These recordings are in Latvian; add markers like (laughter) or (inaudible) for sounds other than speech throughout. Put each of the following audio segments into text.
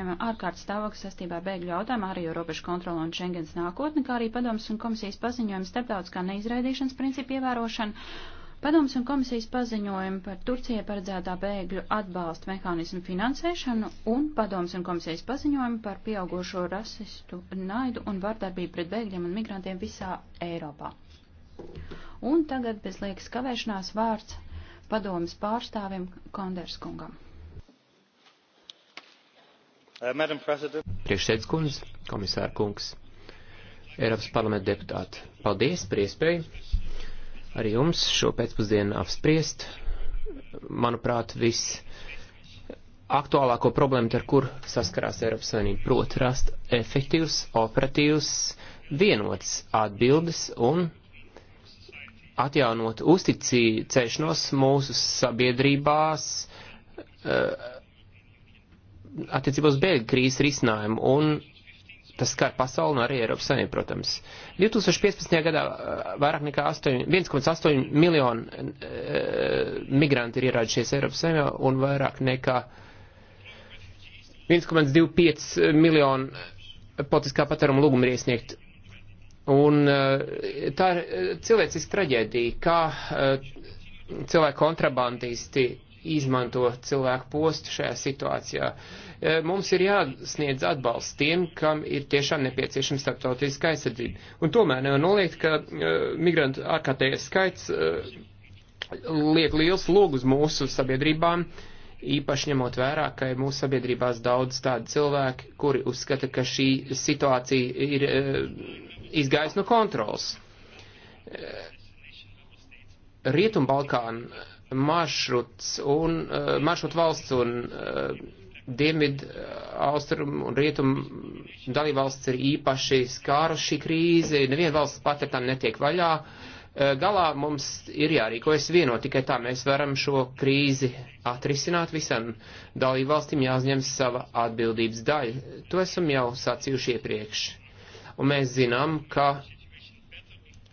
piemēram, ārkārtas stāvoklis sastībā ar bēgļu jautājumu, arī robežu kontrolu un Schengens nākotni, kā arī padomas un komisijas paziņojums starptautiskā neizraidīšanas principu ievērošana. Padoms un komisijas paziņojumi par Turcijai paredzētā bēgļu atbalsta mehānismu finansēšanu un padoms un komisijas paziņojumi par pieaugušo rasistu naidu un vardarbību pret bēgļiem un migrantiem visā Eiropā. Un tagad bez liekas kavēšanās vārds padomas pārstāvim Konderskungam. Uh, Priekšsēdus kundze, komisāra kungs, Eiropas parlamenta deputāti, paldies par iespēju arī jums šo pēcpusdienu apspriest. Manuprāt, viss aktuālāko problēmu, ar kur saskarās Eiropas Savienība, proti rast efektīvs, operatīvs, vienots atbildes un atjaunot uzticīšanos mūsu sabiedrībās, uh, attiecībā uz bēgļu krīzes risinājumu, un tas skar pasauli un arī Eiropas Savienību, protams. 2015. gadā eh, vairāk nekā 1,8 miljonu e, migranti ir ierādušies Eiropas Savienībā, un vairāk nekā 1,25 miljonu eh, politiskā patēruma lūgumu ir iesniegt. Un e, tā ir cilvēciska traģēdija, kā e, cilvēku kontrabandisti izmanto cilvēku postu šajā situācijā. E, mums ir jāsniedz atbalsts tiem, kam ir tiešām nepieciešama starptautiska aizsardzība. Un tomēr nevar noliegt, ka e, migrantu ārkārtējais skaits e, liek liels lūgus mūsu sabiedrībām, īpaši ņemot vērā, ka ir mūsu sabiedrībās daudz tādu cilvēku, kuri uzskata, ka šī situācija ir izgājusi no kontrols. Rietumbalkāna maršruts un uh, eh, maršrutu valsts un uh, eh, dienvidu, eh, austrumu un rietumu dalībvalsts ir īpaši skārus šī krīze, neviena valsts pat ar tām netiek vaļā. Galā mums ir jārīkojas vieno, tikai tā mēs varam šo krīzi atrisināt visam dalībvalstīm jāuzņem sava atbildības daļa. To esam jau sacījuši iepriekš. Un mēs zinām, ka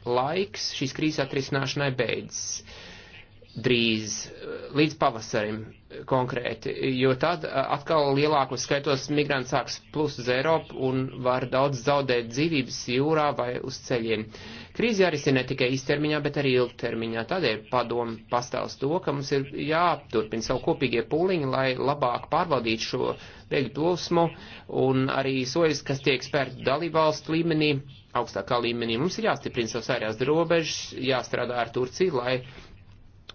laiks šīs krīzes atrisināšanai beidzas. Uh, drīz eh, līdz pavasarim konkrēti, jo tad eh, atkal lielākos skaitos migranti sāks plus uz Eiropu un var daudz zaudēt dzīvības jūrā vai uz ceļiem. Krīze jārisina ne tikai īstermiņā, bet arī ilgtermiņā. Tādēļ padomu pastāvs to, ka mums ir jāturpina savu kopīgie pūliņi, lai labāk pārvaldītu šo bēgļu plūsmu un arī sojas, kas tiek spērti dalībvalstu līmenī, augstākā līmenī. Mums ir jāstiprina savas ārējās robežas, jāstrādā ar Turciju, lai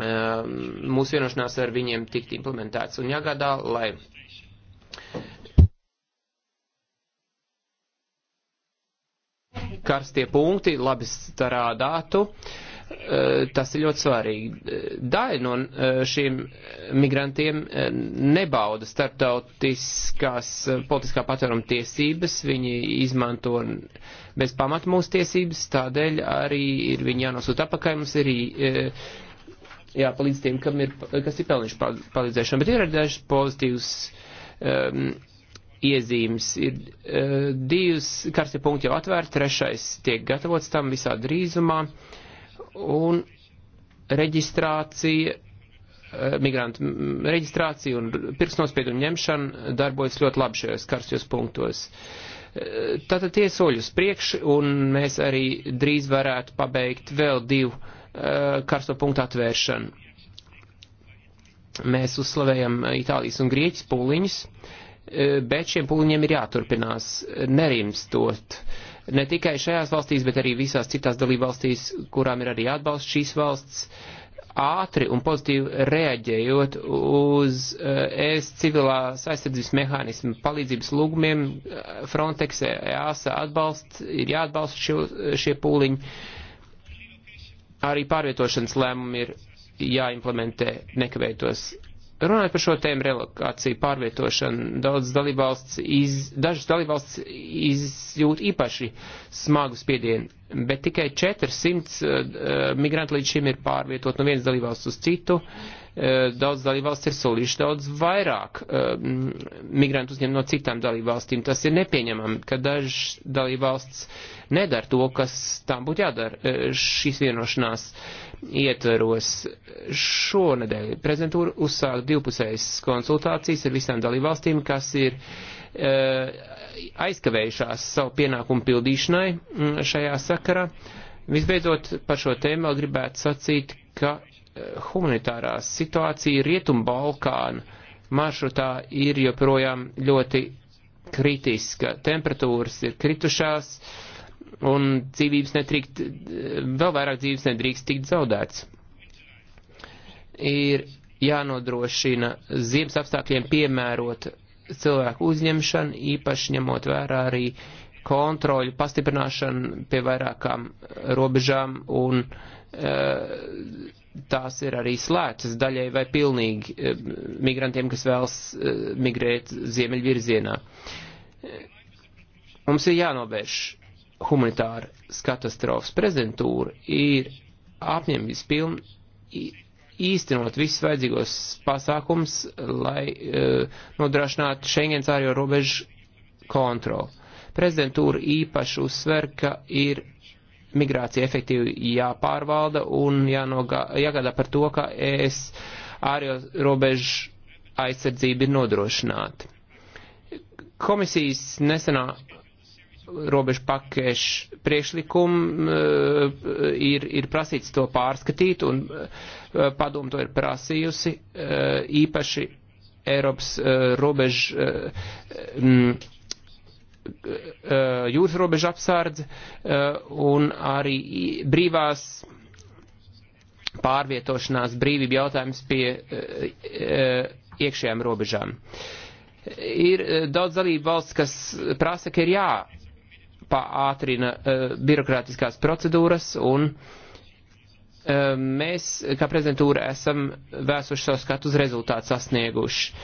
Ehm, mūsu vienošanās ar viņiem tikt implementēts. Un jāgādā, lai. Karstie punkti labi strādātu. Ehm, tas ir ļoti svarīgi. Daļa no ehm, šiem migrantiem nebauda starptautiskās politiskā patvēruma tiesības. Viņi izmanto bez pamata mūsu tiesības, tādēļ arī ir viņi jānosūta apakaļ. Mums ir jāpalīdz tiem, kam ir, kas ir pelnījuši palīdzēšanu. Bet ir arī dažas pozitīvas um, iezīmes. Ir uh, divas karstie punkti jau atvērti, trešais tiek gatavots tam visā drīzumā, un reģistrācija, uh, migrantu mm, reģistrācija un pirksnospiedumu ņemšana darbojas ļoti labi šajos karstos punktos. Uh, tātad tie soļus priekš, un mēs arī drīz varētu pabeigt vēl divu uh, Eh, karsto punktu atvēršanu. Mēs uzslavējam Itālijas un Grieķijas pūliņus, eh, bet šiem pūliņiem ir jāturpinās nerimstot. Ne tikai šajās valstīs, bet arī visās citās dalībvalstīs, kurām ir arī atbalsts šīs valsts, ātri un pozitīvi reaģējot uz eh, ES civilās aizsardzības mehānismu palīdzības lūgumiem, Frontex, EASA atbalsts, ir jāatbalsta šie, šie pūliņi arī pārvietošanas lēmumi ir jāimplementē nekavētos. Runājot par šo tēmu relokāciju, pārvietošanu, daudz dalībvalsts, iz, dažas dalībvalsts izjūt īpaši smagu spiedienu, bet tikai 400 uh, eh, migranti līdz šim ir pārvietot no vienas dalībvalsts uz citu. Uh, Eh, daudz dalībvalsts ir solījuši daudz vairāk eh, migrantu uzņemt no citām dalībvalstīm. Tas ir nepieņemami, ka dažas dalībvalsts nedara to, kas tām būtu jādara eh, šīs vienošanās ietveros. Šonedēļ prezidentūra uzsāk divpusējas konsultācijas ar visām dalībvalstīm, kas ir aizkavējušās savu pienākumu pildīšanai mm, šajā sakarā. Visbeidzot, par šo tēmu vēl gribētu sacīt, ka humanitārā situācija Rietumbalkāna maršrutā ir joprojām ļoti kritiska. Temperatūras ir kritušās un dzīvības netrīkt, vēl vairāk dzīvības nedrīkst tikt zaudēts. Ir jānodrošina ziemas apstākļiem piemērot cilvēku uzņemšanu, īpaši ņemot vērā arī kontroļu pastiprināšanu pie vairākām robežām un uh, tās ir arī slēgtas daļai vai pilnīgi eh, migrantiem, kas vēlas eh, migrēt ziemeļvirzienā. Mums ir jānovērš humanitāras katastrofas. Prezidentūra ir apņemības pilna īstenot visus vajadzīgos pasākums, lai uh, nodrošinātu Schengens ārējo robežu kontroli. Prezidentūra īpaši uzsver, ka ir migrācija efektīvi jāpārvalda un jānogā, jāgādā par to, ka es ārējo robežu aizsardzība ir nodrošināta. Komisijas nesenā robežu pakešu priekšlikumu eh, ir, ir prasīts to pārskatīt un eh, padomu to ir prasījusi eh, īpaši Eiropas robežu Uh, jūras robeža apsardze uh, un arī brīvās pārvietošanās brīvība jautājums pie uh, iekšējām robežām. Ir daudz dalību valsts, kas prasa, ka ir jāpaātrina birokrātiskās procedūras un mēs, kā prezidentūra, esam vēsuši savu skatu uz rezultātu sasnieguši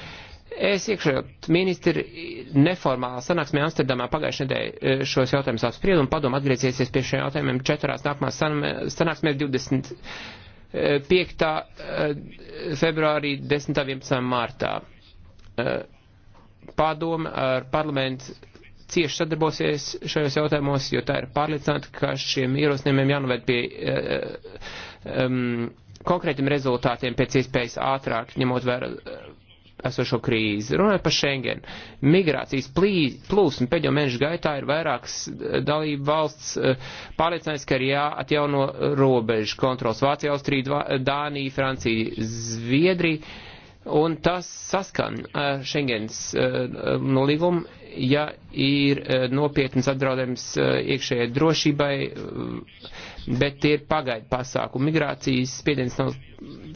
Es iekšējot ministri neformālā sanāksmē Amsterdamā pagājušajā nedēļā eh, šos jautājumus apspriedu un padomu atgrieziesies pie šiem jautājumiem četrās nākamās sanāksmēs 25. Eh, eh, februārī 10. 11. martā. Padoma ar parlamentu cieši sadarbosies šajos jautājumos, jo tā ir pārliecināta, ka šiem ierosinājumiem jānoved pie um, konkrētiem rezultātiem pēc iespējas ātrāk, ņemot vērā esošo krīzi. Runājot par Schengen, migrācijas plūsmu pēdējo mēnešu gaitā ir vairākas eh, dalību valsts eh, pārliecinājis, ka ir jāatjauno robežu kontrols. Vācija, Austrija, Dānija, Francija, Zviedrija. Un tas saskan ar eh, Schengens nolīgumu, ja ir nopietnas apdraudējums iekšējai drošībai, bet tie ir pagaidu pasākumi. Migrācijas spiediens nav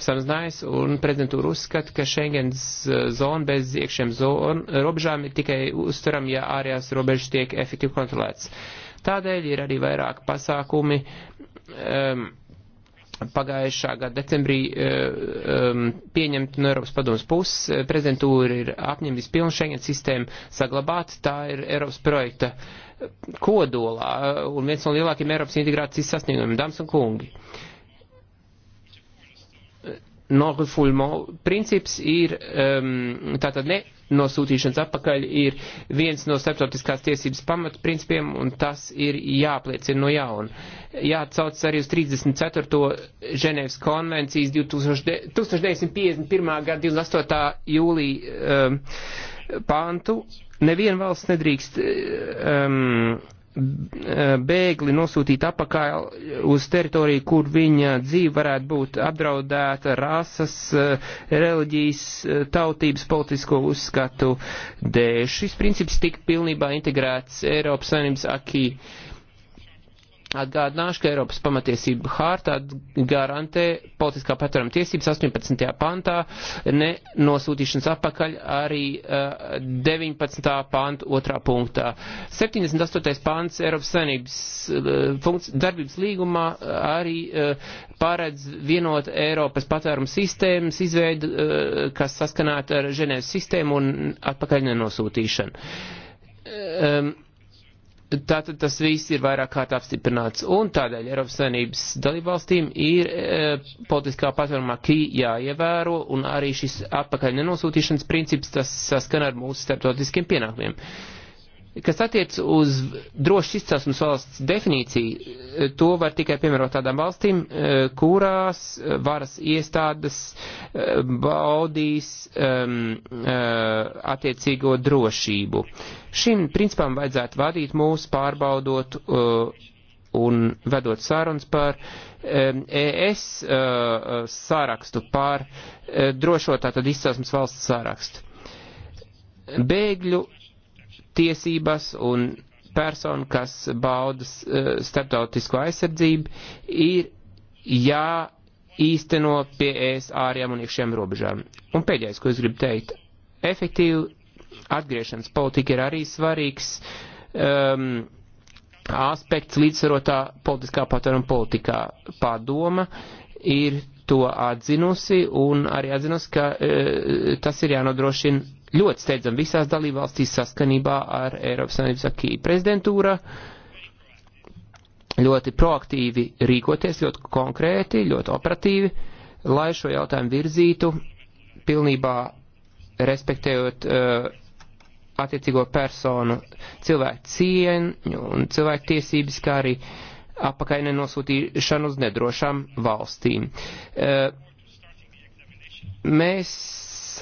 samazinājis, un prezidentūra uzskata, ka Schengens eh, zona bez iekšējām robežām ir tikai uztveram, ja ārējās robežas tiek efektīvi kontrolētas. Tādēļ ir arī vairāk pasākumi. Um, pagājušā gada decembrī um, pieņemt no Eiropas padomas puses. Prezidentūra ir apņemis pilnu Schengen sistēmu saglabāt. Tā ir Eiropas projekta uh, kodolā uh, un viens no lielākiem Eiropas integrācijas sasniegumiem, dāmas un kungi. Norfulmo princips ir, um, tātad ne nosūtīšanas apakaļ ir viens no starptautiskās tiesības pamatprincipiem, un tas ir jāpliecina no jauna. Jāatsauc arī uz 34. Ženēvas konvencijas 2000, 1951. gada 28. jūlija um, pāntu neviena valsts nedrīkst um, bēgli nosūtīt apakā uz teritoriju, kur viņa dzīve varētu būt apdraudēta rasas, eh, reliģijas, tautības, politisko uzskatu dēļ. Šis princips tika pilnībā integrēts Eiropas Savienības akī. Uh, Atgādināšu, ka Eiropas pamatiesība hārta garantē politiskā patvēruma tiesības 18. pantā, nenosūtīšanas apakaļ arī uh, eh, 19. panta otrā punktā. 78. pants Eiropas savienības uh, darbības līgumā eh, arī uh, paredz vienot Eiropas patvēruma sistēmas izveidu, uh, kas saskanētu ar Ženēvas sistēmu un atpakaļ nenosūtīšanu. Um, Tātad tas viss ir vairāk kārt apstiprināts, un tādēļ Eiropas Savienības dalībvalstīm ir e, politiskā patvērumā kī jāievēro, un arī šis atpakaļ nenosūtīšanas princips, tas saskan ar mūsu starptautiskiem pienākumiem. E, Kas attiec uz drošas izcelsmes valsts definīciju, eh, to var tikai piemērot tādām valstīm, eh, kurās eh, varas iestādes baudīs um, attiecīgo drošību. Šim principam vajadzētu vadīt mūs pārbaudot uh, un vedot sarunas par um, ehm, ES uh, sārakstu, par uh, drošo tātad izcelsmes valsts sārakstu. Bēgļu tiesības un personu, kas baudas eh, starptautisko aizsardzību, ir jāīsteno pie ES ārējām un iekšējām robežām. Un pēdējais, ko es gribu teikt, efektīva atgriešanas politika ir arī svarīgs um, aspekts līdzsvarotā politiskā patvēruma politikā. Padoma ir to atzinusi un arī atzinusi, ka e, tas ir jānodrošina ļoti steidzam visās dalībvalstīs saskanībā ar Eiropas Savienības akī prezidentūra. Ļoti proaktīvi rīkoties, ļoti konkrēti, ļoti operatīvi, lai šo jautājumu virzītu pilnībā respektējot uh, attiecīgo personu cilvēku cieņu un cilvēku tiesības, kā arī apakaine nosūtīšanu uz nedrošām valstīm. Uh, mēs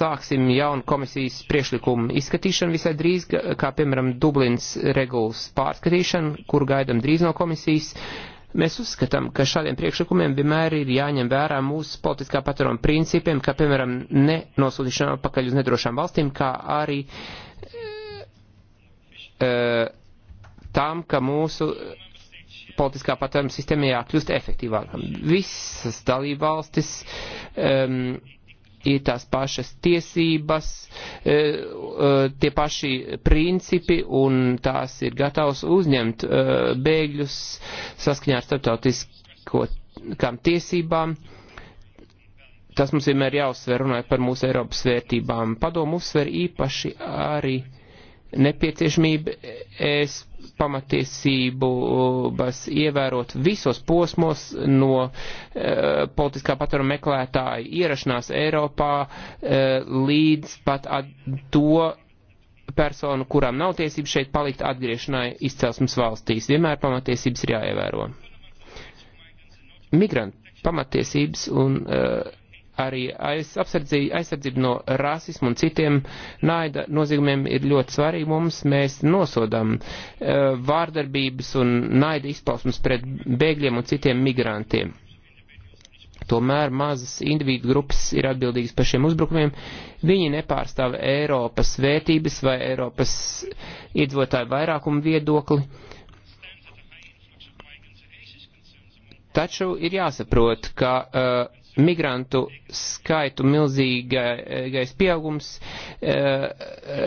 sāksim jaunu komisijas priešlikumu izskatīšanu visai drīz, kā piemēram Dublins regulas pārskatīšanu, kur gaidam drīz no komisijas. Mēs uzskatām, ka šādiem priekšlikumiem vienmēr ir jāņem vērā mūsu politiskā patvēruma principiem, kā piemēram nenosūtīšana atpakaļ uz nedrošām valstīm, kā arī e, tam, ka mūsu politiskā patvēruma sistēma jākļūst efektīvākam. Visas dalībvalstis um, e, ir tās pašas tiesības, e, e, tie paši principi un tās ir gatavs uzņemt e, bēgļus saskaņā ar starptautiskām tiesībām. Tas mums vienmēr jāuzsver runājot par mūsu Eiropas vērtībām. Padomu uzsver īpaši arī nepieciešamību es pamatiesības ievērot visos posmos no e, politiskā patvēruma meklētāja ierašanās Eiropā e, līdz pat to personu, kurām nav tiesības šeit palikt atgriešanai izcelsmes valstīs. Vienmēr pamatiesības ir jāievēro. Migrantu pamatiesības un uh, e, arī aiz, aizsardzība no rasismu un citiem naida nozīmēm ir ļoti svarīga mums. Mēs nosodam uh, eh, vārdarbības un naida izpausmas pret bēgļiem un citiem migrantiem. Tomēr mazas individu grupas ir atbildīgas par šiem uzbrukumiem. Viņi nepārstāv Eiropas vērtības vai Eiropas iedzīvotāju vairākumu viedokli. Taču ir jāsaprot, ka uh, migrantu skaitu milzīgais pieaugums uh,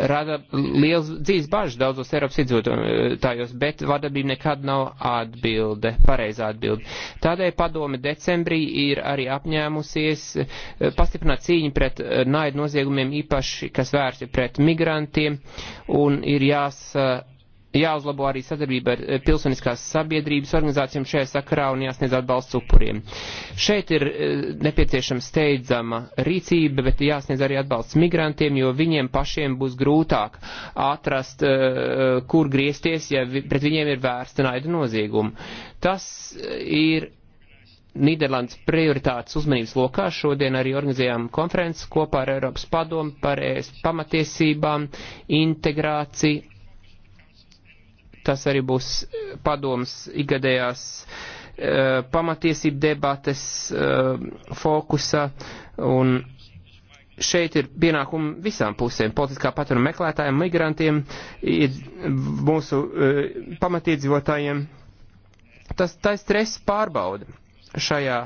rada liels dzīves bažas daudzos Eiropas iedzīvotājos, bet vadabība nekad nav atbilde, pareizā atbilde. Tādēļ padome decembrī ir arī apņēmusies uh, pastiprināt cīņu pret uh, eh, naidu noziegumiem, īpaši, kas vērsti pret migrantiem, un ir jās uh, jāuzlabo arī sadarbība ar eh, pilsoniskās sabiedrības organizācijām šajā sakarā un jāsniedz atbalsts upuriem. Šeit ir eh, nepieciešama steidzama rīcība, bet jāsniedz arī atbalsts migrantiem, jo viņiem pašiem būs grūtāk atrast, eh, kur griezties, ja pret viņiem ir vērsta naida nozieguma. Tas ir Nīderlandes prioritātes uzmanības lokā. Šodien arī organizējām konferences kopā ar Eiropas padomu par pamatiesībām, integrāciju Tas arī būs eh, padoms igadējās eh, pamatiesību debates eh, fokusa un šeit ir pienākumi visām pusēm - politiskā patvēruma meklētājiem, migrantiem, mūsu uh, pamatiedzīvotājiem. Tas, tā ir stress pārbauda šajā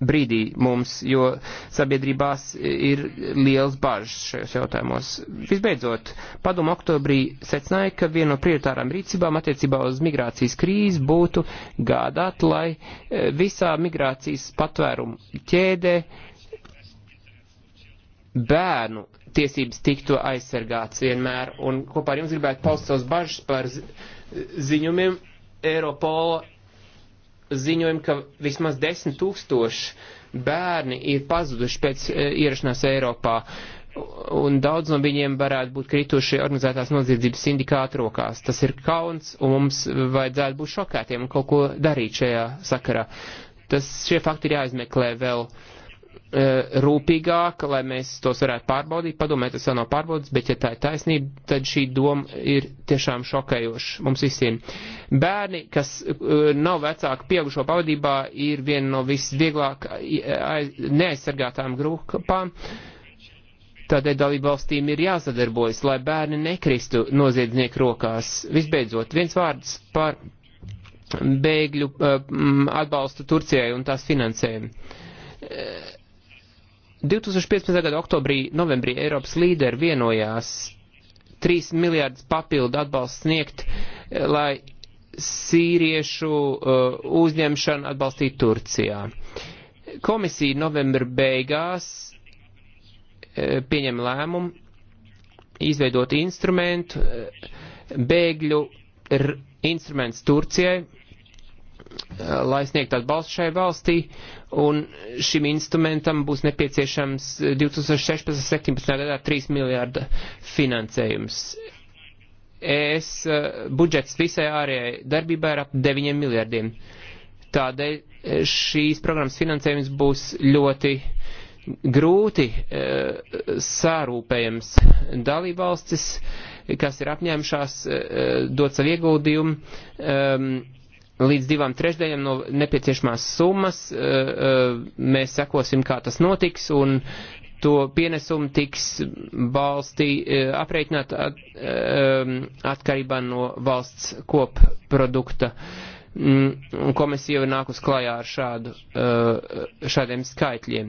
brīdī mums, jo sabiedrībās ir liels bažas šajos jautājumos. Visbeidzot, padomu oktobrī secināja, ka viena no prioritārām rīcībām attiecībā uz migrācijas krīzi būtu gādāt, lai eh, visā migrācijas patvērumu ķēdē bērnu tiesības tiktu aizsargāts vienmēr. Un kopā ar jums gribētu paust savus bažas par ziņumiem Eiropola ziņojumi, ka vismaz 10 tūkstoši bērni ir pazuduši pēc e, ierašanās Eiropā, un daudz no viņiem varētu būt krituši organizētās noziedzības sindikāta rokās. Tas ir kauns, un mums vajadzētu būt šokētiem un kaut ko darīt šajā sakarā. Tas, šie fakti ir jāizmeklē vēl. Uh, E, rūpīgāk, lai mēs tos varētu pārbaudīt. Padomē, tas vēl nav pārbaudīts, bet ja tā ir taisnība, tad šī doma ir tiešām šokējoša mums visiem. Bērni, kas e, nav vecāki pieaugušo pavadībā, ir viena no visvieglāk e, neaizsargātām grupām. Tādēļ dalību valstīm ir jāsadarbojas, lai bērni nekristu noziedznieku rokās. Visbeidzot, viens vārds par bēgļu atbalstu Turcijai un tās finansējumu 2015. gada oktobrī, novembrī Eiropas līderi vienojās 3 miljārdus papildu atbalstu sniegt, eh, lai sīriešu uh, uzņemšanu atbalstītu Turcijā. Komisija novembra beigās uh, pieņem lēmumu izveidot instrumentu, uh, bēgļu instruments Turcijai, Eh, lai sniegtu atbalstu šai valstī, un šim instrumentam būs nepieciešams 2016.17. Eh, gadā 3 miljārda finansējums. ES eh, budžets visai ārējai darbībai ir ap 9 miljārdiem. Tādēļ šīs programmas finansējums būs ļoti grūti sārūpējams dalībvalstis, kas ir apņēmušās dot savu ieguldījumu ehm, līdz divām trešdaļām no nepieciešamās summas eh, eh, mēs sekosim, kā tas notiks, un to pienesumu tiks balstī eh, apreikināt atkarībā no valsts kopprodukta. Mm, un komisija jau nāk uz klājā ar šādu, šādiem skaitļiem.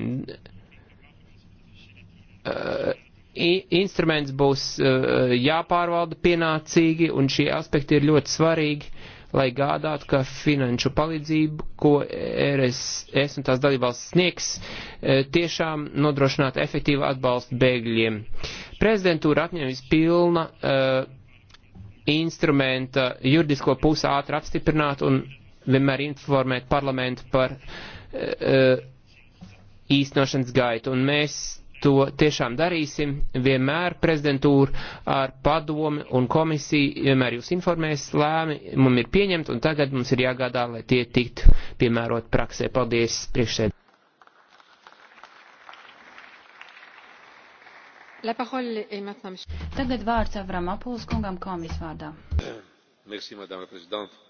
Instruments būs jāpārvalda pienācīgi, un šie aspekti ir ļoti svarīgi lai gādātu, ka finanšu palīdzību, ko e RSS un tās dalībvalsts sniegs, e, tiešām nodrošinātu efektīvu atbalstu bēgļiem. Prezidentūra apņēmis pilna uh, instrumenta juridisko pusi ātri apstiprināt un vienmēr informēt parlamentu par uh, īstenošanas gaitu. Un mēs to tiešām darīsim. Vienmēr prezidentūra ar padomi un komisiju vienmēr jūs informēs, lēmi mums ir pieņemt un tagad mums ir jāgādā, lai tie tiktu piemērot praksē. Paldies, priekšsēd. Tagad vārds Avram Apulskungam komis vārdā. Merci, madame la présidente.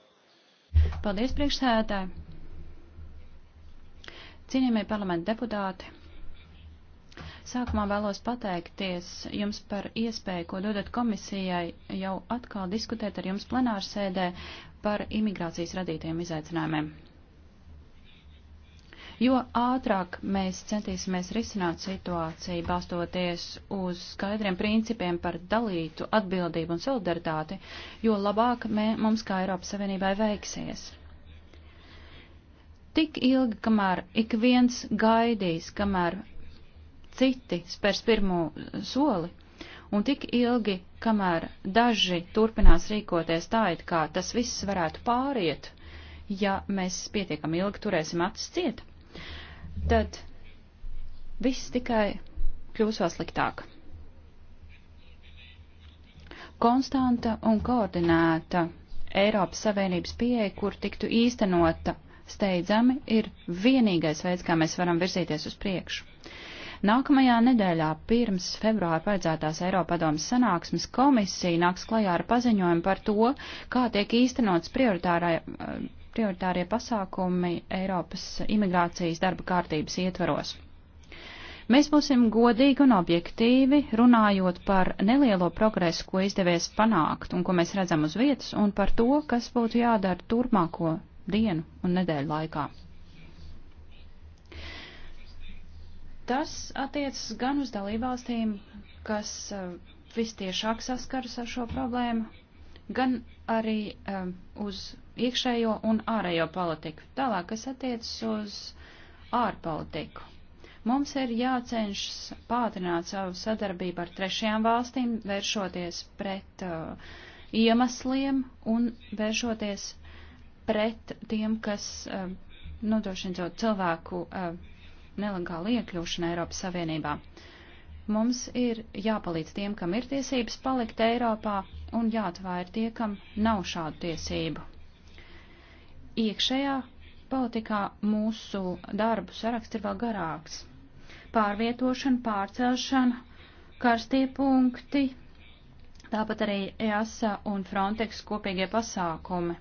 Paldies, priekšsēdētāji. Cienījamie parlamenta deputāti. Sākumā vēlos pateikties jums par iespēju, ko dodat komisijai jau atkal diskutēt ar jums plenārsēdē par imigrācijas radītajiem izaicinājumiem. Jo ātrāk mēs centīsimies risināt situāciju, balstoties uz skaidriem principiem par dalītu atbildību un solidaritāti, jo labāk mē, mums kā Eiropas Savienībai veiksies. Tik ilgi, kamēr ik viens gaidīs, kamēr citi spērs pirmo soli. Un tik ilgi, kamēr daži turpinās rīkoties tā, it kā tas viss varētu pāriet, ja mēs pietiekam ilgi turēsim acis ciet, tad viss tikai kļūs vēl sliktāk. Konstanta un koordinēta Eiropas Savienības pieeja, kur tiktu īstenota steidzami, ir vienīgais veids, kā mēs varam virzīties uz priekšu. Nākamajā nedēļā pirms februāra paredzētās Eiropadomas sanāksmes komisija nāks klajā ar paziņojumu par to, kā tiek īstenots prioritārā eh, prioritārie pasākumi Eiropas imigrācijas darba kārtības ietvaros. Mēs būsim godīgi un objektīvi runājot par nelielo progresu, ko izdevies panākt un ko mēs redzam uz vietas, un par to, kas būtu jādara turpmāko dienu un nedēļu laikā. Tas attiecas gan uz dalībvalstīm, kas uh, vistiešāk saskaras ar šo problēmu, gan arī um, uz iekšējo un ārējo politiku. Tālāk, kas attiecas uz ārpolitiku. Mums ir jācenšas pātrināt savu sadarbību ar trešajām valstīm, vēršoties pret uh, iemesliem un vēršoties pret tiem, kas uh, nodrošina cilvēku uh, nelegāla iekļūšana Eiropas Savienībā. Mums ir jāpalīdz tiem, kam ir tiesības palikt Eiropā, un jāatvair tie, kam nav šādu tiesību. Iekšējā politikā mūsu darbu saraksts ir vēl garāks. Pārvietošana, pārcelšana, karstie punkti, tāpat arī EASA un Frontex kopīgie pasākumi.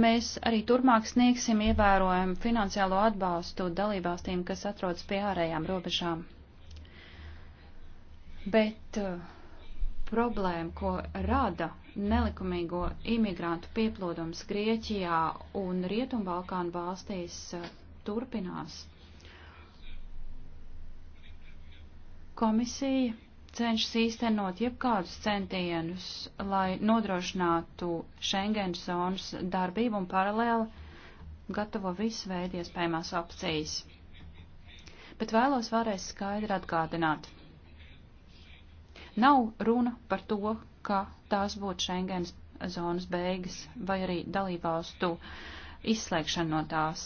Mēs arī turpmāk sniegsim ievērojumu finansiālo atbalstu dalībvalstīm, kas atrodas pie ārējām robežām. Bet uh, problēma, ko rada nelikumīgo imigrantu pieplūdums Grieķijā un Rietumbalkānu valstīs, uh, turpinās. Komisija cenšas īstenot jebkādus centienus, lai nodrošinātu Schengen zonas darbību un paralēli gatavo visu veidu iespējamās opcijas. Bet vēlos vēlreiz skaidri atgādināt. Nav runa par to, ka tās būtu Schengen zonas beigas vai arī dalībvalstu izslēgšana no tās.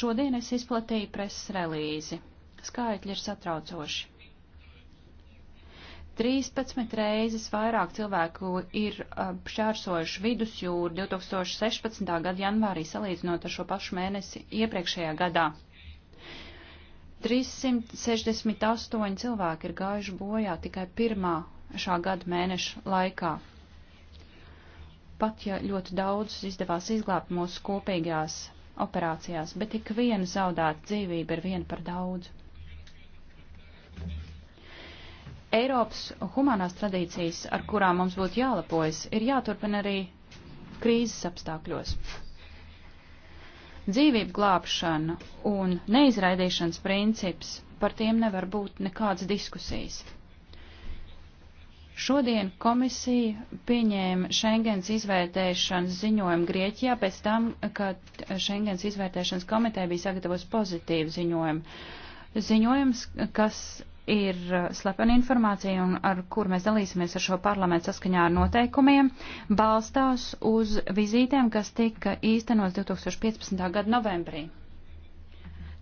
Šodien es izplatīju preses relīzi. Skaitļi ir satraucoši. 13 reizes vairāk cilvēku ir šķērsojuši vidusjūru 2016. gada janvārī salīdzinot ar šo pašu mēnesi iepriekšējā gadā. 368 cilvēki ir gājuši bojā tikai pirmā šā gada mēneša laikā. Pat ja ļoti daudzus izdevās izglābt mūsu kopīgās operācijās, bet ik viena zaudēta dzīvība ir viena par daudz. Eiropas humanās tradīcijas, ar kurām mums būtu jālepojas, ir jāturpina arī krīzes apstākļos. Dzīvību glābšana un neizraidīšanas princips par tiem nevar būt nekādas diskusijas. Šodien komisija pieņēma Schengens izvērtēšanas ziņojumu Grieķijā pēc tam, kad Schengens izvērtēšanas komiteja bija sagatavos pozitīvu ziņojumu. Ziņojums, kas ir uh, slepena informācija un ar kur mēs dalīsimies ar šo parlamentu saskaņā ar noteikumiem, balstās uz vizītēm, kas tika īstenots 2015. gada novembrī.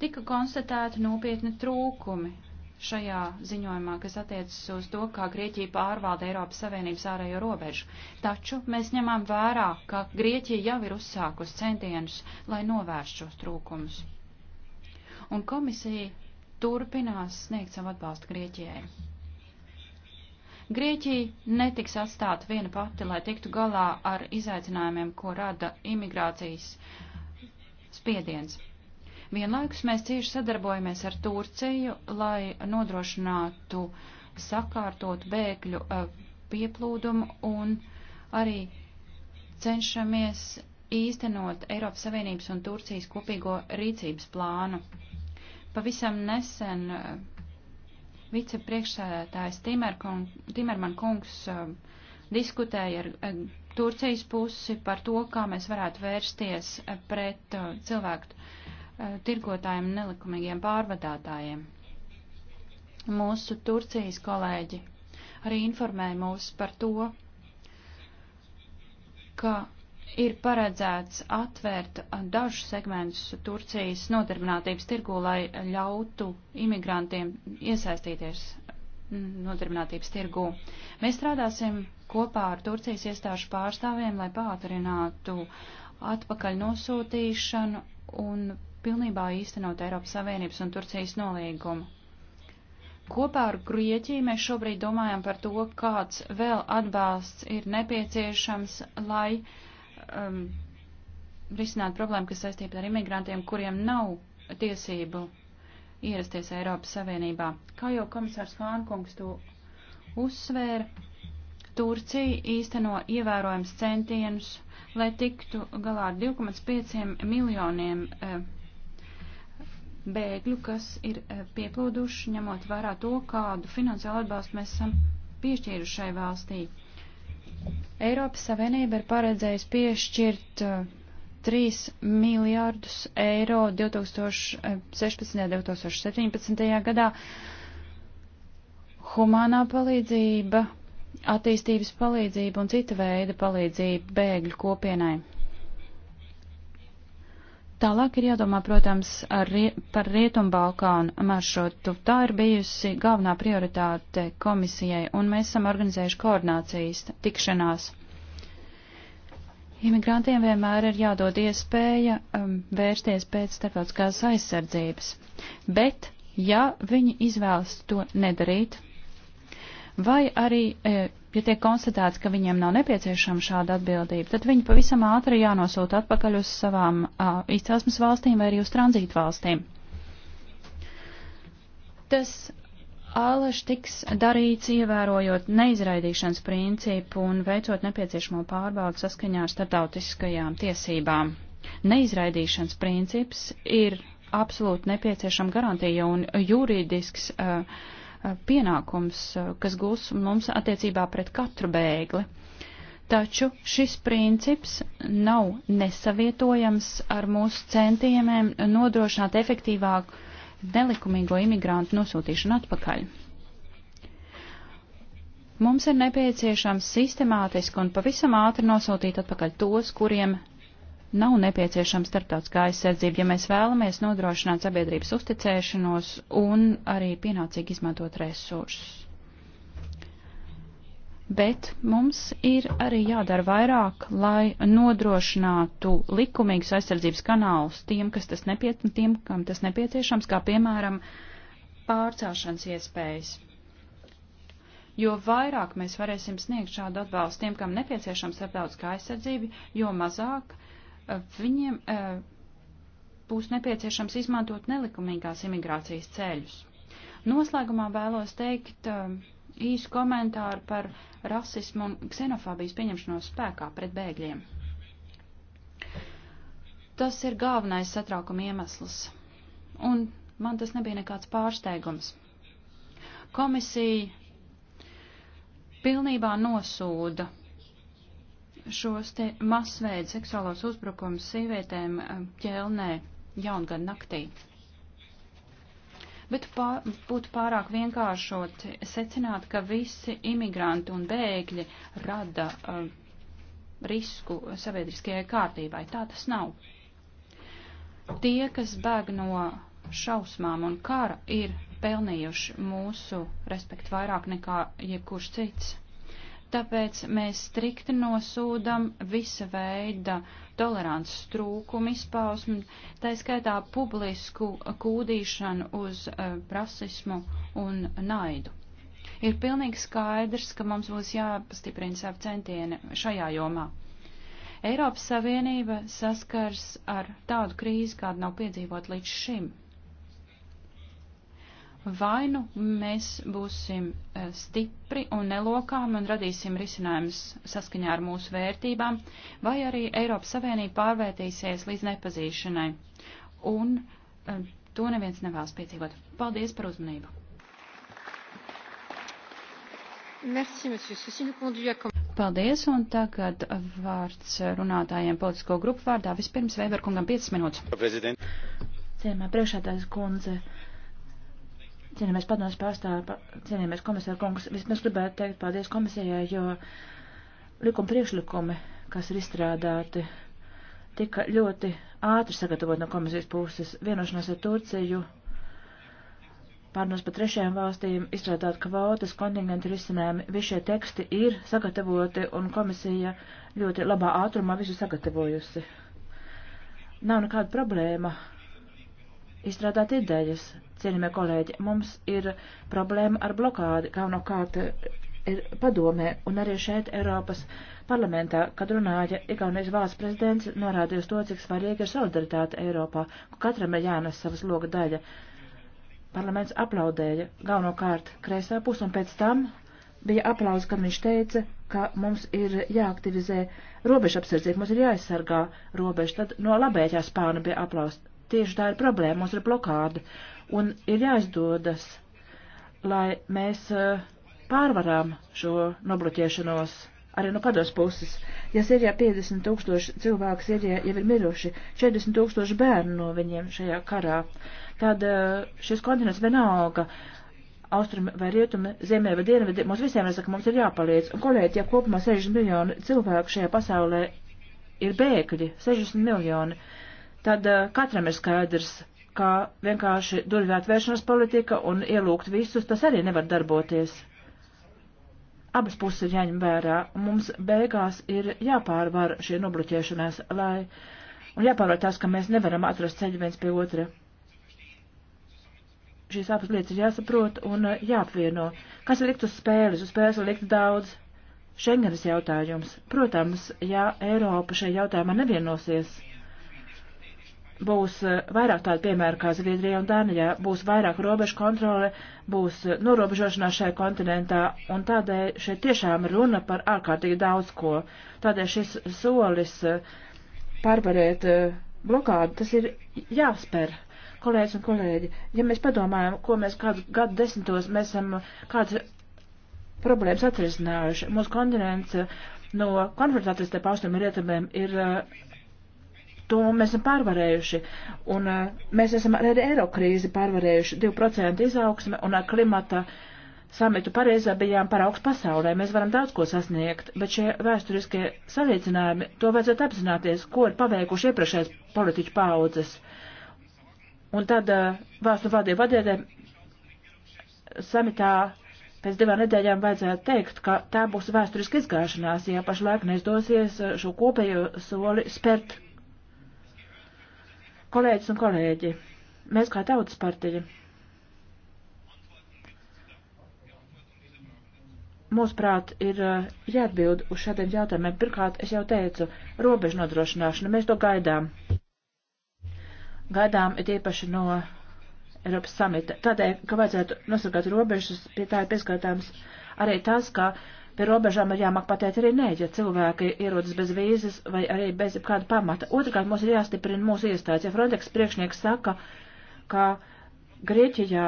Tika konstatēti nopietni trūkumi šajā ziņojumā, kas attiecas uz to, kā Grieķija pārvalda Eiropas Savienības ārējo robežu. Taču mēs ņemam vērā, ka Grieķija jau ir uzsākus centienus, lai novērst šos trūkumus. Un komisija turpinās sniegt savu atbalstu Grieķijai. Grieķija netiks atstāta viena pati, lai tiktu galā ar izaicinājumiem, ko rada imigrācijas spiediens. Vienlaikus mēs cieši sadarbojamies ar Turciju, lai nodrošinātu sakārtot bēgļu eh, pieplūdumu un arī cenšamies īstenot Eiropas Savienības un Turcijas kopīgo rīcības plānu. Pavisam nesen eh, vicepriekšsēdētājs Timerman kungs eh, diskutēja ar eh, Turcijas pusi par to, kā mēs varētu vērsties pret cilvēku tirgotājiem un nelikumīgiem pārvadātājiem. Mūsu Turcijas kolēģi arī informēja mūs par to, ka ir paredzēts atvērt dažus segmentus Turcijas nodarbinātības tirgu, lai ļautu imigrantiem iesaistīties nodarbinātības tirgu. Mēs strādāsim kopā ar Turcijas iestāžu pārstāvjiem, lai pātrinātu atpakaļ nosūtīšanu un pilnībā īstenot Eiropas Savienības un Turcijas nolīgumu. Kopā ar Grieķiju mēs šobrīd domājam par to, kāds vēl atbalsts ir nepieciešams, lai uh, um, risināt problēmu, kas saistīta ar imigrantiem, kuriem nav tiesību ierasties Eiropas Savienībā. Kā jau komisārs Hānkungs to uzsvēra, Turcija īsteno ievērojams centienus, lai tiktu galā ar 2,5 miljoniem e, bēgļu, kas ir e, pieplūduši, ņemot vērā to, kādu finansiālu atbalstu mēs esam piešķīrušai valstī. Eiropas Savienība ir paredzējusi piešķirt 3 uh, miljārdus eiro 2016. un 2017. gadā humānā palīdzība, attīstības palīdzība un cita veida palīdzība bēgļu kopienai. Tālāk ir jādomā, protams, rie, par Rietumbalkānu maršrutu. Tā ir bijusi galvenā prioritāte komisijai, un mēs esam organizējuši koordinācijas tikšanās. Imigrantiem vienmēr ir jādod iespēja um, vērsties pēc starptautiskās aizsardzības, bet, ja viņi izvēlas to nedarīt, vai arī, e, ja tiek konstatēts, ka viņiem nav nepieciešama šāda atbildība, tad viņi pavisam ātri jānosūta atpakaļ uz savām uh, izcelsmes valstīm vai arī uz tranzītu valstīm. Tas ālaž tiks darīts, ievērojot neizraidīšanas principu un veicot nepieciešamo pārbaudu saskaņā ar starptautiskajām tiesībām. Neizraidīšanas princips ir absolūti nepieciešama garantija un juridisks uh, pienākums, eh, kas gūs mums attiecībā pret katru bēgli. Taču šis princips nav nesavietojams ar mūsu centiemiem nodrošināt efektīvāku nelikumīgo imigrantu nosūtīšanu atpakaļ. Mums ir nepieciešams sistemātiski un pavisam ātri nosūtīt atpakaļ tos, kuriem nav nepieciešama starptautiskā aizsardzība, ja mēs vēlamies nodrošināt sabiedrības uzticēšanos un arī pienācīgi izmantot resursus. Bet mums ir arī jādara vairāk, lai nodrošinātu likumīgus aizsardzības kanālus tiem, kas tas nepie, tiem, kam tas nepieciešams, kā piemēram pārcelšanas iespējas. Jo vairāk mēs varēsim sniegt šādu atbalstu tiem, kam nepieciešama starptautiskā aizsardzība, jo mazāk Eh, viņiem eh, būs nepieciešams izmantot nelikumīgās imigrācijas ceļus. Noslēgumā vēlos teikt eh, īsu komentāru par rasismu un ksenofobijas pieņemšanos spēkā pret bēgļiem. Tas ir galvenais satraukuma iemesls, un man tas nebija nekāds pārsteigums. Komisija pilnībā nosūda šos te masveidu seksuālos uzbrukumus sievietēm eh, ķelnē jaungada naktī. Bet pā, būtu pārāk vienkāršot secināt, ka visi imigranti un bēgļi rada uh, risku sabiedriskajai kārtībai. Tā tas nav. Tie, kas bēg no šausmām un kara, ir pelnījuši mūsu respektu vairāk nekā jebkurš cits. Tāpēc mēs strikti nosūdam visa veida tolerants trūkumu izpausmi, tā skaitā publisku kūdīšanu uz uh, rasismu un naidu. Ir pilnīgi skaidrs, ka mums būs jāpastiprina savu centieni šajā jomā. Eiropas Savienība saskars ar tādu krīzi, kādu nav piedzīvot līdz šim. Vai nu mēs būsim e, stipri un nelokāmi un radīsim risinājumus saskaņā ar mūsu vērtībām, vai arī Eiropas Savienība pārvērtīsies līdz nepazīšanai. Un e, to neviens nevēlas piedzīvot. Paldies par uzmanību. Merci, Paldies, un tagad vārds runātājiem politisko grupu vārdā. Vispirms Vēberkungam 5 minūtes. Ciemā priekšētājs kundze. Uh, Cienījamies padomus pārstāvi, cienījamies komisāra kungs. Vismaz gribētu teikt paldies komisijai, jo likuma priekšlikumi, kas ir izstrādāti, tika ļoti ātri sagatavot no komisijas puses. Vienošanās ar Turciju pārnos pa trešajām valstīm izstrādāt kvotas, kontingentu risinājumi. Visi šie teksti ir sagatavoti un komisija ļoti labā ātrumā visu sagatavojusi. Nav nekāda problēma izstrādāt idejas. Cienījamie kolēģi, mums ir problēma ar blokādi, galvenokārt eh, ir padomē un arī šeit Eiropas parlamentā, kad runāja Igaunijas valsts prezidents, norādīja uz to, cik svarīga ir solidaritāte Eiropā, ka katram ir jānes savas loga daļa. Parlaments aplaudēja galvenokārt kreisā pus un pēc tam bija aplausa, kad viņš teica, ka mums ir jāaktivizē robežu apsardzība, mums ir jāaizsargā robeža. Tad no labējā spāna bija aplausa Tieši tā ir problēma, mums ir blokāda, un ir jāizdodas, lai mēs eh, pārvarām šo nobloķēšanos arī no pados puses. Ja Sīrijā 50 tūkstoši cilvēku Sīrijā jau ir miruši, 40 tūkstoši bērnu no viņiem šajā karā, tad eh, šis kontinents vienalga austrumi vai rietumi, zemē vai dienvidē, mums visiem jāsaka, mums ir jāpaliec. Un, kolēģi, ja kopumā 60 miljoni cilvēku šajā pasaulē ir bēgļi, 60 miljoni, tad eh, katram ir skaidrs, kā vienkārši durvju atvēršanas politika un ielūgt visus, tas arī nevar darboties. Abas puses ir jāņem vērā, un mums beigās ir jāpārvar šī nobloķēšanās, lai, un jāpārvar tas, ka mēs nevaram atrast ceļu viens pie otra. Šīs abas lietas ir jāsaprot un eh, jāapvieno. Kas ir likt uz spēles? Uz spēles ir likt daudz. Šengenas jautājums. Protams, ja Eiropa šajā jautājumā nevienosies būs eh, vairāk tādu piemēru kā Zviedrija un Dānijā, būs vairāk robežu kontrole, būs eh, norobežošanās šajā kontinentā, un tādēļ šeit tiešām runa par ārkārtīgi daudz ko. Tādēļ šis solis eh, pārvarēt blokādu, tas ir jāspēr. Kolēģis un kolēģi, ja mēs padomājam, ko mēs kādu gadu desmitos, mēs esam kādas problēmas atrisinājuši. Mūsu kontinents no konfrontācijas te paustiem rietumiem ir uh, to mēs esam pārvarējuši. Un uh, mēs esam ar eiro krīzi pārvarējuši 2% izaugsme un ar klimata samitu pareizā bijām par augstu pasaulē. Mēs varam daudz ko sasniegt, bet šie vēsturiskie salīdzinājumi, to vajadzētu apzināties, ko ir paveikuši iepriekšējais politiķu paudzes. Un tad uh, valstu valdību vadētēm samitā pēc divām nedēļām vajadzētu teikt, ka tā būs vēsturiska izgāšanās, ja pašlaik neizdosies eh, šo kopējo soli spērt Kolēģis un kolēģi, mēs kā tautas partija, mūsuprāt, ir eh, jāatbild uz šādiem jautājumiem. Pirmkārt, es jau teicu, robežu nodrošināšana, mēs to gaidām. Gaidām ir īpaši no Eiropas samita. Tādēļ, ka vajadzētu nosargāt robežas, pie tā ir pieskaitāms arī tas, ka uh, Pie robežām ir jāmāk pateikt arī nē, ja cilvēki ierodas bez vīzes vai arī bez kāda pamata. Otrkārt, mums ir jāstiprina mūsu iestādes. Ja Frontex priekšnieks saka, ka Grieķijā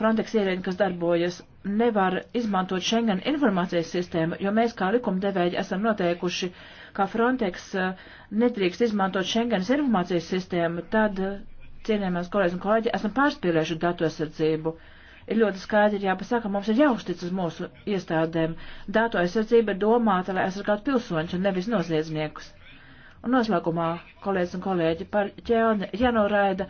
Frontex ierēģi, kas darbojas, nevar izmantot Schengen informācijas sistēmu, jo mēs kā likumdevēji esam noteikuši, ka Frontex eh, nedrīkst izmantot Schengenas informācijas sistēmu, tad, eh, cienījamās kolēģis un kolēģi, esam pārspīlējuši datu aizsardzību. Uh, ir ļoti skaidri jāpasaka, mums ir jāuzticas mūsu iestādēm. Dāto aizsardzība ir domāta, lai aizsargātu pilsoņus un nevis noziedzniekus. Un noslēgumā, kolēģis un kolēģi, par ķēni jānoraida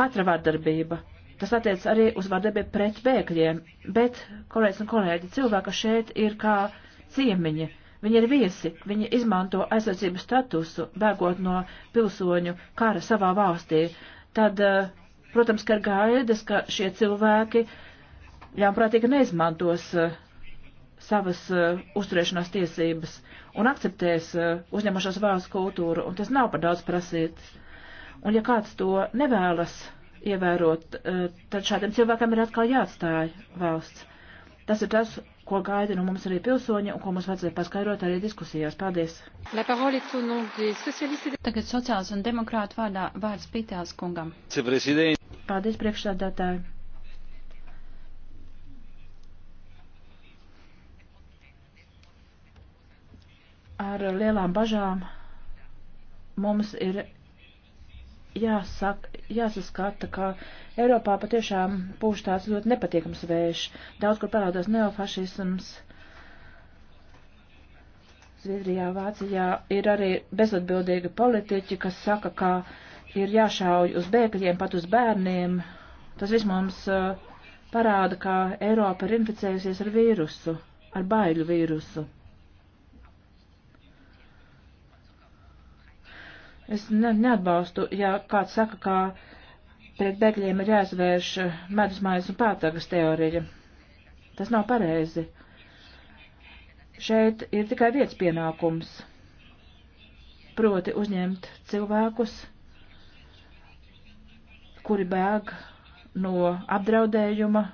katra vardarbība. Tas attiec arī uz vardarbību pret bēgļiem, bet, kolēģis un kolēģi, cilvēka šeit ir kā ciemiņi. Viņi ir viesi, viņi izmanto aizsardzības statusu, bēgot no pilsoņu kara savā valstī. Tad, eh, protams, ka ir gaidas, ka šie cilvēki uh, ļaunprātīgi neizmantos eh, savas eh, uzturēšanās tiesības un akceptēs eh, uzņemošās valsts kultūru, un tas nav par daudz prasīts. Un ja kāds to nevēlas ievērot, tad šādiem cilvēkiem ir atkal jāatstāj valsts. Tas ir tas, ko gaida no mums arī pilsoņi un ko mums vajadzēja paskaidrot arī diskusijās. Paldies! Tagad sociāls un demokrāta vārdā vārds Pitēls kungam. Paldies, priekšsādātāji! ar lielām bažām mums ir jāsaka, jāsaskata, ka Eiropā patiešām pūš tāds ļoti nepatīkams vējš. Daudz, kur parādās neofašisms. Zviedrijā, Vācijā ir arī bezatbildīgi politiķi, kas saka, ka ir jāšauj uz bēgļiem, pat uz bērniem. Tas viss mums uh, parāda, ka Eiropa ir inficējusies ar vīrusu, ar baiļu vīrusu. Es ne, neatbalstu, ja kāds saka, ka pret bēgļiem ir jāizvērš eh, medusmājas un pātagas teorija. Tas nav pareizi. Šeit ir tikai viens pienākums. Proti uzņemt cilvēkus, kuri bēg no apdraudējuma,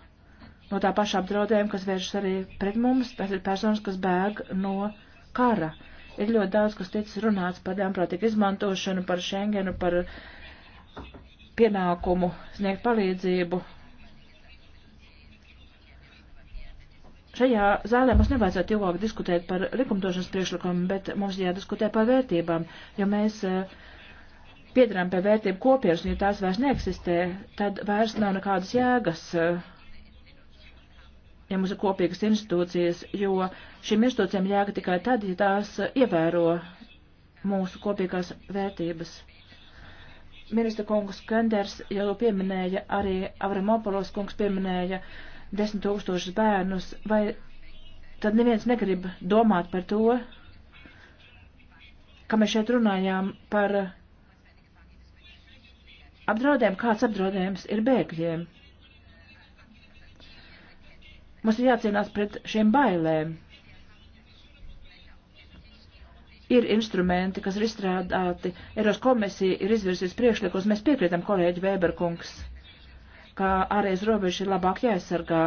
no tā paša apdraudējuma, kas vēršas arī pret mums. Tas ir personas, kas bēg no kara. Ir ļoti daudz, kas ticis runāts par ļaunprātīgu izmantošanu, par Schengenu, par pienākumu sniegt palīdzību. Šajā zālē mums nevajadzētu ilgāk diskutēt par likumdošanas priekšlikumu, bet mums jādiskutē par vērtībām, jo mēs uh, eh, piedarām pie vērtību kopienas, un ja tās vairs neeksistē, tad vairs nav nekādas jēgas uh, ja mums ir kopīgas institūcijas, jo šīm institūcijām jēga tikai tad, ja tās ievēro mūsu kopīgās vērtības. Ministra kungs Kenders jau pieminēja, arī Avramopolos kungs pieminēja desmit tūkstošus bērnus, vai tad neviens negrib domāt par to, ka mēs šeit runājām par apdraudējumu, kāds apdraudējums ir bēgļiem. Mums ir jācīnās pret šiem bailēm. Ir instrumenti, kas ir izstrādāti. Eiros komisija ir izvirsījusi priekšlikumus. Mēs piekrītam kolēģi Vēberkungs, ka ārējas robežas ir labāk jāaizsargā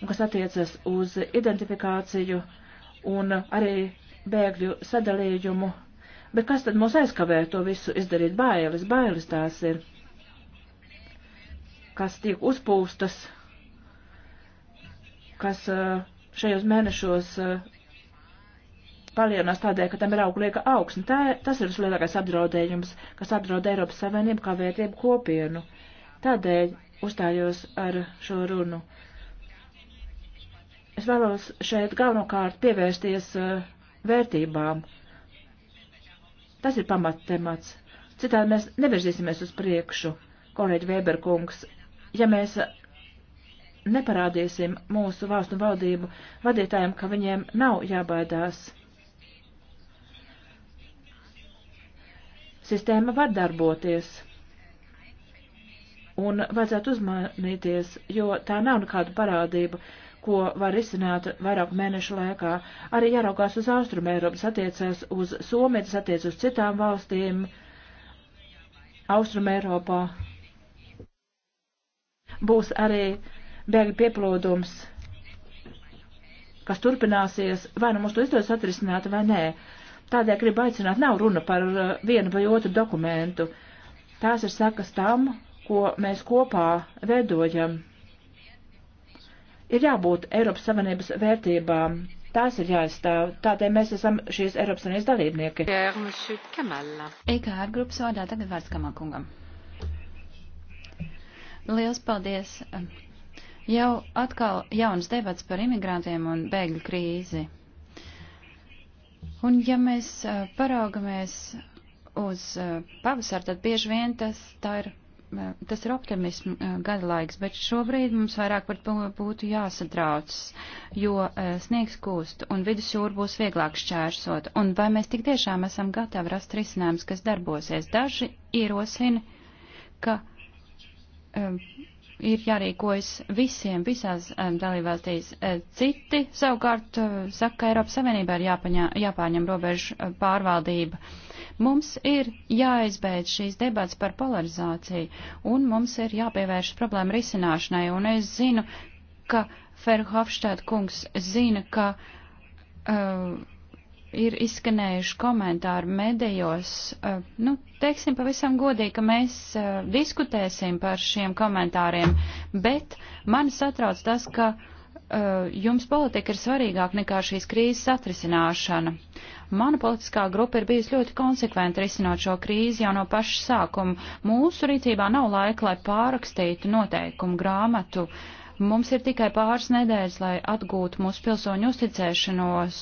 un kas attiecas uz identifikāciju un arī bēgļu sadalījumu. Bet kas tad mūs aizkavē to visu izdarīt? Bailes, bailes tās ir, kas tiek uzpūstas kas šajos mēnešos palielinās tādēļ, ka tam ir auglieka augsne. Tā, tas ir vislielākais apdraudējums, kas apdraud Eiropas Savienību kā vērtību kopienu. Tādēļ uzstājos ar šo runu. Es vēlos šeit galvenokārt pievērsties vērtībām. Tas ir pamattemats. Citādi mēs nevirzīsimies uz priekšu, kolēģi Vēberkungs, ja mēs neparādīsim mūsu valstu valdību vadītājiem, ka viņiem nav jābaidās. Sistēma var darboties, un vajadzētu uzmanīties, jo tā nav nekāda parādība, ko var izsināt vairāku mēnešu laikā. Arī jāraugās uz Austrum Eiropas attiecas uz Somiju, tas attiec uz citām valstīm Austrum Eiropā. Būs arī uh, bēgļu pieplūdums, kas turpināsies, vai nu mums to izdodas atrisināt vai nē. Tādēļ gribu aicināt, nav runa par uh, vienu vai otru dokumentu. Tās ir sakas tam, ko mēs kopā veidojam. Ir jābūt Eiropas Savienības vērtībām. Tās ir jāizstāv. Tādēļ mēs esam šīs Eiropas Savienības dalībnieki. EKR e grupas vārdā tagad vārds Kamakungam. Liels paldies! Jau atkal jaunas debats par imigrantiem un bēgļu krīzi. Un ja mēs paraugamies uz pavasaru, tad bieži vien tas, ir, tas ir optimismu gadalaiks, bet šobrīd mums vairāk par to būtu jāsatrauc, jo sniegs kūst un vidusjūra būs vieglāk šķērsot. Un vai mēs tik tiešām esam gatavi rast risinājums, kas darbosies? Daži ierosina, ka. Um, ir jārīkojas visiem, visās um, dalībvalstīs. Uh, citi savukārt uh, saka, ka Eiropas Savienībā ir jāpaņā, jāpārņem robežu uh, pārvaldība. Mums ir jāizbeidz šīs debats par polarizāciju, un mums ir jāpievērš problēmu risināšanai, un es zinu, ka Ferhofštāt kungs zina, ka uh, ir izskanējuši komentāri medijos. Eh, nu, teiksim pavisam godīgi, ka mēs eh, diskutēsim par šiem komentāriem, bet mani satrauc tas, ka eh, jums politika ir svarīgāk nekā šīs krīzes atrisināšana. Mana politiskā grupa ir bijusi ļoti konsekventi risinot šo krīzi jau no paša sākuma. Mūsu rīcībā nav laika, lai pārakstītu noteikumu grāmatu. Uh, Mums ir tikai pāris nedēļas, lai atgūtu mūsu pilsoņu uzticēšanos.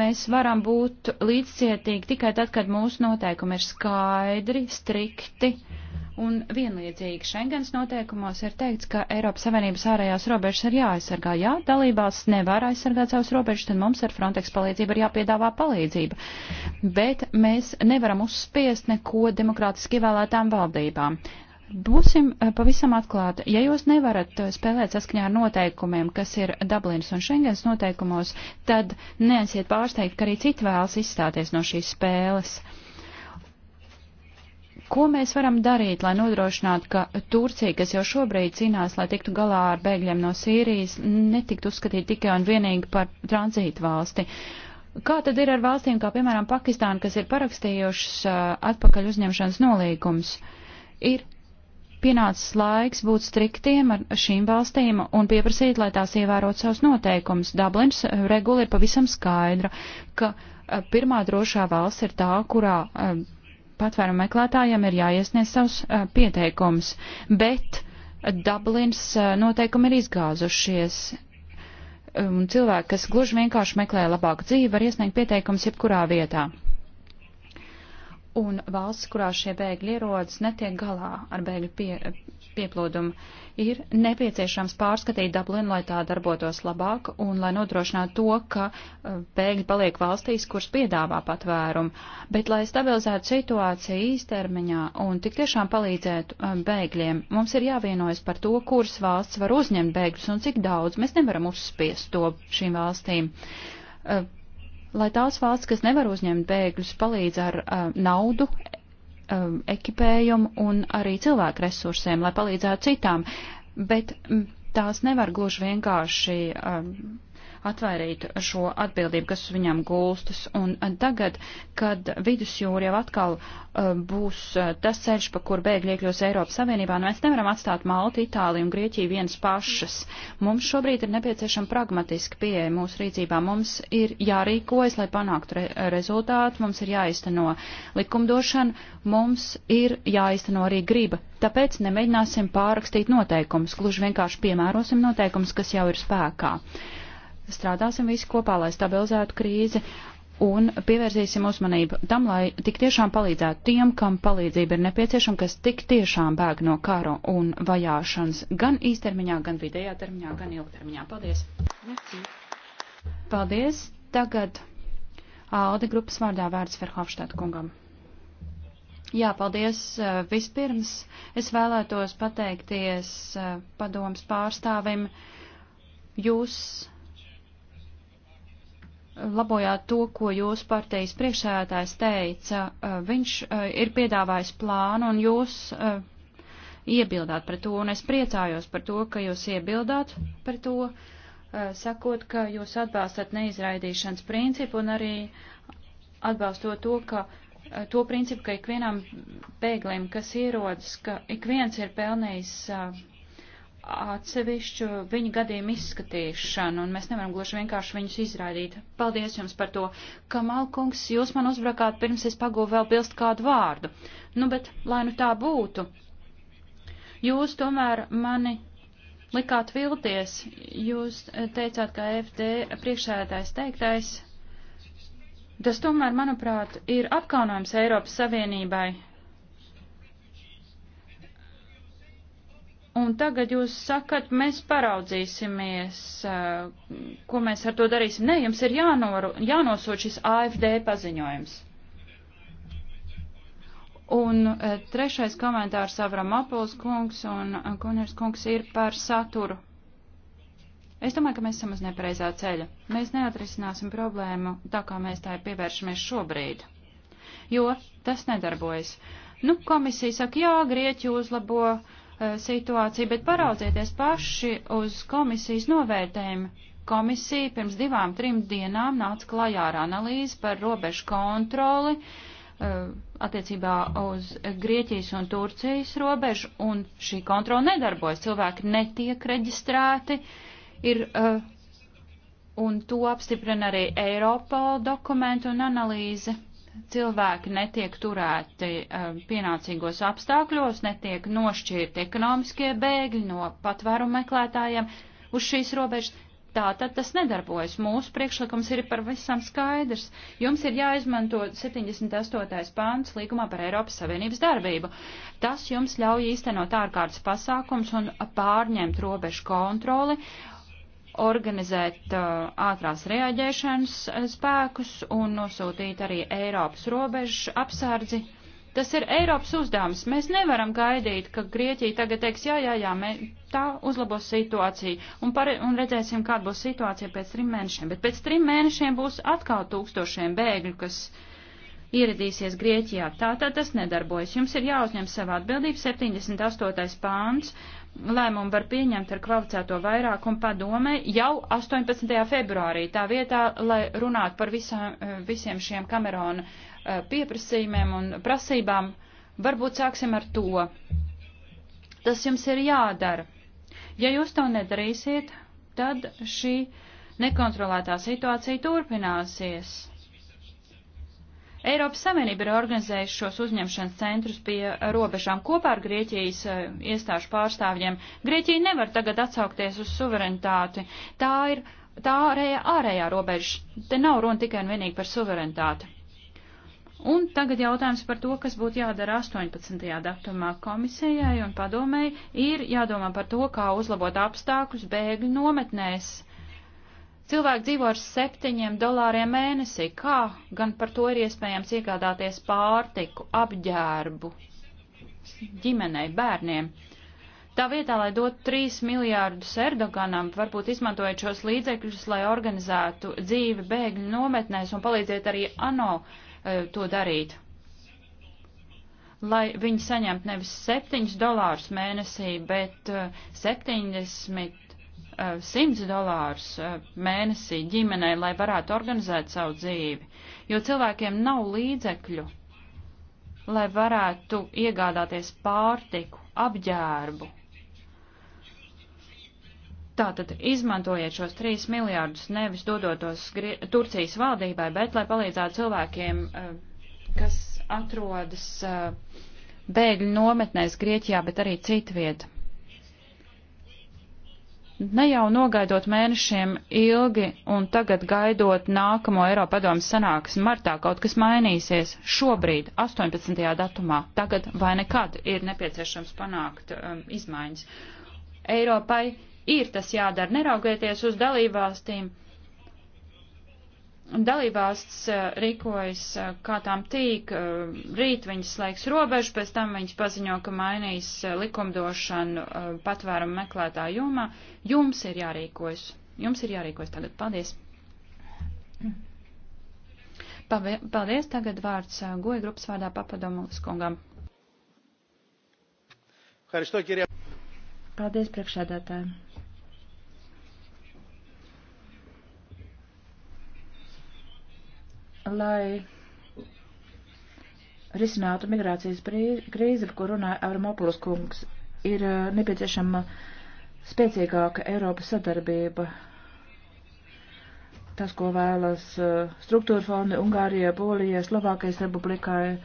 Mēs varam būt līdzcietīgi tikai tad, kad mūsu noteikumi ir skaidri, strikti. Un vienlīdzīgi Schengens noteikumos ir teikts, ka Eiropas Savienības ārējās robežas ir jāaizsargā. Ja dalībās nevar aizsargāt savus robežas, tad mums ar Frontex palīdzību ir jāpiedāvā palīdzība. Bet mēs nevaram uzspiest neko demokrātiski ievēlētām valdībām. Būsim eh, pavisam atklāti. Ja jūs nevarat eh, spēlēt saskaņā ar noteikumiem, kas ir Dublinas un Schengens noteikumos, tad neesiet pārsteigti, ka arī citi vēlas izstāties no šīs spēles. Ko mēs varam darīt, lai nodrošinātu, ka Turcija, kas jau šobrīd cīnās, lai tiktu galā ar bēgļiem no Sīrijas, netiktu uzskatīta tikai un vienīgi par tranzītu valsti? Kā tad ir ar valstīm, kā piemēram Pakistāna, kas ir parakstījušas uh, atpakaļ uzņemšanas nolīgums? Ir pienācis laiks būt striktiem ar šīm valstīm un pieprasīt, lai tās ievērot savus noteikumus. Dublins eh, regula ir pavisam skaidra, ka eh, pirmā drošā valsts ir tā, kurā eh, patvērumu meklētājiem ir jāiesniedz savus pieteikumus, bet Dublins noteikumi ir izgāzušies. Cilvēki, kas gluži vienkārši meklē labāku dzīvi, var iesniegt pieteikumus jebkurā vietā un valsts, kurā šie bēgļi ierodas, netiek galā ar bēgļu pie, pieplūdumu. Ir nepieciešams pārskatīt Dublinu, lai tā darbotos labāk un lai nodrošinātu to, ka uh, bēgļi paliek valstīs, kuras piedāvā patvērumu, bet lai stabilizētu situāciju īstermiņā un tik tiešām palīdzētu um, bēgļiem, mums ir jāvienojas par to, kuras valsts var uzņemt bēgļus un cik daudz mēs nevaram uzspiest to šīm valstīm uh, lai tās valsts, kas nevar uzņemt bēgļus, palīdz ar uh, naudu, um, ekipējumu un arī cilvēku resursiem, lai palīdzētu citām, bet m, tās nevar gluži vienkārši um, atvairītu šo atbildību, kas viņam gulstas. Un tagad, kad vidusjūra jau atkal uh, būs uh, tas ceļš, pa kur bēgļi iekļūs Eiropas Savienībā, nu mēs nevaram atstāt Maltu, Itāliju un Grieķiju vienas pašas. Mums šobrīd ir nepieciešama pragmatiska pieeja mūsu rīcībā. Mums ir jārīkojas, lai panāktu re rezultātu, mums ir jāizteno likumdošana, mums ir jāizteno arī griba. Tāpēc nemēģināsim pārrakstīt noteikumus, gluži vienkārši piemērosim noteikumus, kas jau ir spēkā strādāsim visi kopā, lai stabilizētu krīzi un pievērsīsim uzmanību tam, lai tik tiešām palīdzētu tiem, kam palīdzība ir nepieciešama, kas tik tiešām bēg no kara un vajāšanas gan īstermiņā, gan vidējā termiņā, gan ilgtermiņā. Paldies! Merci. Paldies! Tagad Alde grupas vārdā vērts Ferhofštāt kungam. Jā, paldies. Eh, vispirms es vēlētos pateikties eh, padoms pārstāvim. Jūs labojāt to, ko jūsu partijas priekšsēdētājs teica. Eh, viņš eh, ir piedāvājis plānu un jūs eh, iebildāt pret to, un es priecājos par to, ka jūs iebildāt par to, sakot, ka jūs atbalstat neizraidīšanas principu un arī atbalstot to, ka to principu, ka ikvienam bēglim, kas ierodas, ka ik viens ir pelnījis atsevišķu viņu gadījumu izskatīšanu, un mēs nevaram gluži vienkārši viņus izraidīt. Paldies jums par to, ka Malkungs, jūs man uzbrakāt pirms es pagūvu vēl pilst kādu vārdu. Nu, bet, lai nu tā būtu, jūs tomēr mani likāt vilties, jūs teicāt, ka FD priekšsēdētājs teiktais, tas tomēr, manuprāt, ir apkaunojums Eiropas Savienībai, Un tagad jūs sakat, mēs paraudzīsimies, ko mēs ar to darīsim. Nē, jums ir jānoru, jānosūt šis AFD paziņojums. Un trešais komentārs Avram Apols kungs un Gunārs kungs ir par saturu. Es domāju, ka mēs esam uz nepareizā ceļa. Mēs neatrisināsim problēmu tā, kā mēs tā pievēršamies šobrīd. Jo tas nedarbojas. Nu, komisija saka, jā, Grieķi uzlabo uh, E, situāciju, bet paraudzieties paši uz komisijas novērtējumu. Komisija pirms divām, trim dienām nāca klajā ar analīzi par robežu kontroli e, attiecībā uz Grieķijas un Turcijas robežu, un šī kontrola nedarbojas. Cilvēki netiek reģistrēti, ir, e, un to apstiprina arī Eiropa dokumenti un analīze cilvēki netiek turēti um, pienācīgos apstākļos, netiek nošķirti ekonomiskie bēgļi no patvērumu meklētājiem uz šīs robežas. Tātad tas nedarbojas. Mūsu priekšlikums ir par visam skaidrs. Jums ir jāizmanto 78. pāns līgumā par Eiropas Savienības darbību. Tas jums ļauj īstenot ārkārtas pasākums un pārņemt robežu kontroli organizēt uh, ātrās reaģēšanas uh, spēkus un nosūtīt arī Eiropas robežu apsardzi. Tas ir Eiropas uzdevums. Mēs nevaram gaidīt, ka Grieķija tagad teiks, jā, jā, jā, mē, tā uzlabos situāciju un, par, un redzēsim, kāda būs situācija pēc trim mēnešiem. Bet pēc trim mēnešiem būs atkal tūkstošiem bēgļu, kas ieradīsies Grieķijā. Tātad tā tas nedarbojas. Jums ir jāuzņem savā atbildība 78. pāns Lēmumu var pieņemt ar kvalificēto vairākumu padomē jau 18. februārī, tā vietā, lai runātu par visā, eh, visiem šiem Kamerona eh, pieprasījumiem un prasībām. Varbūt sāksim ar to. Tas jums ir jādara. Ja jūs to nedarīsiet, tad šī nekontrolētā situācija turpināsies. Eiropas Savienība ir organizējusi šos uzņemšanas centrus pie robežām kopā ar Grieķijas e, iestāžu pārstāvjiem. Grieķija nevar tagad atsaukties uz suverenitāti. Tā ir tā ārējā, ārējā robeža. Te nav runa tikai un vienīgi par suverenitāti. Un tagad jautājums par to, kas būtu jādara 18. datumā komisijai un padomēji, ir jādomā par to, kā uzlabot apstākļus bēgļu nometnēs Cilvēki dzīvo ar septiņiem dolāriem mēnesī. Kā gan par to ir iespējams iegādāties pārtiku, apģērbu ģimenei, bērniem? Tā vietā, lai dotu 3 miljārdus Erdoganam, varbūt izmantojot šos līdzekļus, lai organizētu dzīvi bēgļu nometnēs un palīdziet arī ANO e, to darīt. Lai viņi saņemtu nevis 7 dolārus mēnesī, bet 70 eh, 100 eh, dolārus eh, mēnesī ģimenei, lai varētu organizēt savu dzīvi, jo cilvēkiem nav līdzekļu, lai varētu iegādāties pārtiku, apģērbu. Tātad izmantojiet šos 3 miljārdus nevis dodotos Turcijas valdībai, bet lai palīdzētu cilvēkiem, eh, kas atrodas bēgļu nometnēs Grieķijā, bet arī citvieta. Ne jau nogaidot mēnešiem ilgi un tagad gaidot nākamo Eiropadomu sanāksmi martā kaut kas mainīsies. Šobrīd, 18. datumā, tagad vai nekad ir nepieciešams panākt um, izmaiņas. Eiropai ir tas jādara, neraugieties uz dalībvalstīm dalībvalsts eh, rīkojas, eh, kā tām tīk, eh, rīt viņas slēgs robežu, pēc tam viņas paziņo, ka mainīs likumdošanu patvērumu meklētā jomā. Jums ir jārīkojas. Jums ir jārīkojas tagad. Paldies. Paldies. Tagad vārds goja grupas vārdā papadomulis kungam. Paldies priekšādātājiem. lai risinātu migrācijas krīzi, par ko runāja Avramopulus kungs, ir uh, nepieciešama spēcīgāka Eiropas sadarbība. Tas, ko vēlas uh, struktūra fondi Ungārijai, Polijai, Slovākijas republikai.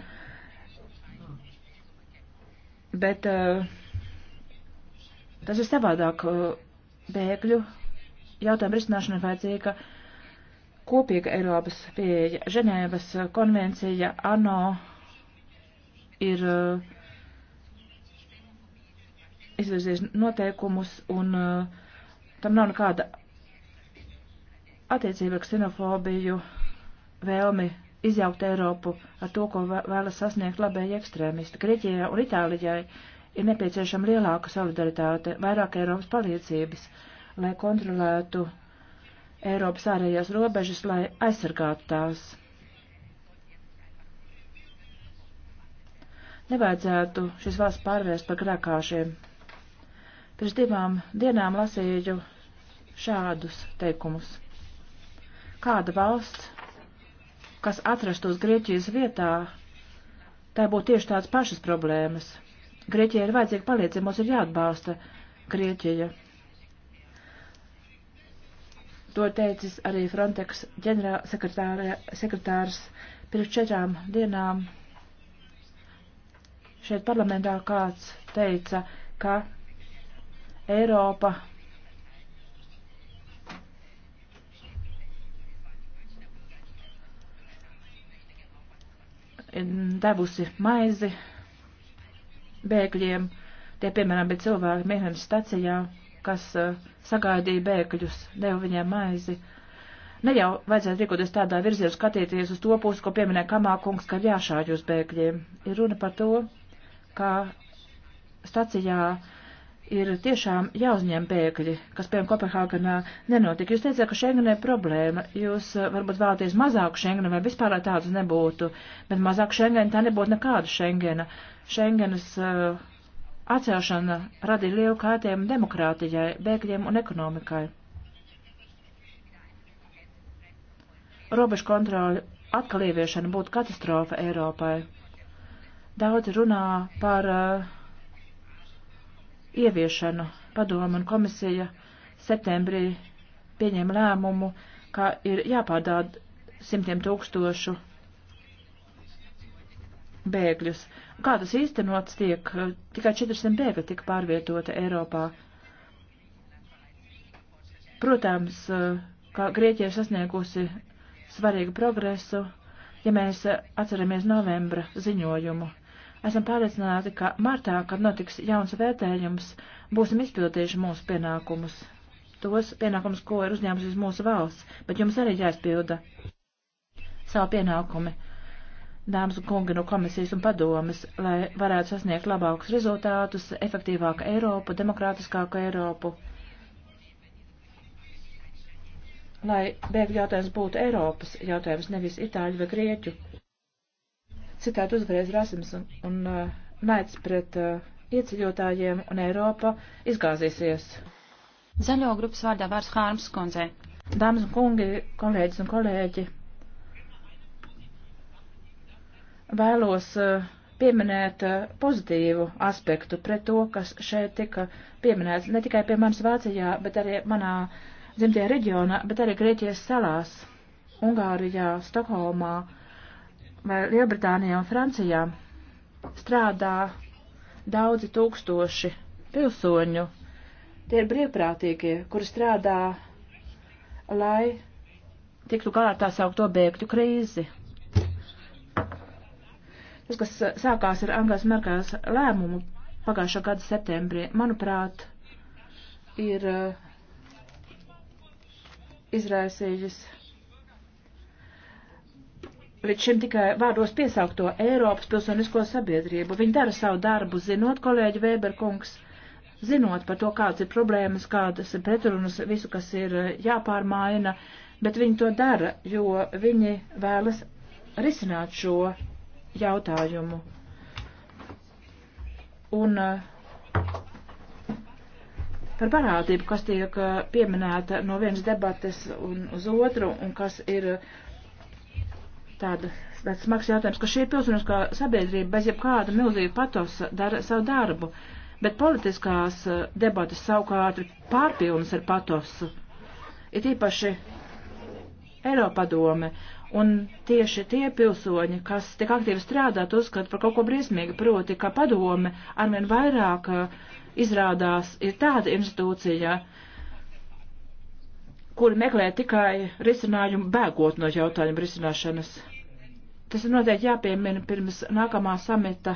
Bet uh, tas ir savādāk bēgļu jautājumu risināšana vajadzīga. Ka kopīga Eiropas pieeja. Ženēvas konvencija ANO ir eh, izvirzījis noteikumus un eh, tam nav nekāda attiecība ar ksenofobiju, vēlmi izjaukt Eiropu ar to, ko vēlas sasniegt labēji ekstrēmisti. Grieķijai un Itālijai ir nepieciešama lielāka solidaritāte, vairāk Eiropas palīdzības, lai kontrolētu Eiropas ārējās robežas, lai aizsargātu tās. Nevajadzētu šis valsts pārvērst par grēkāšiem. Pirms divām dienām lasīju šādus teikumus. Kāda valsts, kas atrastos Grieķijas vietā, tā būtu tieši tādas pašas problēmas. Grieķijai ir vajadzīga palīdzība, mums ir jāatbalsta Grieķija. To teicis arī Frontex ģenerālsekretārs pirms četrām dienām. Šeit parlamentā kāds teica, ka Eiropa devusi maizi bēgļiem, tie piemēram bija cilvēki mēneša stacijā kas e, sagaidīja bēgļus, deva viņiem maizi. Ne jau vajadzētu rīkoties tādā virzienā, skatīties uz to pusi, ko pieminēja Kamākungs, ka ir jāšāģi uz bēgļiem. Ir runa par to, ka stacijā ir tiešām jāuzņem bēgļi, kas, piemēram, Kopenhāgenā nenotika. Jūs teicāt, ka Schengenē ir problēma. Jūs e, varbūt vēlaties mazāku Schengenu vai vispār tādu nebūtu, bet mazāk Schengenu tā nebūtu nekāda Schengena. Schengenas uh, Atcelšana radīja lielu kaitējumu demokrātijai, bēgļiem un ekonomikai. Robežu kontroļu atkal ieviešana būtu katastrofa Eiropai. Daudz runā par uh, ieviešanu. Padomu un komisija septembrī pieņēma lēmumu, ka ir jāpādād simtiem tūkstošu bēgļus. Kā tas īstenots tiek? Eh, tikai 400 bēgļi tika pārvietota Eiropā. Protams, eh, kā Grieķija ir sasniegusi svarīgu progresu, ja mēs eh, atceramies novembra ziņojumu. Esam pārliecināti, ka martā, kad notiks jauns vērtējums, būsim izpildījuši mūsu pienākumus. Tos pienākumus, ko ir uzņēmusies mūsu valsts, bet jums arī jāizpilda savu pienākumu dāmas un kungi no komisijas un padomas, lai varētu sasniegt labākus rezultātus, efektīvāku Eiropu, demokrātiskāku Eiropu, lai bēgļu jautājums būtu Eiropas jautājums, nevis Itāļu vai Grieķu. Citādi uzvarēs rasisms un, un uh, naids pret uh, ieceļotājiem, un Eiropa izgāzīsies. Zaļo grupas vārdā vārds Hārms kundzei. Dāmas un kungi, kolēģis un kolēģi, vēlos eh, pieminēt eh, pozitīvu aspektu pret to, kas šeit tika pieminēts ne tikai pie manas Vācijā, bet arī manā dzimtajā reģionā, bet arī Grieķijas salās, Ungārijā, Stokholmā vai Lielbritānijā un Francijā strādā daudzi tūkstoši pilsoņu. Tie ir brīvprātīgie, kuri strādā, lai tiktu galā tā saukt obēgtu krīzi Tas, kas eh, sākās ar Angās Merkās lēmumu pagājušā gada septembrī, manuprāt, ir eh, izraisījis līdz šim tikai vārdos piesaukto Eiropas pilsonisko sabiedrību. Viņi dara savu darbu, zinot, kolēģi Vēberkungs, zinot par to, kādas ir problēmas, kādas ir pretrunas, visu, kas ir eh, jāpārmaina, bet viņi to dara, jo viņi vēlas risināt šo jautājumu. Un eh, par parādību, kas tiek eh, pieminēta no vienas debates un uz otru, un kas ir eh, tāda, tāds smags jautājums, ka šī pilsoniskā sabiedrība bez jebkāda milzīga patosa dara savu darbu, bet politiskās debates savukārt ir pārpilnas ar patosu. Ir īpaši Eiropadome Un tieši tie pilsoņi, kas tik aktīvi strādāt, uzskata par kaut ko briesmīgu, proti, ka padome arvien vairāk uh, izrādās ir tāda institūcija, kuri meklē tikai risinājumu bēgot no jautājumu risināšanas. Tas ir noteikti jāpiemina pirms nākamā samita,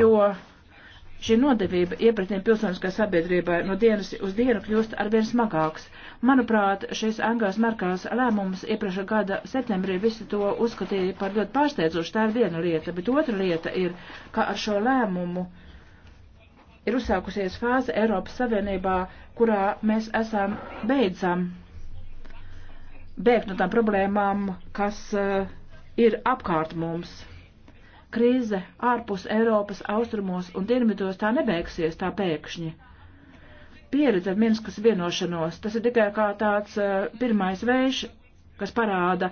jo Šī nodevība iepratniem pilsoniskai sabiedrībai no dienas uz dienu kļūst arvien smagāks. Manuprāt, šis Angās Merkās lēmums iepriekšā gada septembrī visi to uzskatīja par ļoti pārsteidzošu. Tā ir viena lieta, bet otra lieta ir, ka ar šo lēmumu ir uzsākusies fāze Eiropas Savienībā, kurā mēs esam beidzam bēgt no tām problēmām, kas uh, ir apkārt mums krīze ārpus Eiropas austrumos un dienvidos tā nebeigsies tā pēkšņi. Pieredze ar Minskas vienošanos, tas ir tikai kā tāds uh, pirmais vējš, kas parāda,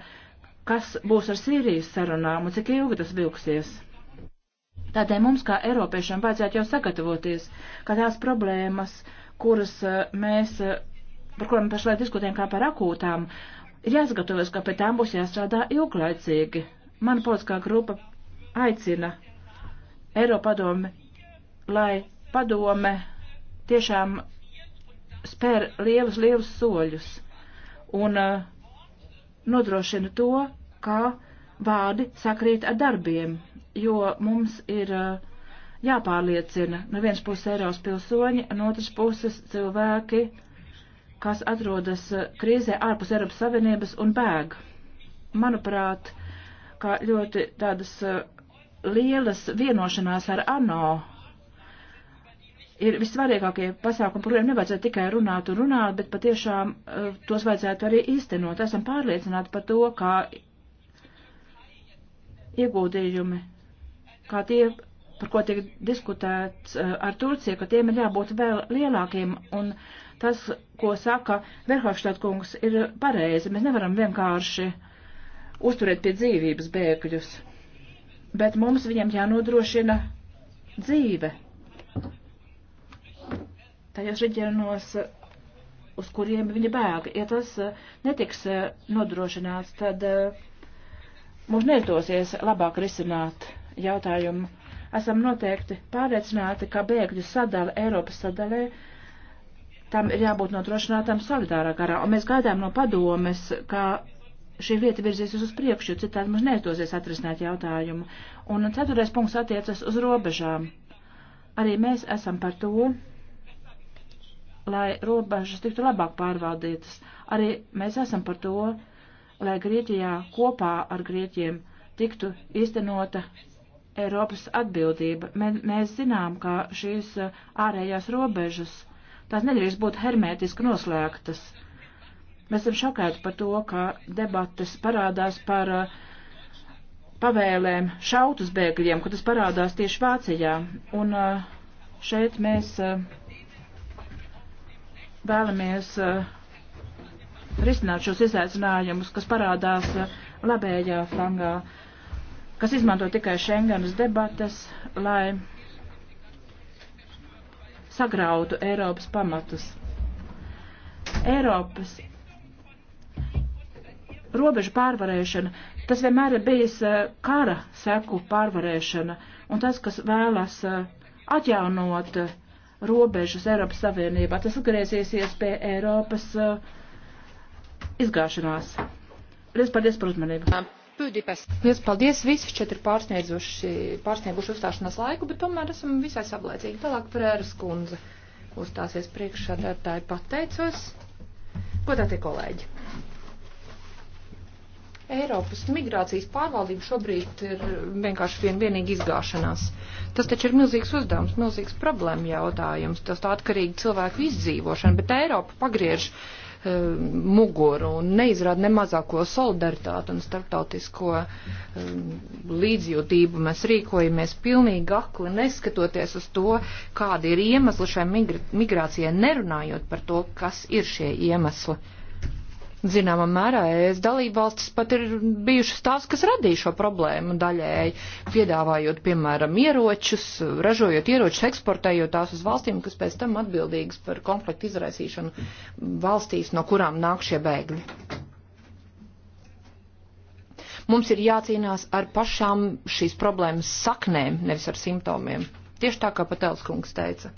kas būs ar Sīrijas sarunām un cik ilgi tas vilksies. Tādēļ mums, kā Eiropiešiem, vajadzētu jau sagatavoties, ka tās problēmas, kuras eh, mēs, eh, par kurām pašlaik diskutējam kā par akūtām, ir jāsagatavojas, ka pie tām būs jāstrādā ilglaicīgi. Mana politiskā grupa aicina Eiropadomi, lai padome tiešām spēr lielus, lielus soļus un uh, nodrošina to, kā vārdi sakrīt ar darbiem, jo mums ir uh, jāpārliecina no vienas puses Eiropas pilsoņi, no otras puses cilvēki, kas atrodas uh, krīzē ārpus Eiropas Savienības un bēg. Manuprāt, kā ļoti tādas uh, lielas vienošanās ar ANO ir vissvarīgākie pasākumi, par kuriem nevajadzētu tikai runāt un runāt, bet patiešām uh, tos vajadzētu arī īstenot. Esam pārliecināti par to, kā ieguldījumi, kā tie, par ko tiek diskutēts uh, ar Turciju, ka tiem ir jābūt vēl lielākiem. Un tas, ko saka Verhofstadt kungs, ir pareizi. Mēs nevaram vienkārši uzturēt pie dzīvības bēgļus bet mums viņam jānodrošina dzīve. Tajos reģionos, uz kuriem viņi bēga, ja tas eh, netiks eh, nodrošināts, tad eh, mums neizdosies labāk risināt jautājumu. Esam noteikti pārliecināti, ka bēgļu sadala Eiropas sadalē tam ir jābūt nodrošinātam solidārā garā, un mēs gaidām no padomes, ka šī lieta virzīsies uz priekšu, jo citādi mums neizdosies atrisināt jautājumu. Un ceturtais punkts attiecas uz robežām. Arī mēs esam par to, lai robežas tiktu labāk pārvaldītas. Arī mēs esam par to, lai Grieķijā kopā ar Grieķiem tiktu īstenota Eiropas atbildība. Mē, mēs zinām, ka šīs ārējās robežas, tās nedrīkst būt hermētiski noslēgtas. Uh, Mēs esam šokēti par to, ka debates parādās par uh, pavēlēm šaut uz bēgļiem, ka tas parādās tieši Vācijā. Un uh, šeit mēs uh, vēlamies risināt šos izaicinājumus, kas parādās labējā flangā, kas izmanto tikai Schengenas debates, lai sagrautu Eiropas pamatus. Eiropas robežu pārvarēšana, tas vienmēr ir bijis eh, kara seku pārvarēšana, un tas, kas vēlas eh, atjaunot eh, robežas Eiropas Savienībā, tas atgriezīsies pie Eiropas izgāšanās. Lies paldies par uzmanību. Lies paldies, visi šķiet ir pārsnieguši, pārsnieguši uzstāšanās laiku, bet tomēr esam visai sablēcīgi. Tālāk par ēras kundze uzstāsies priekšādātāji pateicos. Ko tā tie kolēģi? Eiropas migrācijas pārvaldība šobrīd ir vienkārši vien vienīgi izgāšanās. Tas taču ir milzīgs uzdevums, milzīgs problēma jautājums. Tas tā atkarīgi cilvēku izdzīvošana, bet Eiropa pagriež uh, muguru un neizrāda ne mazāko solidaritāti un starptautisko um, līdzjūtību. Mēs rīkojamies pilnīgi akli, neskatoties uz to, kādi ir iemesli šai migrācijai, nerunājot par to, kas ir šie iemesli. Zināmā mērā ES dalībvalstis pat ir bijušas tās, kas radīja šo problēmu daļēji, piedāvājot, piemēram, ieročus, ražojot ieročus, eksportējot tās uz valstīm, kas pēc tam atbildīgas par konfliktu izraisīšanu valstīs, no kurām nāk šie bēgļi mums ir jācīnās ar pašām šīs problēmas saknēm, nevis ar simptomiem. Tieši tā kā Patels kungs teica.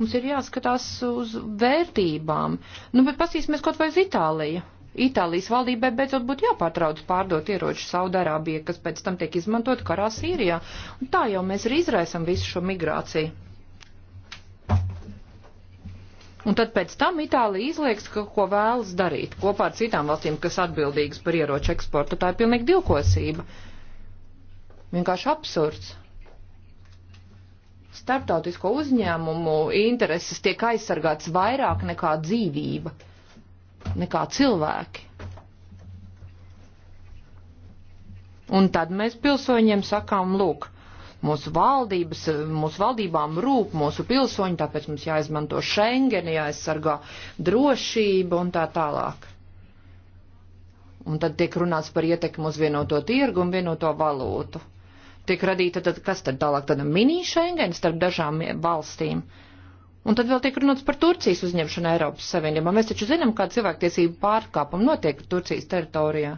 Mums ir jāskatās uz vērtībām. Nu, bet pasīsimies kaut vai uz Itāliju. Itālijas valdībai beidzot būtu jāpārtrauc pārdot ieroču Saudārābija, kas pēc tam tiek izmantot karā Sīrijā. Un tā jau mēs arī izraisam visu šo migrāciju. Un tad pēc tam Itālija izlieks, ka, ko vēlas darīt kopā ar citām valstīm, kas atbildīgas par ieroču eksportu. Tā ir pilnīgi divkosība. Vienkārši absurds starptautisko uzņēmumu intereses tiek aizsargāts vairāk nekā dzīvība nekā cilvēki. Un tad mēs pilsoņiem sakām, lūk, mūsu valdības, mūsu valdībām rūp mūsu pilsoņi, tāpēc mums jāizmanto Schengeni, jāaizsargā drošība un tā tālāk. Un tad tiek runāts par ietekmu uz vienoto tirgu un vienoto valūtu. Tiek radīta tad, kas tad tālāk, tad mini Schengen starp dažām valstīm. Uh, Un tad vēl tiek runāts par Turcijas uzņemšanu Eiropas Savienībā. Mēs taču zinām, kā cilvēktiesību pārkāpumi notiek Turcijas teritorijā.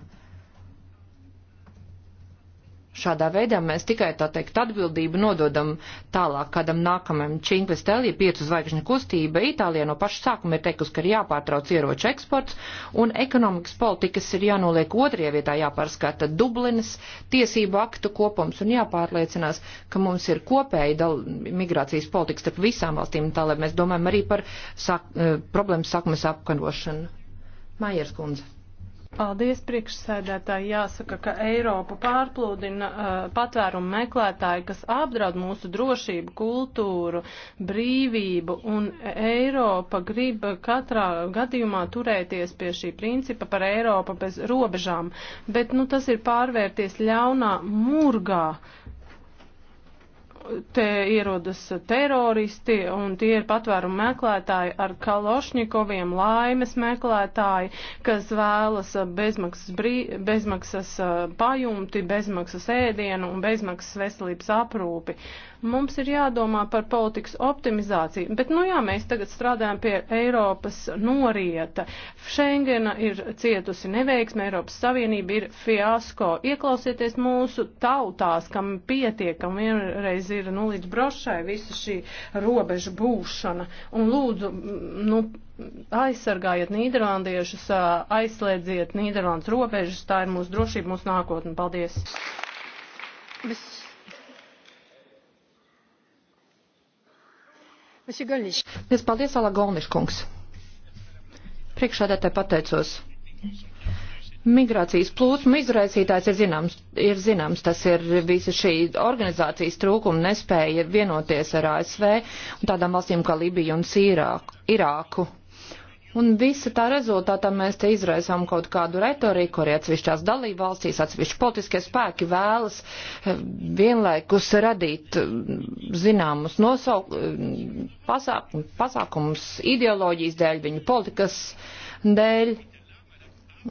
Šādā veidā mēs tikai tā teikt atbildību nododam tālāk kādam nākamajam Činkvestelī, piecu zvaigžņu kustība. Itālija no paša sākuma ir teikusi, ka ir jāpārtrauc ieroču eksports un ekonomikas politikas ir jānoliek otrajā vietā jāpārskata Dublinas tiesību aktu kopums un jāpārliecinās, ka mums ir kopēja dal, migrācijas politika starp visām valstīm, tā lai mēs domājam arī par sak, eh, problēmas sakmes apkarošanu. Mājers kundze. Paldies, priekšsēdētāji. Jāsaka, ka Eiropa pārplūdina uh, patvērumu meklētāji, kas apdraud mūsu drošību, kultūru, brīvību, un Eiropa grib katrā gadījumā turēties pie šī principa par Eiropu bez robežām. Bet, nu, tas ir pārvērties ļaunā murgā. Uh, te ierodas teroristi un tie ir patvērumu meklētāji ar kalošņikoviem, laimes meklētāji, kas vēlas bezmaksas, brī, bezmaksas eh, pajumti, bezmaksas ēdienu un bezmaksas veselības aprūpi. Mums ir jādomā par politikas optimizāciju, bet nu jā, mēs tagad strādājam pie Eiropas norieta. Schengena ir cietusi neveiksme, Eiropas Savienība ir fiasko. Ieklausieties mūsu tautās, kam pietiekam vienreiz ir nu līdz brošai visa šī robeža būšana. Un lūdzu, nu aizsargājiet nīderlandiešus, aizslēdziet Nīderlandes robežas, tā ir mūsu drošība, mūsu nākotne. Paldies! Mēs Mēs paldies, Alā Golniškungs. Priekšādētāji pateicos. Migrācijas plūsmu izraisītājs ir zināms, ir zināms, tas ir visa šī organizācijas trūkuma nespēja vienoties ar ASV un tādām valstīm kā Libiju un Sīrāku, Irāku. Un visa tā rezultātā mēs te izraisām kaut kādu retoriku, arī atsevišķās dalību valstīs, atsevišķi politiskie spēki vēlas eh, vienlaikus radīt eh, zināmus nosauk, eh, pasāk, pasākumus ideoloģijas dēļ, viņu politikas dēļ.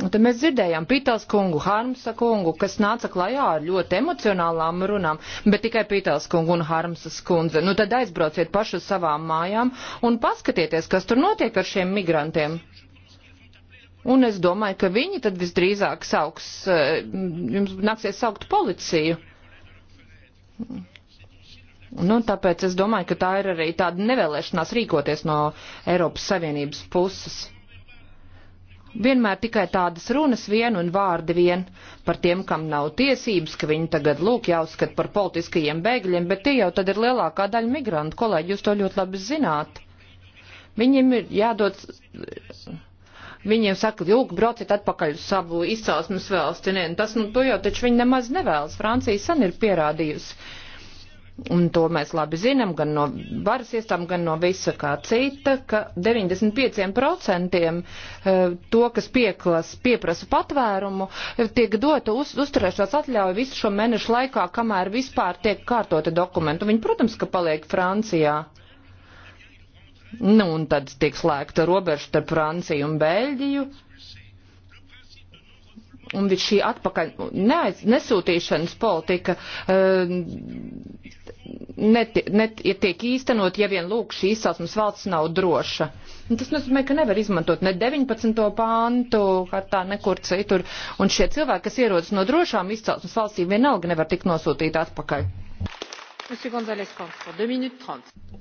Un te mēs dzirdējām Pitels kungu, Harmsa kungu, kas nāca klajā ar ļoti emocionālām runām, bet tikai Pitels kungu un Harmsas kundze. Nu tad aizbrauciet paši uz savām mājām un paskatieties, kas tur notiek ar šiem migrantiem. Un es domāju, ka viņi tad visdrīzāk sauks, eh, jums nāksies saukt policiju. Nu, tāpēc es domāju, ka tā ir arī tāda nevēlēšanās rīkoties no Eiropas Savienības puses vienmēr tikai tādas runas vien un vārdi vien par tiem, kam nav tiesības, ka viņi tagad lūk jāuzskat par politiskajiem bēgļiem, bet tie jau tad ir lielākā daļa migrantu. Kolēģi, jūs to ļoti labi zināt. Viņiem ir jādod, viņiem saka, lūk, brauciet atpakaļ uz savu izcelsmes valsti. Nē, tas, nu, to jau taču viņi nemaz nevēlas. Francija san ir pierādījusi un to mēs labi zinām gan no varas iestām, gan no visa kā cita, ka 95% eh, to, kas pieklas, pieprasa patvērumu, eh, tiek dota uz, uzturēšanās atļauja visu šo mēnešu laikā, kamēr vispār tiek kārtota dokumentu. Viņi, protams, ka paliek Francijā. Nu, un tad tiek slēgta robeža starp Franciju un Beļģiju un šī atpakaļ neaiz, nesūtīšanas politika uh, eh, netiek net, net īstenot, ja vien lūk šī izcelsmes valsts nav droša. Un tas nozīmē, ka nevar izmantot ne 19. pāntu, kā tā nekur citur, un šie cilvēki, kas ierodas no drošām izcelsmes valstīm, vienalga nevar tikt nosūtīti atpakaļ.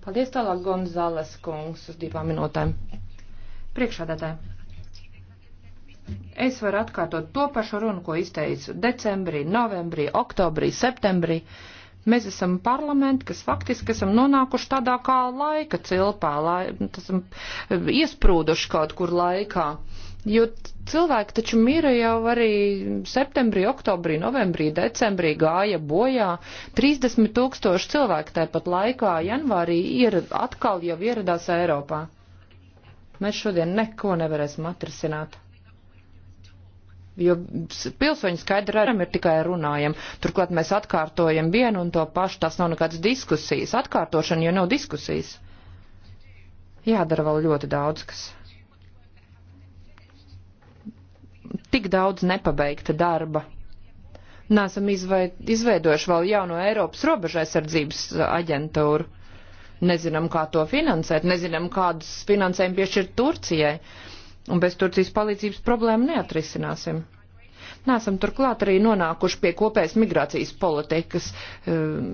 Paldies tālāk Gonzales kungs uz divām minūtēm. Priekšādātāji. Es varu atkārtot to pašu runu, ko izteicu decembrī, novembrī, oktobrī, septembrī. Mēs esam parlamenti, kas faktiski esam nonākuši tādā kā laika cilpā, lai, esam e, iesprūduši kaut kur laikā. Jo cilvēki taču mira jau arī septembrī, oktobrī, novembrī, decembrī gāja bojā. 30 tūkstoši cilvēku tāpat laikā janvārī ir atkal jau ieradās Eiropā. Mēs šodien neko nevarēsim atrisināt jo pilsoņi skaidri redzam ir tikai runājam. Turklāt mēs atkārtojam vienu un to pašu, tas nav nekāds diskusijas. Atkārtošana, jo nav diskusijas. Jādara vēl ļoti daudz, kas. Tik daudz nepabeigta darba. Nesam izveidojuši vēl jauno Eiropas robežaizsardzības aģentūru. Nezinām, kā to finansēt, nezinām, kādus finansējumu piešķirt Turcijai Un bez Turcijas palīdzības problēmu neatrisināsim. Nesam turklāt arī nonākuši pie kopējas migrācijas politikas. Ehm,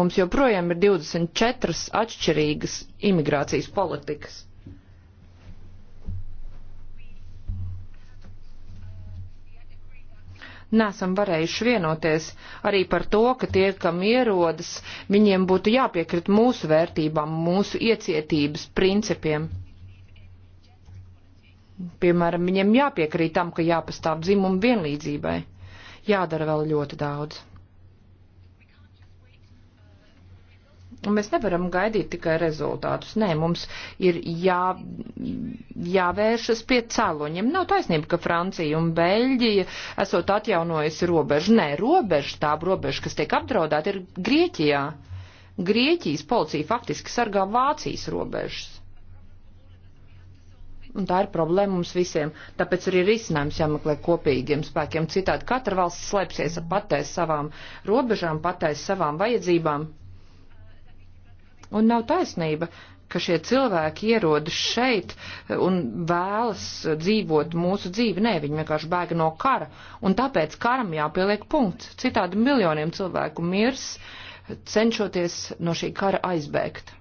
mums joprojām ir 24 atšķirīgas imigrācijas politikas. nesam varējuši vienoties arī par to, ka tie, kam ierodas, viņiem būtu jāpiekrit mūsu vērtībām, mūsu iecietības principiem. Piemēram, viņiem jāpiekrīt tam, ka jāpastāv dzimumu vienlīdzībai. Jādara vēl ļoti daudz. Un mēs nevaram gaidīt tikai rezultātus. Nē, mums ir jā, jāvēršas pie cēloņiem. Nav taisnība, ka Francija un Beļģija esot atjaunojusi robežu. Nē, robeža, tā robeža, kas tiek apdraudēta, ir Grieķijā. Grieķijas policija faktiski sargā Vācijas robežas. Un tā ir problēma mums visiem. Tāpēc arī risinājums jāmeklē kopīgiem spēkiem. Citādi katra valsts slēpsies patēs savām robežām, patēs savām vajadzībām. Un nav taisnība, ka šie cilvēki ierodas šeit eh, un vēlas dzīvot mūsu dzīvi. Nē, viņi vienkārši bēga no kara. Un tāpēc karam jāpieliek punkts. Citādi miljoniem cilvēku mirs, cenšoties no šī kara aizbēgt.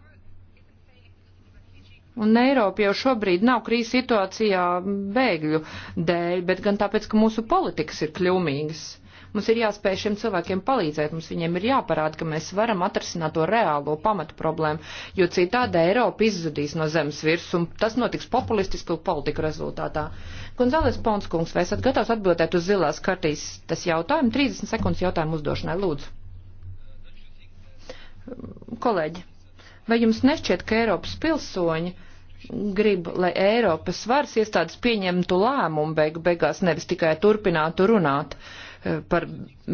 Un Eiropa jau šobrīd nav krīzes situācijā bēgļu dēļ, bet gan tāpēc, ka mūsu politikas ir kļūmīgas. Mums ir jāspēj šiem cilvēkiem palīdzēt, mums viņiem ir jāparāda, ka mēs varam atrasināt to reālo pamatu problēmu, jo citādi Eiropa izzudīs no zemes virs, un tas notiks populistisku politiku rezultātā. Gonzales Ponskungs, vai esat gatavs atbildēt uz zilās kartīs tas jautājumu? 30 sekundes jautājumu uzdošanai, lūdzu. Kolēģi, vai jums nešķiet, ka Eiropas pilsoņi gribu, lai Eiropas varas iestādes pieņemtu lēmumu beigu beigās, nevis tikai turpinātu runāt eh, par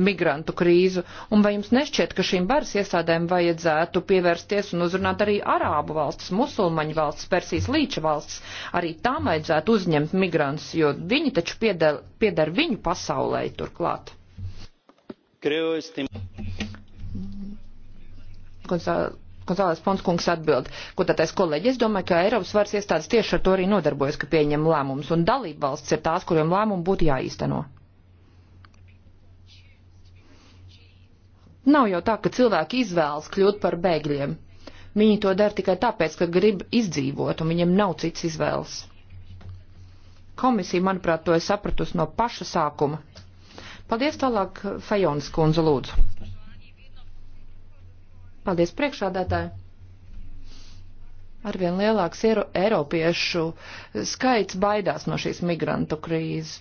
migrantu krīzu. Un vai jums nešķiet, ka šīm varas iestādēm vajadzētu pievērsties un uzrunāt arī arābu valsts, musulmaņu valsts, Persijas līča valsts? Arī tām vajadzētu uzņemt migrantus, jo viņi taču pieder, pieder viņu pasaulē turklāt. Kriosti. Gonzalo Gonzāles Ponskungs atbild, ko tātais kolēģis, es domāju, ka Eiropas varas iestādes tieši ar to arī nodarbojas, ka pieņem lēmumus, un dalība valsts ir tās, kuriem lēmumi būtu jāīsteno. Nav jau tā, ka cilvēki izvēlas kļūt par bēgļiem. Viņi to dara tikai tāpēc, ka grib izdzīvot, un viņiem nav cits izvēles. Komisija, manuprāt, to ir sapratusi no paša sākuma. Paldies tālāk, Fajonas kundze, lūdzu. Paldies priekšādātāji! Arvien lielāks eiropiešu skaits baidās no šīs migrantu krīzes.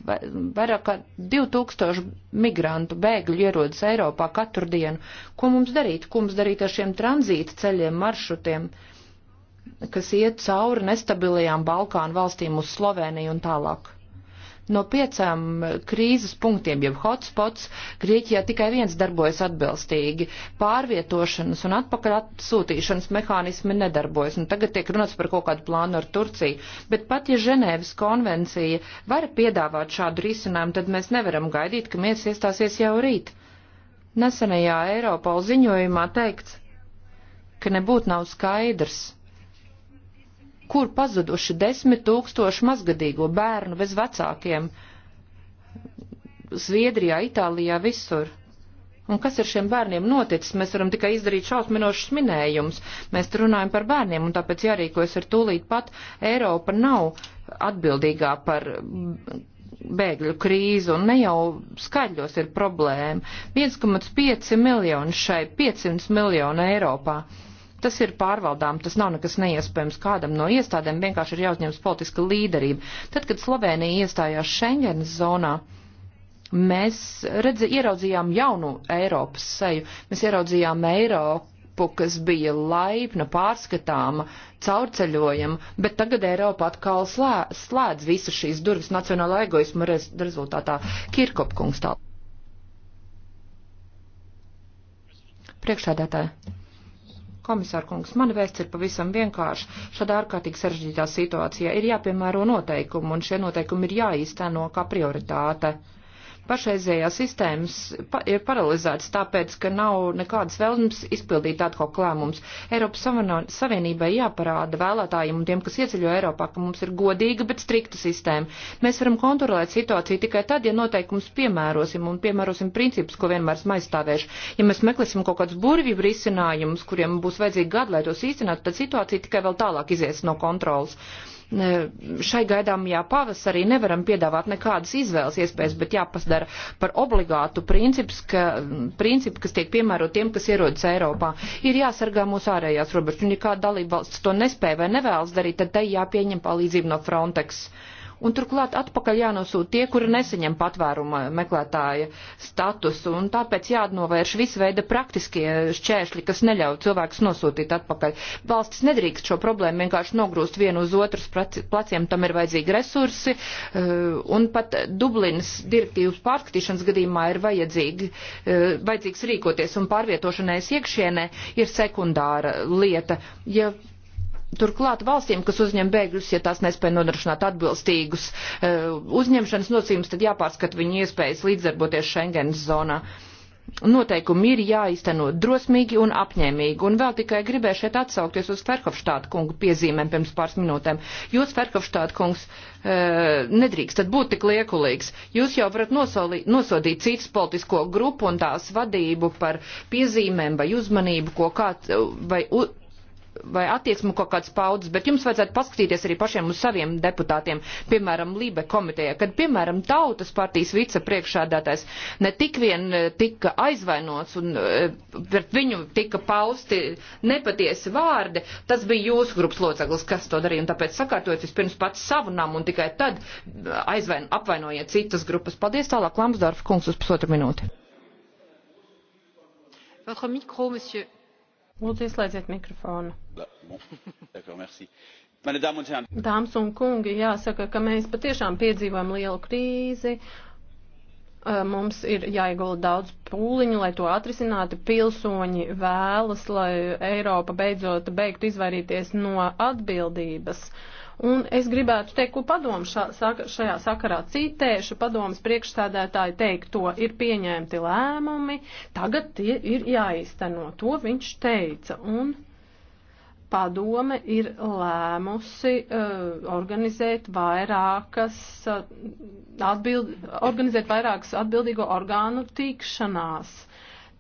Vairāk kā 2000 migrantu bēgļu ierodas Eiropā katru dienu. Ko mums darīt? Ko mums darīt ar šiem tranzīta ceļiem, maršrutiem, kas iet cauri nestabilajām Balkānu valstīm uz Sloveniju un tālāk? no piecām krīzes punktiem, jeb hotspots, Grieķijā tikai viens darbojas atbilstīgi. Pārvietošanas un atpakaļ atsūtīšanas mehānismi nedarbojas. Un tagad tiek runāts par kaut kādu plānu ar Turciju. Bet pat ja Ženēvas konvencija var piedāvāt šādu risinājumu, tad mēs nevaram gaidīt, ka mies iestāsies jau rīt. Nesenajā Eiropā ziņojumā teikts, ka nebūtu nav skaidrs kur pazuduši desmit tūkstoši mazgadīgo bērnu bez vecākiem. Zviedrijā, Itālijā, visur. Un kas ar šiem bērniem noticis? Mēs varam tikai izdarīt šausminošus minējumus. Mēs runājam par bērniem, un tāpēc jārīkojas ar tūlīt pat. Eiropa nav atbildīgā par bēgļu krīzi, un ne jau skaļļos ir problēma. 1,5 miljoni šai 500 miljonu Eiropā. Tas ir pārvaldām, tas nav nekas neiespējams. Kādam no iestādēm vienkārši ir jāuzņemas politiska līderība. Tad, kad Slovēnija iestājās Schengenas zonā, mēs redzi, ieraudzījām jaunu Eiropas seju. Mēs ieraudzījām Eiropu kas bija laipna, pārskatāma, caurceļojama, bet tagad Eiropa atkal slē, slēdz visas šīs durvis nacionāla egoisma rez, rezultātā. Kirkopkungs tālāk. Priekšādātāji. Komisārkungs, mana vēsts ir pavisam vienkārši. Šādā ārkārtīgi sarežģītā situācijā ir jāpiemēro noteikumi, un šie noteikumi ir jāīsteno kā prioritāte pašreizējā sistēmas pa, ir paralizētas tāpēc, ka nav nekādas vēlmes izpildīt tādu kaut lēmumus. Eiropas Savienībai jāparāda vēlētājiem un tiem, kas ieceļo Eiropā, ka mums ir godīga, bet strikta sistēma. Mēs varam kontrolēt situāciju tikai tad, ja noteikums piemērosim un piemērosim principus, ko vienmēr esmu aizstāvējuši. Ja mēs meklēsim kaut kādus burvību risinājumus, kuriem būs vajadzīgi gadi, lai tos īstenātu, tad situācija tikai vēl tālāk izies no kontrolas šai gaidāmajā pavasarī nevaram piedāvāt nekādas izvēles iespējas, bet jāpasdara par obligātu princips, ka, principu, kas tiek piemērot tiem, kas ierodas Eiropā. Ir jāsargā mūsu ārējās robežas, un ja kāda dalība valsts to nespēja vai nevēlas darīt, tad tai jāpieņem palīdzību no Frontex. Uh, un turklāt atpakaļ jānosūta tie, kuri nesaņem patvēruma meklētāja statusu, un tāpēc jānovērš visu veidu praktiskie šķēršļi, kas neļauj cilvēkus nosūtīt atpakaļ. Valstis nedrīkst šo problēmu vienkārši nogrūst vienu uz otras placiem, tam ir vajadzīgi resursi, eh, un pat Dublinas direktīvas pārskatīšanas gadījumā ir vajadzīgi, eh, vajadzīgs rīkoties, un pārvietošanais iekšienē ir sekundāra lieta. Ja Turklāt valstīm, kas uzņem bēgļus, ja tās nespēja nodrošināt atbilstīgus e, uzņemšanas nosīmes, tad jāpārskat viņu iespējas līdzdarboties Schengens zonā. Noteikumi ir jāizteno drosmīgi un apņēmīgi, un vēl tikai gribēju šeit atsaukties uz Ferhofštāta kungu piezīmēm pirms pāris minūtēm. Jūs, Ferhofštāta kungs, e, nedrīkstat būt tik liekulīgs. Jūs jau varat nosolī, nosodīt citas politisko grupu un tās vadību par piezīmēm vai uzmanību, ko kāds vai. U, vai attieksmi kaut kādas paudzes, bet jums vajadzētu paskatīties arī pašiem uz saviem deputātiem, piemēram, Libe komitejā, kad, piemēram, Tautas partijas vicepriekšādātais ne tik vien e, tika aizvainots un e, pret viņu tika pausti nepatiesi vārdi, tas bija jūsu grupas loceklis, kas to darīja, un tāpēc sakārtojiet vispirms pats savu namu un tikai tad e, aizvain, apvainojiet citas grupas. Paldies tālāk, Lamsdorf kungs, uz pusotru minūti. Votre micro, monsieur. Lūdzu, ieslēdziet mikrofonu. Dāmas un kungi, jāsaka, ka mēs patiešām piedzīvojam lielu krīzi. Mums ir jāiegulda daudz pūliņu, lai to atrisinātu. Pilsoņi vēlas, lai Eiropa beidzot beigtu izvairīties no atbildības. Uh, Un es gribētu teikt, ko padomu šā, šajā sakarā citēšu. Padomas priekšstādētāji teikto, ir pieņemti lēmumi, tagad tie ir jāizteno. To viņš teica. Un padome ir lēmusi uh, organizēt vairākas, uh, atbild, organizēt vairākas atbildīgo orgānu tikšanās. Uh,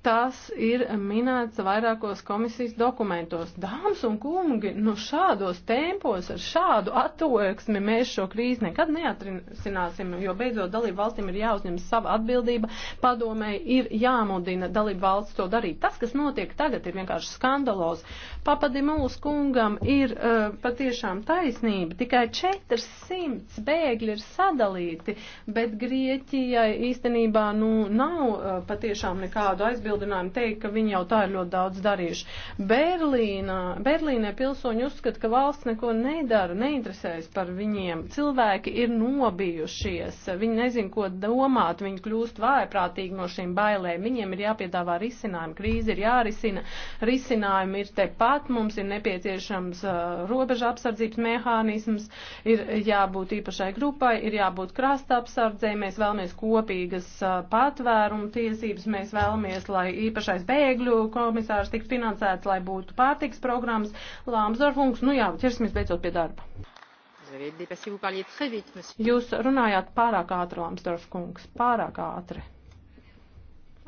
Tas ir minēts vairākos komisijas dokumentos. Dāmas un kungi, nu šādos tempos, ar šādu attieksmi mēs šo krīzi nekad neatrisināsim, jo beidzot dalību valstīm ir jāuzņem sava atbildība, padomēji ir jāmudina dalību valsts to darīt. Tas, kas notiek tagad, ir vienkārši skandalos. Papadimuls kungam ir uh, patiešām taisnība, tikai 400 bēgļi ir sadalīti, bet Grieķijai īstenībā nu, nav uh, patiešām nekādu aizbildību papildinājumu teikt, ka viņi jau tā ir ļoti daudz darījuši. Berlīnā, Berlīnē pilsoņi uzskata, ka valsts neko nedara, neinteresējas par viņiem. Cilvēki ir nobijušies, viņi nezin, ko domāt, viņi kļūst vājprātīgi no šīm bailēm. Viņiem ir jāpiedāvā risinājumi, krīze ir jārisina, risinājumi ir tepat, mums ir nepieciešams uh, robeža apsardzības mehānisms, ir jābūt īpašai grupai, ir jābūt krasta apsardzē, mēs vēlamies kopīgas uh, patvērumu tiesības, mēs vēlamies, lai lai īpašais bēgļu komisārs tiktu finansēts, lai būtu pārtiks programmas. Lāmsdorfungs, nu jā, ķersimies beidzot pie darba. Jūs runājāt pārāk ātri, Lāmsdorfungs, pārāk ātri.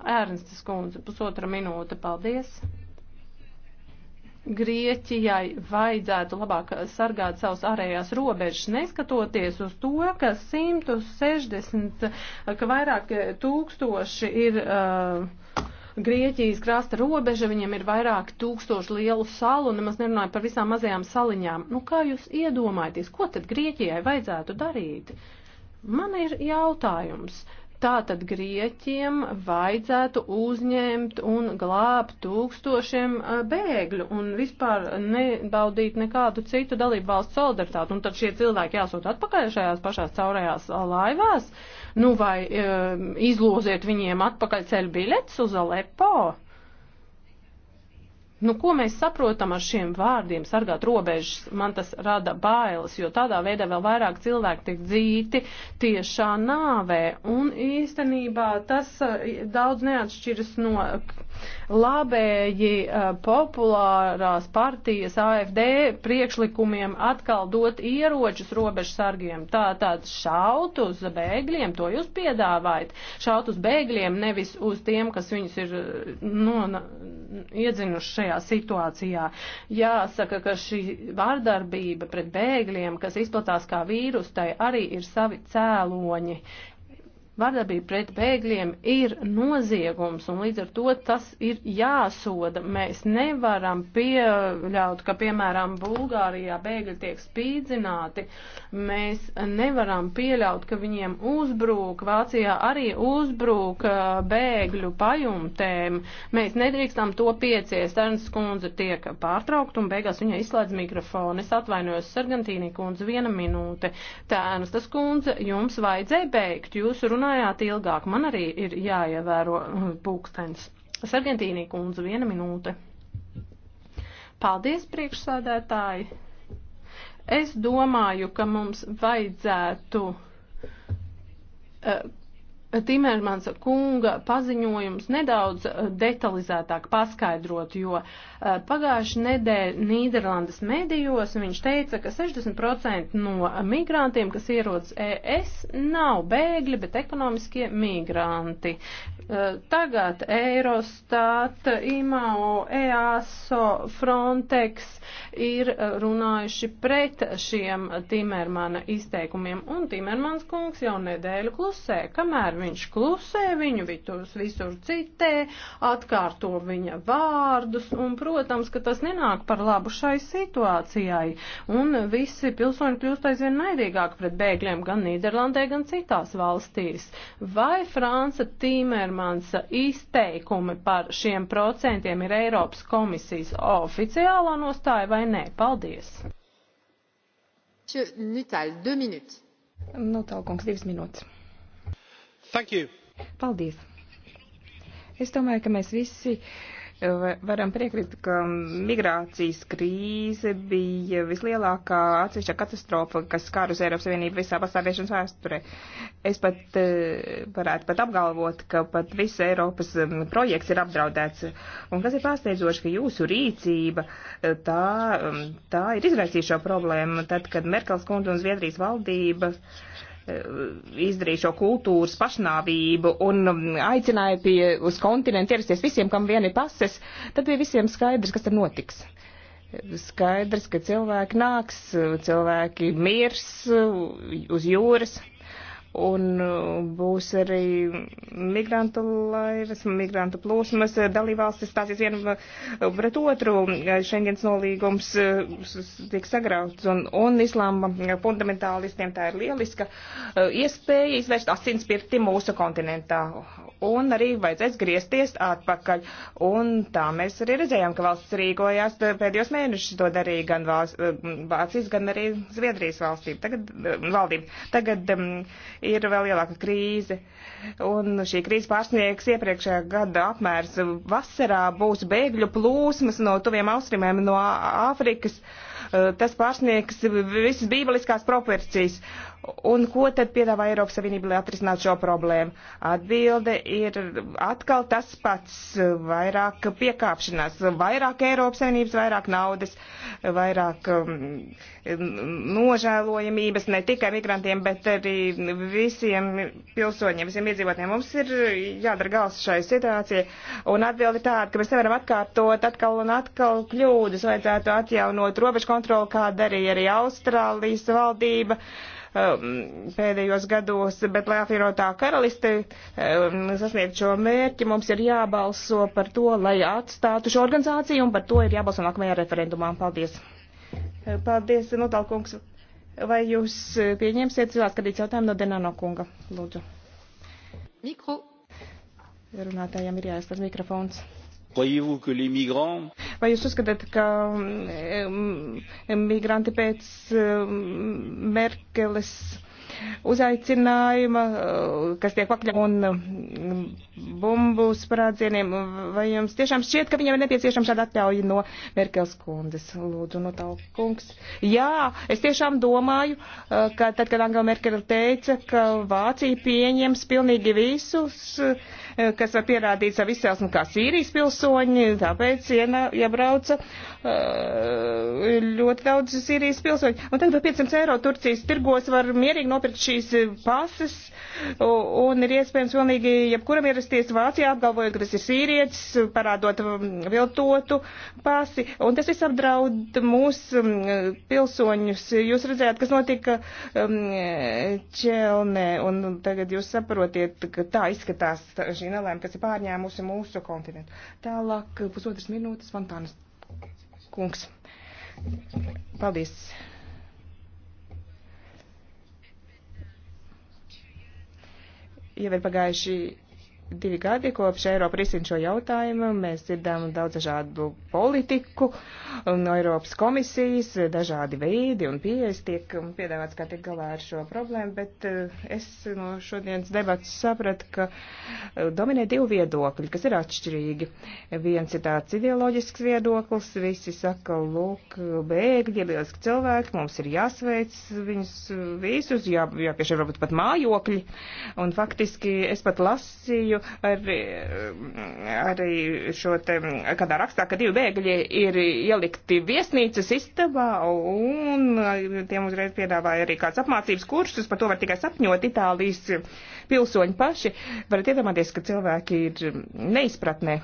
Ērnstas kundze, pusotra minūte, paldies. Grieķijai vajadzētu labāk sargāt savus ārējās robežas, neskatoties uz to, ka 160, ka vairāk tūkstoši ir. Uh, Grieķijas krasta robeža, viņiem ir vairāk tūkstoši lielu salu, nemaz nerunāju par visām mazajām saliņām. Nu, kā jūs iedomājaties, ko tad Grieķijai vajadzētu darīt? Man ir jautājums. Tātad Grieķiem vajadzētu uzņemt un glābt tūkstošiem bēgļu un vispār nebaudīt nekādu citu dalību valstu solidaritāti. Un tad šie cilvēki jāsūt atpakaļ šajās pašās caurajās laivās. Uh, Nu, vai um, ehm, izloziet viņiem atpakaļceļu biļetes uz Alepo? Nu, ko mēs saprotam ar šiem vārdiem - sargāt robežas? Man tas rada bailes, jo tādā veidā vēl vairāk cilvēki tiek dzīti tiešā nāvē. Un īstenībā tas eh, daudz neatšķiras no Labēji eh, populārās partijas AFD priekšlikumiem atkal dot ieročus robežsargiem. Tātad šaut uz bēgļiem, to jūs piedāvājat. Šaut uz bēgļiem, nevis uz tiem, kas viņus ir eh, no, iedzinuši šajā situācijā. Jāsaka, ka šī vārdarbība pret bēgļiem, kas izplatās kā vīrus, tai arī ir savi cēloņi. Vardarbība pret bēgļiem ir noziegums, un līdz ar to tas ir jāsoda. Mēs nevaram pieļaut, ka, piemēram, Bulgārijā bēgļi tiek spīdzināti. Mēs nevaram pieļaut, ka viņiem uzbrūk, Vācijā arī uzbrūk uh, bēgļu pajumtēm. Mēs nedrīkstam to piecies. Terns kundze tiek pārtraukt, un beigās viņa izslēdz mikrofonu. Es atvainojos, Sargantīnī kundze, viena minūte. Tērns, tas kundze, jums vajadzēja beigt. Jūs runājat runājāt ilgāk. Man arī ir jāievēro uh, pūkstens. Sargentīnī kundze, viena minūte. Paldies, priekšsādētāji. Es domāju, ka mums vajadzētu uh, Timermans kunga paziņojums nedaudz uh, detalizētāk paskaidrot, jo uh, Pagājuši nedēļ Nīderlandes medijos viņš teica, ka 60% no migrantiem, kas ierodas ES, nav bēgļi, bet ekonomiskie migranti. Tagad Eurostat, IMAO, EASO, Frontex ir runājuši pret šiem Timermana izteikumiem, un Timermans kungs jau nedēļu klusē. Kamēr viņš klusē, viņu vitus visur citē, atkārto viņa vārdus un, protams, protams, ka tas nenāk par labu šai situācijai, un visi pilsoņi kļūst aizvien naidīgāk pret bēgļiem gan Nīderlandē, gan citās valstīs. Vai Franca Timermansa izteikumi par šiem procentiem ir Eiropas komisijas oficiālā nostāja vai nē? Paldies! Nutāl, divi minūtes. Nutāl, kungs, divas minūtes. Thank you. Paldies! Es domāju, ka mēs visi varam piekrist, ka migrācijas krīze bija vislielākā atsevišķa katastrofa, kas skār uz Eiropas Savienību visā pastāviešanas vēsturē. Es pat eh, varētu pat apgalvot, ka pat viss Eiropas eh, projekts ir apdraudēts. Un kas ir pārsteidzoši, ka jūsu rīcība eh, tā, um, tā ir izraisījušo problēmu, tad, kad Merkels kundze un Zviedrijas valdība uh, Eh, izdarīja šo kultūras pašnāvību un um, aicināja pie, uz kontinentu ierasties visiem, kam vien ir pases, tad bija visiem skaidrs, kas tad notiks. Skaidrs, ka cilvēki nāks, cilvēki mirs uz jūras, un uh, būs arī migrantu laivas, migrantu plūsmas, dalībvalstis stāsies vienu uh, pret otru, Schengens nolīgums uh, tiek sagrauts, un, un islāma fundamentālistiem tā ir lieliska iespēja izvērst asinspirti mūsu kontinentā, un arī vajadzēs griezties atpakaļ, un tā mēs arī redzējām, ka valsts rīkojās pēdējos mēnešus to darīja gan Vācijas, gan arī Zviedrijas valstība, tagad, valdība. Tagad, um, ir vēl lielāka krīze. Un šī krīze pārsniegs iepriekšējā gada apmērs. Vasarā būs bēgļu plūsmas no tuviem austrumiem, no Āfrikas. Uh, tas pārsniegs visas bībeliskās proporcijas. Un ko tad piedāvā Eiropas Savienība, lai atrisināt šo problēmu? Atbilde ir atkal tas pats - vairāk piekāpšanās, vairāk Eiropas Savienības, vairāk naudas, vairāk um, nožēlojamības ne tikai migrantiem, bet arī visiem pilsoņiem, visiem iedzīvotiem. Mums ir jādara gals šai situācijai. Un atbilde tāda, ka mēs nevaram atkārtot atkal un atkal kļūdas, vajadzētu atjaunot robežu kontroli, kā darīja arī Austrālijas valdība. Uh, Um, pēdējos gados, bet lai apvienotā karaliste um, sasniegtu šo mērķi, mums ir jābalso par to, lai atstātu šo organizāciju, un par to ir jābalso nākamajā referendumā. Paldies! Paldies, Notalkungs! Vai jūs pieņemsiet cilvēku skatīt jautājumu no Denano kunga? Lūdzu. Mikro. Runātājiem ir jāizslēdz mikrofons. Vai jūs uzskatāt, ka mm, mm, migranti pēc mm, Merkeles uzaicinājuma, kas tiek pakļauts un bumbu sprādzieniem, vai jums tiešām šķiet, ka viņam ir nepieciešama šāda atļauja no Merkels kundzes? Lūdzu, no nu tā kungs. Jā, es tiešām domāju, eh, ka tad, kad Angela Merkela teica, ka Vācija pieņems pilnīgi visus, eh, kas var pierādīt savu izcelsmi kā Sīrijas pilsoņi, tāpēc ienā, iebrauca eh, ļoti daudz Sīrijas pilsoņu. Un tagad par 500 eiro Turcijas tirgos var mierīgi nopirkt šīs pases, un ir iespējams pilnīgi jebkuram ir ierasties Vācijā, apgalvoja, ka tas ir sīrietis, parādot um, viltotu pasi, un tas viss apdraud mūsu um, pilsoņus. Jūs redzējāt, kas notika um, Čelnē, un tagad jūs saprotiet, ka tā izskatās šī nelēma, kas ir pārņēmusi mūsu kontinentu. Tālāk pusotras minūtes, Fantānas kungs. Paldies. jau ir pagājuši divi gadi kopš Eiropa risina šo jautājumu. Mēs dzirdām daudz dažādu politiku no Eiropas komisijas, dažādi veidi un pieejas tiek piedāvāts, kā tiek galā ar šo problēmu, bet eh, es no šodienas debats sapratu, ka eh, dominē divi viedokļi, kas ir atšķirīgi. Viens ir tāds ideoloģisks viedoklis, visi saka, lūk, bēgļi, ielieliski cilvēki, mums ir jāsveic viņus visus, jā, jāpiešķir varbūt pat mājokļi. Un faktiski es pat lasīju bēgļu, arī, arī šo te, kādā rakstā, ka divi bēgļi ir ielikti viesnīcas istabā un tiem uzreiz piedāvāja arī kāds apmācības kursus, par to var tikai sapņot Itālijas pilsoņi paši. Varat iedomāties, ka cilvēki ir neizpratnē,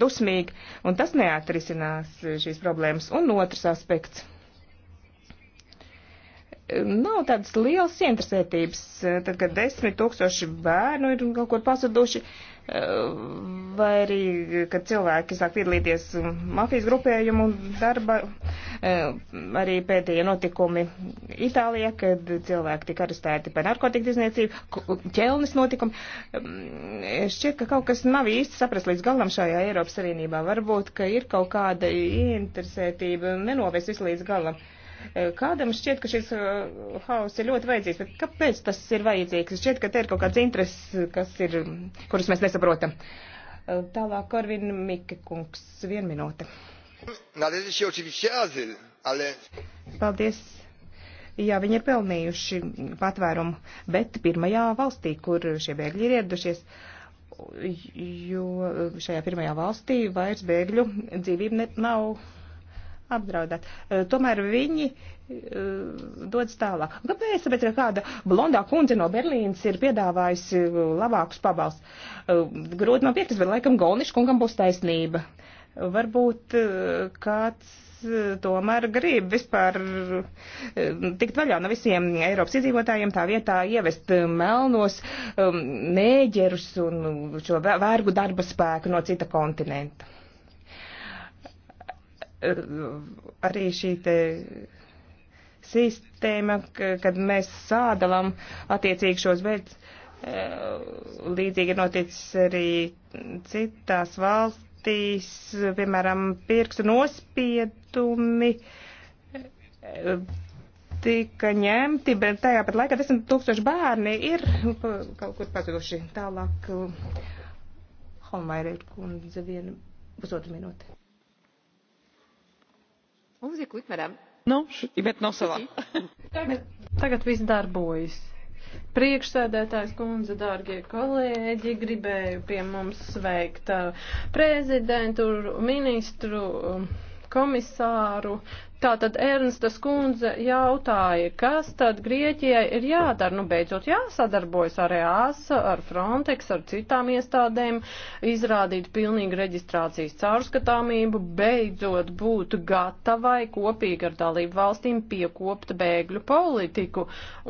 dusmīgi, un tas neatrisinās šīs problēmas. Un otrs aspekts nav tādas lielas interesētības, tad, kad desmit tūkstoši bērnu ir kaut kur pazuduši, eh, vai arī, kad cilvēki sāk piedalīties mafijas grupējumu darba, eh, arī pēdējie notikumi Itālijā, kad cilvēki tika arestēti par narkotiku izniecību, ķelnis notikumi. Mm, šķiet, ka kaut kas nav īsti saprast līdz galam šajā Eiropas Savienībā. Varbūt, ka ir kaut kāda interesētība, nenovēs visu līdz galam. Uh, Eh, kādam šķiet, ka šis eh, haoss ir ļoti vajadzīgs, bet kāpēc tas ir vajadzīgs? Šķiet, ka te ir kaut kāds intereses, kas ir, kurus mēs nesaprotam. Eh, tālāk, Korvin Mike kungs, viena minūte. Paldies. Jā, viņi ir pelnījuši patvērumu, bet pirmajā valstī, kur šie bēgļi ir ieradušies, jo šajā pirmajā valstī vairs bēgļu dzīvību nav apdraudēt. Eh, tomēr viņi eh, dodas tālāk. Kāpēc? Tāpēc, ka kāda blondā kundze no Berlīnas ir piedāvājusi labākus pabalsts. Eh, grūti man piekrist, bet laikam Golniškungam būs taisnība. Varbūt kāds tomēr grib vispār tikt vaļā no visiem Eiropas iedzīvotājiem, tā vietā ievest melnos um, nēģerus un šo vērgu darba spēku no cita kontinenta arī šī te sistēma, kad mēs sādalam attiecīgi šos bērns, e, līdzīgi ir noticis arī citās valstīs, piemēram, pirkstu nospiedumi e, tika ņemti, bet tajā pat laikā desmit tūkstoši bērni ir kaut kur pazuduši. Tālāk, Holmaira ir kundze viena pusotru minūti. On vous écoute, madame. Nu, et maintenant ça va. Tagad, tagad viss darbojas. Priekšsēdētājs kundze, dārgie kolēģi, gribēju pie mums sveikt uh, prezidentu, ministru, um, komisāru, Tātad Ernsta skundze jautāja, kas tad Grieķijai ir jādara, nu beidzot jāsadarbojas ar EASA, ar Frontex, ar citām iestādēm, izrādīt pilnīgu reģistrācijas caurskatāmību, beidzot būt gatavai kopīgi ar dalību valstīm piekopt bēgļu politiku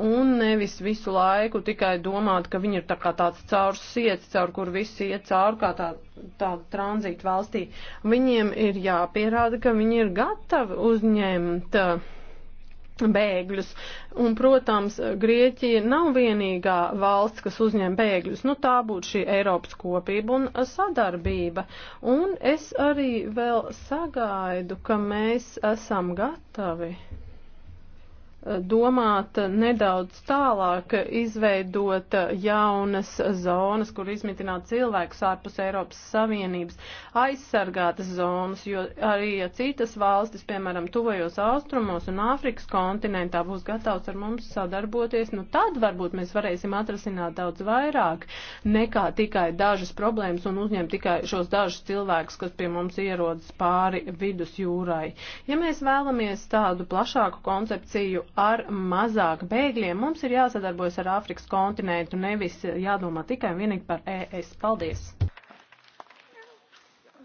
un nevis visu laiku tikai domāt, ka viņi ir tā kā tāds caurs siets, caur kur visi iet caur kā tā, tāda tranzīta valstī. Viņiem ir jāpierāda, ka viņi ir gatavi uzņemt uzņemt uh, bēgļus. Un, protams, Grieķija nav vienīgā valsts, kas uzņem bēgļus. Nu, tā būtu šī Eiropas kopība un sadarbība. Un es arī vēl sagaidu, ka mēs esam gatavi domāt nedaudz tālāk, izveidot jaunas zonas, kur izmitināt cilvēkus ārpus Eiropas Savienības, aizsargātas zonas, jo arī ja citas valstis, piemēram, tuvajos austrumos un Āfrikas kontinentā būs gatavs ar mums sadarboties, nu tad varbūt mēs varēsim atrasināt daudz vairāk nekā tikai dažas problēmas un uzņemt tikai šos dažus cilvēkus, kas pie mums ierodas pāri vidus jūrai. Ja mēs vēlamies tādu plašāku koncepciju ar mazāk bēgļiem. Mums ir jāsadarbojas ar Āfrikas kontinentu, nevis jādomā tikai un vienīgi par ES. Paldies!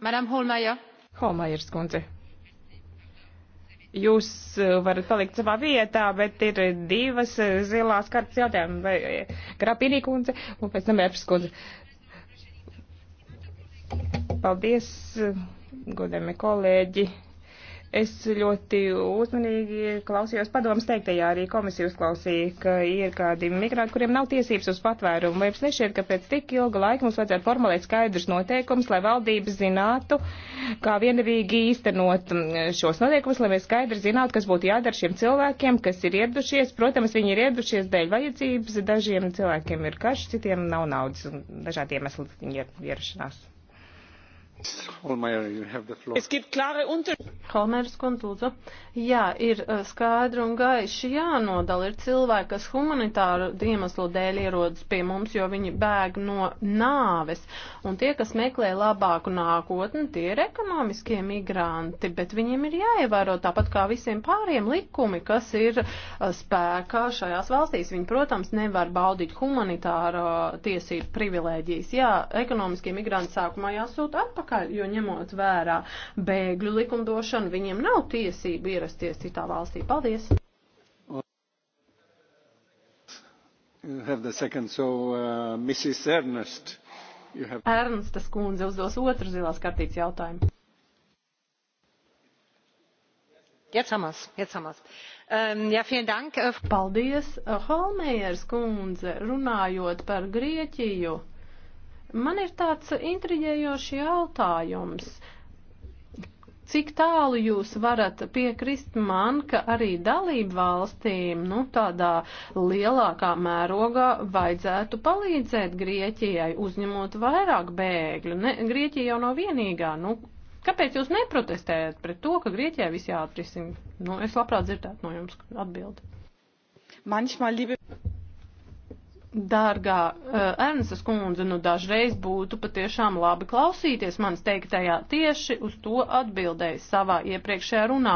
Madam Holmaja. Holmajers kundze. Jūs eh, varat palikt savā vietā, bet ir divas eh, zilās kartas jautājumi. Eh, Grapinī kundze un pēc tam Epšs kundze. Paldies, godami kolēģi. Es ļoti uzmanīgi klausījos padomas teiktajā, arī komisija uzklausīja, ka ir kādi migrāti, kuriem nav tiesības uz patvērumu. Vai jums nešķiet, ka pēc tik ilga laika mums vajadzētu formulēt skaidrus noteikumus, lai valdības zinātu, kā vienavīgi īstenot mm, šos noteikumus, lai mēs skaidri zinātu, kas būtu jādara šiem cilvēkiem, kas ir ieradušies. Protams, viņi ir ieradušies dēļ vajadzības, dažiem cilvēkiem ir karš, citiem nav naudas un dažādi iemesli viņi ir ierašanās. Es gibt klare Holmēras kundze, jā, ir uh, skaidri un gaiši jānodala. Ir cilvēki, kas humanitāru iemeslu dēļ ierodas pie mums, jo viņi bēg no nāves. Un tie, kas meklē labāku nākotni, tie ir ekonomiskie migranti, bet viņiem ir jāievēro tāpat kā visiem pāriem likumi, kas ir uh, spēkā šajās valstīs. Viņi, protams, nevar baudīt humanitāro tiesību privilēģijas. Jā, ekonomiskie migranti sākumā jāsūta atpakaļ atpakaļ, jo ņemot vērā bēgļu likumdošanu, viņiem nav tiesību ierasties citā valstī. Paldies! Second, so, uh, Ernest, have... Ernstas kundze uzdos otru zilās kartītes jautājumu. Jēcamas, jēcamas. Um, ja, äh, Paldies, äh, Holmējers kundze, runājot par Grieķiju Man ir tāds intriģējošs jautājums. Cik tālu jūs varat piekrist man, ka arī dalību valstīm, nu, tādā lielākā mērogā vajadzētu palīdzēt Grieķijai, uzņemot vairāk bēgļu? Ne, Grieķija jau nav vienīgā, nu, kāpēc jūs neprotestējat pret to, ka Grieķijai viss jāatrisina? Nu, es labprāt dzirdētu no jums atbildi. Manchmal, liebe Dārgā uh, eh, Ernsta skundze, nu dažreiz būtu patiešām labi klausīties manas teiktajā tieši uz to atbildēju savā iepriekšējā runā.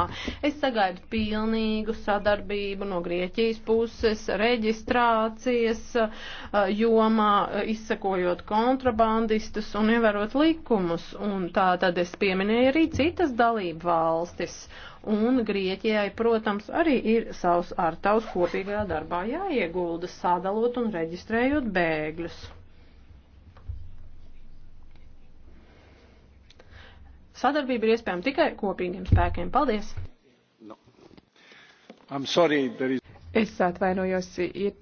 Es sagaidu pilnīgu sadarbību no Grieķijas puses, reģistrācijas uh, jomā, eh, izsakojot kontrabandistus un ievērot likumus. Un tā tad es pieminēju arī citas dalību valstis. Uh, Un Grieķijai, protams, arī ir savs ar tavs kopīgajā darbā jāiegulda, sadalot un reģistrējot bēgļus. Sadarbība ir iespējama tikai kopīgiem spēkiem. Paldies! No. Sorry, is... Es atvainojos, ir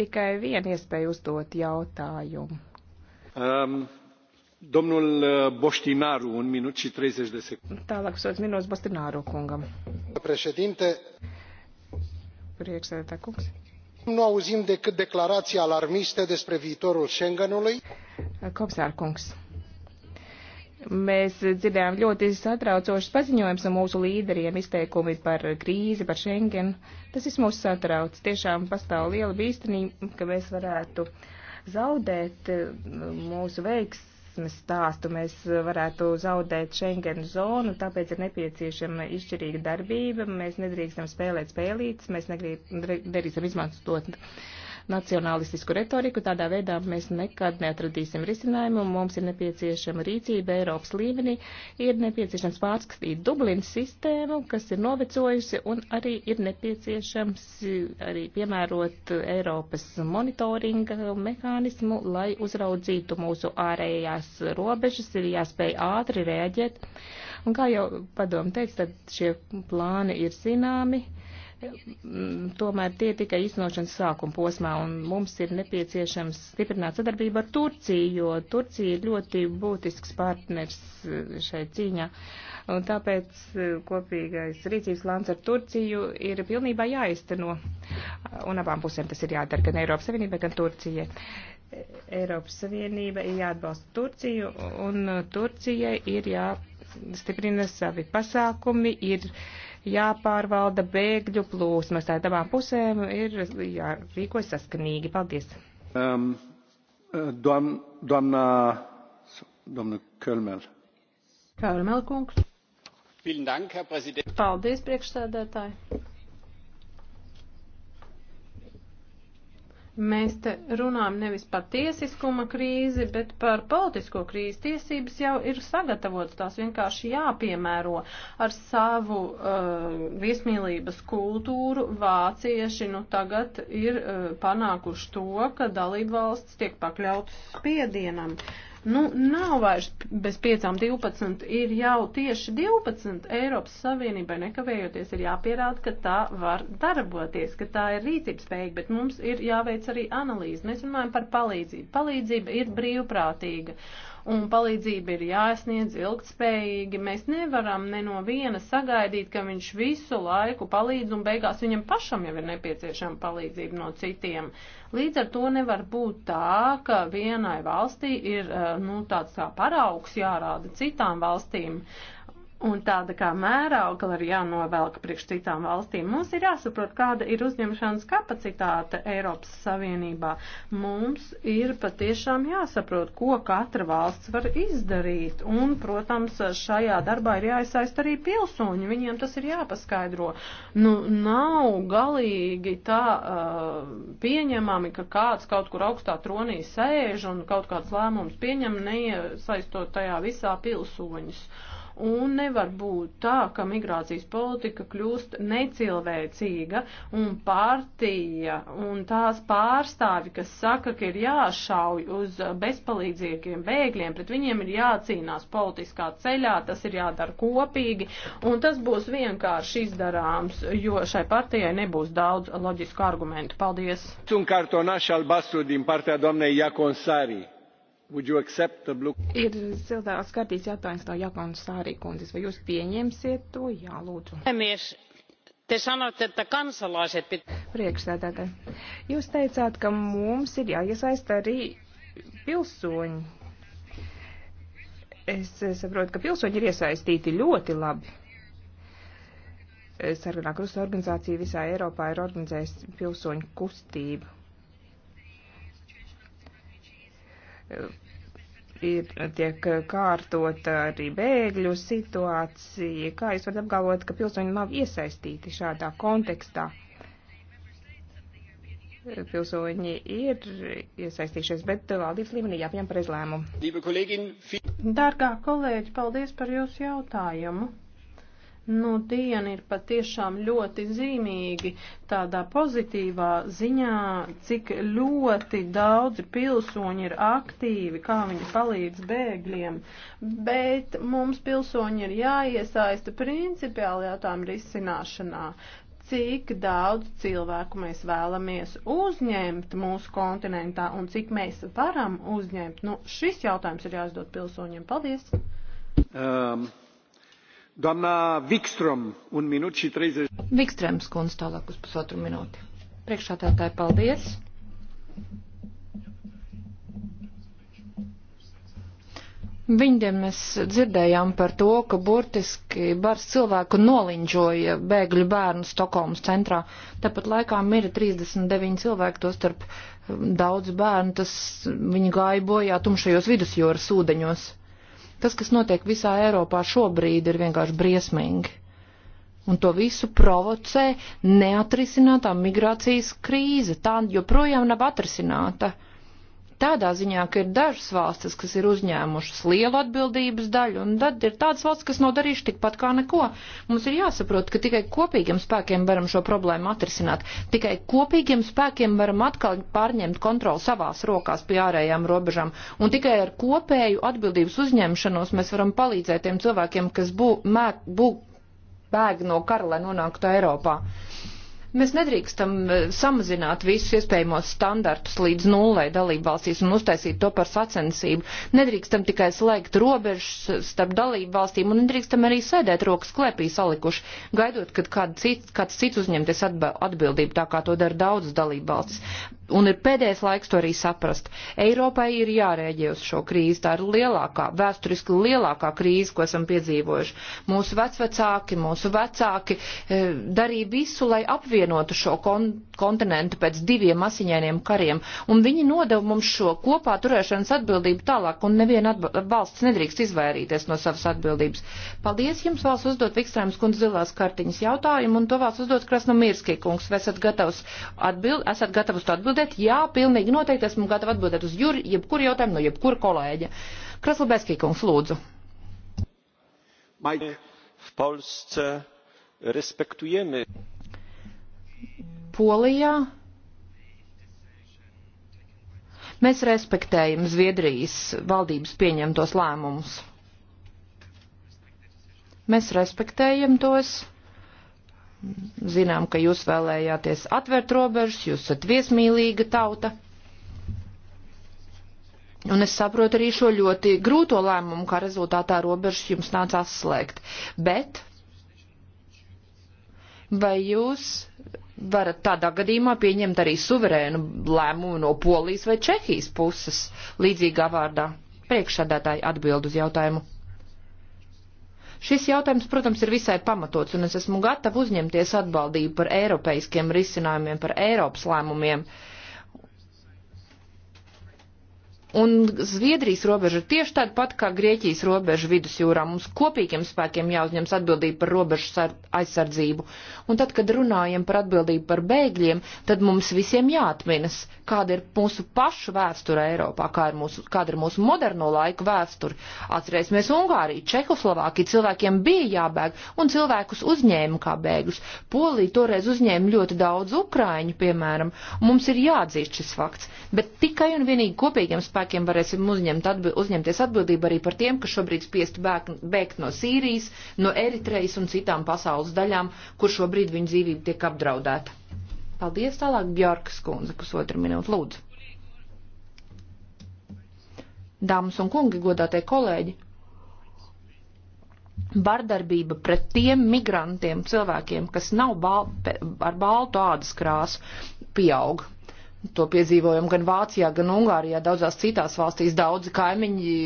tikai viena iespēja uzdot jautājumu. Um domnule uh, președinte nu auzim decât declarații alarmiste despre viitorul schengenului. Mēs dzirdējām ļoti satraucošas paziņojums no mūsu līderiem, izteikumi par krīzi, par Schengen. Tas viss mūs satrauc. Tiešām pastāv liela bīstamība, ka mēs varētu zaudēt uh, mūsu veiks, veiksmes stāstu. Mēs varētu zaudēt Schengen zonu, tāpēc ir nepieciešama izšķirīga darbība. Mēs nedrīkstam spēlēt spēlītas, mēs nedrīkstam izmantot nacionālistisku retoriku. Tādā veidā mēs nekad neatradīsim risinājumu. Mums ir nepieciešama rīcība Eiropas līmenī, ir nepieciešams pārskatīt Dublinas sistēmu, kas ir novecojusi, un arī ir nepieciešams eh, arī piemērot Eiropas monitoringa mehānismu, lai uzraudzītu mūsu ārējās robežas, ir jāspēj ātri reaģēt. Un kā jau padomu teica, tad šie plāni ir zināmi tomēr tie tikai iznošanas sākuma posmā, un mums ir nepieciešams stiprināt sadarbību ar Turciju, jo Turcija ir ļoti būtisks partners eh, šai cīņā, un tāpēc eh, kopīgais rīcības plāns ar Turciju ir pilnībā jāizteno, un abām pusēm tas ir jādara, gan Eiropas Savienībai, gan Turcijai. Eiropas Savienība ir jāatbalsta Turciju, un Turcijai ir jāstiprina savi pasākumi, ir jāpārvalda bēgļu plūsmas. Tā abām pusēm ir jārīkojas saskanīgi. Paldies. Um, uh, doam, doamna, doamna Kölmel. Kölmel kungs. Dank, Paldies, priekšsēdētāji Mēs te runājam nevis par tiesiskuma krīzi, bet par politisko krīzi. Tiesības jau ir sagatavotas, tās vienkārši jāpiemēro ar savu uh, viesmīlības kultūru. Vācieši nu tagad ir uh, panākuši to, ka dalību valsts tiek pakļautas spiedienam. Uh, Nu, nav vairs bez 5,12, ir jau tieši 12 Eiropas Savienībai nekavējoties ir jāpierāda, ka tā var darboties, ka tā ir rīcības spējīga, bet mums ir jāveic arī analīze. Mēs runājam par palīdzību. Palīdzība ir brīvprātīga. Uh, un palīdzība ir jāsniedz ilgtspējīgi. Mēs nevaram ne no viena sagaidīt, ka viņš visu laiku palīdz un beigās viņam pašam jau ir nepieciešama palīdzība no citiem. Līdz ar to nevar būt tā, ka vienai valstī ir eh, nu, tāds kā paraugs jārāda citām valstīm. Uh, Un tāda kā mēraugla ir jānovelk priekš citām valstīm. Mums ir jāsaprot, kāda ir uzņemšanas kapacitāte Eiropas Savienībā. Mums ir patiešām jāsaprot, ko katra valsts var izdarīt. Un, protams, šajā darbā ir jāiesaist arī pilsoņi. Viņiem tas ir jāpaskaidro. Nu, nav galīgi tā uh, pieņemami, ka kāds kaut kur augstā tronī sēž un kaut kāds lēmums pieņem, neiesaistot tajā visā pilsoņus. Uh, Un nevar būt tā, ka migrācijas politika kļūst necilvēcīga un partija un tās pārstāvi, kas saka, ka ir jāšauj uz bezpalīdzīgiem bēgļiem, pret viņiem ir jācīnās politiskā ceļā, tas ir jādara kopīgi un tas būs vienkārši izdarāms, jo šai partijai nebūs daudz loģisku argumentu. Paldies! Un kartonaš albastru din partea doamnei Iaconsari. Ir zilās kartītes jautājums no Jakonas Sārī kundzes. Vai jūs pieņemsiet to? Jā, lūdzu. Priekšsēdētāji, jūs teicāt, ka mums ir jāiesaist arī pilsoņi. Es saprotu, ka pilsoņi ir iesaistīti ļoti labi. Sarganā krusta organizācija visā Eiropā ir organizējusi pilsoņu kustību ir, tiek kārtota arī bēgļu situācija. Kā jūs varat apgalvot, ka pilsoņi nav iesaistīti šādā kontekstā? Pilsoņi ir iesaistījušies, bet valdības līmenī jāpieņem pareiz lēmumu. Dārgā kolēģi, paldies par jūsu jautājumu. Nu, diena ir patiešām ļoti zīmīgi tādā pozitīvā ziņā, cik ļoti daudzi pilsoņi ir aktīvi, kā viņi palīdz bēgļiem, bet mums pilsoņi ir jāiesaista principiāli jautām risināšanā cik daudz cilvēku mēs vēlamies uzņemt mūsu kontinentā un cik mēs varam uzņemt. Nu, šis jautājums ir jāuzdod pilsoņiem. Paldies! Um. Vikstrēms kundze tālāk uz pusotru minūti. Priekšādātāji, paldies! Viņiem mēs dzirdējām par to, ka burtiski bars cilvēku noliņģoja bēgļu bērnu Stokholmas centrā. Tāpat laikā mira 39 cilvēki, to starp um, daudz bērnu, tas viņi gāja bojā tumšajos vidusjūras ūdeņos. Tas, kas notiek visā Eiropā šobrīd, ir vienkārši briesmīgi. Un to visu provocē neatrisinātā migrācijas krīze. Tā joprojām nav atrisināta. Uh, tādā ziņā, ka ir dažas valstis, kas ir uzņēmušas lielu atbildības daļu, un tad ir tādas valsts, kas nav darījuši tikpat kā neko. Mums ir jāsaprot, ka tikai kopīgiem spēkiem varam šo problēmu atrisināt. Tikai kopīgiem spēkiem varam atkal pārņemt kontroli savās rokās pie ārējām robežām, un tikai ar kopēju atbildības uzņemšanos mēs varam palīdzēt tiem cilvēkiem, kas bū, mēk, bū, bēg no kara, lai nonāktu Eiropā. Mēs nedrīkstam e, samazināt visus iespējamos standartus līdz nulai dalību valstīs un uztaisīt to par sacensību. Nedrīkstam tikai slēgt robežas starp dalību valstīm un nedrīkstam arī sēdēt rokas klēpī salikuši, gaidot, kad kāds cits, kāds cits uzņemties atbildību, tā kā to dara daudzas dalību valstis un ir pēdējais laiks to arī saprast. Eiropai ir jārēģē uz šo krīzi. Tā ir lielākā, vēsturiski lielākā krīze, ko esam piedzīvojuši. Mūsu vecvecāki, mūsu vecāki e, darīja visu, lai apvienotu šo kon kontinentu pēc diviem asiņainiem kariem, un viņi nodeva mums šo kopā turēšanas atbildību tālāk, un neviena valsts nedrīkst izvairīties no savas atbildības. Paldies jums, valsts uzdot Vikstrēmas kundz zilās kartiņas jautājumu, un to valsts uzdot Krasnomirskī kungs. Vai esat gatavs atbild, esat gatavs to atbildēt? atbildēt? Jā, pilnīgi noteikti esmu gatava atbildēt uz juri, jebkuru jautājumu no jebkura kolēģa. Kraslabēskī kungs, lūdzu. Maik, v Polsce respektujemy. Polijā mēs respektējam Zviedrijas valdības pieņemtos lēmumus. Mēs respektējam tos. Zinām, ka jūs vēlējāties atvērt robežas, jūs esat viesmīlīga tauta. Un es saprotu arī šo ļoti grūto lēmumu, kā rezultātā robežas jums nācās slēgt. Bet vai jūs varat tādā gadījumā pieņemt arī suverēnu lēmumu no Polijas vai Čehijas puses līdzīgā vārdā? Priekšsādātāji atbild uz jautājumu. Šis jautājums, protams, ir visai pamatots, un es esmu gatava uzņemties atbaldību par eiropeiskiem risinājumiem, par Eiropas lēmumiem. Uh, Un Zviedrijas robeža ir tieši tāda pat kā Grieķijas robeža vidusjūrā. Mums kopīgiem spēkiem jāuzņems atbildība par robežu aizsardzību. Un tad, kad runājam par atbildību par bēgļiem, tad mums visiem jāatminas, kāda ir mūsu pašu vēsture Eiropā, kā ir mūsu, kāda ir mūsu moderno laiku vēsture. Atcerēsimies Ungāriju, Čehoslovākiju, cilvēkiem bija jābēg un cilvēkus uzņēma kā bēgļus. Polija toreiz uzņēma ļoti daudz ukraiņu, piemēram. Mums ir jāatzīst šis fakts, bet tikai un vienīgi kopīgiem spēkiem spēkiem varēsim uzņemt atbi uzņemties atbildību arī par tiem, kas šobrīd spiest bēgt no Sīrijas, no Eritrejas un citām pasaules daļām, kur šobrīd viņu dzīvība tiek apdraudēta. Paldies tālāk, Bjorkas kundze, pusotru minūtu lūdzu. Dāmas un kungi, godātie kolēģi, vardarbība pret tiem migrantiem, cilvēkiem, kas nav bal ar baltu ādas krāsu, pieauga To piedzīvojam gan Vācijā, gan Ungārijā, daudzās citās valstīs. Daudzi kaimiņi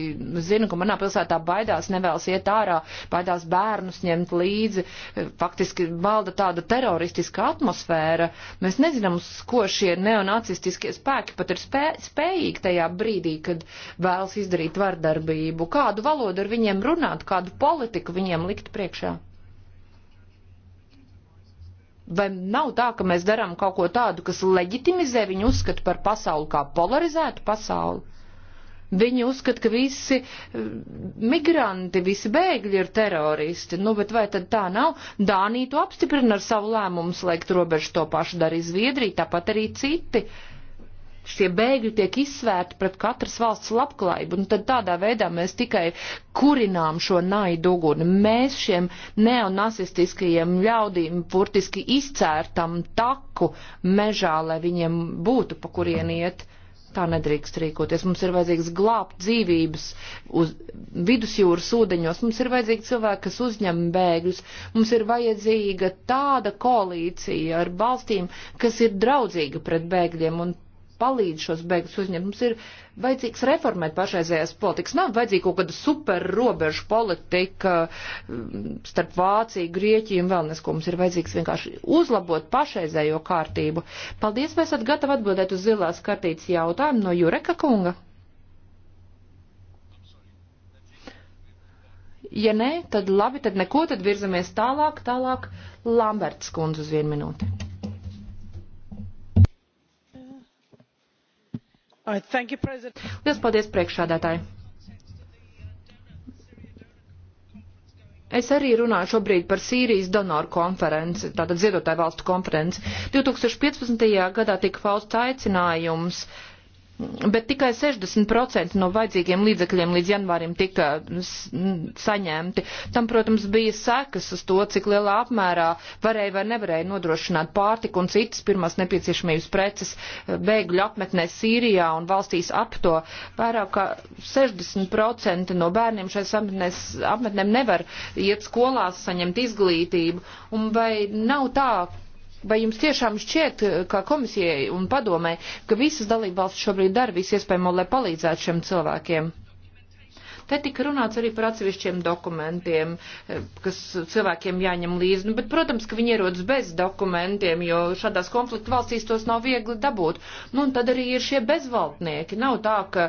zina, ka manā pilsētā baidās, nevēlas iet ārā, baidās bērnus ņemt līdzi. Faktiski valda tāda teroristiska atmosfēra. Mēs nezinām, uz ko šie neonacistiskie spēki pat ir spē spējīgi tajā brīdī, kad vēlas izdarīt vardarbību. Kādu valodu ar viņiem runāt, kādu politiku viņiem likt priekšā? Vai nav tā, ka mēs darām kaut ko tādu, kas leģitimizē viņu uzskatu par pasauli kā polarizētu pasauli? Viņi uzskata, ka visi eh, migranti, visi bēgļi ir teroristi. Nu, bet vai tad tā nav? Dānija to apstiprina ar savu lēmumu slēgt robežu, to pašu darīja Zviedrija, tāpat arī citi. Uh, šie bēgļi tiek izsvērti pret katras valsts labklājību, un nu, tad tādā veidā mēs tikai kurinām šo naidu uguni. Mēs šiem neonacistiskajiem ļaudīm burtiski izcērtam taku mežā, lai viņiem būtu pa kurien iet. Tā nedrīkst rīkoties. Mums ir vajadzīgs glābt dzīvības uz vidusjūras ūdeņos. Mums ir vajadzīgi cilvēki, kas uzņem bēgļus. Mums ir vajadzīga tāda koalīcija ar balstīm, kas ir draudzīga pret bēgļiem. Un palīdz šos beigus uzņemt. Mums ir vajadzīgs reformēt pašreizējās politikas. Nav vajadzīga kaut kāda super robežu politika mm, starp Vāciju, Grieķiju un vēl nesko. Mums ir vajadzīgs vienkārši uzlabot pašreizējo kārtību. Paldies, vai esat gatavi atbildēt uz zilās kartītes jautājumu no Jureka kunga? Ja nē, tad labi, tad neko, tad virzamies tālāk, tālāk Lamberts kundze uz vienu minūti. Lielas paldies priekšādātāji! Es arī runāju šobrīd par Sīrijas donoru konferenci, tātad ziedotāju valstu konferenci. 2015. gadā tika pausts aicinājums uh, bet tikai 60% no vajadzīgiem līdzekļiem līdz janvārim tika saņemti. Tam, protams, bija sekas uz to, cik lielā apmērā varēja vai nevarēja nodrošināt pārtiku un citas pirmās nepieciešamības preces eh, bēgļu apmetnē Sīrijā un valstīs ap to. Vairāk kā 60% no bērniem šais apmetnēs, apmetnēm nevar iet skolās, saņemt izglītību. Un vai nav tā, Vai jums tiešām šķiet, eh, kā komisijai un padomē, ka visas dalībvalstis šobrīd dara visu iespējamo, lai palīdzētu šiem cilvēkiem? Te tika runāts arī par atsevišķiem dokumentiem, eh, kas cilvēkiem jāņem līdzi, nu, bet, protams, ka viņi ierodas bez dokumentiem, jo šādās konfliktu valstīs tos nav viegli dabūt. Nu, un tad arī ir šie bezvaltnieki. Nav tā, ka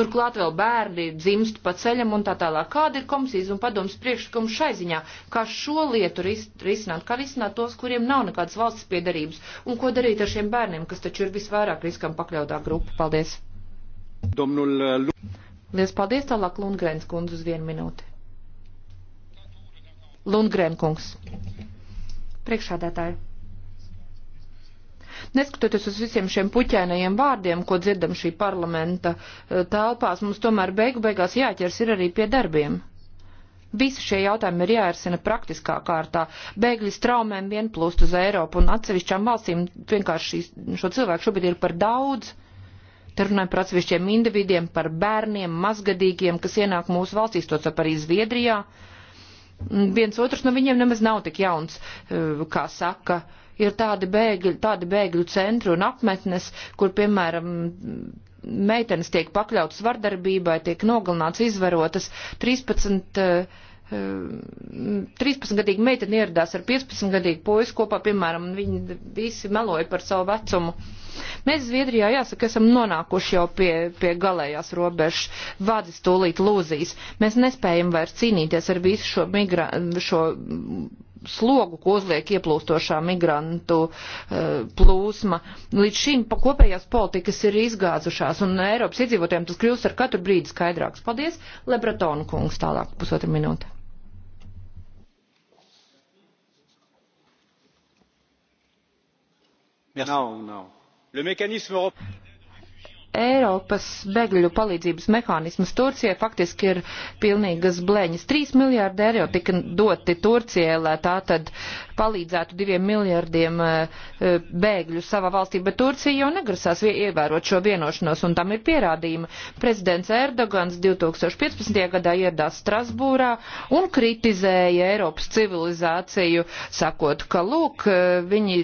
turklāt vēl bērni dzimst pa ceļam un tā tālāk. Kāda ir komisijas un padomas priekšlikums šai ziņā? Kā šo lietu ris risināt? Kā risināt tos, kuriem nav nekādas valsts piedarības? Un ko darīt ar šiem bērniem, kas taču ir visvairāk riskam pakļautā grupa? Paldies! Domnul Lu Lies paldies tālāk Lundgrēns kundz uz vienu minūti. Lundgrēn kungs. Priekšādētāji. Neskatoties uz visiem šiem puķēnajiem vārdiem, ko dzirdam šī parlamenta eh, telpās, mums tomēr beigu beigās jāķers ir arī pie darbiem. Visi šie jautājumi ir jārisina praktiskā kārtā. Bēgļi straumēm vien plūst uz Eiropu un atsevišķām valstīm vienkārši šo cilvēku šobrīd ir par daudz. Uh, Te runājam par atsevišķiem individiem, par bērniem, mazgadīgiem, kas ienāk mūsu valstīs, to arī Zviedrijā. Viens otrs no viņiem nemaz nav tik jauns, eh, kā saka. Ir tādi bēgļu, tādi bēgļu centri un apmetnes, kur, piemēram, meitenes tiek pakļautas vardarbībai, tiek nogalināts, izvarotas 13. Uh, eh, 13-gadīga ehm, meitene ieradās ar 15-gadīgu puisi kopā, piemēram, un viņi visi meloja par savu vecumu. Mēs Zviedrijā, jāsaka, esam nonākuši jau pie, pie galējās robežas, vadis tūlīt lūzīs. Mēs nespējam vairs cīnīties ar visu šo, migra, šo slogu, ko uzliek ieplūstošā migrantu uh, plūsma. Līdz šim pa kopējās politikas ir izgāzušās, un Eiropas iedzīvotājiem tas kļūst ar katru brīdi skaidrāks. Paldies, Lebretonu kungs, tālāk pusotra minūte. Nav, nav. Eiropas bēgļu palīdzības mehānismas Turcijai faktiski ir pilnīgas blēņas. 3 miljārdi eiro tika doti Turcijai, lai tā tad palīdzētu diviem miljardiem eh, bēgļu savā valstī, bet Turcija jau negrasās ievērot šo vienošanos, un tam ir pierādījumi. Prezidents Erdogans 2015. gadā ieradās Strasbūrā un kritizēja Eiropas civilizāciju, sakot, ka lūk, viņi,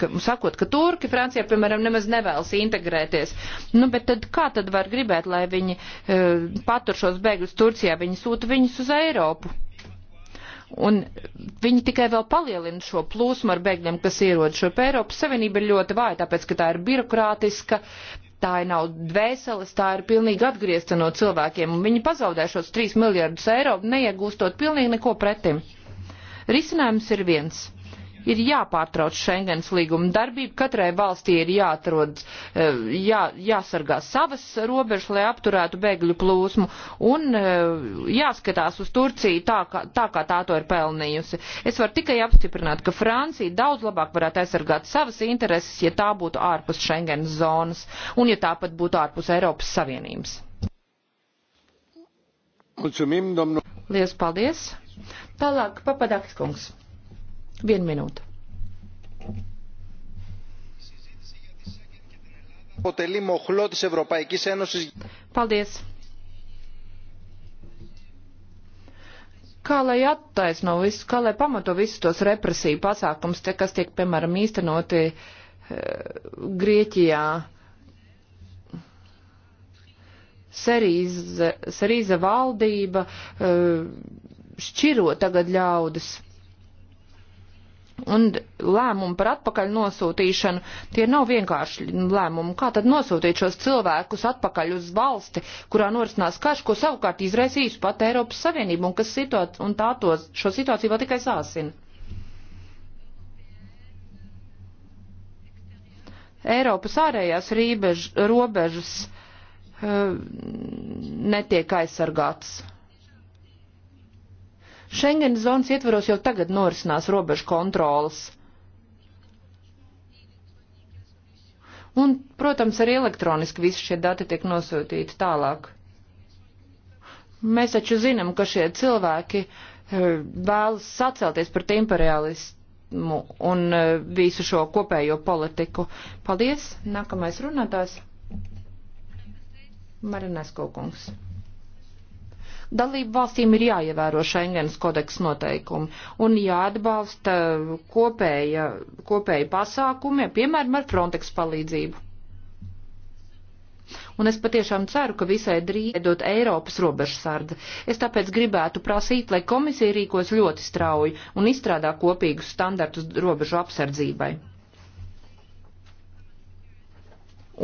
ka, sakot, ka Turki Francijā, piemēram, nemaz nevēlas integrēties. Nu, bet tad kā tad var gribēt, lai viņi eh, patur šos bēgļus Turcijā, viņi sūta viņus uz Eiropu? Un viņi tikai vēl palielina šo plūsmu ar bēgļiem, kas ierod šo Eiropas Savienību ir ļoti vāja, tāpēc, ka tā ir birokrātiska, tā ir nav dvēseles, tā ir pilnīgi atgriezta no cilvēkiem, un viņi pazaudē šos 3 miljardus eiro, neiegūstot pilnīgi neko pretim. Risinājums ir viens ir jāpārtrauc Schengens līguma darbība, katrai valstī ir jāatrod, eh, jā, jāsargā savas robežas, lai apturētu bēgļu plūsmu, un eh, jāskatās uz Turciju tā, kā, tā, kā tā to ir pelnījusi. Es varu tikai apstiprināt, ka Francija daudz labāk varētu aizsargāt savas intereses, ja tā būtu ārpus Schengens zonas, un ja tāpat būtu ārpus Eiropas Savienības. Mulțumim, domnul. Lies paldies. Tālāk, Papadakis kungs. Vienu minūtu. Paldies! kā lai attaisno visu, kā lai pamato visus tos represiju pasākums, te, kas tiek, piemēram, īstenoti e, Grieķijā. Serīza, serīza valdība e, šķiro tagad ļaudis. Un lēmumi par atpakaļ nosūtīšanu, tie nav vienkārši lēmumi. Kā tad nosūtīt šos cilvēkus atpakaļ uz valsti, kurā norisinās karš, ko savukārt izraisīs pat Eiropas Savienību un kas situācija, un tā tos, šo situāciju vēl tikai sāsina? Eiropas ārējās rībež, robežas uh, netiek aizsargātas. Schengen zonas ietvaros jau tagad norisinās robežu kontrolas. Un, protams, arī elektroniski visi šie dati tiek nosūtīti tālāk. Mēs taču zinām, ka šie cilvēki eh, vēlas sacelties pret imperialismu un eh, visu šo kopējo politiku. Paldies! Nākamais runātājs - Marinesko kungs. Dalību valstīm ir jāievēro Schengens kodeks noteikumi un jāatbalsta kopēja, kopēja pasākumi, piemēram, ar Frontex palīdzību. Un es patiešām ceru, ka visai drīz dot Eiropas robežsardze. Es tāpēc gribētu prasīt, lai komisija rīkos ļoti strauji un izstrādā kopīgus standartus robežu apsardzībai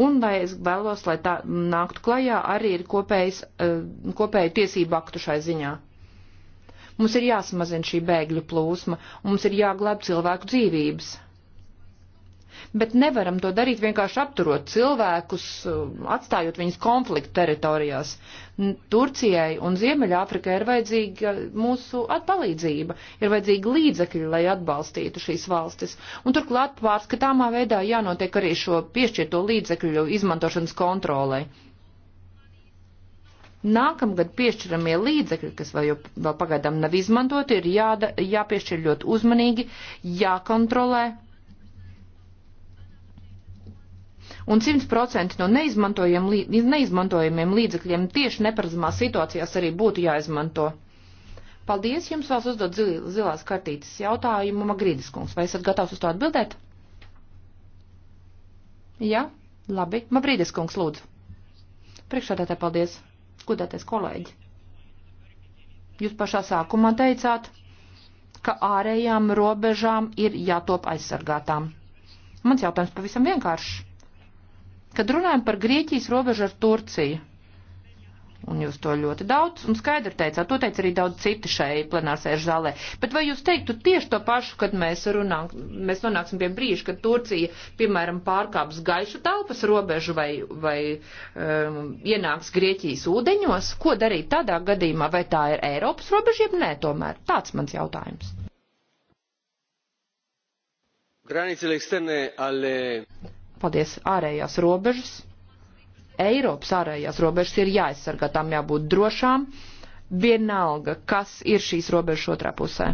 un lai es vēlos, lai tā nāktu klajā, arī ir kopējs, eh, kopēju tiesību aktu šai ziņā. Mums ir jāsamazina šī bēgļu plūsma, un mums ir jāglēb cilvēku dzīvības bet nevaram to darīt vienkārši apturot cilvēkus, um, atstājot viņus konfliktu teritorijās. Turcijai un Ziemeļāfrikai ir vajadzīga mūsu atpalīdzība, ir vajadzīga līdzekļi, lai atbalstītu šīs valstis. Un turklāt pārskatāmā veidā jānotiek arī šo piešķirto līdzekļu izmantošanas kontrolē. Nākamgad piešķiramie līdzekļi, kas vēl, vēl pagaidām nav izmantoti, ir jāda, jāpiešķir ļoti uzmanīgi, jākontrolē un 100% no neizmantojamiem līdzekļiem tieši neparedzamās situācijās arī būtu jāizmanto. Paldies, jums vēl uzdot zil, zilās kartītes jautājumu Magrīdis kungs. Vai esat gatavs uz to atbildēt? Jā, labi. Magrīdis kungs, lūdzu. Priekšādātē paldies. Skudēties kolēģi. Jūs pašā sākumā teicāt, ka ārējām robežām ir jātop aizsargātām. Mans jautājums pavisam vienkāršs. Kad runājam par Grieķijas robežu ar Turciju, un jūs to ļoti daudz un skaidri teicāt, to teica arī daudz citi šai plenārsēžu zālē, bet vai jūs teiktu tieši to pašu, kad mēs, runā, mēs nonāksim pie brīža, kad Turcija, piemēram, pārkāps gaišu telpas robežu vai, vai um, ienāks Grieķijas ūdeņos, ko darīt tādā gadījumā, vai tā ir Eiropas robeža, jeb nē tomēr? Tāds mans jautājums. Granițele externe ale paldies ārējās robežas. Eiropas ārējās robežas ir jāaizsargā, tām jābūt drošām, vienalga, kas ir šīs robežas otrā pusē.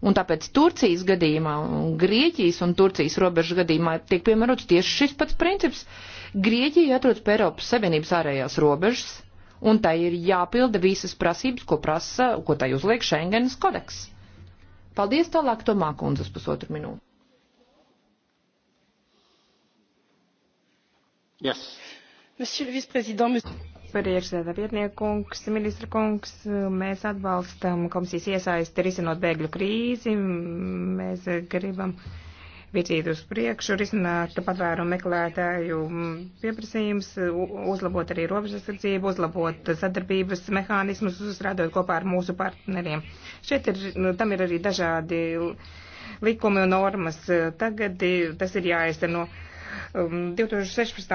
Un tāpēc Turcijas gadījumā, un Grieķijas un Turcijas robežas gadījumā tiek piemērots tieši šis pats princips. Grieķija atrodas pie Eiropas Savienības ārējās robežas, un tai ir jāpilda visas prasības, ko prasa, ko tai uzliek Schengenas kodeks. Paldies tālāk Tomā kundzes pusotru minūtu. Yes. Monsieur le vice-président, monsieur priekšsēdā vietniekungs, ministra kungs, mēs atbalstam komisijas iesaisti risinot bēgļu krīzi. Mēs gribam virzīt uz priekšu, risināt patvērumu meklētāju pieprasījums, uzlabot arī robežasardzību, uzlabot sadarbības mehānismus, uzstrādot kopā ar mūsu partneriem. Šeit ir, nu, tam ir arī dažādi likumi un normas. Tagad tas ir jāizteno. No 2016.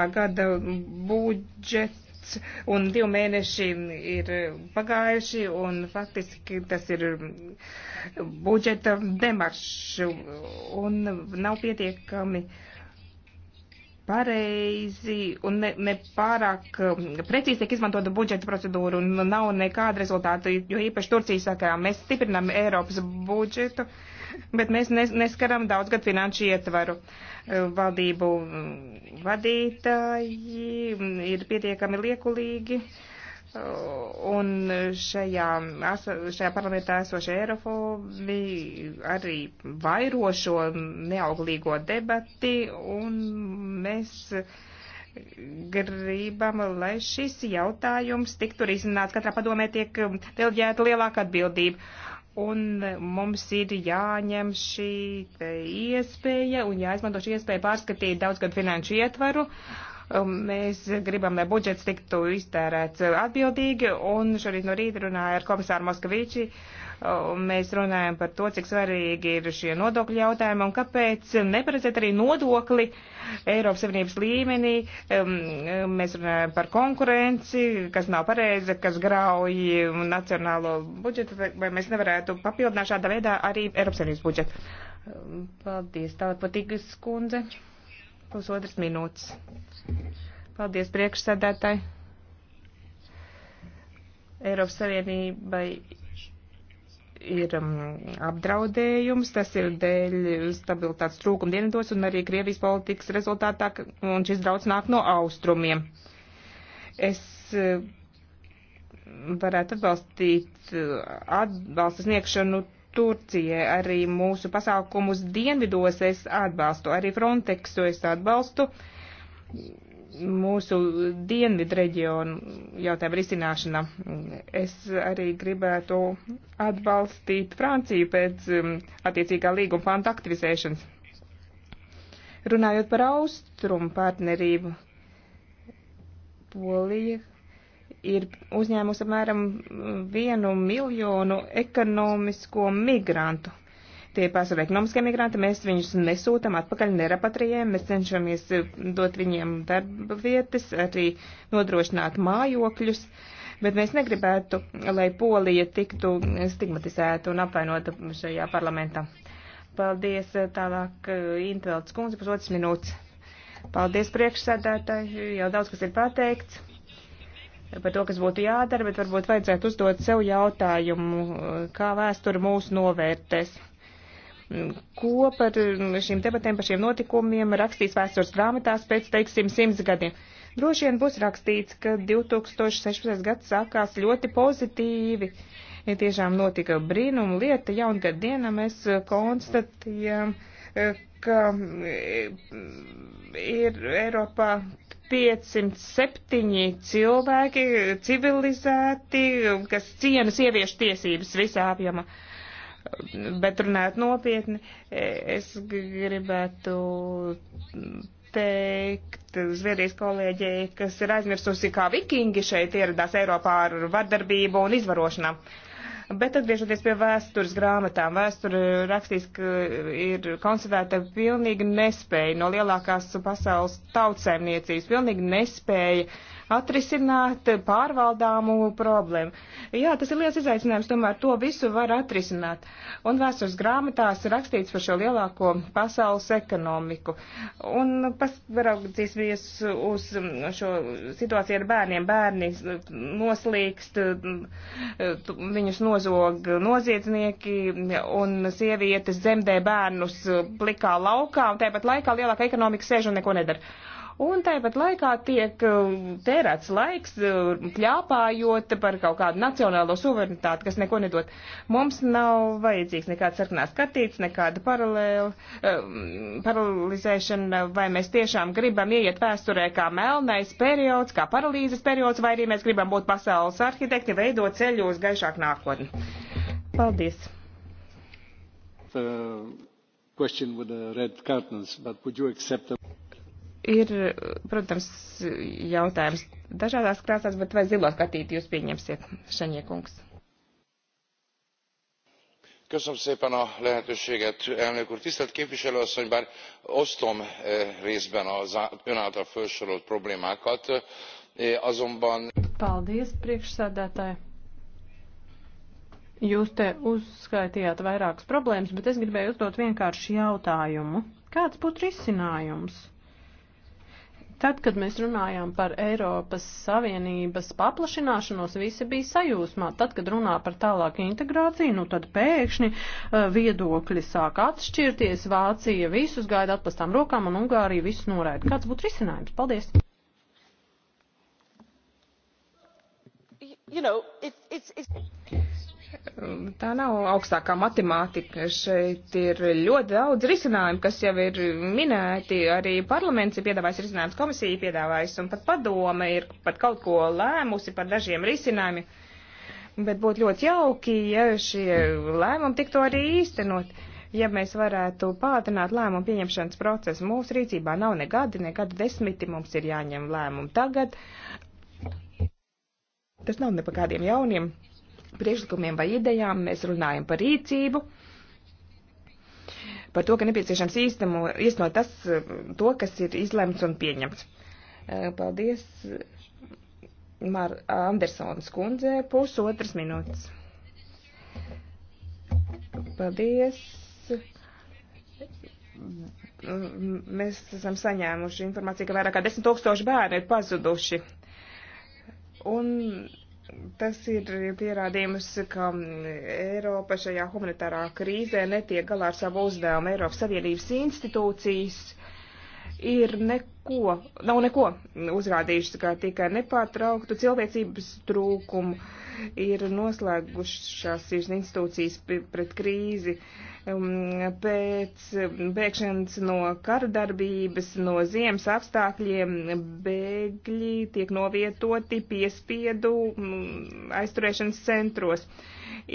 Um, gada budžets un divi mēneši ir pagājuši un faktiski tas ir budžeta demaršs un nav pietiekami pareizi un ne, ne pārāk um, precīzi tiek izmantota budžeta procedūra un nav nekāda rezultāta, jo īpaši Turcijas sakarā mēs stiprinām Eiropas budžetu. Uh, bet mēs neskaram daudzgad finanšu ietvaru. E, valdību vadītāji ir pietiekami liekulīgi. E, un šajā, šajā parlamentā esošie eirofobi arī vairo šo neauglīgo debati, un mēs gribam, lai šis jautājums tiktu risināts. Katrā padomē tiek delģēta lielāka atbildība. Un mums ir jāņem šī iespēja un jāizmanto šī iespēja pārskatīt daudzgadu finanšu ietvaru. Um, mēs gribam, lai budžets tiktu iztērēts atbildīgi, un šorīt no rīta runāja ar komisāru Moskavīči. Uh, Mēs runājam par to, cik svarīgi ir šie nodokļu jautājumi un kāpēc neparedzēt arī nodokli Eiropas Savienības līmenī. Um, mēs runājam par konkurenci, kas nav pareiza, kas grauj nacionālo budžetu, vai mēs nevarētu papildināt šādā veidā arī Eiropas Savienības budžetu. Um, paldies, tālāk patīgas kundze. Pusotras minūtes. Paldies priekšsēdētāji. Eiropas Savienībai ir um, apdraudējums, tas ir dēļ stabilitātes trūkuma dienvidos un arī Krievijas politikas rezultātā, un šis draudz nāk no austrumiem. Es uh, varētu atbalstīt uh, atbalsta sniegšanu Turcijai, arī mūsu pasākumus dienvidos es atbalstu, arī Frontexu es atbalstu mūsu dienvidu reģionu jautājumu risināšana. Es arī gribētu atbalstīt Franciju pēc um, attiecīgā līguma panta aktivizēšanas. Runājot par austrumu partnerību, Polija ir uzņēmusi apmēram vienu miljonu ekonomisko migrantu tie pārsvarā ekonomiskie migranti, mēs viņus nesūtam atpakaļ, nerapatrijējam, mēs cenšamies eh, dot viņiem darba vietas, arī nodrošināt mājokļus, bet mēs negribētu, lai Polija tiktu stigmatizēta un apvainota šajā parlamentā. Paldies eh, tālāk eh, Intvelds kundze, pusotras minūtes. Paldies priekšsēdētāji, jau daudz kas ir pateikts par to, kas būtu jādara, bet varbūt vajadzētu uzdot sev jautājumu, kā vēsture mūs novērtēs ko par mm, šīm debatēm, par šiem notikumiem rakstīs vēstures grāmatās pēc, teiksim, simts gadiem. Droši vien būs rakstīts, ka 2016. gads sākās ļoti pozitīvi. Ja tiešām notika brīnuma lieta, jaungad dienā mēs eh, konstatējam, eh, ka eh, ir Eiropā 507 cilvēki civilizēti, kas ciena sieviešu tiesības visā apjomā. Uh, Bet runājot nopietni, es gribētu teikt Zviedrijas kolēģei, kas ir aizmirsusi, kā vikingi šeit ieradās Eiropā ar vardarbību un izvarošanām. Bet atgriežoties pie vēstures grāmatām, vēsture rakstīs, ka ir konstatēta pilnīga nespēja no lielākās pasaules tautsēmniecības, pilnīga nespēja uh, atrisināt pārvaldāmu problēmu. Jā, tas ir liels izaicinājums, tomēr to visu var atrisināt. Un vēstures grāmatās ir rakstīts par šo lielāko pasaules ekonomiku. Un paraudzīsimies uz šo situāciju ar bērniem. Bērni noslīkst, viņus nozog noziedznieki un sievietes zemdē bērnus plikā laukā, un tāpat laikā lielākā ekonomika sēž un neko nedara. Un tāpat laikā tiek um, tērēts laiks, um, kļāpājot par kaut kādu nacionālo suverenitāti, kas neko nedod. Mums nav vajadzīgs nekāds sarkanās skatīts, nekāda paralēla, um, paralizēšana, vai mēs tiešām gribam ieiet vēsturē kā melnais periods, kā paralīzes periods, vai arī mēs gribam būt pasaules arhitekti, veidot ceļu uz gaišāku nākotni. Paldies! The question with the red curtains, but would you accept them? ir, protams, jautājums dažādās krāsās, bet vai zilo skatīti jūs pieņemsiet, Šaņiekungs? Köszönöm szépen a lehetőséget, elnök úr. Tisztelt képviselő asszony, bár osztom e, részben az ön által felsorolt problémákat, e, azonban... Paldies, priekšsēdētāji. Jūs te uzskaitījāt vairākas problēmas, bet es gribēju uzdot vienkārši jautājumu. Kāds būtu risinājums? Tad, kad mēs runājām par Eiropas Savienības paplašināšanos, visi bija sajūsmā. Tad, kad runā par tālāku integrāciju, nu tad pēkšņi uh, viedokļi sāk atšķirties. Vācija visus gaida atpastām rokām un Ungārija visus noraida. Kāds būtu risinājums? Paldies! You know, it's, it's, it's tā nav augstākā matemātika. Šeit ir ļoti daudz risinājumu, kas jau ir minēti. Arī parlaments ir piedāvājis risinājumus, komisija ir piedāvājis, un pat padome ir pat kaut ko lēmusi par dažiem risinājumiem. Bet būtu ļoti jauki, ja šie lēmumi tiktu arī īstenot. Ja mēs varētu pātrināt lēmumu pieņemšanas procesu, mūsu rīcībā nav ne gadi, ne gadu desmiti, mums ir jāņem lēmumi tagad. Tas nav ne pa kādiem jauniem priekšlikumiem vai idejām, mēs runājam par rīcību, par to, ka nepieciešams īsteno, īsteno tas, to, kas ir izlemts un pieņemts. Paldies Mar Andersons kundzē, pusotras minūtes. Paldies mēs esam saņēmuši informāciju, ka vairāk kā 10 tūkstoši bērni ir pazuduši. Un Tas ir pierādījums, ka Eiropa šajā humanitārā krīzē netiek galā ar savu uzdevumu. Eiropas Savienības institūcijas uh, ir neko, nav neko uzrādījušas, kā tikai nepārtrauktu cilvēcības trūkumu, ir noslēgušās šīs institūcijas pret krīzi um, pēc um, bēgšanas no karadarbības, no ziemas apstākļiem, bēgļi tiek novietoti piespiedu um, aizturēšanas centros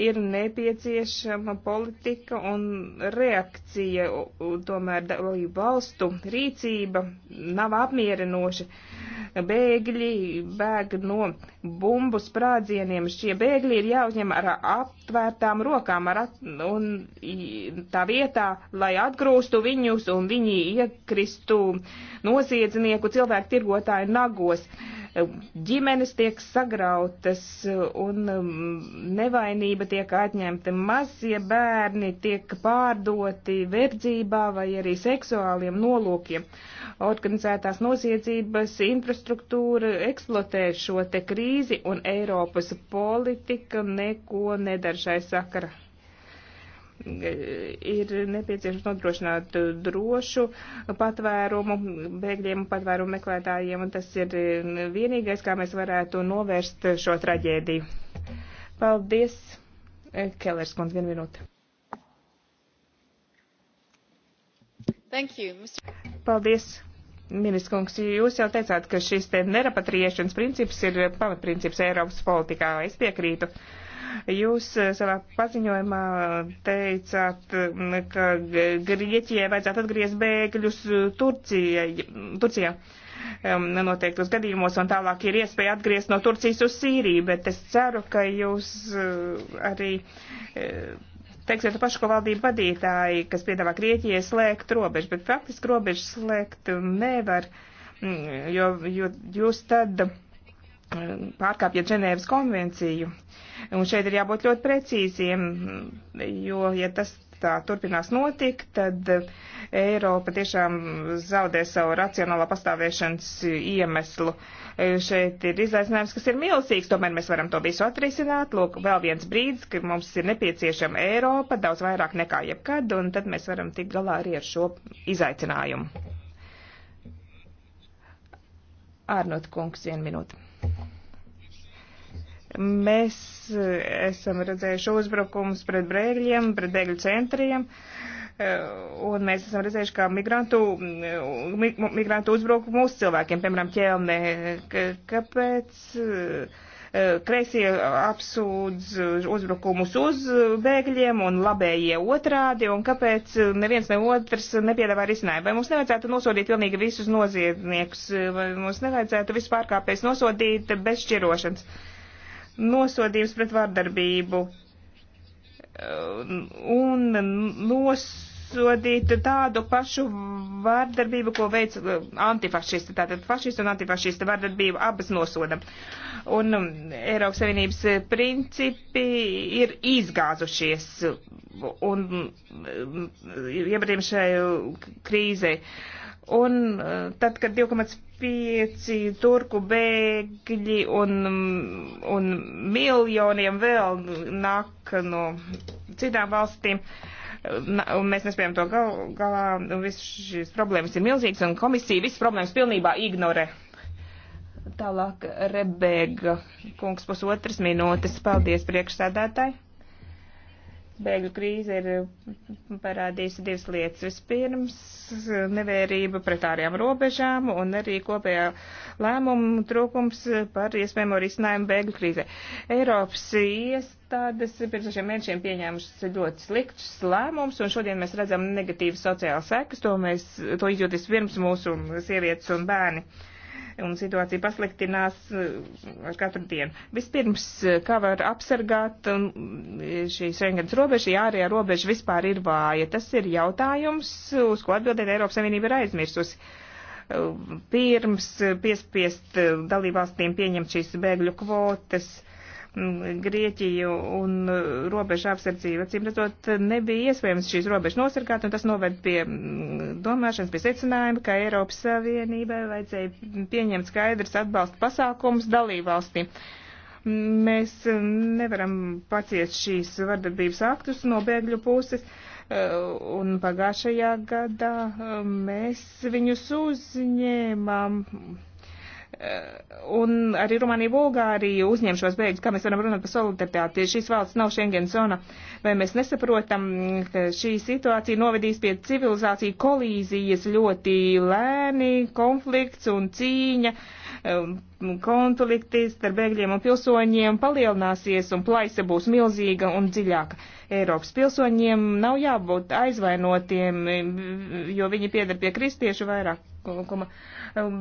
ir nepieciešama politika un reakcija, tomēr dalību valstu rīcība nav apmierinoša. Bēgļi bēg no bumbu sprādzieniem. Šie bēgļi ir jāuzņem ar aptvērtām rokām ar at un tā vietā, lai atgrūstu viņus un viņi iekristu noziedznieku cilvēku tirgotāju nagos ģimenes tiek sagrautas un um, nevainība tiek atņemta. Mazie bērni tiek pārdoti verdzībā vai arī seksuāliem nolūkiem. Organizētās noziedzības infrastruktūra eksploatē šo te krīzi un Eiropas politika neko nedara šai sakara ir nepieciešams nodrošināt drošu patvērumu bēgļiem un patvērumu meklētājiem, un tas ir vienīgais, kā mēs varētu novērst šo traģēdiju. Paldies, Kellers kundze, vienu minūti. Thank you, Mr. Paldies. Ministrs, jūs jau teicāt, ka šis te nerapatriešanas princips ir pamatprincips Eiropas politikā. Es piekrītu. Uh, Jūs eh, savā paziņojumā eh, teicāt, mm, ka Grieķijai vajadzētu atgriezt bēgļus eh, Turcijai, Turcijā noteiktos gadījumos, un tālāk ir iespēja atgriezt no Turcijas uz Sīriju, bet es ceru, ka jūs arī teiksiet to pašu, ko valdība vadītāji, kas piedāvā Grieķijai slēgt robežu, bet faktiski robežu slēgt nevar, mm, jo, jo jūs tad pārkāpjat Ženēvas konvenciju. Un šeit ir jābūt ļoti precīziem, jo, ja tas tā turpinās notikt, tad Eiropa tiešām zaudē savu racionālā pastāvēšanas iemeslu. Šeit ir izaicinājums, kas ir milzīgs, tomēr mēs varam to visu atrisināt. Lūk, vēl viens brīdis, ka mums ir nepieciešama Eiropa daudz vairāk nekā jebkad, un tad mēs varam tikt galā arī ar šo izaicinājumu. Arnot kungs, vienu minūti. Mēs e, esam redzējuši uzbrukumus pret brēļiem, pret bēgļu centriem, e, un mēs esam redzējuši, kā migrantu, migrantu uzbrukumu uz cilvēkiem, piemēram, ķelnē. Kāpēc? E, kreisie apsūdz uzbrukumus uz bēgļiem un labējie otrādi, un kāpēc neviens ne otrs nepiedāvā risinājumu. Vai mums nevajadzētu nosodīt pilnīgi visus noziedzniekus, vai mums nevajadzētu vispārkāpēs nosodīt bez šķirošanas? nosodījums pret vardarbību un nosodīt tādu pašu vardarbību, ko veic uh, antifašisti. Tātad fašisti un antifašisti vardarbību abas nosodam. Un um, Eiropas Savienības principi ir izgāzušies un iebratiem um, šai krīzei. Uh, Un eh, tad, kad 2,5 turku bēgļi un, un miljoniem vēl nāk no citām valstīm, un mēs nespējam to gal, galā, un visas šīs problēmas ir milzīgas, un komisija visas problēmas pilnībā ignorē. Tālāk Rebēga kungs pusotras minūtes. Paldies priekšsēdētāji bēgļu krīze ir parādījusi divas lietas. Vispirms nevērība pret ārējām robežām un arī kopējā lēmuma trūkums par iespējamo risinājumu bēgļu krīzē. Eiropas iestādes pirms šiem mēnešiem pieņēmušas ļoti sliktus lēmumus un šodien mēs redzam negatīvas sociālas sekas, to mēs, to izjūtas pirms mūsu sievietes un bērni. Uh, un situācija pasliktinās eh, ar katru dienu. Vispirms, eh, kā var apsargāt um, šīs Schengens robežas, ja ārējā robeža vispār ir vāja? Tas ir jautājums, uz ko atbildēt Eiropas Savienība ir aizmirsusi. Eh, pirms piespiest dalībvalstīm pieņemt šīs bēgļu kvotas Mm, Grieķiju un uh, robežu apsardzību. Acīm redzot, nebija iespējams šīs robežas nosargāt, un tas noved pie mm, domāšanas, pie secinājuma, ka Eiropas Savienībai vajadzēja pieņemt skaidrs atbalsta pasākums dalībvalsti. Mm, mēs nevaram paciest šīs vardarbības aktus no bēgļu puses uh, un pagājušajā gadā mēs viņus uzņēmām Eh, un arī Rumānija, Bulgārija uzņem šos bēgļus, kā mēs varam runāt par solidaritāti. Šīs valsts nav Schengen zona, vai mēs nesaprotam, ka šī situācija novedīs pie civilizācija kolīzijas ļoti lēni, konflikts un cīņa, um, konflikti starp bēgļiem un pilsoņiem palielināsies un plaisa būs milzīga un dziļāka. Eiropas pilsoņiem nav jābūt aizvainotiem, jo viņi piedar pie kristiešu vairākuma. Ko,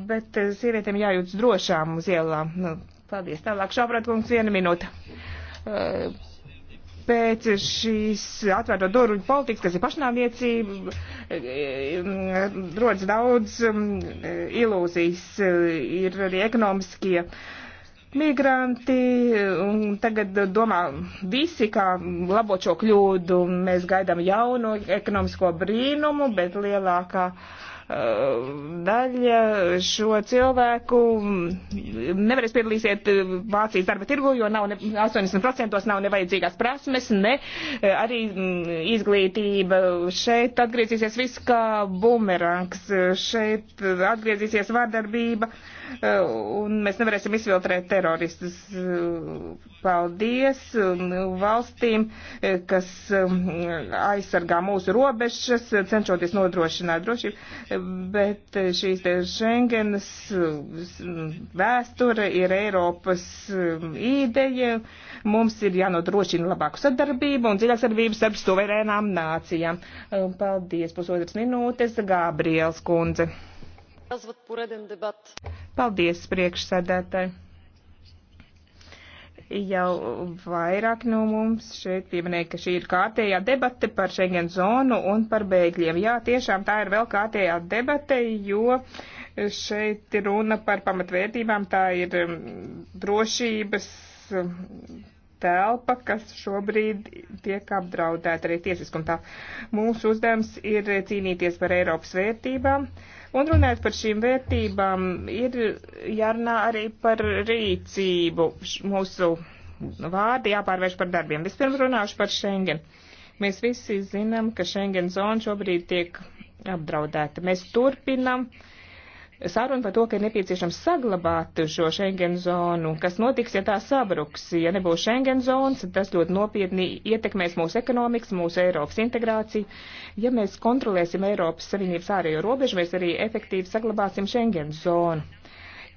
bet eh, sievietēm jājūtas drošām uz ielām. Nu, paldies. Tālāk šāprāt, kungs, viena minūte. Eh, pēc šīs atvērto durvju politikas, kas ir pašnāvniecība, eh, rodas daudz mm, ilūzijas, ir arī ekonomiskie migranti, un tagad domā visi, kā labot šo kļūdu. Mēs gaidām jaunu ekonomisko brīnumu, bet lielākā uh, daļa šo cilvēku mm, nevarēs piedalīsiet Vācijas eh, darba tirgu, jo nav ne, 80% nav nevajadzīgās prasmes, ne eh, arī mm, izglītība. Šeit atgriezīsies viss kā bumerangs, šeit eh, atgriezīsies vārdarbība. Uh, un mēs nevarēsim izfiltrēt teroristus. Paldies valstīm, kas um, aizsargā mūsu robežas, cenšoties nodrošināt drošību, bet šīs te Schengenas um, vēsture ir Eiropas um, ideja. Mums ir jānodrošina labāku sadarbību un dziļāku sadarbību starp suverēnām nācijām. Paldies, pusotras minūtes, Gabriels kundze. Tas būtu poredien debats. Paldies, priekšsēdētāji! Jau vairāk no mums šeit pieminēja, ka šī ir kārtējā debate par Schengen zonu un par bēgļiem. Jā, tiešām tā ir vēl kārtējā debate, jo šeit runa par pamatvērtībām, tā ir mm, drošības mm, telpa, kas šobrīd tiek apdraudēta arī tiesiskuma tā. Mūsu uzdevums ir cīnīties par Eiropas vērtībām. Uh, Un runājot par šīm vērtībām, ir jārunā arī par rīcību mūsu vārdi jāpārvērš par darbiem. Vispirms runāšu par Schengen. Mēs visi zinām, ka Schengen zona šobrīd tiek apdraudēta. Mēs turpinam uh, sāruna par to, ka ir nepieciešams saglabāt šo Schengen zonu. Kas notiks, ja tā sabruks? Ja nebūs Schengen zonas, tas ļoti nopietni ietekmēs mūsu ekonomikas, mūsu Eiropas integrāciju. Ja mēs kontrolēsim Eiropas Savienības ārējo robežu, mēs arī efektīvi saglabāsim Schengen zonu.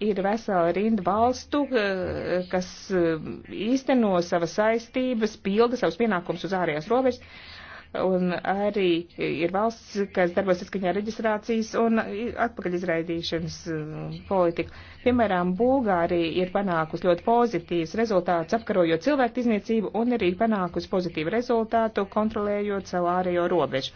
Ir vesela rinda valstu, eh, kas eh, īsteno savas saistības, pilda savus pienākumus uz ārējās robežas un arī ir valsts, kas darbojas saskaņā reģistrācijas un atpakaļ izraidīšanas mm, politiku. Piemēram, Bulgārija ir panākusi ļoti pozitīvs rezultāts apkarojot cilvēku izniecību un arī panākusi pozitīvu rezultātu kontrolējot savu ārējo robežu.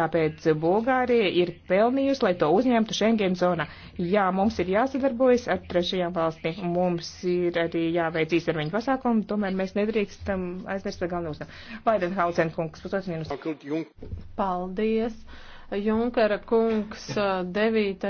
Tāpēc Bulgārija ir pelnījusi, lai to uzņemtu Schengen zonā. Jā, mums ir jāsadarbojas ar trešajām valstīm, mums ir arī jāveic īstermiņu pasākumu, tomēr mēs nedrīkstam aizmirst par galveno uzdevumu. Vaidenhausen kungs, pusotrs minūtes. Paldies! Junkara kungs 9.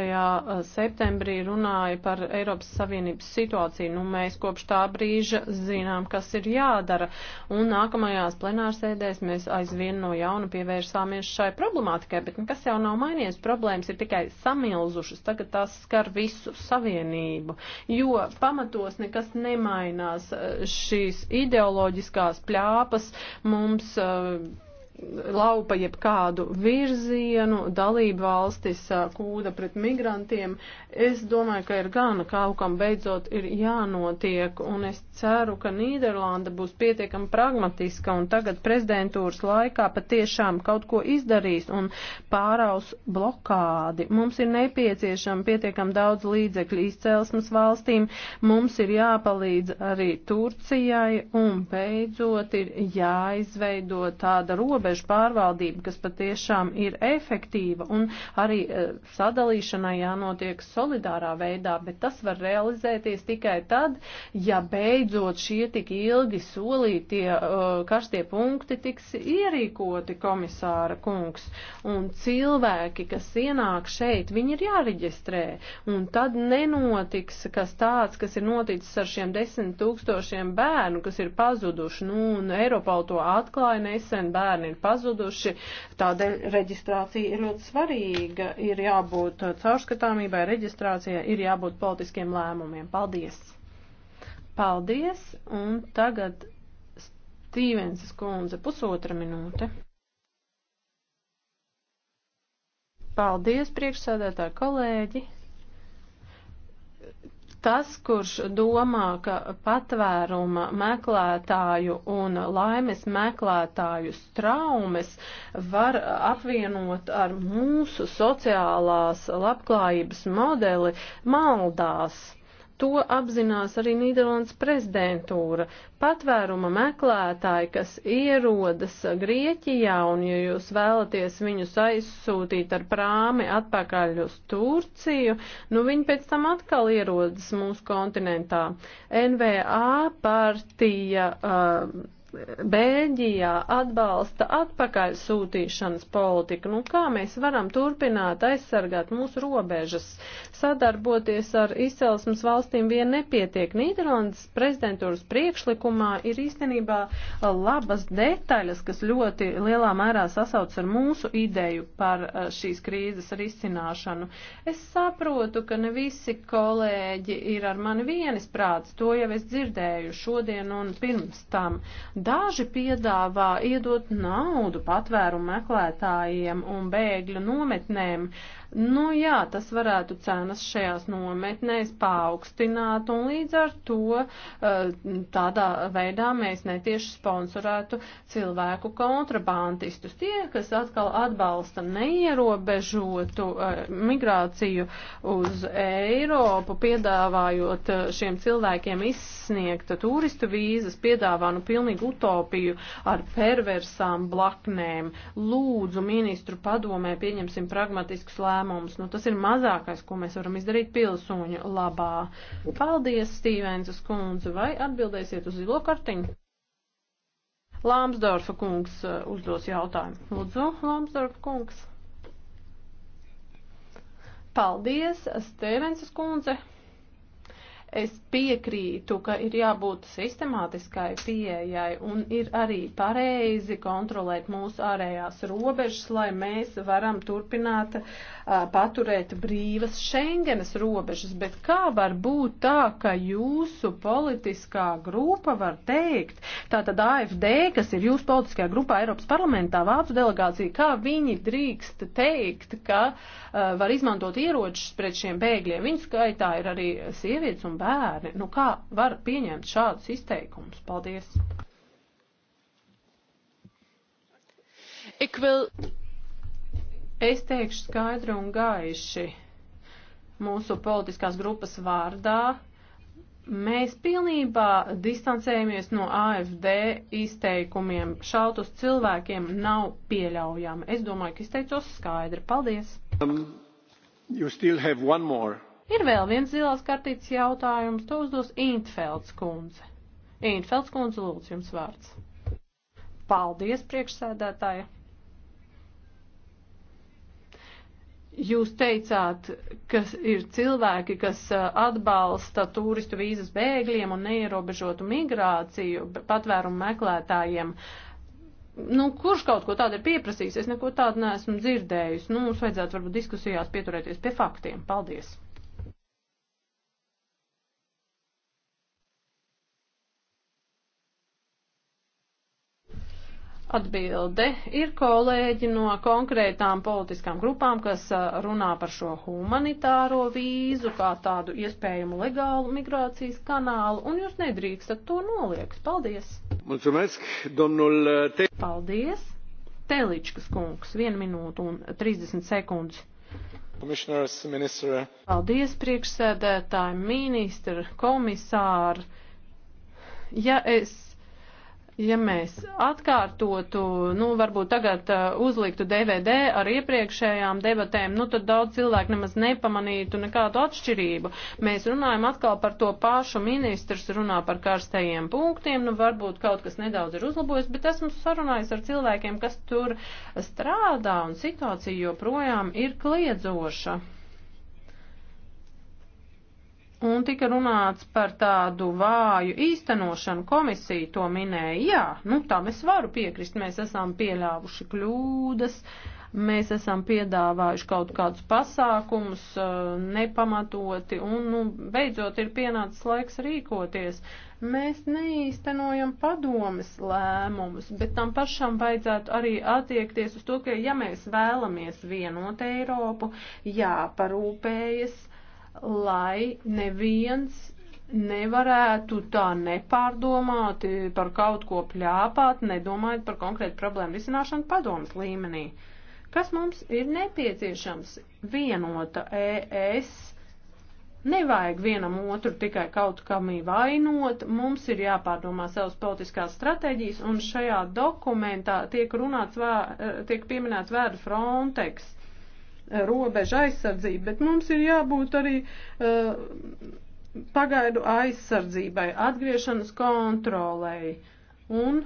septembrī runāja par Eiropas Savienības situāciju. Nu, mēs kopš tā brīža zinām, kas ir jādara. Un nākamajās plenārsēdēs mēs aizvien no jauna pievērsāmies šai problemātikai, bet nekas nu, jau nav mainījies. Problēmas ir tikai samilzušas. Tagad tās skar visu savienību, jo pamatos nekas nemainās. Šīs ideoloģiskās plāpas mums. Uh, laupa jebkādu virzienu, dalību valstis kūda pret migrantiem. Es domāju, ka ir gana kaut kam beidzot ir jānotiek, un es ceru, ka Nīderlanda būs pietiekami pragmatiska un tagad prezidentūras laikā patiešām kaut ko izdarīs un pāraus blokādi. Mums ir nepieciešama pietiekami daudz līdzekļu izcelsmes valstīm, mums ir jāpalīdz arī Turcijai, un beidzot ir jāizveido tāda robeža, robežu pārvaldība, kas patiešām ir efektīva un arī eh, sadalīšanai jānotiek solidārā veidā, bet tas var realizēties tikai tad, ja beidzot šie tik ilgi solītie eh, karstie punkti tiks ierīkoti komisāra kungs. Un cilvēki, kas ienāk šeit, viņi ir jāreģistrē. Un tad nenotiks kas tāds, kas ir noticis ar šiem desmit tūkstošiem bērnu, kas ir pazuduši. Nu, un Eiropā to atklāja nesen bērni ir pazuduši. Tādēļ reģistrācija ir ļoti svarīga. Ir jābūt caurskatāmībai, reģistrācijai ir jābūt politiskiem lēmumiem. Paldies! Paldies! Un tagad Stīvensas kundze pusotra minūte. Paldies, priekšsēdētāji kolēģi! Tas, kurš domā, ka patvēruma meklētāju un laimes meklētāju straumes var apvienot ar mūsu sociālās labklājības modeli, maldās. To apzinās arī Nīderlandes prezidentūra. Patvēruma meklētāji, kas ierodas Grieķijā, un ja jūs vēlaties viņus aizsūtīt ar prāmi atpakaļ uz Turciju, nu viņi pēc tam atkal ierodas mūsu kontinentā. NVA partija. Uh, Bēļģijā atbalsta atpakaļ sūtīšanas politiku. Nu, kā mēs varam turpināt aizsargāt mūsu robežas? Sadarboties ar izcelsmes valstīm vien nepietiek. Nīderlandes prezidentūras priekšlikumā ir īstenībā labas detaļas, kas ļoti lielā mērā sasauc ar mūsu ideju par eh, šīs krīzes risināšanu. Es saprotu, ka ne visi kolēģi ir ar mani vienisprāts. To jau es dzirdēju šodien un pirms tam Daži piedāvā iedot naudu patvērumu meklētājiem un bēgļu nometnēm, Nu jā, tas varētu cenas šajās nometnēs paaugstināt un līdz ar to eh, tādā veidā mēs netieši sponsorētu cilvēku kontrabantistus. Tie, kas atkal atbalsta neierobežotu eh, migrāciju uz Eiropu, piedāvājot eh, šiem cilvēkiem izsniegt turistu vīzas, piedāvā nu pilnīgi utopiju ar perversām blaknēm. Lūdzu, ministru padomē pieņemsim pragmatiskus lēmumus lēmumus. Nu, tas ir mazākais, ko mēs varam izdarīt pilsoņu labā. Paldies, Stīvensas kundze, vai atbildēsiet uz zilo kartiņu? Lāmsdorfa kungs uh, uzdos jautājumu. Lūdzu, Lāmsdorfa kungs. Paldies, Stīvensas kundze. Es piekrītu, ka ir jābūt sistemātiskai pieejai un ir arī pareizi kontrolēt mūsu ārējās robežas, lai mēs varam turpināt uh, paturēt brīvas Schengenas robežas. Bet kā var būt tā, ka jūsu politiskā grupa var teikt, tātad AFD, kas ir jūsu politiskajā grupā Eiropas parlamentā, Vācu delegācija, kā viņi drīkst teikt, ka uh, var izmantot ieročus pret šiem bēgļiem? Viņu skaitā ir arī sievietes un bērni. Nu kā var pieņemt šādus izteikumus? Paldies! Ik vēl... Es teikšu skaidri un gaiši mūsu politiskās grupas vārdā. Mēs pilnībā distancējamies no AFD izteikumiem. Šaut uz cilvēkiem nav pieļaujami. Es domāju, ka izteicos skaidri. Paldies! Um, you still have one more. Ir vēl viens zilās kartītes jautājums, to uzdos Intfelds kundze. Intfelds kundze, lūdzu, jums vārds. Paldies, priekšsēdētāja. Jūs teicāt, ka ir cilvēki, kas uh, atbalsta turistu vīzas bēgļiem un neierobežotu migrāciju patvērumu meklētājiem. Nu, kurš kaut ko tādu ir pieprasījis? Es neko tādu neesmu dzirdējis. Nu, mums vajadzētu varbūt diskusijās pieturēties pie faktiem. Paldies! Atbilde ir kolēģi no konkrētām politiskām grupām, kas runā par šo humanitāro vīzu kā tādu iespējumu legālu migrācijas kanālu, un jūs nedrīkstat to noliegt. Paldies! Mulțumesc, domnul Te... Paldies! Teličkas kungs, 1 minūte un 30 sekundes. Paldies, priekšsēdētāji, ministri, komisāri. Ja es Ja mēs atkārtotu, nu, varbūt tagad uh, uzliktu DVD ar iepriekšējām debatēm, nu, tad daudz cilvēku nemaz nepamanītu nekādu atšķirību. Mēs runājam atkal par to pašu, ministrs runā par karstajiem punktiem, nu, varbūt kaut kas nedaudz ir uzlabojis, bet esmu sarunājis ar cilvēkiem, kas tur strādā, un situācija joprojām ir kliedzoša. Un tika runāts par tādu vāju īstenošanu, komisija to minēja, jā, nu tam es varu piekrist, mēs esam pieļāvuši kļūdas, mēs esam piedāvājuši kaut kādus pasākumus eh, nepamatoti, un nu, beidzot ir pienācis laiks rīkoties. Mēs neīstenojam padomes lēmumus, bet tam pašam vajadzētu arī attiekties uz to, ka ja mēs vēlamies vienot Eiropu, jāparūpējas lai neviens nevarētu tā nepārdomāti par kaut ko pļāpāt, nedomājot par konkrētu problēmu risināšanu padomas līmenī. Kas mums ir nepieciešams? Vienota ES. Nevajag vienam otru tikai kaut kam vainot, mums ir jāpārdomā savas politiskās stratēģijas, un šajā dokumentā tiek, runāts, vā, tiek pieminēts vērdu Frontex robeža aizsardzība, bet mums ir jābūt arī uh, pagaidu aizsardzībai, atgriešanas kontrolei un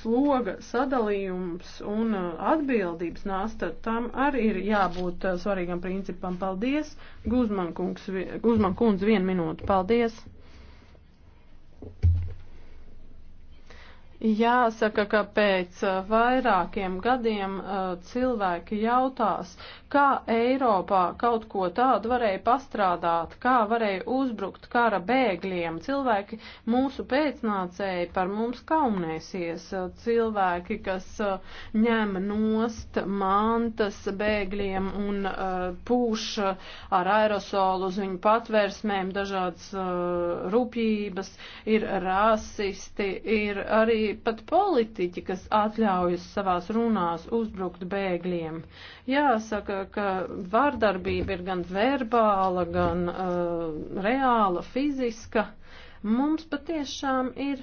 sloga sadalījums un eh, atbildības nasta, tam arī ir jābūt eh, svarīgam principam. Paldies, Guzman, kungs, Guzman kundz, vienu minūtu. Paldies! Jāsaka, ka pēc eh, vairākiem gadiem eh, cilvēki jautās, kā Eiropā kaut ko tādu varēja pastrādāt, kā varēja uzbrukt kara bēgļiem. Cilvēki mūsu pēcnācēji par mums kaunēsies, cilvēki, kas uh, ņem nost mantas bēgļiem un uh, pūš uh, ar aerosolu uz viņu patversmēm dažādas rupjības, ir rasisti, ir arī pat politiķi, kas atļaujas savās runās uzbrukt bēgļiem. Jāsaka, ka vārdarbība ir gan verbāla, gan uh, reāla, fiziska. Mums patiešām ir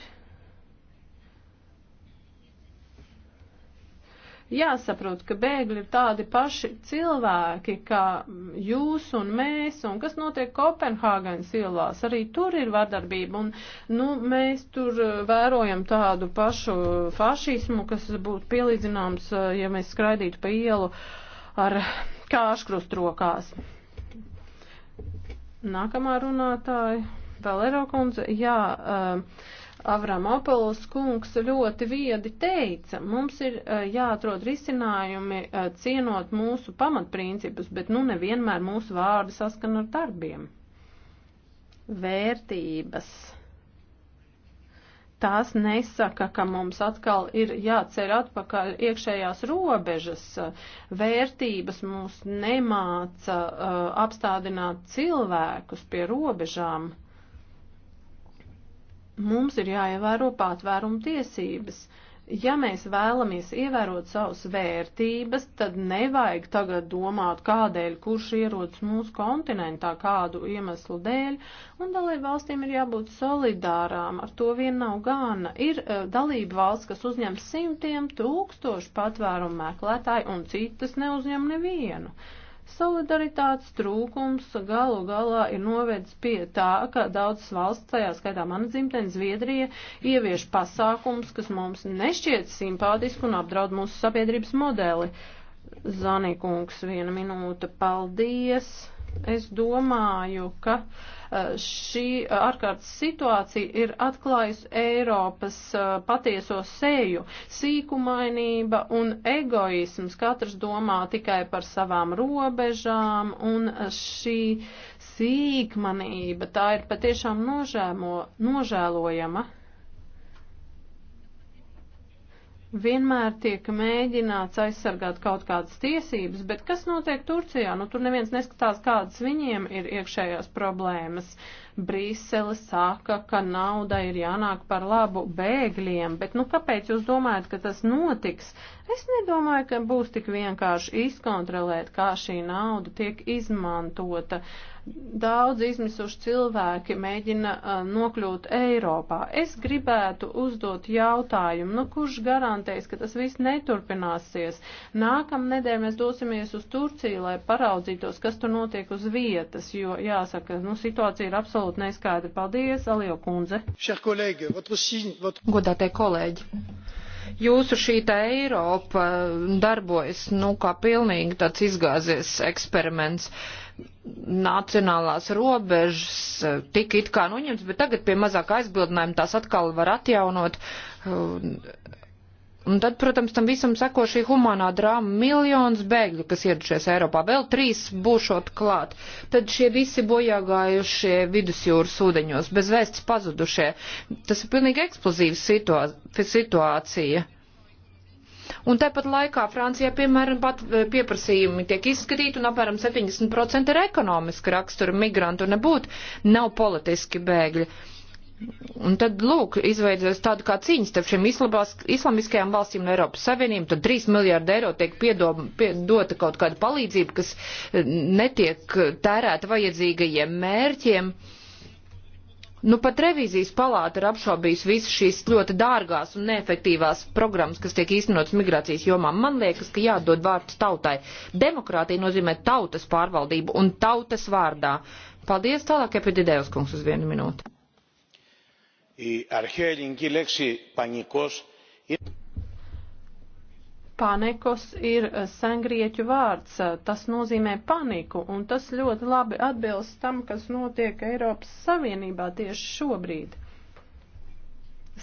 jāsaprot, ka bēgļi ir tādi paši cilvēki, kā jūs un mēs, un kas notiek Kopenhāgenes ielās, arī tur ir vardarbība, un, nu, mēs tur uh, vērojam tādu pašu fašismu, kas būtu pielīdzināms, uh, ja mēs skraidītu pa ielu. Uh, ar kāškrust rokās. Nākamā runātāja, Valero kundze, jā, uh, um, Avram Apolos kungs ļoti viedi teica, mums ir uh, jāatrod risinājumi uh, cienot mūsu pamatprincipus, bet nu nevienmēr mūsu vārdi saskan ar darbiem. Vērtības tās nesaka, ka mums atkal ir jācer atpakaļ iekšējās robežas, vērtības mūs nemāca uh, apstādināt cilvēkus pie robežām. Mums ir jāievēro patvērumu tiesības. Uh, Ja mēs vēlamies ievērot savas vērtības, tad nevajag tagad domāt, kādēļ kurš ierodas mūsu kontinentā, kādu iemeslu dēļ, un dalību valstīm ir jābūt solidārām, ar to vien nav gana. Ir uh, e, dalība valsts, kas uzņem simtiem tūkstošu patvērumu meklētāju, un citas neuzņem nevienu. Uh, Solidaritātes trūkums galu galā ir novedis pie tā, ka daudzas valsts, tajā skaitā mana dzimtene Zviedrija, ievieš pasākums, kas mums nešķiet simpātiski un apdraud mūsu sabiedrības modeli. Zanīkungs, viena minūte, paldies. Es domāju, ka. Uh, Eh, šī ārkārtas situācija ir atklājusi Eiropas eh, patieso seju - sīkumainība un egoisms. Katrs domā tikai par savām robežām un šī sīkmanība, tā ir patiešām nožēmo, nožēlojama. vienmēr tiek mēģināts aizsargāt kaut kādas tiesības, bet kas notiek Turcijā? Nu, tur neviens neskatās, kādas viņiem ir iekšējās problēmas. Brīsele saka, ka nauda ir jānāk par labu bēgļiem, bet nu, kāpēc jūs domājat, ka tas notiks? Es nedomāju, ka būs tik vienkārši izkontrolēt, kā šī nauda tiek izmantota. Daudz izmisuši cilvēki mēģina uh, nokļūt Eiropā. Es gribētu uzdot jautājumu, nu kurš garantēs, ka tas viss neturpināsies. Nākamnedēļ mēs dosimies uz Turciju, lai paraudzītos, kas tur notiek uz vietas, jo jāsaka, nu situācija ir absolūti neskaidra. Paldies, Alio kundze. Godātie kolēģi! jūsu šī tā Eiropa darbojas, nu, kā pilnīgi tāds izgāzies eksperiments. Nacionālās robežas tika it kā nuņemts, bet tagad pie mazāk aizbildinājuma tās atkal var atjaunot. Uh, Un tad, protams, tam visam seko šī humanā drāma - miljons bēgļu, kas ieradušies Eiropā, vēl trīs būšot klāt. Tad šie visi bojāgājušie vidusjūras ūdeņos, bez vēsts pazudušie. Tas ir pilnīgi eksplozīva situā situācija. Un tāpat laikā Francijā, piemēram, pat e, pieprasījumi tiek izskatīti un apmēram 70% ir ekonomiski rakstura migrantu nebūtu, nav politiski bēgļi. Un tad, lūk, izveidojas tāda kā cīņa starp šiem islabās, islamiskajām valstīm un Eiropas Savienību. Tad 3 miljārdi eiro tiek piedom, piedota kaut kāda palīdzība, kas eh, netiek tērēta vajadzīgajiem mērķiem. Nu, pat revīzijas palāta ir apšaubījusi visas šīs ļoti dārgās un neefektīvās programmas, kas tiek īstenotas migrācijas jomā. Man liekas, ka jādod vārds tautai. Demokrātija nozīmē tautas pārvaldību un tautas vārdā. Paldies tālāk, Epididējus kungs, uz vienu minūti. Η αρχαία ελληνική λέξη πανικός Panikos ir sengrieķu vārds, tas nozīmē paniku, un tas ļoti labi atbilst tam, kas notiek Eiropas Savienībā tieši šobrīd.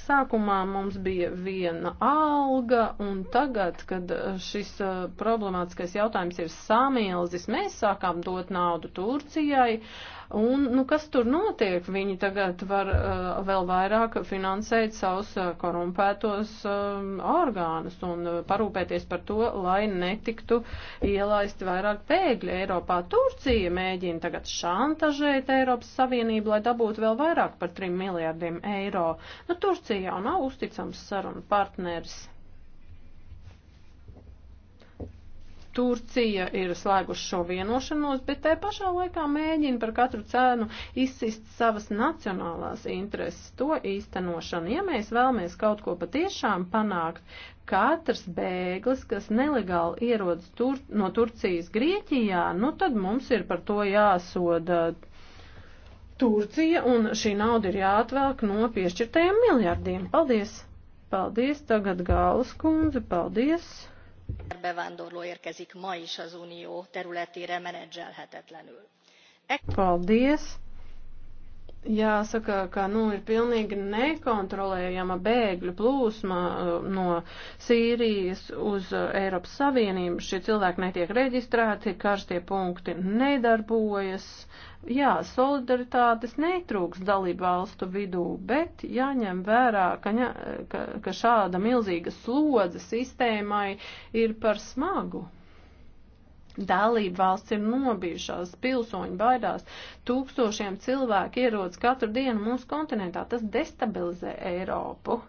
Sākumā mums bija viena alga, un tagad, kad e, šis e, problemātiskais jautājums ir samielzis, mēs sākām dot naudu Turcijai, uh, Un, nu, kas tur notiek? Viņi tagad var uh, vēl vairāk finansēt savus uh, korumpētos uh, orgānus un uh, parūpēties par to, lai netiktu ielaisti vairāk bēgļi Eiropā. Turcija mēģina tagad šantažēt Eiropas Savienību, lai dabūtu vēl vairāk par 3 miljārdiem eiro. Nu, Turcija jau nav uzticams sarunu partneris. Turcija ir slēguši šo vienošanos, bet te pašā laikā mēģina par katru cēnu izsist savas nacionālās intereses, to īstenošanu. Ja mēs vēlamies kaut ko patiešām panākt, katrs bēglis, kas nelegāli ierodas tur, no Turcijas Grieķijā, nu tad mums ir par to jāsoda. Turcija un šī nauda ir jāatvelk no piešķirtajiem miljardiem. Paldies! Paldies tagad Gāles kundze, paldies! Bevándorló érkezik ma is az Unió területére menedzselhetetlenül. E- Paldies! Jāsaka, ka nu, ir pilnīgi nekontrolējama bēgļu plūsma uh, no Sīrijas uz uh, Eiropas Savienību. Šie cilvēki netiek reģistrēti, karstie punkti nedarbojas. Uh, Jā, solidaritātes netrūks dalību valstu vidū, bet jāņem vērā, ka, ņa, ka, ka šāda milzīga slodze sistēmai ir par smagu. Dalība valsts ir nobijušās, pilsoņi baidās, tūkstošiem cilvēku ierodas katru dienu mūsu kontinentā, tas destabilizē Eiropu.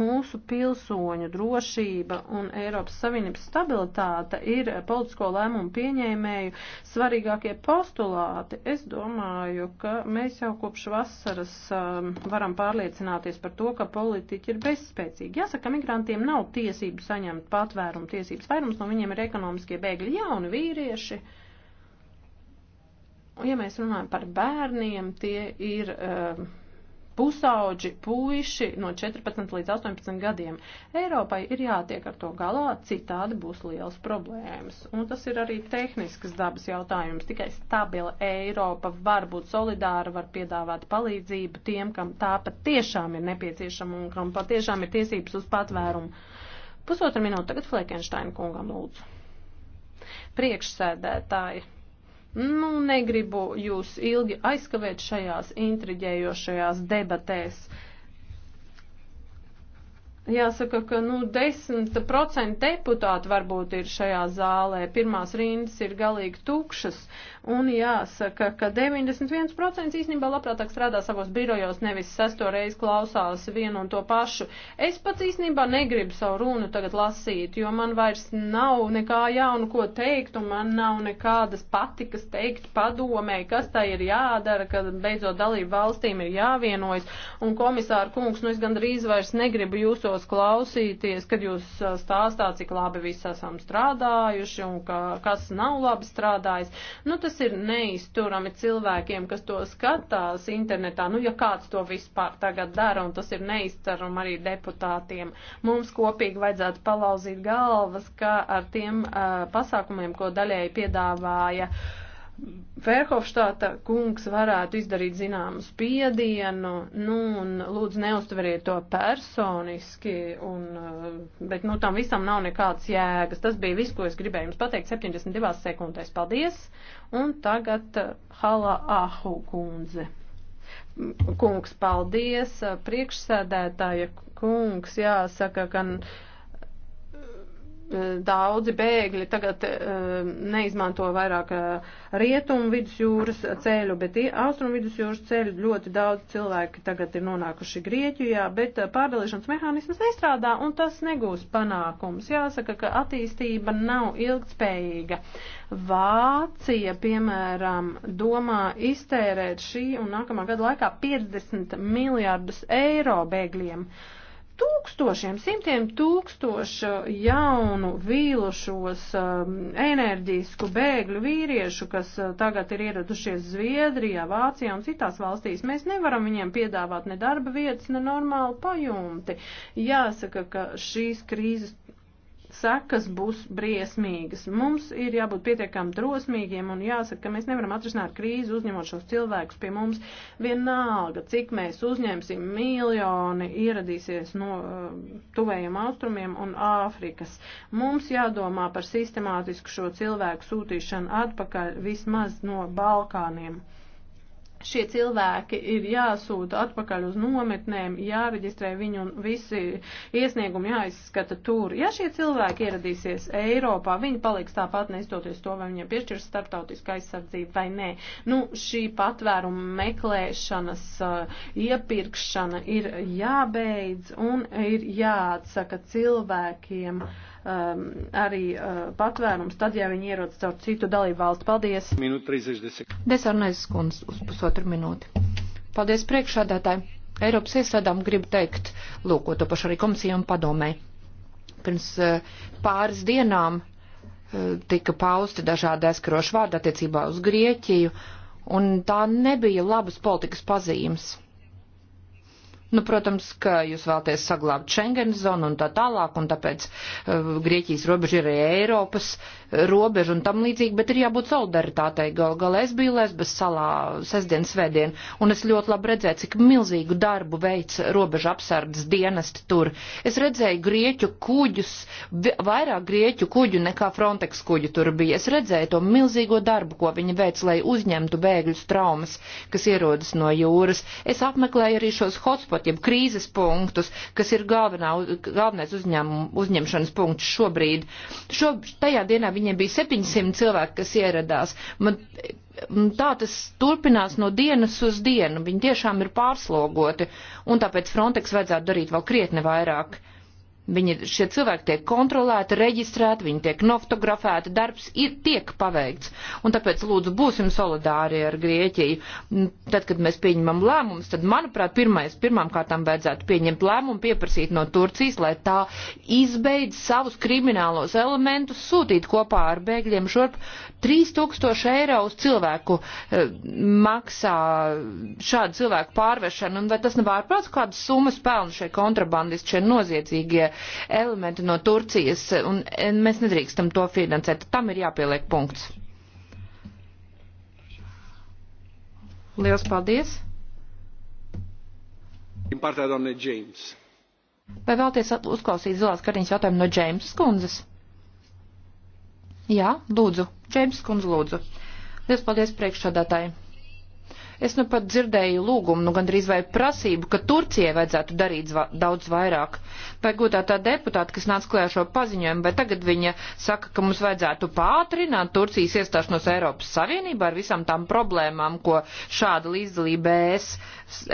Mūsu pilsoņu drošība un Eiropas Savienības stabilitāte ir politisko lēmumu pieņēmēju svarīgākie postulāti. Es domāju, ka mēs jau kopš vasaras um, varam pārliecināties par to, ka politiķi ir bezspēcīgi. Jāsaka, migrantiem nav tiesību saņemt patvērumu tiesības. Vairums no viņiem ir ekonomiskie bēgļi, jauni vīrieši. Ja mēs runājam par bērniem, tie ir. Uh, um, pusauģi puiši no 14 līdz 18 gadiem. Eiropai ir jātiek ar to galā, citādi būs liels problēmas. Un tas ir arī tehnisks dabas jautājums. Tikai stabila Eiropa var būt solidāra, var piedāvāt palīdzību tiem, kam tā pat tiešām ir nepieciešama un kam patiešām ir tiesības uz patvērumu. Pusotra minūte tagad Flekenštaina kungam lūdzu. Priekšsēdētāji. Nu, negribu jūs ilgi aizkavēt šajās intriģējošajās debatēs. Jāsaka, ka nu, 10% deputāti varbūt ir šajā zālē. Pirmās rindas ir galīgi tukšas, Un jāsaka, ka 91% īstenībā labprātāk strādā savos birojos, nevis sesto reizi klausās vienu un to pašu. Es pats īstenībā negribu savu runu tagad lasīt, jo man vairs nav nekā jaunu, ko teikt, un man nav nekādas patikas teikt padomē, kas tai ir jādara, kad beidzot dalību valstīm ir jāvienojas. Un komisāra kungs, nu es gandrīz vairs negribu jūsos klausīties, kad jūs stāstāt, cik labi visi esam strādājuši un ka, kas nav labi strādājis. Nu, tas tas ir neizturami cilvēkiem, kas to skatās internetā. Nu, ja kāds to vispār tagad dara, un tas ir neizturami arī deputātiem, mums kopīgi vajadzētu palauzīt galvas, ka ar tiem uh, pasākumiem, ko daļēji piedāvāja. Verhofstāta kungs varētu izdarīt zināmu spiedienu, nu, un lūdzu neustveriet to personiski, un, bet, nu, tam visam nav nekādas jēgas. Tas bija viss, ko es gribēju jums pateikt 72 sekundēs. Paldies! Un tagad uh, Hala Ahu kundze. Kungs, paldies, uh, priekšsēdētāja kungs, jāsaka, gan. Ka daudzi bēgļi tagad uh, neizmanto vairāk uh, rietumu vidusjūras ceļu, bet austrumu vidusjūras ceļu ļoti daudz cilvēki tagad ir nonākuši Grieķijā, bet uh, pārdalīšanas mehānisms nestrādā un tas negūs panākums. Jāsaka, ka attīstība nav ilgtspējīga. Vācija, piemēram, domā iztērēt šī un nākamā gada laikā 50 miljārdus eiro bēgļiem. Uh, tūkstošiem, simtiem tūkstošu jaunu vīlušos um, enerģisku bēgļu vīriešu, kas uh, tagad ir ieradušies Zviedrijā, Vācijā un citās valstīs. Mēs nevaram viņiem piedāvāt ne darba vietas, ne normālu pajumti. Jāsaka, ka šīs krīzes sekas būs briesmīgas. Mums ir jābūt pietiekami drosmīgiem un jāsaka, ka mēs nevaram atrisināt krīzi uzņemot šos cilvēkus pie mums. Vienalga, cik mēs uzņemsim, miljoni ieradīsies no eh, tuvējiem austrumiem un Āfrikas. Mums jādomā par sistemātisku šo cilvēku sūtīšanu atpakaļ vismaz no Balkāniem šie cilvēki ir jāsūta atpakaļ uz nometnēm, jāreģistrē viņu un visi iesniegumi jāizskata tur. Ja šie cilvēki ieradīsies Eiropā, viņi paliks tāpat neistoties to, vai viņiem piešķirs starptautiska aizsardzība vai nē. Nu, šī patvēruma meklēšanas uh, iepirkšana ir jābeidz un ir jāatsaka cilvēkiem. Uh, um, arī uh, patvērums, tad, ja viņi ierodas caur citu dalību valstu. Paldies! Minūte 30. Desarnais skundas uz pusotru minūti. Paldies priekšādātāji! Eiropas iestādām gribu teikt, lūk, to pašu arī komisijām un padomē. Pirms uh, pāris dienām uh, tika pausti dažādi aizskaroši vārdi attiecībā uz Grieķiju, un tā nebija labas politikas pazīmes Nu, protams, ka jūs vēlaties saglābt Schengenas zonu un tā tālāk, un tāpēc uh, Grieķijas robeža ir arī Eiropas eh, robeža un tam līdzīgi, bet ir jābūt solidaritātei. Gal galā es biju Lesbas salā sestdien, svētdien, un es ļoti labi redzēju, cik milzīgu darbu veic robeža apsardzes dienesti tur. Es redzēju Grieķu kuģus, vairāk Grieķu kuģu nekā Frontex kuģu tur bija. Es redzēju to milzīgo darbu, ko viņi veic, lai uzņemtu bēgļus traumas, kas ierodas no jūras. Es apmeklēju arī šos hotspots izmantot, jeb krīzes punktus, kas ir galvenā, galvenais uzņem, uzņemšanas punkts šobrīd. Šo, tajā dienā viņiem bija 700 cilvēki, kas ieradās. Man, tā tas turpinās no dienas uz dienu. Viņi tiešām ir pārslogoti, un tāpēc Frontex vajadzētu darīt vēl krietni vairāk. Uh, Viņi, šie cilvēki tiek kontrolēti, reģistrēti, viņi tiek noftografēti, darbs ir, tiek paveikts. Un tāpēc, lūdzu, būsim solidāri ar Grieķiju. Tad, kad mēs pieņemam lēmumus, tad, manuprāt, pirmais, pirmām kārtām vajadzētu pieņemt lēmumu, pieprasīt no Turcijas, lai tā izbeidz savus kriminālos elementus, sūtīt kopā ar bēgļiem šurp 3000 eiro uz cilvēku eh, maksā šādu cilvēku pārvešanu. Un vai tas nav ārprāts, kādas summas pelna šie kontrabandisti, šie noziedzīgie? elementi no Turcijas, un e, mēs nedrīkstam to finansēt. Tam ir jāpieliek punkts. Liels paldies! Din partea doamnei James. Vai vēlties uzklausīt zilās kartiņas jautājumu no Džeimsas kundzes? Jā, lūdzu. Džeims kundze, lūdzu. Liels paldies priekšsādātāji. Es nu pat dzirdēju lūgumu, nu gandrīz vai prasību, ka Turcijai vajadzētu darīt daudz vairāk. Vai gūtā tā deputāta, kas nāca klajā šo paziņojumu, vai tagad viņa saka, ka mums vajadzētu pātrināt Turcijas iestāšanos Eiropas Savienībā ar visām tām problēmām, ko šāda līdzdalība ES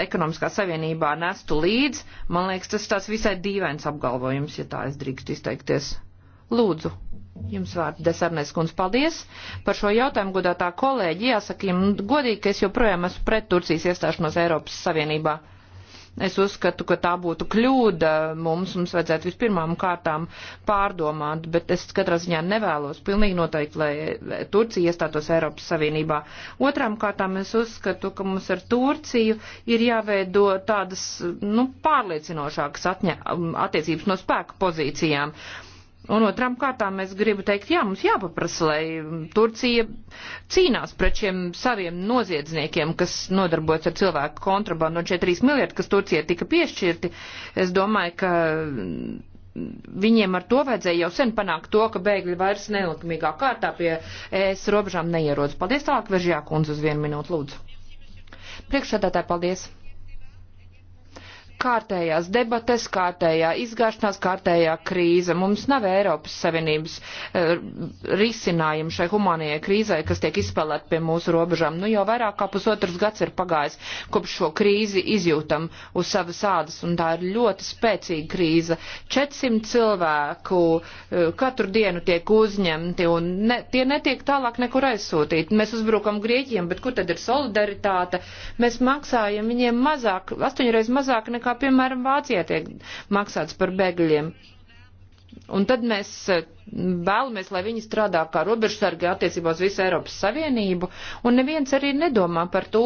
ekonomiskā savienībā nestu līdz? Man liekas, tas tāds visai dīvains apgalvojums, ja tā es drīkstu izteikties. Lūdzu, jums vārds Desarnēs kundze, paldies par šo jautājumu, godātā kolēģi. Jāsaka jums godīgi, ka es joprojām esmu pret Turcijas iestāšanos Eiropas Savienībā. Es uzskatu, ka tā būtu kļūda mums, mums vajadzētu vispirmām kārtām pārdomāt, bet es katrā ziņā nevēlos pilnīgi noteikti, lai Turcija iestātos Eiropas Savienībā. Otrām kārtām es uzskatu, ka mums ar Turciju ir jāveido tādas, nu, pārliecinošākas atņa, attiecības no spēka pozīcijām. Uh, Un otram kārtām es gribu teikt, jā, mums jāpaprasa, lai Turcija cīnās pret šiem saviem noziedzniekiem, kas nodarbojas ar cilvēku kontrabandu, un šie 3 miljardi, kas Turcija tika piešķirti, es domāju, ka viņiem ar to vajadzēja jau sen panākt to, ka bēgļi vairs nelikumīgā kārtā pie ES robežām neierodas. Paldies tālāk, Veržjā kundze, uz vienu minūtu lūdzu. Priekšsēdētāji, paldies! kārtējās debates, kārtējā izgāšanās, kārtējā krīze. Mums nav Eiropas Savienības uh, risinājumu šai humanajai krīzai, kas tiek izspēlēta pie mūsu robežām. Nu, jau vairāk kā pusotrs gads ir pagājis, kopš šo krīzi izjūtam uz savas ādas, un tā ir ļoti spēcīga krīze. 400 cilvēku uh, katru dienu tiek uzņemti, un ne, tie netiek tālāk nekur aizsūtīti. Mēs uzbrukam Grieķiem, bet kur tad ir solidaritāte? Mēs maksājam viņiem mazāk, astoņreiz mazāk nekā kā, piemēram, Vācijā tiek maksāts par bēgļiem. Un tad mēs e, vēlamies, lai viņi strādā kā robežsargi attiecībā uz visu Eiropas Savienību, un neviens arī nedomā par to,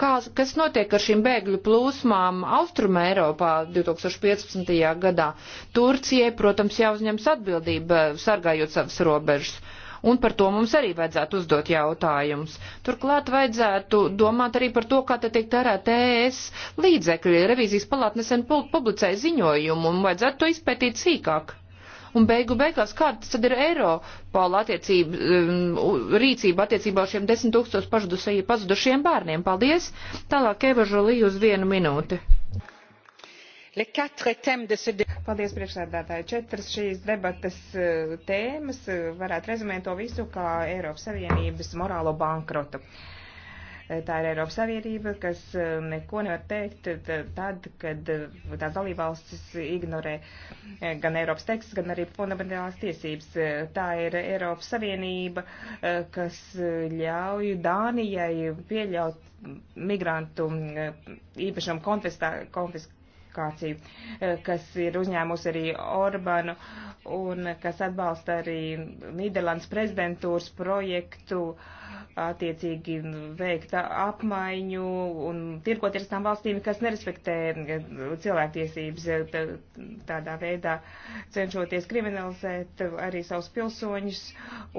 kā, kas notiek ar šīm bēgļu plūsmām Austruma Eiropā 2015. gadā. Turcijai, protams, jāuzņems atbildība sargājot savas robežas un par to mums arī vajadzētu uzdot jautājumus. Turklāt vajadzētu domāt arī par to, kā te tiek tērēt ES līdzekļi. Revīzijas palāta nesen publicēja ziņojumu un vajadzētu to izpētīt sīkāk. Un beigu beigās, kāds tad ir Eiropola attiecība, um, rīcība attiecībā uz šiem desmit tūkstošu pazudušajiem bērniem? Paldies! Tālāk Eva Žolī uz vienu minūti. Paldies, priekšsēdētāji. Četras šīs debatas eh, tēmas eh, varētu rezumēt to visu kā Eiropas Savienības morālo bankrotu. Eh, tā ir Eiropas Savienība, kas neko nevar teikt tad, kad tās dalībvalstis ignorē gan Eiropas tekstus, gan arī fundamentālās tiesības. Tā ir Eiropas Savienība, kas ļauj Dānijai pieļaut migrantu īpašam konfiskāciju kvalifikāciju, eh, kas ir uzņēmusi arī Orbanu un kas atbalsta arī Nīderlandes prezidentūras projektu attiecīgi veikt apmaiņu un tirkoties tām valstīm, kas nerespektē eh, cilvēktiesības eh, tādā veidā, cenšoties kriminalizēt arī savus pilsoņus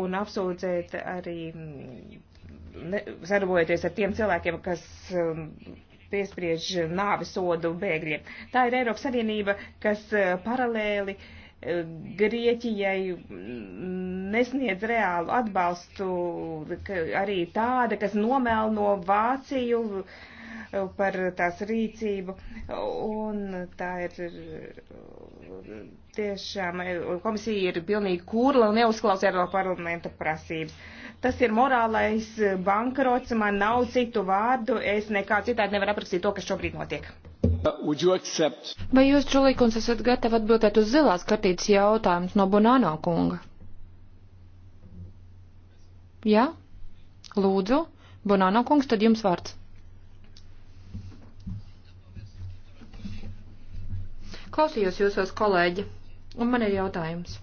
un apsūdzēt arī mm, ne, sadarbojoties ar tiem cilvēkiem, kas um, piespriež nāves sodu bēgļiem. Tā ir Eiropas Savienība, kas eh, paralēli eh, Grieķijai mm, nesniedz reālu atbalstu, arī tāda, kas nomelno Vāciju eh, par tās rīcību. Un tā ir tiešām, komisija ir pilnīgi kurla un neuzklausa Eiropa parlamenta prasības. Tas ir morālais bankrots, man nav citu vārdu, es nekā citādi nevaru aprakstīt to, kas šobrīd notiek. Uh, Vai jūs, Čulīkuns, esat gatavi atbildēt uz zilās kartītes jautājumus no Bonano kunga? Jā? Ja? Lūdzu, Bonano kungs, tad jums vārds. Klausījos jūsos kolēģi, un man ir jautājums.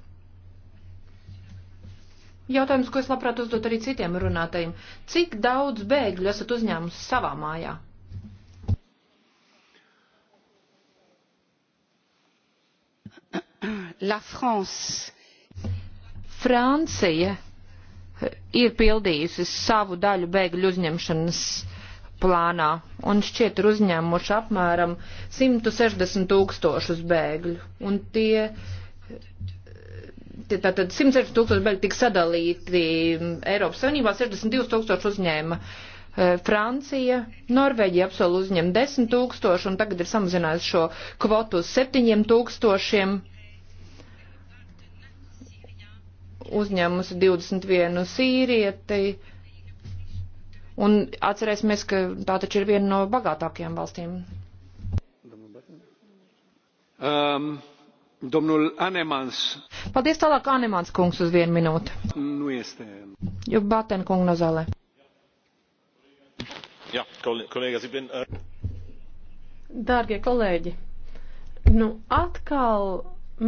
Jautājums, ko es labprāt uzdot arī citiem runātajiem. Cik daudz bēgļu esat uzņēmusi savā mājā? La France. Francija ir pildījusi savu daļu bēgļu uzņemšanas plānā un šķiet ir uzņēmuši apmēram 160 tūkstošus bēgļu. Un tie tātad 106 tūkstoši beļu tika sadalīti mm, Eiropas Savienībā, 62 tūkstoši uzņēma e, Francija, Norvēģija absolūti uzņem 10 tūkstoši un tagad ir samazinājusi šo kvotu uz 7 tūkstošiem. Uzņēmusi 21 sīrieti. Un atcerēsimies, ka tā taču ir viena no bagātākajām valstīm. Um. Domnul Anemans. Paldies tālāk, Anemans kungs, uz vienu minūti. Nu este. Jo Baten kungu no zālē. Jā, kolēģis, ik vien. Dārgie kolēģi, nu atkal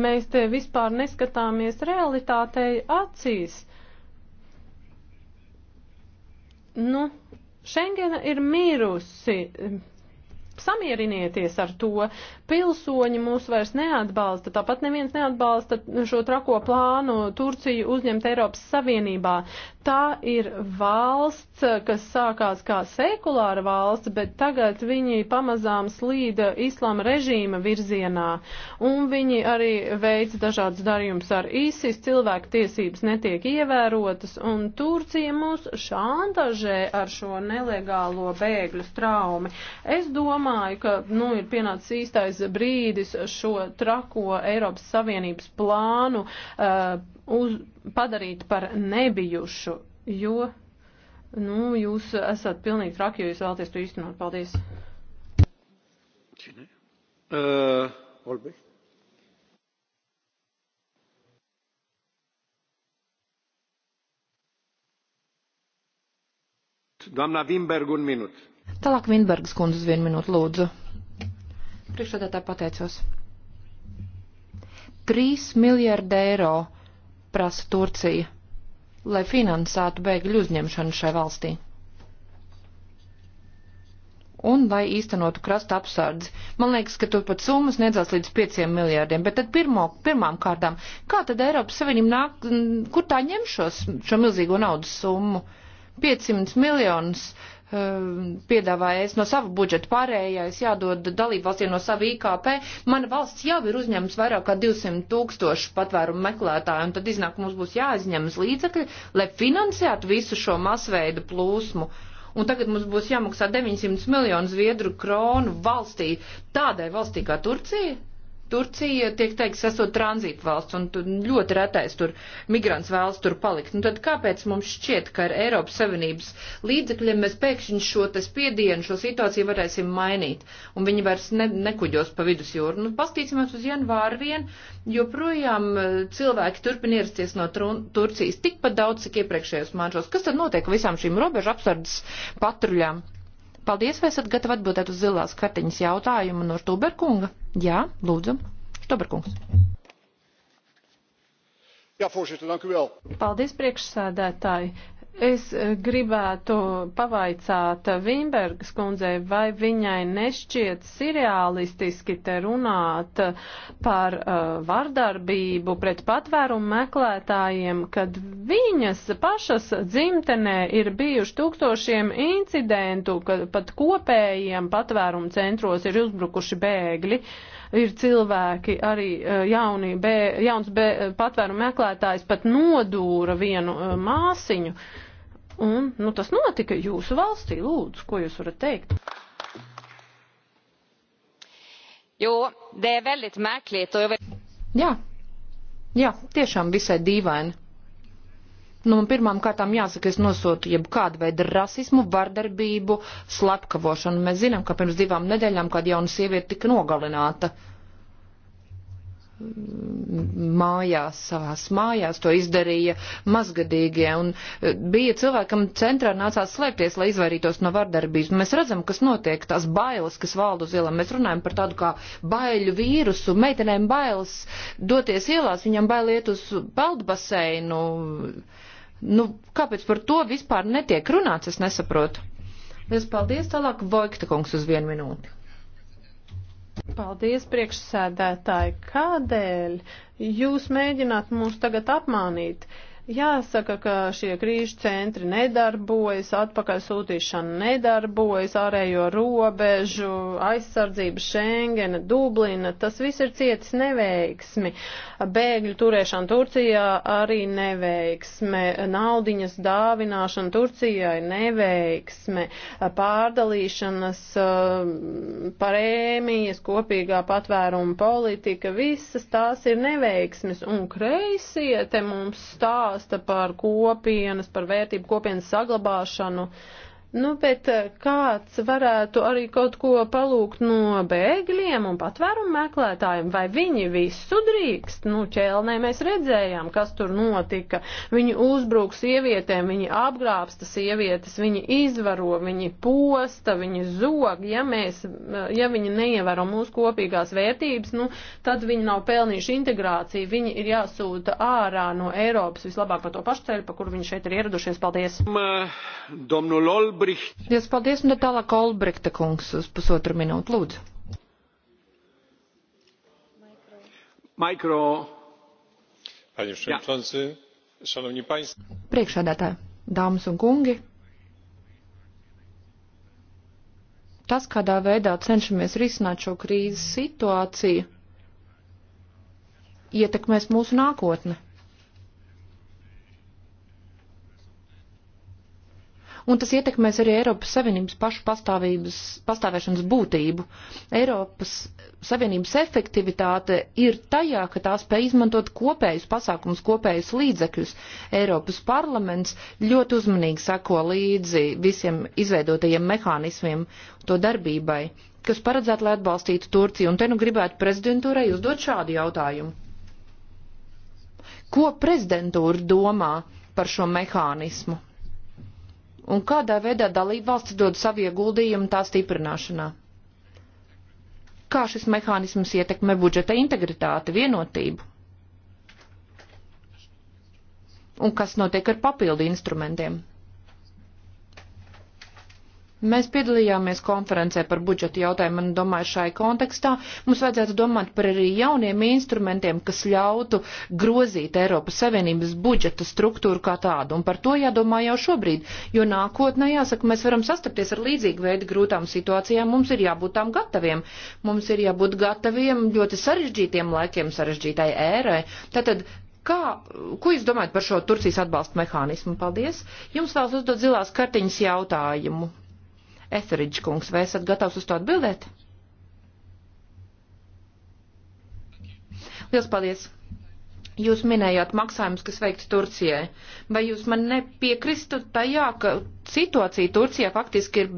mēs te vispār neskatāmies realitātei acīs. Nu, Šengena ir mīrusi samierinieties ar to. Pilsoņi mūs vairs neatbalsta, tāpat neviens neatbalsta šo trako plānu Turciju uzņemt Eiropas Savienībā. Tā ir valsts, kas sākās kā sekulāra valsts, bet tagad viņi pamazām slīda islāma režīma virzienā. Un viņi arī veids dažādas darījumus ar ISIS, cilvēku tiesības netiek ievērotas, un Turcija mūs šantažē ar šo nelegālo bēgļu straumi. Es domāju, domāju, ka nu, ir pienācis īstais brīdis šo trako Eiropas Savienības plānu uh, uz, padarīt par nebijušu, jo nu, jūs esat pilnīgi traki, jo jūs vēlaties to īstenot. Paldies. Uh, Olbrich. doamna wimberg un minut. Tālāk Vinbergas kundze uz vienu minūtu lūdzu. Priekšādātā pateicos. 3 miljārdi eiro prasa Turcija, lai finansētu bēgļu uzņemšanu šai valstī. Un lai īstenotu krasta apsardzi. Man liekas, ka tur pat summas nedzās līdz 5 miljārdiem. Bet tad pirmo, pirmām kārtām, kā tad Eiropas Savienība nāk, kur tā ņem šos, šo milzīgo naudas summu? 500 miljonus uh, Ehm, piedāvājies no sava budžeta pārējais jādod dalībvalstīm no sava IKP. Mana valsts jau ir uzņēmusi vairāk kā 200 tūkstošu patvērumu meklētāju, un tad iznāk mums būs jāizņemas līdzekļi, lai finansētu visu šo masveidu plūsmu. Un tagad mums būs jāmaksā 900 miljonu zviedru kronu valstī, tādai valstī kā Turcija. Turcija, tiek teiks, esot tranzītu valsts, un tu, ļoti retais tur migrants vēlas tur palikt. Nu tad kāpēc mums šķiet, ka ar Eiropas Savienības līdzekļiem mēs pēkšņi šo te spiedienu, šo situāciju varēsim mainīt, un viņi vairs ne, nekuģos pa vidusjūru? Nu, pastīsimies uz janvāru vien, jo projām eh, cilvēki turpin ierasties no trun, Turcijas tikpat daudz, cik iepriekšējos māčos. Kas tad notiek visām šīm robežu apsardzes patruļām? Paldies, vai esat gatavi atbildēt uz zilās kartiņas jautājumu no Štuberkunga? Jā, lūdzu. Štuberkungs. Jā, voorzitter, dank u wel. Paldies, priekšsēdētāji. Es e, gribētu pavaicāt Vimbergas kundzei, vai viņai nešķiet seriālistiski te runāt par uh, vardarbību pret patvērumu meklētājiem, kad viņas pašas dzimtenē ir bijuši tūkstošiem incidentu, kad pat kopējiem patvērumu centros ir uzbrukuši bēgļi. Uh, ir cilvēki arī e, jauni, bē, jauns bē, patvēru meklētājs pat nodūra vienu e, māsiņu. Un, nu, tas notika jūsu valstī, lūdzu, ko jūs varat teikt? Jo, det är väldigt märkligt. Och jag... Jā, jā, tiešām visai dīvaini. Nu, pirmām kārtām jāsaka, es nosūtu jebkādu veidu rasismu, vardarbību, slepkavošanu. Mēs zinām, ka pirms divām nedēļām kāda jauna sieviete tika nogalināta mājās, savās mājās, to izdarīja mazgadīgie, un e, bija cilvēkam centrā nācās slēpties, lai izvairītos no vardarbības. Mēs redzam, kas notiek, tās bailes, kas valda uz ielām. Mēs runājam par tādu kā baiļu vīrusu, meitenēm bailes doties ielās, viņam bailiet uz peldbaseinu. baseinu Nu, kāpēc par to vispār netiek runāts, es nesaprotu. Liels paldies, tālāk Vojkta kungs uz vienu minūti. Paldies, priekšsēdētāji, kādēļ jūs mēģināt mūs tagad apmānīt? Uh, Jāsaka, ka šie krīžu centri nedarbojas, atpakaļ sūtīšana nedarbojas, ārējo robežu, aizsardzība Schengena, Dublina, tas viss ir cietis neveiksmi. Bēgļu turēšana Turcijā arī neveiksme, naudiņas dāvināšana Turcijai neveiksme, pārdalīšanas um, parēmijas, kopīgā patvēruma politika, visas tās ir neveiksmes. Un kreisie te mums stāsta stāsta par kopienas, par vērtību kopienas saglabāšanu. Uh, Nu, bet eh, kāds varētu arī kaut ko palūgt no bēgļiem un patvērumu meklētājiem, vai viņi visu drīkst? Nu, ķēlnē mēs redzējām, kas tur notika. Viņi uzbruk sievietēm, viņi apgrābsta sievietes, viņi izvaro, viņi posta, viņi zog. Ja, mēs, eh, ja viņi neievaro mūsu kopīgās vērtības, nu, tad viņi nav pelnījuši integrāciju, viņi ir jāsūta ārā no Eiropas vislabāk pa to pašu ceļu, pa kuru viņi šeit ir ieradušies. Paldies! Domnul Olb, Olbricht. Paldies, paldies, un tālāk Olbrikta kungs uz pusotru minūtu, lūdzu. Mikro. Panie Przewodniczący, Szanowni Państwo. Priekšādātāji, dāmas un kungi. Tas, kādā veidā cenšamies risināt šo krīzes situāciju, ietekmēs mūsu nākotni un tas ietekmēs arī Eiropas Savienības pašu pastāvēšanas būtību. Eiropas Savienības efektivitāte ir tajā, ka tā spēj izmantot kopējus pasākumus, kopējus līdzekļus. Eiropas parlaments ļoti uzmanīgi sako līdzi visiem izveidotajiem mehānismiem to darbībai, kas paredzētu, lai atbalstītu Turciju. Un te nu gribētu prezidentūrai uzdot šādu jautājumu. Ko prezidentūra domā par šo mehānismu? un kādā veidā dalība valsts dod savu ieguldījumu tā stiprināšanā. Kā šis mehānisms ietekmē budžeta integritāti, vienotību? Un kas notiek ar papildu instrumentiem? Mēs piedalījāmies konferencē par budžetu jautājumu un domāju šai kontekstā mums vajadzētu domāt par arī jauniem instrumentiem, kas ļautu grozīt Eiropas Savienības budžeta struktūru kā tādu. Un par to jādomā jau šobrīd, jo nākotnē, jāsaka, mēs varam sastapties ar līdzīgu veidu grūtām situācijām. Mums ir jābūt tām gataviem. Mums ir jābūt gataviem ļoti sarežģītiem laikiem, sarežģītai ērai. Tātad Kā, ko jūs domājat par šo Turcijas atbalsta mehānismu? Paldies. Jums vēl uzdot zilās kartiņas jautājumu. Eferiģis kungs, vai esat gatavs uz to atbildēt? Liels paldies! Jūs minējāt maksājumus, kas veikti Turcijai. Vai jūs man nepiekristu tajā, ka situācija Turcijā faktiski ir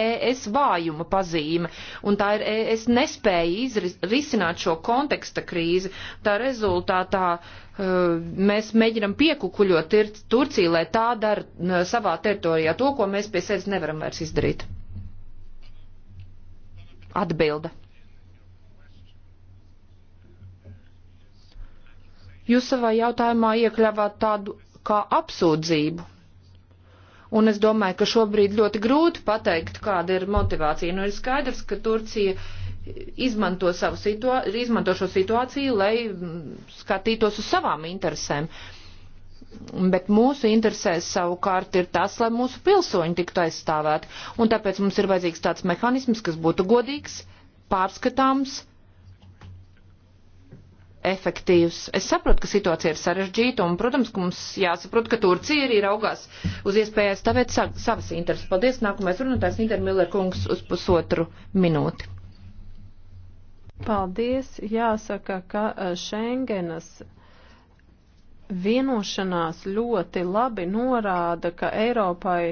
ES vājuma pazīme, un tā ir ES nespēja izrisināt šo konteksta krīzi. Tā rezultātā uh, mēs mēģinam piekukuļot Turciju, lai tā dara uh, savā teritorijā to, ko mēs pie sevis nevaram vairs izdarīt. Atbilde. Jūs savā jautājumā iekļāvāt tādu kā apsūdzību. Un es domāju, ka šobrīd ļoti grūti pateikt, kāda ir motivācija. Nu, ir skaidrs, ka Turcija izmanto, savu situā izmanto šo situāciju, lai mm, skatītos uz savām interesēm. Bet mūsu interesēs savukārt ir tas, lai mūsu pilsoņi tiktu aizstāvēti. Un tāpēc mums ir vajadzīgs tāds mehānisms, kas būtu godīgs, pārskatāms efektīvs. Es saprotu, ka situācija ir sarežģīta un, protams, ka mums jāsaprot, ka Turcija arī raugās uz iespēju aizstāvēt sa savas intereses. Paldies, nākamais runātājs Nīdermiller kungs uz pusotru minūti. Paldies, jāsaka, ka Šengenas e, vienošanās ļoti labi norāda, ka Eiropai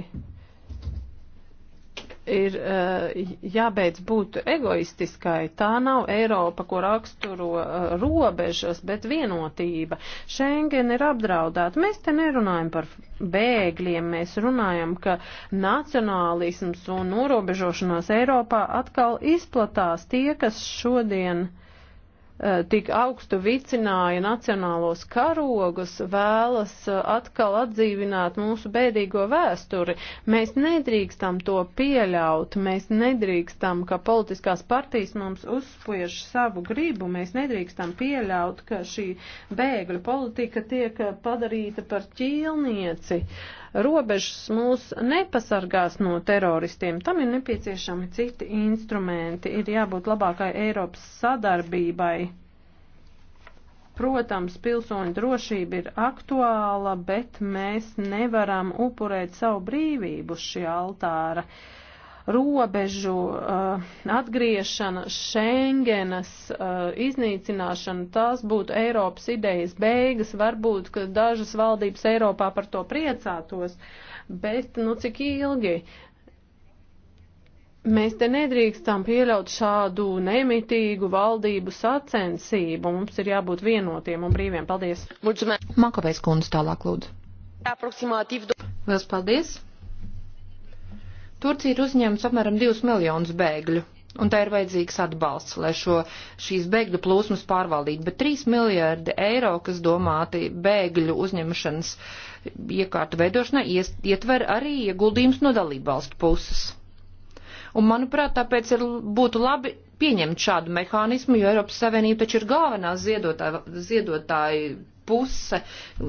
ir eh, jābeidz būt egoistiskai. Tā nav Eiropa, ko raksturo eh, robežas, bet vienotība. Schengen ir apdraudēta. Mēs te nerunājam par bēgļiem, mēs runājam, ka nacionālisms un norobežošanās Eiropā atkal izplatās tie, kas šodien uh, Eh, tik augstu vicināja nacionālos karogus, vēlas eh, atkal atdzīvināt mūsu bēdīgo vēsturi. Mēs nedrīkstam to pieļaut, mēs nedrīkstam, ka politiskās partijas mums uzspiež savu gribu, mēs nedrīkstam pieļaut, ka šī bēgļu politika tiek eh, padarīta par ķīlnieci. Uh, robežas mūs nepasargās no teroristiem. Tam ir nepieciešami citi instrumenti, ir jābūt labākai Eiropas sadarbībai. Protams, pilsoņu drošība ir aktuāla, bet mēs nevaram upurēt savu brīvību šī altāra. Uh, robežu uh, atgriešana, Schengenas uh, iznīcināšana, tās būtu Eiropas idejas beigas, varbūt, ka dažas valdības Eiropā par to priecātos, bet, nu, cik ilgi? Mēs te nedrīkstam pieļaut šādu nemitīgu valdību sacensību. Mums ir jābūt vienotiem un brīviem. Paldies! Mulțumesc! Makovais kundze tālāk lūdzu. Aproximatīvi. Liels paldies! Turcija ir uzņēmusi apmēram 2 miljonus bēgļu, un tā ir vajadzīgs atbalsts, lai šo, šīs bēgļu plūsmas pārvaldītu, bet 3 miljārdi eiro, kas domāti bēgļu uzņemšanas iekārtu veidošanai, ietver arī ieguldījums no dalībvalstu puses. Un, manuprāt, tāpēc ir, būtu labi pieņemt šādu mehānismu, jo Eiropas Savienība taču ir galvenā ziedotāja, ziedotāja puse,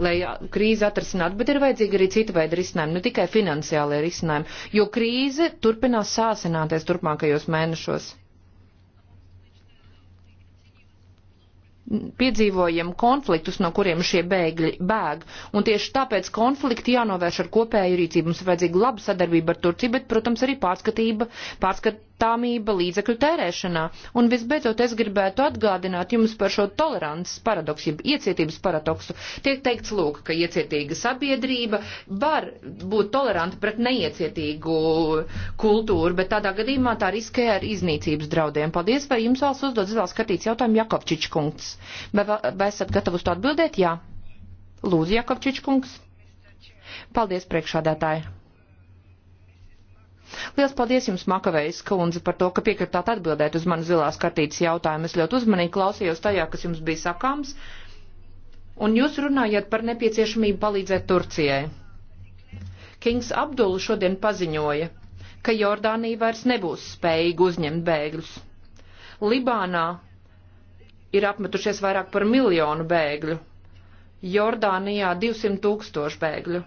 lai krīze atrasinātu, bet ir vajadzīgi arī cita veida risinājumi, ne nu tikai finansiālie risinājumi, jo krīze turpinās sāsināties turpmākajos mēnešos. Piedzīvojam konfliktus, no kuriem šie bēgļi bēg, un tieši tāpēc konflikti jānovērš ar kopēju rīcību. Mums ir vajadzīga laba sadarbība ar Turciju, bet, protams, arī pārskatība, pārskat, caurskatāmība līdzekļu tērēšanā. Un visbeidzot, es gribētu atgādināt jums par šo tolerances paradoksu, jeb iecietības paradoksu. Tiek teikts, lūk, ka iecietīga sabiedrība var būt toleranta pret neiecietīgu kultūru, bet tādā gadījumā tā riskē ar iznīcības draudiem. Paldies, vai jums vēl uzdod vēl skatīts jautājumu Jakovčič kungs. Vai, vai esat gatavi uz to atbildēt? Jā. Lūdzu, Jakovčič kungs. Paldies, priekšādātāji. Lielas paldies jums, Makavejas kundze, par to, ka piekritāt atbildēt uz manu zilās kartītes jautājumu. Es ļoti uzmanīgi klausījos tajā, kas jums bija sakāms, un jūs runājat par nepieciešamību palīdzēt Turcijai. Kings Abdul šodien paziņoja, ka Jordānija vairs nebūs spējīga uzņemt bēgļus. Libānā ir apmetušies vairāk par miljonu bēgļu, Jordānijā 200 tūkstošu bēgļu.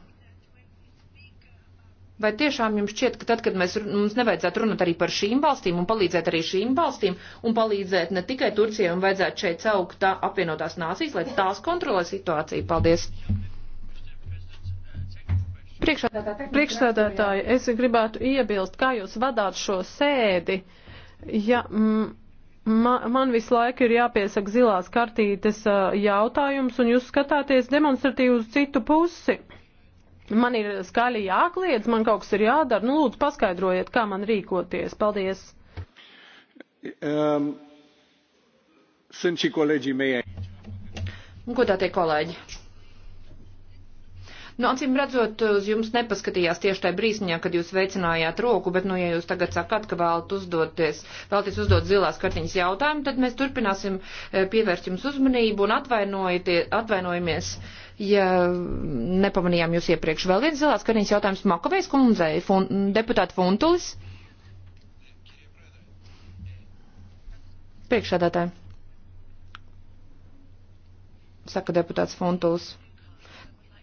Vai tiešām jums šķiet, ka tad, kad mēs, mums nevajadzētu runāt arī par šīm valstīm un palīdzēt arī šīm valstīm un palīdzēt ne tikai Turcijai un vajadzētu šeit caukt tā apvienotās nācijas, lai tās kontrolē situāciju? Paldies! Priekšsēdētāji, es gribētu iebilst, kā jūs vadāt šo sēdi. Ja, mm, Man, man visu laiku ir jāpiesaka zilās kartītes jautājums, un jūs skatāties demonstratīvi uz citu pusi. Man ir skaļi jākliedz, man kaut kas ir jādara. Nu, lūdzu, paskaidrojiet, kā man rīkoties. Paldies. Um, Sunt și colegii mei. Godātie kolēģi, Nu, acīm redzot, uz jums nepaskatījās tieši tajā brīsniņā, kad jūs veicinājāt roku, bet, nu, ja jūs tagad sakat, ka vēlat uzdoties, vēlaties uzdot zilās kartiņas jautājumu, tad mēs turpināsim e, pievērst jums uzmanību un atvainojamies, ja nepamanījām jūs iepriekš. Vēl viens zilās kartiņas jautājums Makavejs kundzei, fun, deputāta Funtulis. Priekšādātāji. Saka deputāts Funtulis.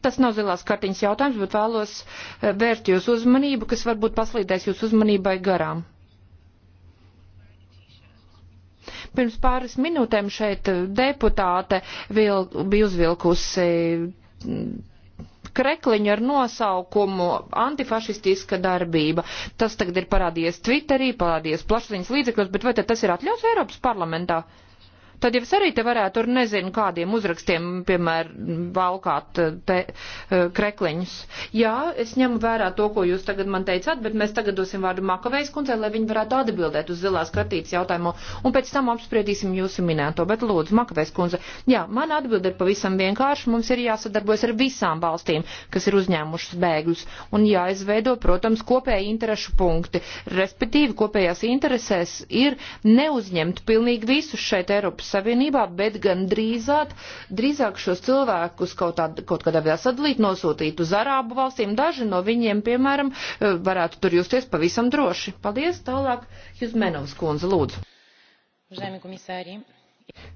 Tas nav zilās kartiņas jautājums, bet vēlos eh, vērst jūsu uzmanību, kas varbūt paslīdēs jūsu uzmanībai garām. Pirms pāris minūtēm šeit eh, deputāte vil, bija uzvilkusi mm, krekliņu ar nosaukumu antifašistiska darbība. Tas tagad ir parādījies Twitterī, parādījies plašsaziņas līdzekļos, bet vai tad tas ir atļauts Eiropas parlamentā? Uh, tad jau es arī te varētu ar nezinu kādiem uzrakstiem, piemēram, valkāt eh, te eh, krekliņus. Jā, es ņemu vērā to, ko jūs tagad man teicāt, bet mēs tagad dosim vārdu Makavejas kundzei, lai viņi varētu atbildēt uz zilās kartītes jautājumu, un pēc tam apspriedīsim jūsu minēto. Bet lūdzu, Makavejas kundze, jā, man atbild ir pavisam vienkārši, mums ir jāsadarbojas ar visām valstīm, kas ir uzņēmušas bēgļus, un jāizveido, protams, kopēji interešu punkti, respektīvi kopējās interesēs ir neuzņemt pilnīgi visus šeit Eiropas Savienībā, bet gan drīzāk, drīzāk šos cilvēkus kaut, tā, kaut kādā veidā sadalīt, nosūtīt uz Arābu valstīm. Daži no viņiem, piemēram, eh, varētu tur justies pavisam droši. Paldies, tālāk Juzmenovs kundze, lūdzu.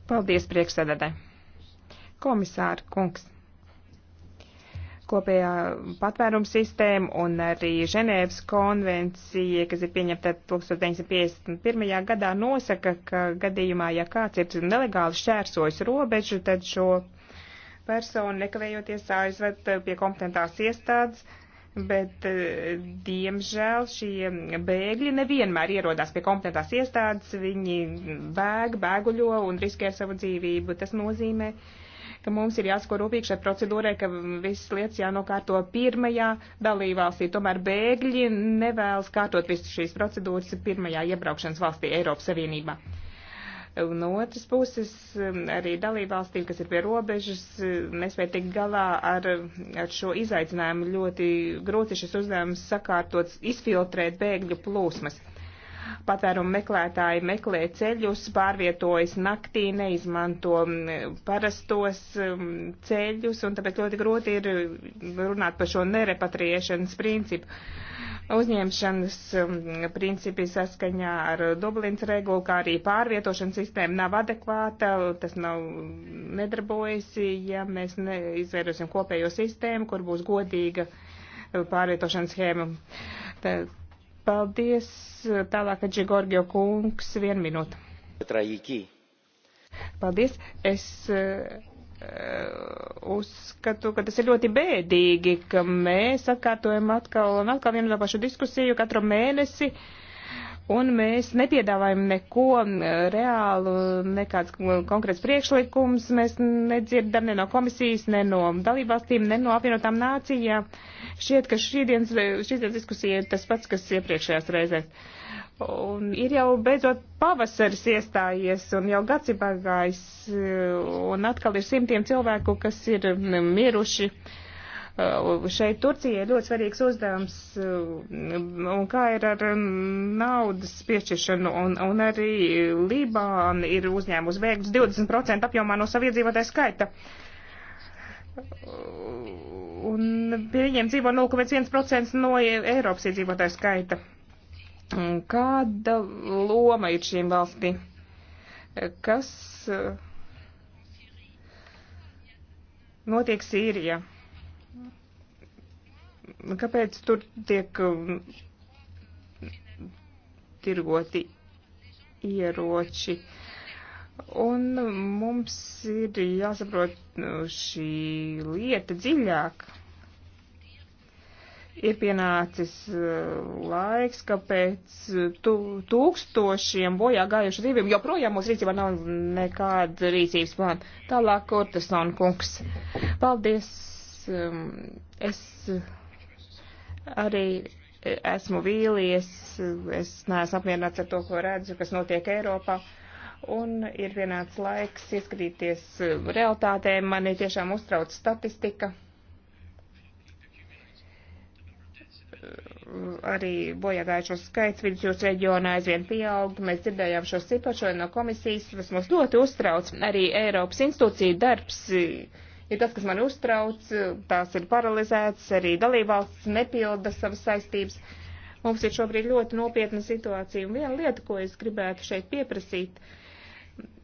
Paldies, priekšsēdētāji. Komisāri, kungs kopējā patvērums sistēma un arī Ženēvas konvencija, kas ir pieņemta 1951. gadā, nosaka, ka gadījumā, ja kāds ir nelegāli šķērsojis robežu, tad šo personu nekavējoties aizved pie kompetentās iestādes, bet, eh, diemžēl, šie bēgļi nevienmēr ierodās pie kompetentās iestādes, viņi bēg, bēguļo un riskē savu dzīvību. Tas nozīmē, uh, ka mums ir jāsako rūpīgi šai procedūrai, ka visas lietas jānokārto pirmajā dalībvalstī. Tomēr bēgļi nevēlas kārtot visu šīs procedūras pirmajā iebraukšanas valstī Eiropas Savienībā. No otras puses, um, arī dalībvalstīm, kas ir pie robežas, um, nespēja tikt galā ar, ar šo izaicinājumu. Ļoti grūti šis uzdevums sakārtot, izfiltrēt bēgļu plūsmas patvērumu meklētāji meklē ceļus, pārvietojas naktī, neizmanto mm, parastos mm, ceļus, un tāpēc ļoti grūti ir runāt par šo nerepatriešanas principu. Uzņemšanas mm, principi saskaņā ar Dublins regulu, kā arī pārvietošanas sistēma nav adekvāta, tas nav nedarbojas, ja mēs neizveidosim kopējo sistēmu, kur būs godīga pārvietošanas schēma. Tad, Paldies. Tālāk, Džigorgio kungs, vienu minūtu. Traģikī. Paldies. Es eh, uzskatu, ka tas ir ļoti bēdīgi, ka mēs atkārtojam atkal un atkal vienu to pašu diskusiju katru mēnesi. Uh, un mēs nepiedāvājam neko eh, reālu, nekāds konkrēts priekšlikums, mēs nedzirdam ne no komisijas, ne no dalībvalstīm, ne no apvienotām nācijām. Šķiet, ka šīdienas, šīdienas diskusija ir tas pats, kas iepriekšējās reizēs. Un ir jau beidzot pavasaris iestājies un jau gads ir pagājis, eh, un atkal ir simtiem cilvēku, kas ir miruši. Uh, Uh, šeit Turcija ir ļoti svarīgs uzdevums, uh, un kā ir ar um, naudas piešķiršanu, un, un arī Libāna ir uzņēmusi bēgļus 20% apjomā no savu iedzīvotāju skaita. Uh, un pie viņiem dzīvo 0,1% no Eiropas iedzīvotāju skaita. Kāda loma ir šīm valstīm? Kas notiek Sīrijā? Kāpēc tur tiek um, tirgoti ieroči? Un mums ir jāsaprot nu, šī lieta dziļāk. Ir pienācis uh, laiks, kāpēc uh, tu, tūkstošiem bojā gājušu dzīvību joprojām mūsu rīcībā nav nekāda rīcības plāna. Tālāk, Kortesona kungs. Paldies. Um, es Arī e, esmu vīlies, es neesmu apmierināts ar to, ko redzu, kas notiek Eiropā. Un ir vienāds laiks ieskatīties e, realitātē. Mani tiešām uztrauc statistika. E, arī bojāgājušo skaits vidusjūras reģionā aizvien pieaug. Mēs dzirdējām šo situāciju no komisijas, tas mums ļoti uztrauc. Arī Eiropas institūcija darbs ir tas, kas man uztrauc, tās ir paralizētas, arī dalībvalsts nepilda savas saistības. Mums ir šobrīd ļoti nopietna situācija, un viena lieta, ko es gribētu šeit pieprasīt,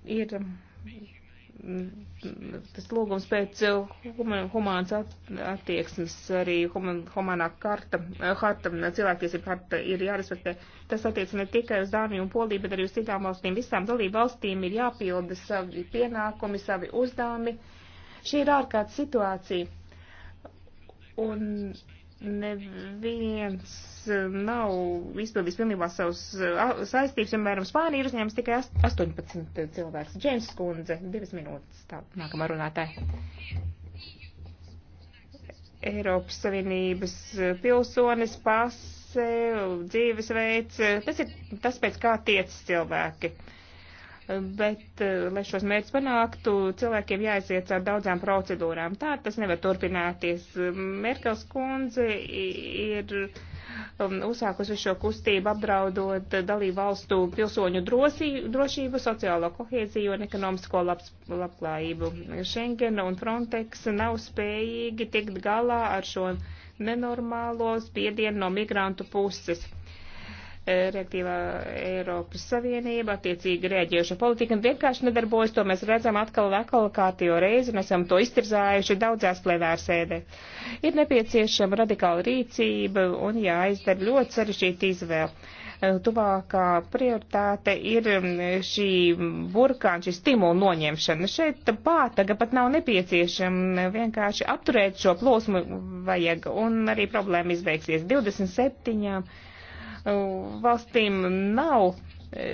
ir mm, mm, tas lūgums pēc uh, humānas attieksmes, arī humānā karta, uh, harta, cilvēktiesība harta ir jārespektē. Tas attiec ne tikai uz Dāniju un Poliju, bet arī uz citām valstīm. Visām dalību valstīm ir jāpilda savi pienākumi, savi uzdāmi. Uh, Šī ir ārkārtas situācija. Un neviens nav izpildījis pilnībā savus saistības. Piemēram, Spānija ir uzņēmusi tikai 18 cilvēks. Džeims Skundze, divas minūtes, tā nākamā runātāja. Eiropas Savienības pilsonis, pase, dzīvesveids, tas ir tas, pēc kā tiec cilvēki. Uh, bet, eh, lai šos mērķus panāktu, cilvēkiem jāiziet ar daudzām procedūrām. Tā tas nevar turpināties. Merkels kundze ir um, uzsākusi šo kustību apdraudot dalību valstu pilsoņu drošību, sociālo kohēziju un ekonomisko labs, labklājību. Schengen un Frontex nav spējīgi tikt galā ar šo nenormālo spiedienu no migrantu puses reaktīvā Eiropas Savienība, attiecīgi rēģējuša politika vienkārši nedarbojas, to mēs redzam atkal un atkal kārtījo reizi, un esam to iztirzājuši daudzās plēvērsēdē. Ir nepieciešama radikāla rīcība un jāizdara ļoti sarežģīta izvēle tuvākā prioritāte ir um, šī burkāna, šī stimula noņemšana. Šeit pātaga pat nav nepieciešama, vienkārši apturēt šo plosmu vajag, un arī problēma izbeigsies 27 valstīm nav e,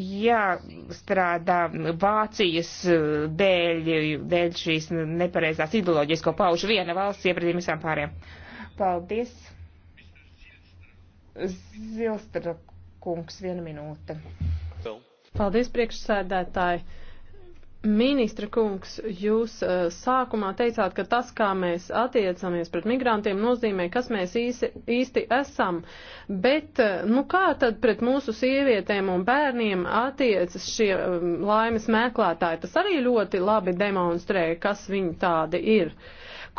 jāstrādā Vācijas e, dēļ, dēļ šīs nepareizās ideoloģijas, ko pauž viena valsts iepratīm visām pārējām. Paldies. Zilstra kungs, viena minūte. Paldies, priekšsēdētāji. Ministra kungs, jūs uh, sākumā teicāt, ka tas, kā mēs attiecamies pret migrantiem, nozīmē, kas mēs īsi, īsti esam. Bet, uh, nu kā tad pret mūsu sievietēm un bērniem attiecas šie uh, laimes meklētāji? Tas arī ļoti labi demonstrē, kas viņi tādi ir.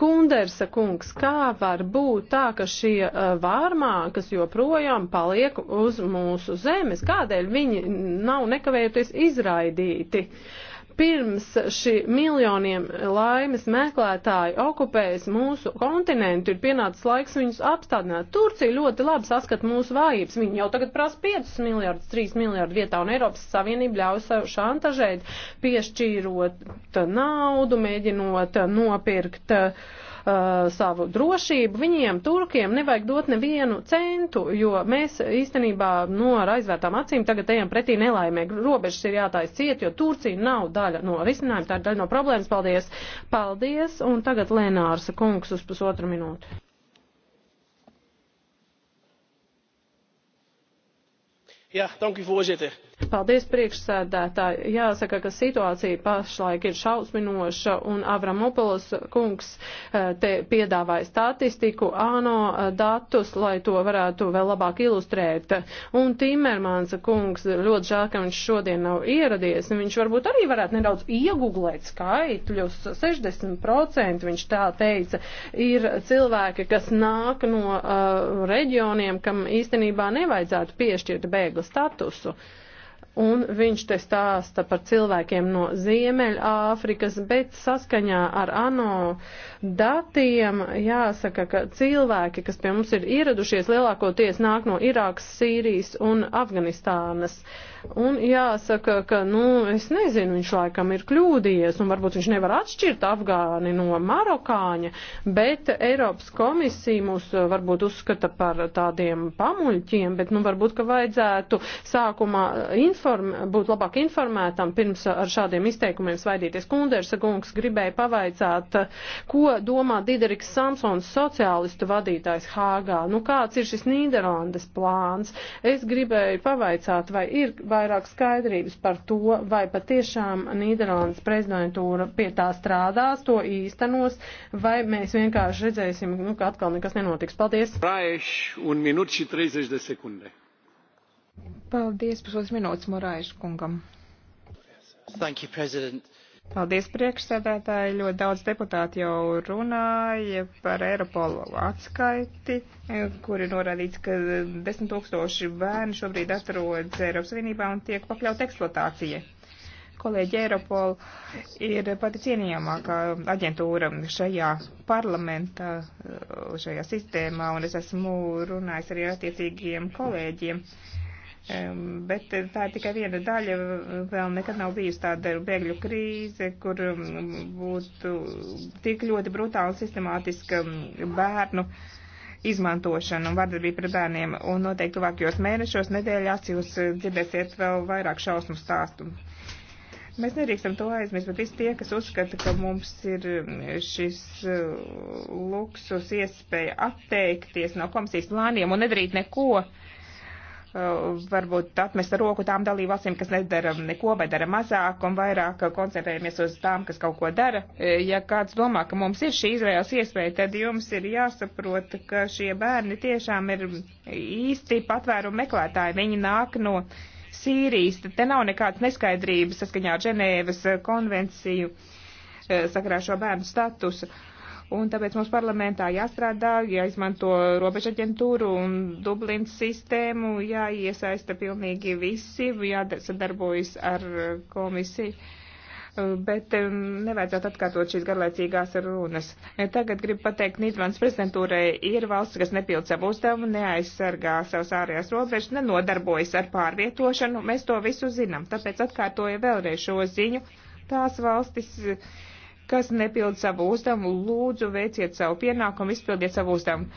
Kundersa kungs, kā var būt tā, ka šie uh, vārmā, kas joprojām paliek uz mūsu zemes, kādēļ viņi nav nekavējoties izraidīti? Uh, pirms šī miljoniem laimes meklētāji okupējas mūsu kontinentu, ir pienācis laiks viņus apstādināt. Turcija ļoti labi saskat mūsu vājības. Viņi jau tagad prasa 5 miljardus, 3 miljardu vietā, un Eiropas Savienība ļauj sev šantažēt, piešķīrot naudu, mēģinot nopirkt uh, Uh, savu drošību, viņiem, turkiem, nevajag dot nevienu centu, jo mēs īstenībā no ar aizvērtām acīm tagad ejam pretī nelaimē. Robežas ir jātājas ciet, jo Turcija nav daļa no risinājuma, tā ir daļa no problēmas. Paldies! Paldies! Un tagad Lenārs kungs uz pusotru minūti. Ja, dank u voorzitter. Paldies, priekšsēdētāji. Jāsaka, ka situācija pašlaik ir šausminoša, un Avramopolis kungs eh, te piedāvāja statistiku, ANO eh, datus, lai to varētu vēl labāk ilustrēt. Un Timermans kungs, ļoti žēl, ka viņš šodien nav ieradies. Viņš varbūt arī varētu nedaudz ieguglēt skaitļus. 60% viņš tā teica, ir cilvēki, kas nāk no uh, reģioniem, kam īstenībā nevajadzētu piešķirt bēgla statusu. Uh, Un viņš te stāsta par cilvēkiem no Ziemeļāfrikas, bet saskaņā ar ANO datiem jāsaka, ka cilvēki, kas pie mums ir ieradušies, lielākoties nāk no Irākas, Sīrijas un Afganistānas. Uh, Un jāsaka, ka, nu, es nezinu, viņš laikam ir kļūdījies, un varbūt viņš nevar atšķirt Afgāni no Marokāņa, bet Eiropas komisija mūs eh, varbūt uzskata par tādiem pamuļķiem, bet, nu, varbūt, ka vajadzētu sākumā eh, inform, būt labāk informētam pirms ar šādiem izteikumiem svaidīties. Kundersa kungs gribēja pavaicāt, ko domā Dideriks Samsons, sociālistu vadītājs Hāgā. Nu, kāds ir šis Nīderlandes plāns? Es gribēju pavaicāt, vai ir vairāk skaidrības par to, vai patiešām Nīderlandes prezidentūra pie tā strādās, to īstenos, vai mēs vienkārši redzēsim, nu, ka atkal nekas nenotiks. Paldies! Paldies, pusotras minūtes Morājušu kungam. Thank you, President Paldies priekšsēdētāji. Ļoti daudz deputāti jau runāja par Eiropolu atskaiti, kur ir norādīts, ka 10 tūkstoši bērni šobrīd atrodas Eiropas Savienībā un tiek pakļaut eksploatācijai. Kolēģi Eiropol ir pati cienījamākā aģentūra šajā parlamentā, šajā sistēmā, un es esmu runājis arī ar attiecīgiem kolēģiem. Uh, Bet tā ir tikai viena daļa. Vēl nekad nav bijusi tāda bēgļu krīze, kur būtu tik ļoti brutāla un sistemātiska bērnu izmantošana un vardarbība pret bērniem. Un noteikti tuvākajos mēnešos, nedēļās jūs eh, dzirdēsiet vēl vairāk šausmu stāstu. Mēs nedrīkstam to aizmirst, bet visi tie, kas uzskata, ka mums ir šis eh, luksus iespēja atteikties no komisijas plāniem un nedarīt neko, uh, Eh, varbūt atmest roku tām dalībvalstīm, kas nedara neko vai dara mazāk un vairāk koncentrējamies uz tām, kas kaut ko dara. Eh, ja kāds domā, ka mums ir šī izvēles iespēja, tad jums ir jāsaprot, ka šie bērni tiešām ir īsti patvērumu meklētāji. Viņi nāk no Sīrijas, tad te nav nekādas neskaidrības saskaņā ar Ženēvas konvenciju eh, sakarā šo bērnu statusu. Uh, Un tāpēc mums parlamentā jāstrādā, jāizmanto robeža aģentūru un Dublins sistēmu, jāiesaista pilnīgi visi, jāsadarbojas ar komisiju. Bet um, nevajadzētu atkārtot šīs garlaicīgās runas. Tagad gribu pateikt, Nīderlandes prezidentūrai ir valsts, kas nepild savu uzdevumu, neaizsargā savas ārējās robežas, nenodarbojas ar pārvietošanu. Mēs to visu zinām. Tāpēc atkārtoju vēlreiz šo ziņu. Tās valstis kas nepild savu uzdevumu, lūdzu veiciet savu pienākumu, izpildiet savu uzdevumu.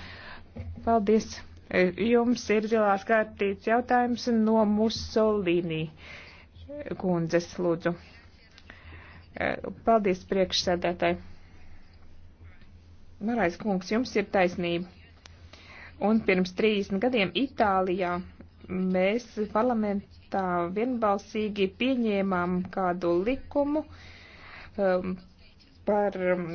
Paldies! E, jums ir zilās kārtīts jautājums no Musolīnī kundzes, lūdzu. E, paldies priekšsēdētāji. Marais kungs, jums ir taisnība. Un pirms 30 gadiem Itālijā mēs parlamentā vienbalsīgi pieņēmām kādu likumu um, par um,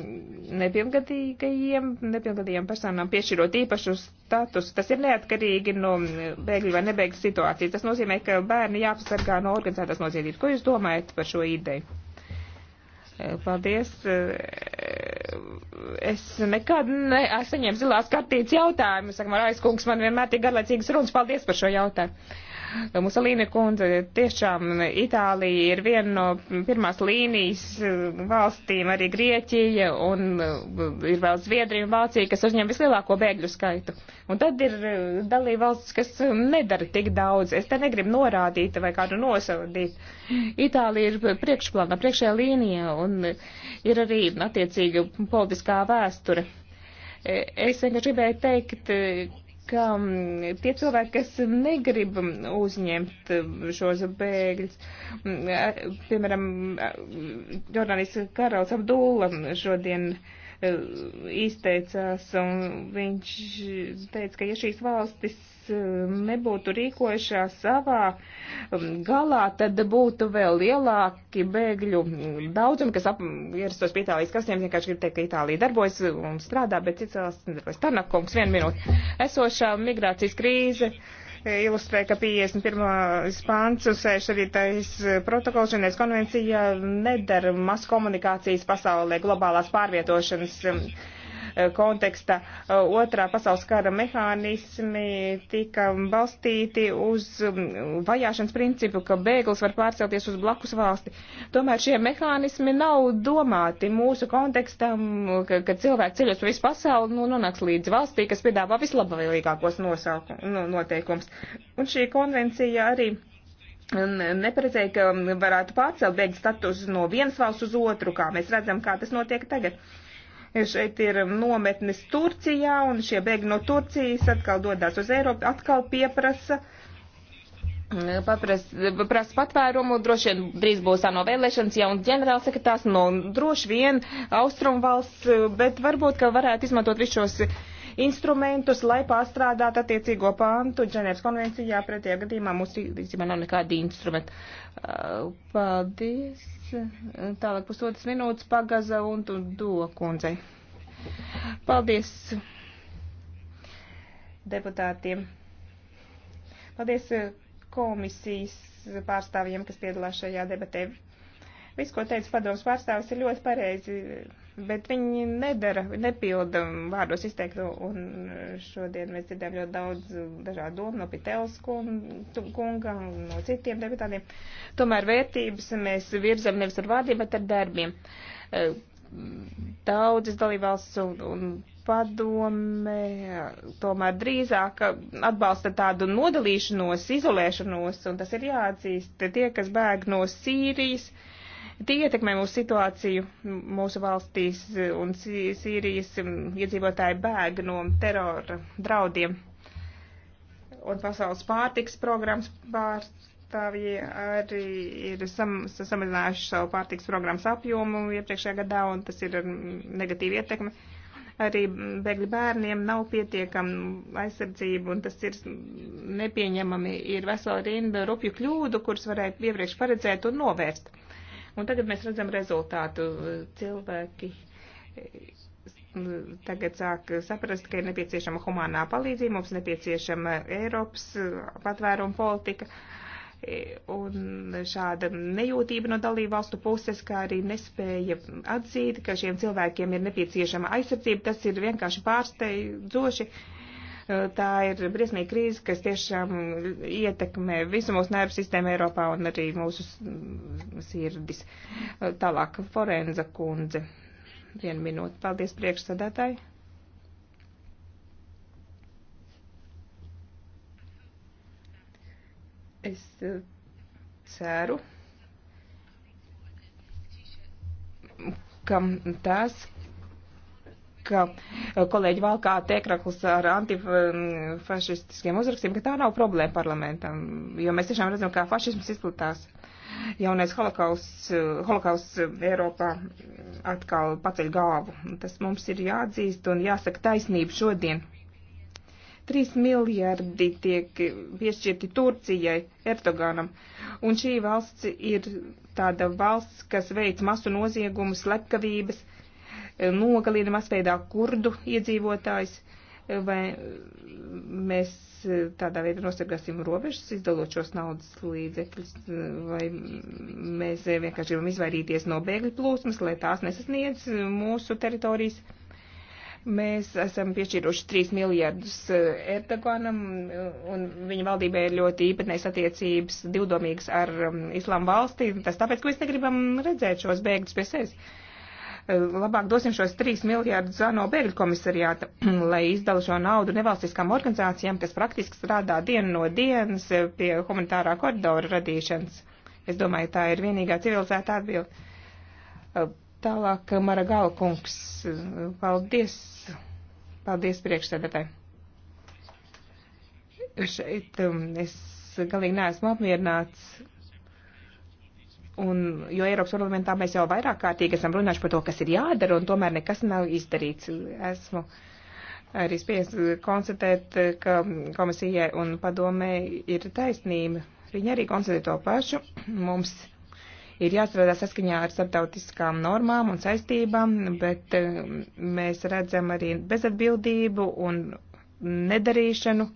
nepilngadīgajiem, nepilngadīgajiem personām piešķirot īpašu statusu. Tas ir neatkarīgi no um, bēgļu vai nebēgļu situācijas. Tas nozīmē, ka bērni jāpasargā no organizētās noziedzības. Ko jūs domājat par šo ideju? E, paldies. E, es nekad neesmu saņēmis zilās kartītes jautājumu. Saka, Marais kungs, man vienmēr tik garlaicīgas runas. Paldies par šo jautājumu. Musolīna kundze, tiešām Itālija ir viena no pirmās līnijas eh, valstīm, arī Grieķija un eh, ir vēl Zviedrija un Vācija, kas uzņem vislielāko bēgļu skaitu. Un tad ir eh, dalība valsts, kas nedara tik daudz. Es te negribu norādīt vai kādu nosaudīt. Itālija ir priekšplānā, priekšējā līnijā un ir arī attiecīga politiskā vēsture. Es vienkārši gribēju teikt, ka mm, tie cilvēki, kas negrib mm, uzņemt mm, šos bēgļus, piemēram, Jordānijas karalis Abdulla šodien e, izteicās, un viņš teica, ka ja šīs valstis Um, nebūtu rīkojušās savā um, galā, tad būtu vēl lielāki bēgļu daudzumi, kas ierastos pie Itālijas kastiem. Vienkārši grib teikt, ka Itālija darbojas un strādā, bet cits valsts nedarbojas. Tarnakungs, vienu minūti. Esošā migrācijas krīze ilustrē, ka 51. pāns un 64. protokols Ženēvas konvencijā nedara maskomunikācijas pasaulē globālās pārvietošanas. Um, Eh, konteksta eh, otrā pasaules kara mehānismi tika balstīti uz mm, vajāšanas principu, ka bēglis var pārcelties uz blakus valsti. Tomēr šie mehānismi nav domāti mūsu kontekstam, ka, kad cilvēki ceļos pa visu pasauli, nu, nonāks līdz valstī, kas piedāvā vislabvēlīgākos no, nu, noteikums. Un šī konvencija arī mm, neparedzēja, ka varētu pārcelt bēgļu statusu no vienas valsts uz otru, kā mēs redzam, kā tas notiek tagad. Uh, Šeit ir nometnes Turcijā, un šie bēgļi no Turcijas atkal dodas uz Eiropu, atkal pieprasa mm, prasa patvērumu, droši vien drīz būs ANO vēlēšanas, jauns ģenerālsekretārs, no nu, droši vien Austrumvalsts, bet varbūt, ka varētu izmantot visos šos instrumentus, lai pārstrādātu attiecīgo pāntu Ženēvas konvencijā. Pretējā gadījumā mums rīcībā nav nekādi instrumenti. Uh, paldies. Tālāk pusotras minūtes pagaza un tu do kundzei. Paldies deputātiem. Paldies uh, komisijas pārstāvjiem, kas piedalās šajā debatē. Viss, ko teica padoms pārstāvis, ir ļoti pareizi bet viņi nedara, nepilda vārdos izteikto, un šodien mēs dzirdējām ļoti daudz dažādu domu no Pitēlas kunga, no citiem deputātiem. Tomēr vērtības mēs virzam nevis ar vārdiem, bet ar darbiem. E, daudzas dalībvalsts un, un padome e, tomēr drīzāk atbalsta tādu nodalīšanos, izolēšanos, un tas ir jāatzīst. Tie, kas bēg no Sīrijas, uh, Tie ietekmē mūsu situāciju mūsu valstīs, e, un Sīrijas iedzīvotāji bēg no terora draudiem. Un pasaules pārtiks programmas pārstāvji arī ir sam, samazinājuši savu pārtiks programmas apjomu iepriekšējā gadā, un tas ir negatīva ietekme arī bēgļu bērniem nav pietiekama aizsardzība, un tas ir nepieņemami. Ir vesela rinda rupju kļūdu, kuras varēja iepriekš paredzēt un novērst. Un tagad mēs redzam rezultātu. Cilvēki tagad sāk saprast, ka ir nepieciešama humanā palīdzība, mums nepieciešama Eiropas patvēruma politika. E, un šāda nejūtība no dalību valstu puses, kā arī nespēja atzīt, ka šiem cilvēkiem ir nepieciešama aizsardzība, tas ir vienkārši pārsteidzoši. Uh, Tā ir briesmīga krīze, kas tiešām ietekmē visu mūsu nervu sistēmu Eiropā un arī mūsu sirdis. Tālāk, Forenza kundze. Vienu minūti. Paldies priekšsēdētāji. Es eh, ceru, ka tās, ka eh, kolēģi valkā tiekraklus ar antifašistiskiem uzrakstiem, ka tā nav problēma parlamentam, jo mēs tiešām redzam, kā fašisms izplatās. Jaunais holokausts, eh, holokausts Eiropā atkal paceļ galvu. Tas mums ir jāatzīst un jāsaka taisnība šodien. 3 miljardi tiek piešķirti Turcijai, Erdoganam. Un šī valsts ir tāda valsts, kas veic masu noziegumu, slepkavības. Uh, nogalina masveidā kurdu iedzīvotājs, vai mēs tādā veidā nosargāsim robežas, izdalot šos naudas līdzekļus, vai mēs vienkārši gribam izvairīties no bēgļu plūsmas, lai tās nesasniedz mūsu teritorijas. Mēs esam piešķīruši 3 miljardus Erdoganam, un viņa valdībai ir ļoti īpatnējas attiecības divdomīgas ar um, Islām valstī. Tas tāpēc, ka mēs negribam redzēt šos bēgļus pie sevis. Uh, labāk dosim šos 3 miljārdus ANO bēgļu komisariāta, (clears throat) lai izdala šo naudu nevalstiskām organizācijām, kas praktiski strādā dienu no dienas pie humanitārā koridora radīšanas. Es domāju, tā ir vienīgā civilizēta atbilde. Tālāk Maragala kungs. Paldies. Paldies priekšsēdētāji. Šeit um, es galīgi neesmu apmierināts Un, jo Eiropas parlamentā mēs jau vairāk kārtīgi esam runājuši par to, kas ir jādara, un tomēr nekas nav izdarīts. Esmu arī spiests konstatēt, ka komisijai un padomē ir taisnība. Viņi arī konstatē to pašu. Mums ir jāstrādā saskaņā ar starptautiskām normām un saistībām, bet eh, mēs redzam arī bezatbildību un nedarīšanu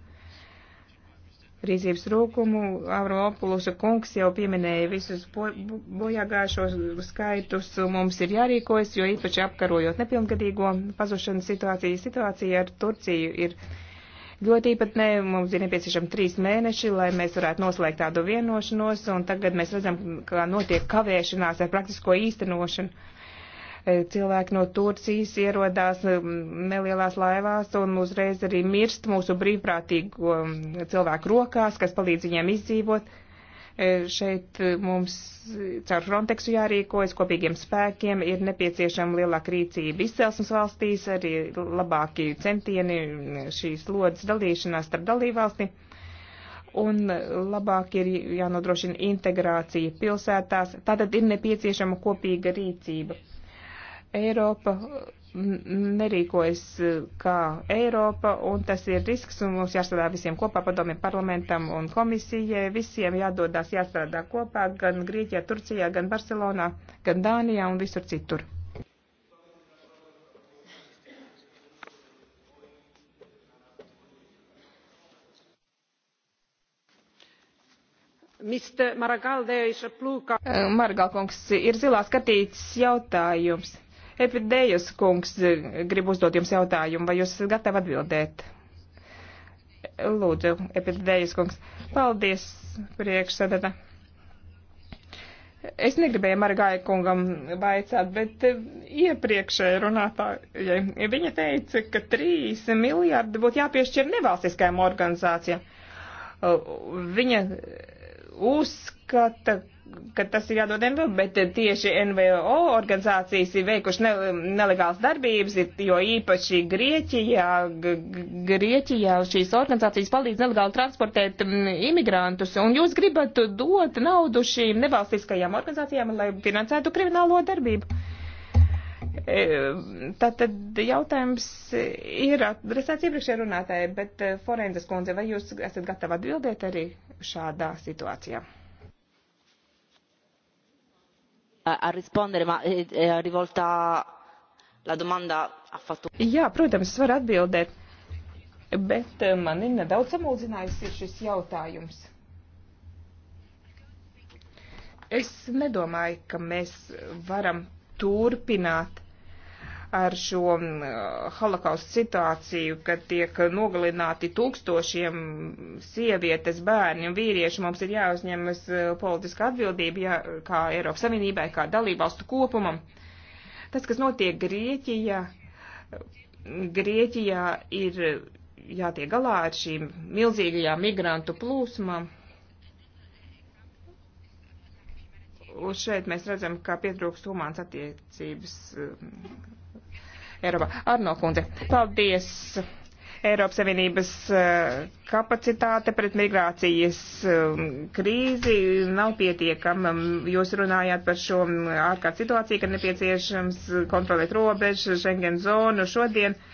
rīzības rūkumu. Avropulusa kungs jau pieminēja visus bojāgājušos skaitus. Mums ir jārīkojas, jo īpaši apkarojot nepilngadīgo pazušanas situāciju. Situācija ar Turciju ir ļoti īpatnē. Mums ir nepieciešami trīs mēneši, lai mēs varētu noslēgt tādu vienošanos, un tagad mēs redzam, ka notiek kavēšanās ar praktisko īstenošanu. Eh, cilvēki no Turcijas ierodās mm, nelielās laivās un uzreiz arī mirst mūsu brīvprātīgo mm, cilvēku rokās, kas palīdz viņiem izdzīvot eh, šeit eh, mums caur Frontexu jārīkojas kopīgiem spēkiem, ir nepieciešama lielāka rīcība izcelsmes valstīs, arī labāki centieni mm, šīs lodas dalīšanās starp dalībvalsti. Un labāk ir jānodrošina integrācija pilsētās, tātad ir nepieciešama kopīga rīcība. Eiropa nerīkojas e, kā Eiropa, un tas ir risks, un mums jāstrādā visiem kopā, padomiem parlamentam un komisijai, visiem jādodās jāstrādā kopā, gan Grieķijā, Turcijā, gan Barcelonā, gan Dānijā un visur citur. Mr. Margal, Margal kungs, ir zilās skatīts jautājums. Epidējas kungs grib uzdot jums jautājumu, vai jūs esat gatavi atbildēt? Lūdzu, Epidējas kungs. Paldies, priekšsēdētā. Es negribēju Margai kungam vaicāt, bet eh, iepriekšēja runātājai. Viņa teica, ka 3 miljārdi būtu jāpiešķir nevalstiskajām organizācijām. Viņa uzskata, ka tas ir jādod NVO, bet tieši NVO organizācijas ir veikuši ne, nelegāls darbības, jo īpaši Grieķijā, Grieķijā šīs organizācijas palīdz nelegāli transportēt imigrantus, un jūs gribat dot naudu šīm nevalstiskajām organizācijām, lai finansētu kriminālo darbību. E, tātad jautājums ir adresēts iepriekšējā runātājai, bet e, Forenzes kundze, vai jūs esat gatava atbildēt arī šādā situācijā? a rispondere, ma eh, è rivolta la domanda ha fatto. Jā, protams, es varu atbildēt, bet eh, mani nedaudz samulzinājis ir šis jautājums. Es nedomāju, ka mēs varam turpināt ar šo mm, holokaustu situāciju, kad tiek nogalināti tūkstošiem sievietes, bērni un vīrieši, mums ir jāuzņemas e, politiska atbildība, jā, kā Eiropas Savienībai, kā dalībvalstu kopumam. Tas, kas notiek Grieķijā, Grieķijā ir jātiek galā ar šīm milzīgajām migrantu plūsmām. Un šeit mēs redzam, ka pietrūkst humāns attiecības Eiropā. Arno kundze, paldies! Eiropas Savienības eh, kapacitāte pret migrācijas eh, krīzi nav pietiekama. Jūs runājāt par šo eh, ārkārtas situāciju, ka nepieciešams kontrolēt robežu, Schengen zonu šodien. Uh,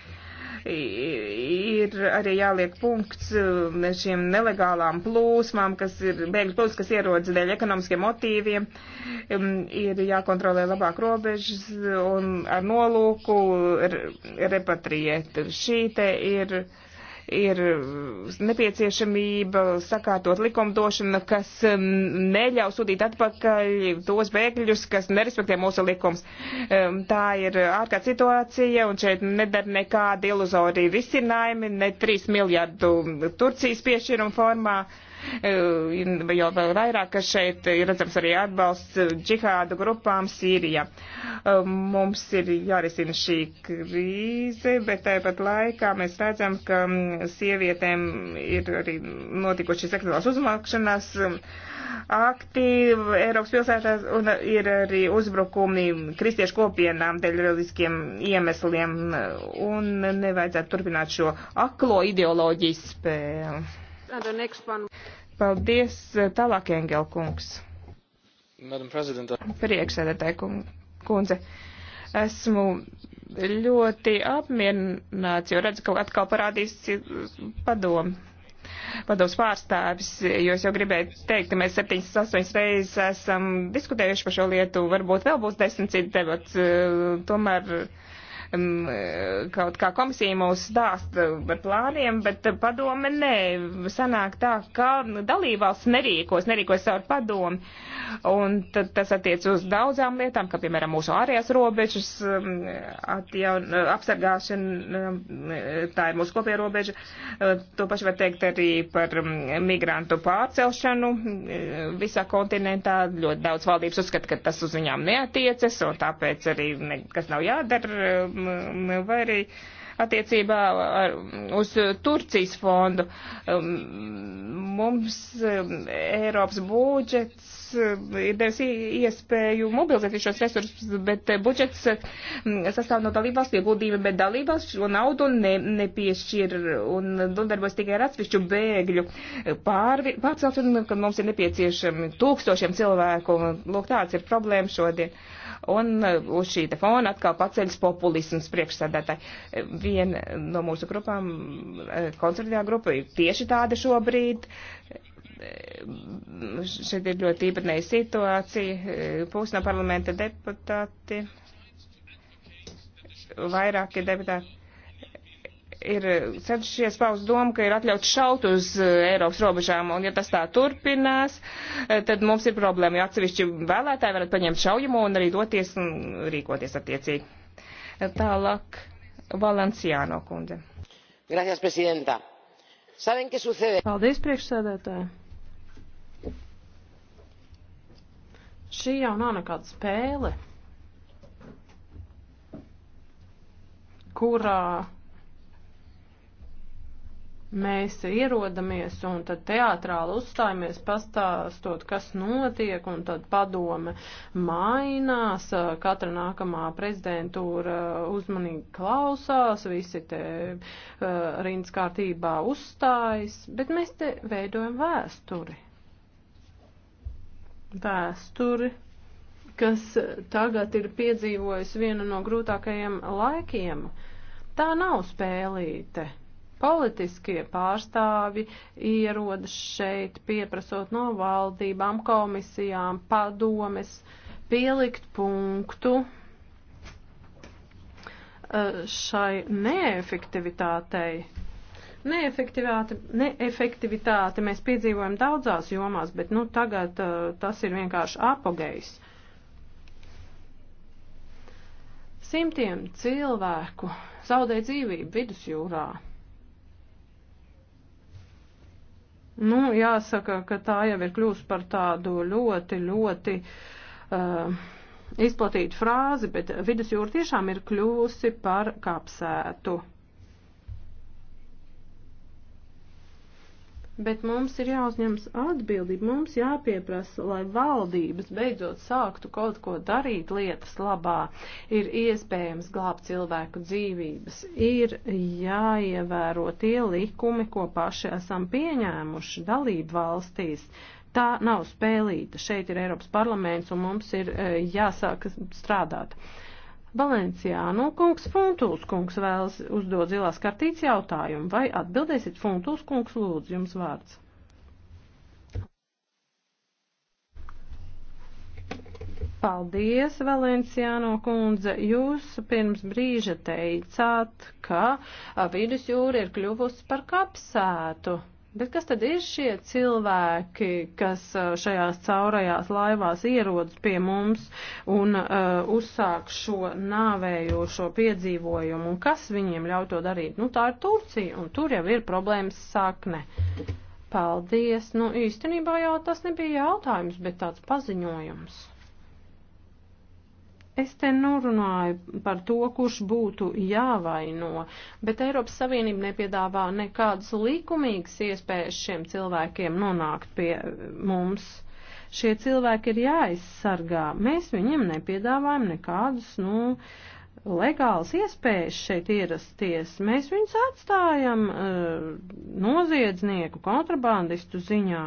ir arī jāliek punkts um, šiem nelegālām plūsmām, kas ir bēgļu plūsmas, kas ierodas dēļ ekonomiskiem motīviem, um, ir jākontrolē labāk robežas un ar nolūku repatriēt. Šī te ir ir nepieciešamība sakārtot likumdošanu, kas um, neļauj sūtīt atpakaļ tos bēgļus, kas nerespektē mūsu likums. Um, tā ir ārkārt situācija, un šeit nedara nekādi iluzorija risinājumi, ne 3 miljardu Turcijas piešķirumu formā. Eh, jo vēl vairāk, ka šeit ir redzams arī atbalsts džihāda grupām Sīrijā. Eh, mums ir jārisina šī krīze, bet tāpat laikā mēs redzam, ka mm, sievietēm ir arī notikuši seksuālās uzmākšanas mm, akti Eiropas pilsētās un ir arī uzbrukumi kristiešu kopienām dēļ reliģiskiem iemesliem un nevajadzētu turpināt šo aklo ideoloģiju spēli. Paldies, eh, tālāk Engel kungs. Priekšsēdētāji kundze. Esmu ļoti apmierināts, jo redzu, ka atkal parādīs padomu. Padoms pārstāvis, jo es jau gribēju teikt, ka mēs 7-8 reizes esam diskutējuši par šo lietu, varbūt vēl būs desmit citi debats, eh, tomēr uh, E, kaut kā komisija mūs stāsta e, par plāniem, bet padome nē. Sanāk tā, ka dalībvalsts nerīkos, nerīkos savu padomu. Un tad tas attiec uz daudzām lietām, kā piemēram mūsu ārējās robežas atjaun, apsargāšana, e, tā ir mūsu kopējā robeža. To pašu var teikt arī par migrantu pārcelšanu visā kontinentā. Ļoti daudz valdības uzskata, ka tas uz viņām neatiecas, un tāpēc arī nekas nav jādara vai arī attiecībā ar, uz Turcijas fondu. Um, mums um, Eiropas budžets um, ir devis iespēju mobilizēt šos resursus, bet eh, budžets sastāv no dalībvalstu ieguldījuma, bet dalībvalsts šo naudu ne, nepiešķir un darbojas tikai ar atsevišķu bēgļu pārcelšanu, kad mums ir nepieciešami tūkstošiem cilvēku. Lūk, tāds ir problēma šodien. Uh, un eh, uz šī te fona atkal paceļas populisms priekšsēdētāji. Eh, Viena eh, no mūsu grupām, koncertajā grupa, ir tieši tāda šobrīd. Šeit ir ļoti īpatnēja situācija. Pūs no parlamenta deputāti, vairāki deputāti ir cenšies paust domu, ka ir atļauts šaut uz eh, Eiropas robežām, un ja tas tā turpinās, eh, tad mums ir problēma, jo atsevišķi vēlētāji varat paņemt šaujamo un arī doties un rīkoties attiecīgi. Tālāk, Valenciāno kundze. Gracias, presidenta. Saben, kas sucede? Paldies, priekšsēdētāji. Šī jau nav nekāda spēle, kurā uh, mēs ierodamies un tad teātrāli uzstājamies pastāstot, kas notiek, un tad padome mainās, katra nākamā prezidentūra uzmanīgi klausās, visi te eh, rindas kārtībā uzstājas, bet mēs te veidojam vēsturi. Vēsturi kas tagad ir piedzīvojis vienu no grūtākajiem laikiem. Tā nav spēlīte. Politiskie pārstāvi ierodas šeit, pieprasot no valdībām, komisijām, padomes, pielikt punktu eh, šai neefektivitātei. Neefektivitāti, neefektivitāti mēs piedzīvojam daudzās jomās, bet nu, tagad uh, tas ir vienkārši apogejs. Simtiem cilvēku zaudē dzīvību vidusjūrā. Nu, jāsaka, ka tā jau ir kļūst par tādu ļoti, ļoti. Uh, izplatītu frāzi, bet vidusjūra tiešām ir kļūsi par kapsētu. Bet mums ir jāuzņemas atbildība, mums jāpieprasa, lai valdības beidzot sāktu kaut ko darīt lietas labā. Ir iespējams glābt cilvēku dzīvības, ir jāievēro tie likumi, ko paši esam pieņēmuši dalību valstīs. Tā nav spēlīta. Šeit ir Eiropas parlaments un mums ir eh, jāsāk strādāt. Uh, Valenciāno kungs Funtūls kungs vēlas uzdot zilās kartītes jautājumu. Vai atbildēsiet Funtūls kungs lūdzu jums vārds? Paldies, Valenciāno kundze. Jūs pirms brīža teicāt, ka vidusjūra ir kļuvusi par kapsētu. Bet kas tad ir šie cilvēki, kas uh, šajās caurajās laivās ierodas pie mums un uh, uzsāk šo nāvējošo piedzīvojumu? Un kas viņiem ļauj to darīt? Nu, tā ir Turcija, un tur jau ir problēmas sakne. Paldies! Nu, īstenībā jau tas nebija jautājums, bet tāds paziņojums. Es te nerunāju nu par to, kurš būtu jāvaino, bet Eiropas Savienība nepiedāvā nekādas likumīgas iespējas šiem cilvēkiem nonākt pie eh, mums. Šie cilvēki ir jāaizsargā. Mēs viņiem nepiedāvājam nekādas, nu, legālas iespējas šeit ierasties. Mēs viņus atstājam uh, noziedznieku kontrabandistu ziņā.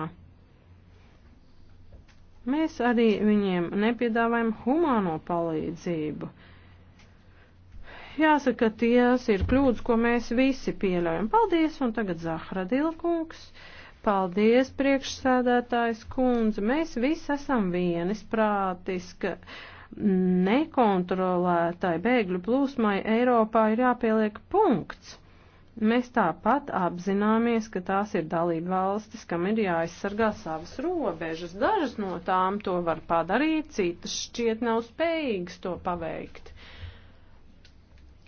Mēs arī viņiem nepiedāvājam humāno palīdzību. Jāsaka, tās ir kļūdas, ko mēs visi pieļaujam. Paldies, un tagad Zahra Dilkungs. Paldies, priekšsēdētājs kundze. Mēs visi esam vienis prātis, ka nekontrolētai bēgļu plūsmai Eiropā ir jāpieliek punkts. Mēs tāpat apzināmies, ka tās ir dalība valstis, kam ir jāaizsargā savas robežas. Dažas no tām to var padarīt, citas šķiet nav spējīgas to paveikt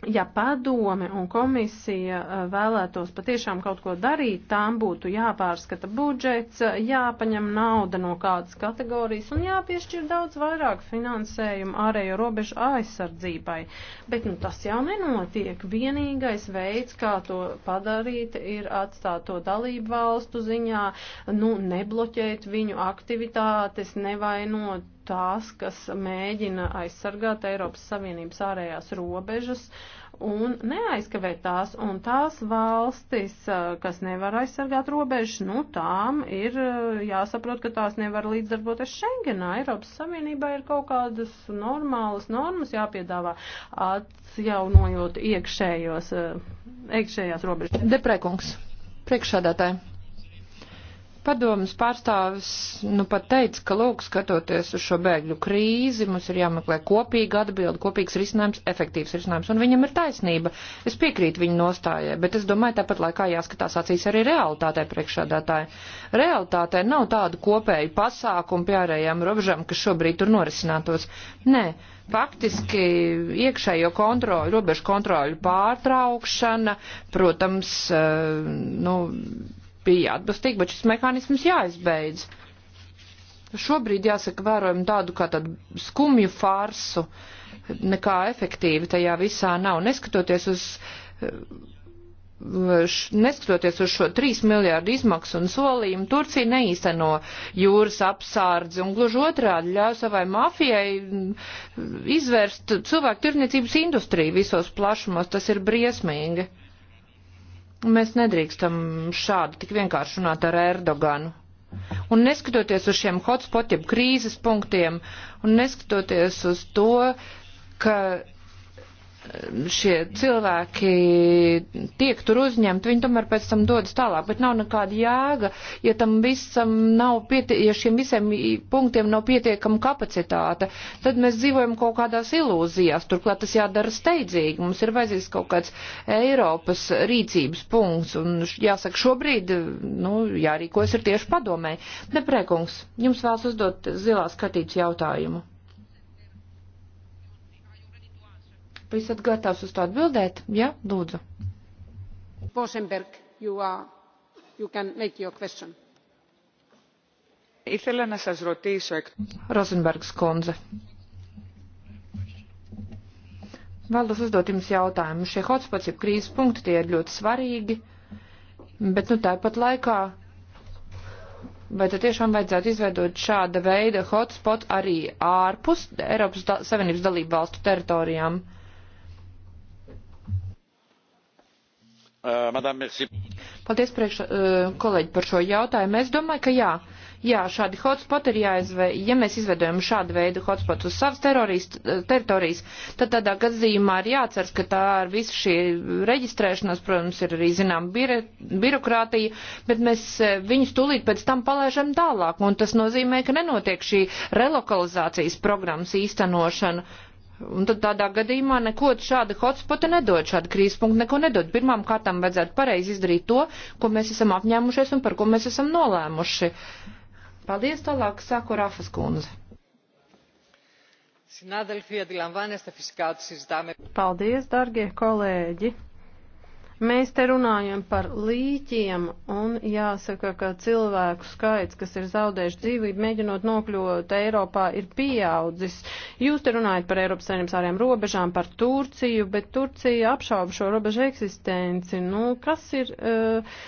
ja padome un komisija eh, vēlētos patiešām kaut ko darīt, tām būtu jāpārskata budžets, eh, jāpaņem nauda no kādas kategorijas un jāpiešķir daudz vairāk finansējumu ārējo robežu aizsardzībai. Bet nu, tas jau nenotiek. Vienīgais veids, kā to padarīt, ir atstāt to dalību valstu ziņā, nu, nebloķēt viņu aktivitātes, nevainot tās, kas mēģina aizsargāt Eiropas Savienības ārējās robežas un neaizkavēt tās. Un tās valstis, kas nevar aizsargāt robežas, nu tām ir jāsaprot, ka tās nevar līdzdarboties Schengenā. Eiropas Savienībā ir kaut kādas normālas normas jāpiedāvā atjaunojot iekšējos, iekšējās robežas. Deprekungs, priekšādātāji. Padomas pārstāvis nu pat teica, ka lūk, skatoties uz šo bēgļu krīzi, mums ir jāmeklē kopīga atbilda, kopīgs risinājums, efektīvs risinājums, un viņam ir taisnība. Es piekrītu viņa nostājai, bet es domāju, tāpat laikā jāskatās acīs arī realitātē priekšādātāji. Realitātē nav tādu kopēju pasākumu pie ārējām robežām, kas šobrīd tur norisinātos. Nē, faktiski iekšējo kontroli, robežu kontroļu pārtraukšana, protams, eh, nu, bija atbilstīgi, bet šis mehānisms jāizbeidz. Šobrīd jāsaka vērojam tādu kā tādu skumju farsu, nekā efektīvi tajā visā nav. Neskatoties uz eh, neskatoties uz šo 3 miljārdu izmaksu un solījumu, Turcija neīsteno jūras apsārdzi un gluži otrādi ļauj savai mafijai mm, izvērst cilvēku tirniecības industriju visos plašumos. Tas ir briesmīgi. Mēs nedrīkstam šādi tik vienkārši runāt ar Erdoganu. Un neskatoties uz šiem hotspotiem, krīzes punktiem, un neskatoties uz to, ka šie cilvēki tiek tur uzņemti, viņi tomēr pēc tam dodas tālāk, bet nav nekāda jēga, ja tam visam nav, pieti, ja šiem visiem punktiem nav pietiekama kapacitāte, tad mēs dzīvojam kaut kādās ilūzijās, turklāt tas jādara steidzīgi, mums ir vajadzīgs kaut kāds Eiropas rīcības punkts, un jāsaka, šobrīd, nu, jārīkojas ir tieši padomē. Neprēkungs, jums vēlas uzdot zilā skatīts jautājumu. Esat gatavs uz to atbildēt? Jā, ja? lūdzu. Bosenberg, you are, you can make your question. Ήθελα να σας ρωτήσω... Rosenbergs kundze. Vēlos uzdot jums jautājumu. Šie hotspots, jeb krīzes punkti, tie ir ļoti svarīgi, bet nu tāpat laikā Vai tad tiešām vajadzētu izveidot šāda veida hotspot arī ārpus Eiropas da Savienības dalību valstu teritorijām? Uh, madame, merci. Paldies priekš, uh, kolēģi par šo jautājumu. Es domāju, ka jā. Jā, šādi hotspot ir jāizvē, ja mēs izveidojam šādu veidu hotspot uz savas uh, teritorijas, tad tādā gadījumā ir jāceras, ka tā ar visu šī reģistrēšanos, protams, ir arī zinām bire, birokrātija, bet mēs viņus tūlīt pēc tam palaižam tālāk, un tas nozīmē, ka nenotiek šī relokalizācijas programmas īstenošana Un tad tādā gadījumā neko šāda hotspota nedod, šāda krīzpunkta neko nedod. Pirmām kārtām vajadzētu pareizi izdarīt to, ko mēs esam apņēmušies un par ko mēs esam nolēmuši. Paldies tālāk, sāku Rafas kundze. Paldies, dargie kolēģi! Mēs te runājam par līķiem, un jāsaka, ka cilvēku skaits, kas ir zaudējuši dzīvību, mēģinot nokļūt Eiropā, ir pieaudzis. Jūs te runājat par Eiropas saimnības ārējām robežām, par Turciju, bet Turcija apšauba šo robežu eksistenci. Nu, kas ir. Uh,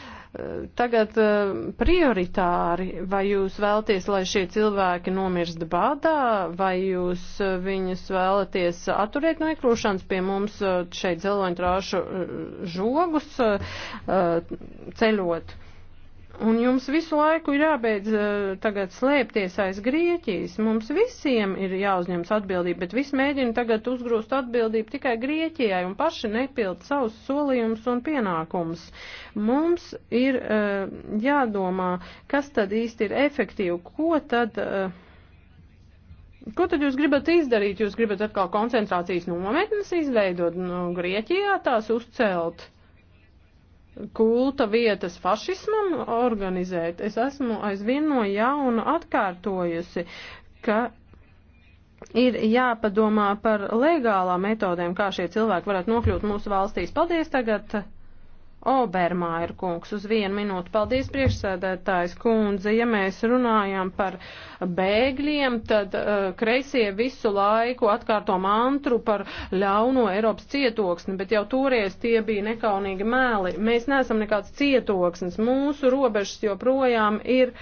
tagad eh, prioritāri, vai jūs vēlaties, lai šie cilvēki nomirst bādā, vai jūs eh, viņus vēlaties atturēt no iekļūšanas pie mums eh, šeit zeloņtrāšu žogus ceļot? Un jums visu laiku ir jābeidz uh, tagad slēpties aiz Grieķijas. Mums visiem ir jāuzņems atbildība, bet visi mēģina tagad uzgrūst atbildību tikai Grieķijai un paši nepild savus solījumus un pienākumus. Mums ir uh, jādomā, kas tad īsti ir efektīvi, ko tad. Uh, Ko tad jūs gribat izdarīt? Jūs gribat atkal koncentrācijas nometnes izveidot, nu, Grieķijā tās uzcelt? kulta vietas fašismam organizēt. Es esmu aizvien no jauna atkārtojusi, ka ir jāpadomā par legālām metodēm, kā šie cilvēki varētu nokļūt mūsu valstīs. Paldies tagad! Obermaier kungs uz vienu minūtu. Paldies, priekšsēdētājs kundze. Ja mēs runājam par bēgļiem, tad uh, kreisie visu laiku atkārto mantru par ļauno Eiropas cietoksni, bet jau toreiz tie bija nekaunīgi mēli. Mēs neesam nekāds cietoksnis. Mūsu robežas joprojām ir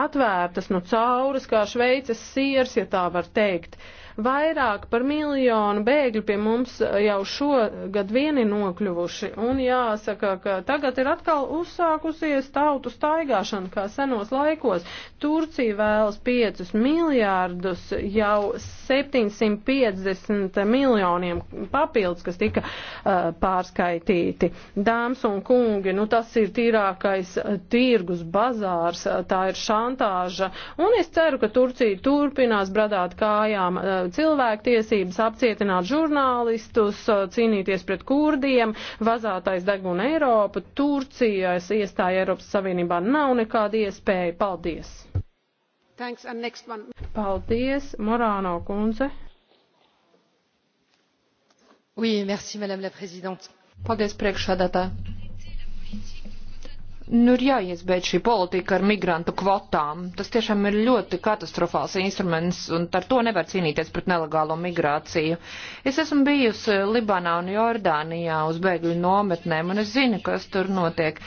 atvērtas, nu cauras, kā šveices siers, ja tā var teikt. Uh, Vairāk par miljonu bēgļu pie mums jau šogad vieni nokļuvuši. Un jāsaka, ka tagad ir atkal uzsākusies tautu staigāšana kā senos laikos. Turcija vēlas 5 miljārdus jau 750 miljoniem papildus, kas tika uh, pārskaitīti. Dāmas un kungi, nu tas ir tīrākais tirgus bazārs, tā ir šantāža, un es ceru, ka Turcija turpinās bradāt kājām uh, cilvēktiesības, apcietināt žurnālistus, uh, cīnīties pret kurdiem, vazātais deguna Eiropa, Turcijas iestāja Eiropas Savienībā nav nekāda iespēja. Paldies! Thanks, and next one. Paldies, Morāno kundze. Oui, merci, madame la présidente. Paldies, priekšsādātāji nu ir jāiesbeidz šī politika ar migrantu kvotām. Tas tiešām ir ļoti katastrofāls instruments, un ar to nevar cīnīties pret nelegālo migrāciju. Es esmu bijusi Libānā un Jordānijā uz bēgļu nometnēm, un es zinu, kas tur notiek.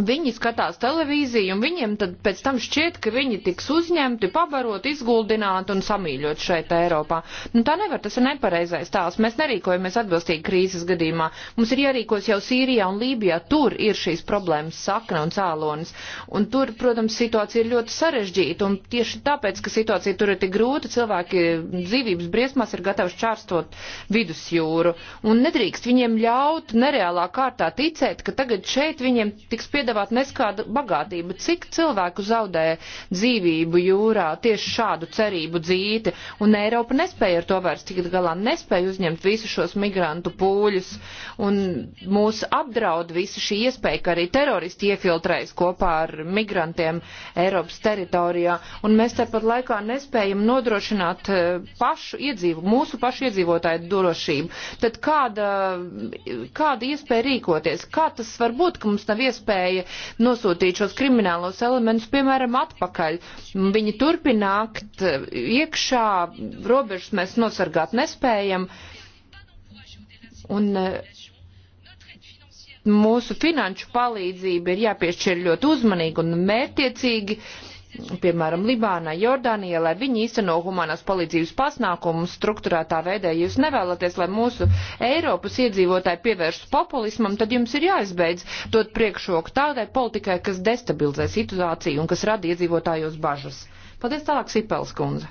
Viņi skatās televīziju, un viņiem tad pēc tam šķiet, ka viņi tiks uzņemti, pabarot, izguldināti un samīļot šeit Eiropā. Nu, tā nevar, tas ir nepareizais tāls. Mēs nerīkojamies atbilstīgi krīzes gadījumā. Mums ir jārīkos jau Sīrijā un Lībijā. Tur ir šīs problēmas sakna un cēlonis. Un tur, protams, situācija ir ļoti sarežģīta, un tieši tāpēc, ka situācija tur ir tik grūta, cilvēki dzīvības briesmās ir gatavi šķārstot vidusjūru. Un nedrīkst viņiem ļaut nereālā kārtā ticēt, ka tagad šeit viņiem tiks piedāvāt piedāvāt neskādu bagātību. Cik cilvēku zaudē dzīvību jūrā tieši šādu cerību dzīti, un Eiropa nespēja ar to vairs tikt galā, nespēja uzņemt visu šos migrantu pūļus, un mūs apdraud visa šī iespēja, ka arī teroristi iefiltrējas kopā ar migrantiem Eiropas teritorijā, un mēs tāpat laikā nespējam nodrošināt eh, pašu iedzīvu, mūsu pašu iedzīvotāju drošību. Tad kāda, kāda iespēja rīkoties? Kā tas var būt, ka mums nav iespēja gribēja nosūtīt šos kriminālos elementus, piemēram, atpakaļ. Viņi turpināt eh, iekšā, robežas mēs nosargāt nespējam. Un eh, mūsu finanšu palīdzība ir jāpiešķir ļoti uzmanīgi un mērtiecīgi. Uh, piemēram, Libānai, Jordānijai, lai viņi īsteno humanās palīdzības pasākumus struktūrētā veidā. Jūs nevēlaties, lai mūsu Eiropas iedzīvotāji pievērstu populismam, tad jums ir jāizbeidz dot priekšroku tādai politikai, kas destabilizē situāciju un kas rada iedzīvotājos bažas. Paldies tālāk, Sipels kundze.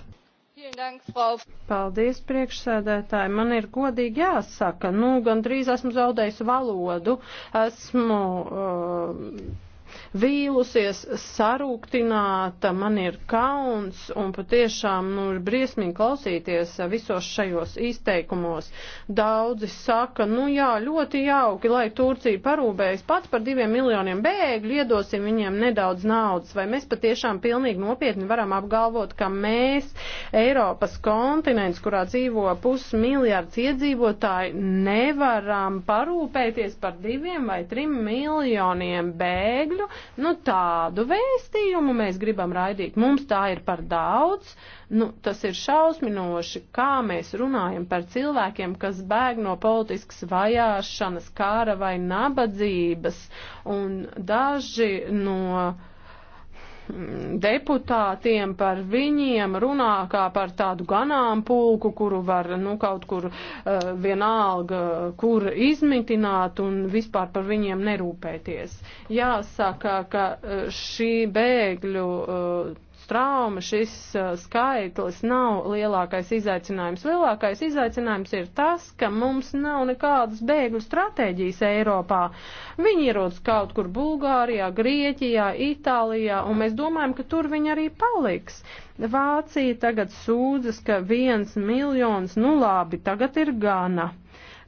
Paldies, priekšsēdētāji. Man ir godīgi jāsaka, nu, gandrīz esmu zaudējis valodu, esmu. Uh, vīlusies, sarūktināta, man ir kauns un patiešām nu, ir briesmīgi klausīties visos šajos izteikumos. Daudzi saka, nu jā, ļoti jauki, lai Turcija parūpējas pats par diviem miljoniem bēgļu, iedosim viņiem nedaudz naudas, vai mēs patiešām pilnīgi nopietni varam apgalvot, ka mēs, Eiropas kontinents, kurā dzīvo pusmiljards iedzīvotāji, nevaram parūpēties par diviem vai trim miljoniem bēgļu, Nu, tādu vēstījumu mēs gribam raidīt. Mums tā ir par daudz. Nu, tas ir šausminoši, kā mēs runājam par cilvēkiem, kas bēg no politiskas vajāšanas, kāra vai nabadzības. Un daži no. Uh, deputātiem par viņiem runā kā par tādu ganāmpulku, kuru var nu, kaut kur uh, vienalga, kur izmitināt un vispār par viņiem nerūpēties. Jāsaka, ka eh, šī bēgļu. Uh, trauma, šis uh, skaitlis nav lielākais izaicinājums. Lielākais izaicinājums ir tas, ka mums nav nekādas bēgļu stratēģijas Eiropā. Viņi ierodas kaut kur Bulgārijā, Grieķijā, Itālijā, un mēs domājam, ka tur viņi arī paliks. Vācija tagad sūdzas, ka viens miljons, nu labi, tagad ir gana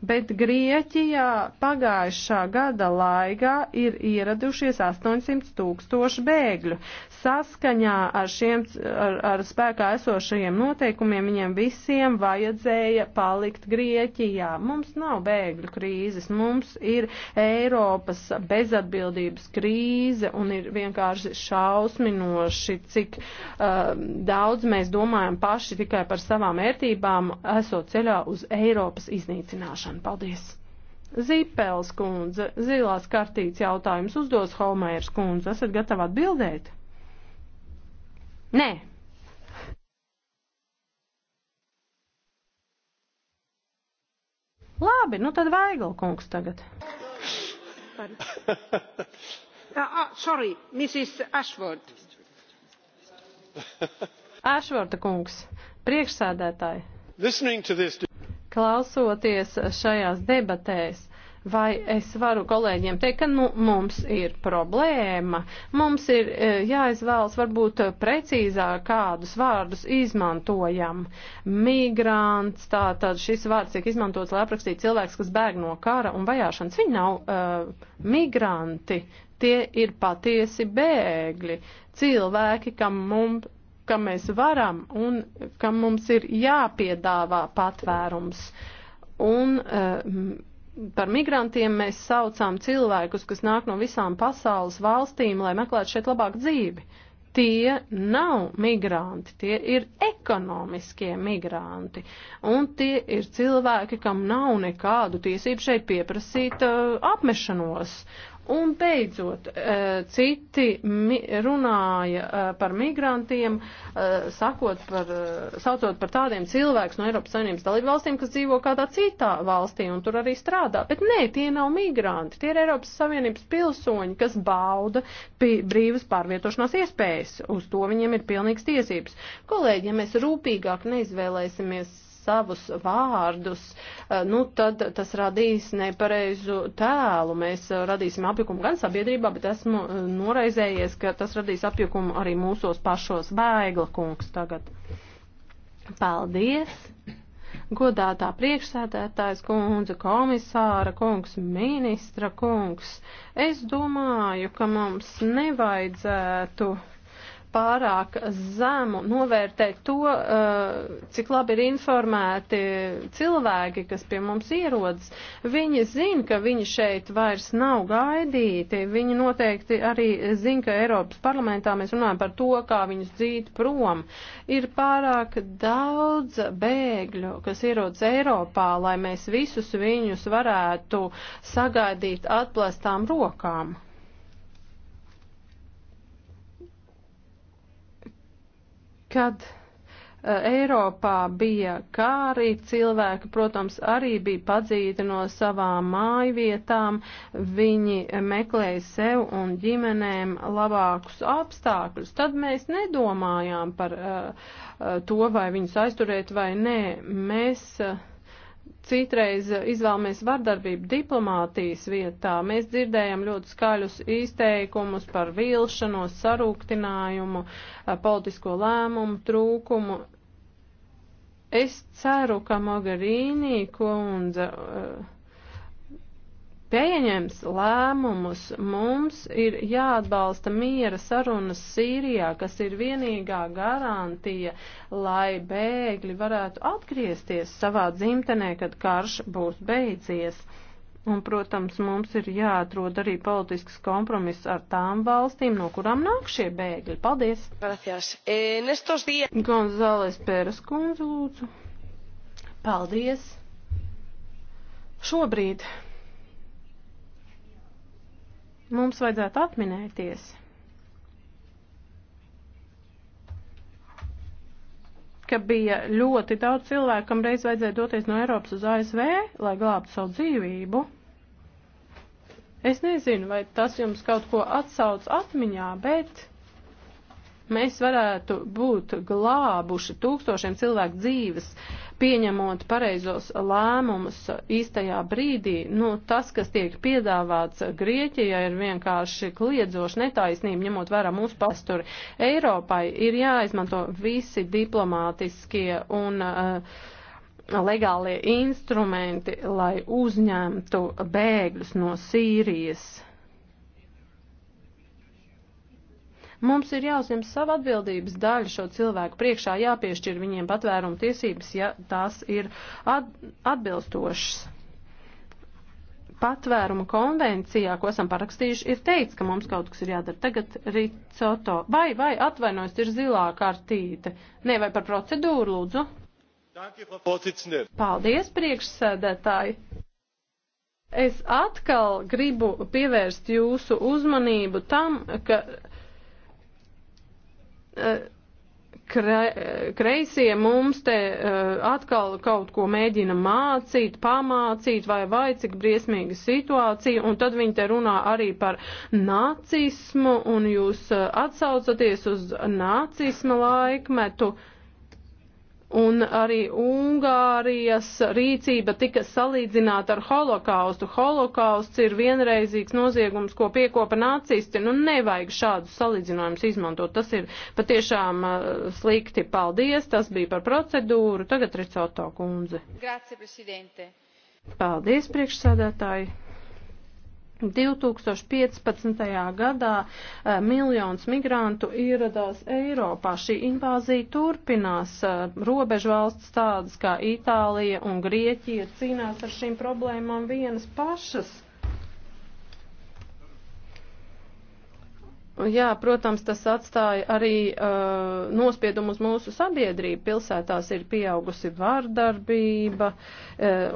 bet Grieķijā pagājušā gada laikā ir ieradušies 800 tūkstoši bēgļu saskaņā ar, šiem, ar, ar spēkā esošajiem noteikumiem viņiem visiem vajadzēja palikt Grieķijā. Mums nav bēgļu krīzes, mums ir Eiropas bezatbildības krīze un ir vienkārši šausminoši, cik uh, daudz mēs domājam paši tikai par savām ērtībām, esot ceļā uz Eiropas iznīcināšanu. Paldies! Zīpels kundze, zilās kartītes jautājums uzdos Holmēras kundze. Esat gatavi atbildēt? Nē. Labi, nu tad Vaigla kungs tagad. uh, (laughs) sorry, Mrs. Ashford. (laughs) Ashforda kungs, priekšsēdētāji. This... Klausoties šajās debatēs, Vai es varu kolēģiem teikt, ka nu, mums ir problēma? Mums ir e, jāizvēlas varbūt precīzāk, kādus vārdus izmantojam. Migrants, tātad šis vārds tiek izmantots, lai aprakstītu cilvēks, kas bēg no kara un vajāšanas. Viņi nav uh, migranti, tie ir patiesi bēgļi, cilvēki, kam mums kam mēs varam un kam mums ir jāpiedāvā patvērums. Un, uh, par migrantiem mēs saucām cilvēkus, kas nāk no visām pasaules valstīm, lai meklētu šeit labāku dzīvi. Tie nav migranti, tie ir ekonomiskie migranti, un tie ir cilvēki, kam nav nekādu tiesību šeit pieprasīt uh, apmešanos. Uh, Un beidzot, eh, citi runāja eh, par migrantiem, eh, sakot par, saucot par tādiem cilvēkus no Eiropas Savienības dalību valstīm, kas dzīvo kādā citā valstī un tur arī strādā. Bet nē, tie nav migranti, tie ir Eiropas Savienības pilsoņi, kas bauda brīvas pārvietošanās iespējas. Uz to viņiem ir pilnīgs tiesības. Kolēģi, ja mēs rūpīgāk neizvēlēsimies savus vārdus, eh, nu, tad tas radīs nepareizu tēlu. Mēs eh, radīsim apjukumu gan sabiedrībā, bet esmu eh, noraizējies, ka tas radīs apjukumu arī mūsos pašos. Bēgla kungs tagad. Paldies! Godātā priekšsēdētājs kundze, komisāra kungs, ministra kungs. Es domāju, ka mums nevajadzētu pārāk zemu novērtēt to, eh, cik labi ir informēti cilvēki, kas pie mums ierodas. Viņi zina, ka viņi šeit vairs nav gaidīti. Viņi noteikti arī zina, ka Eiropas parlamentā mēs runājam par to, kā viņus dzīt prom. Ir pārāk daudz bēgļu, kas ierodas Eiropā, lai mēs visus viņus varētu sagaidīt atplestām rokām. Kad eh, Eiropā bija kāri, cilvēki, protams, arī bija padzīti no savām mājvietām, viņi meklēja sev un ģimenēm labākus apstākļus. Tad mēs nedomājām par uh, to, vai viņus aizturēt vai nē. Mēs uh, citreiz izvēlamies vardarbību diplomātijas vietā. Mēs dzirdējam ļoti skaļus izteikumus par vilšanos, sarūktinājumu, politisko lēmumu trūkumu. Es ceru, ka Mogarīnī kundze. Uh, pieņems lēmumus. Mums ir jāatbalsta miera sarunas Sīrijā, kas ir vienīgā garantija, lai bēgļi varētu atgriezties savā dzimtenē, kad karš būs beidzies. Un, protams, mums ir jāatrod arī politisks kompromiss ar tām valstīm, no kurām nāk šie bēgļi. Paldies! Días... Gonzāles Pēras kundze, lūdzu. Paldies! Šobrīd Mums vajadzētu atminēties, ka bija ļoti daudz cilvēku, kam reiz vajadzēja doties no Eiropas uz ASV, lai glābtu savu dzīvību. Es nezinu, vai tas jums kaut ko atsauc atmiņā, bet Mēs varētu būt glābuši tūkstošiem cilvēku dzīves, pieņemot pareizos lēmumus īstajā brīdī. Nu, tas, kas tiek piedāvāts Grieķijai, ir vienkārši kliedzoši netaisnība, ņemot vērā mūsu pasturi. Eiropai ir jāizmanto visi diplomātiskie un. Uh, legālie instrumenti, lai uzņemtu bēgļus no Sīrijas. Mums ir jāuzņem sava atbildības daļa šo cilvēku priekšā, jāpiešķir viņiem patvērumu tiesības, ja tās ir at atbilstošas. Patvēruma konvencijā, ko esam parakstījuši, ir teikts, ka mums kaut kas ir jādara. Tagad ricoto. Vai, vai, atvainojas, ir zilā kartīte. Nē, vai par procedūru, lūdzu. Paldies, priekšsēdētāji! Es atkal gribu pievērst jūsu uzmanību tam, ka Eh, kre, kreisie mums te uh, atkal kaut ko mēģina mācīt, pamācīt, vai vai cik briesmīga situācija, un tad viņi te runā arī par nacismu, un jūs uh, atsaucaties uz nacisma laikmetu. Uh, un arī Ungārijas rīcība tika salīdzināta ar holokaustu. Holokausts ir vienreizīgs noziegums, ko piekopa nacisti. Nu, nevajag šādus salīdzinājumus izmantot. Tas ir patiešām uh, slikti. Paldies, tas bija par procedūru. Tagad Ricoto kundze. Grazie, Paldies, priekšsēdētāji. 2015. gadā eh, miljons migrantu ieradās Eiropā. Šī invāzija turpinās. Eh, Robežu valsts tādas kā Itālija un Grieķija cīnās ar šīm problēmām vienas pašas. Jā, protams, tas atstāja arī uh, nospiedumu uz mūsu sabiedrību. Pilsētās ir pieaugusi vārdarbība uh,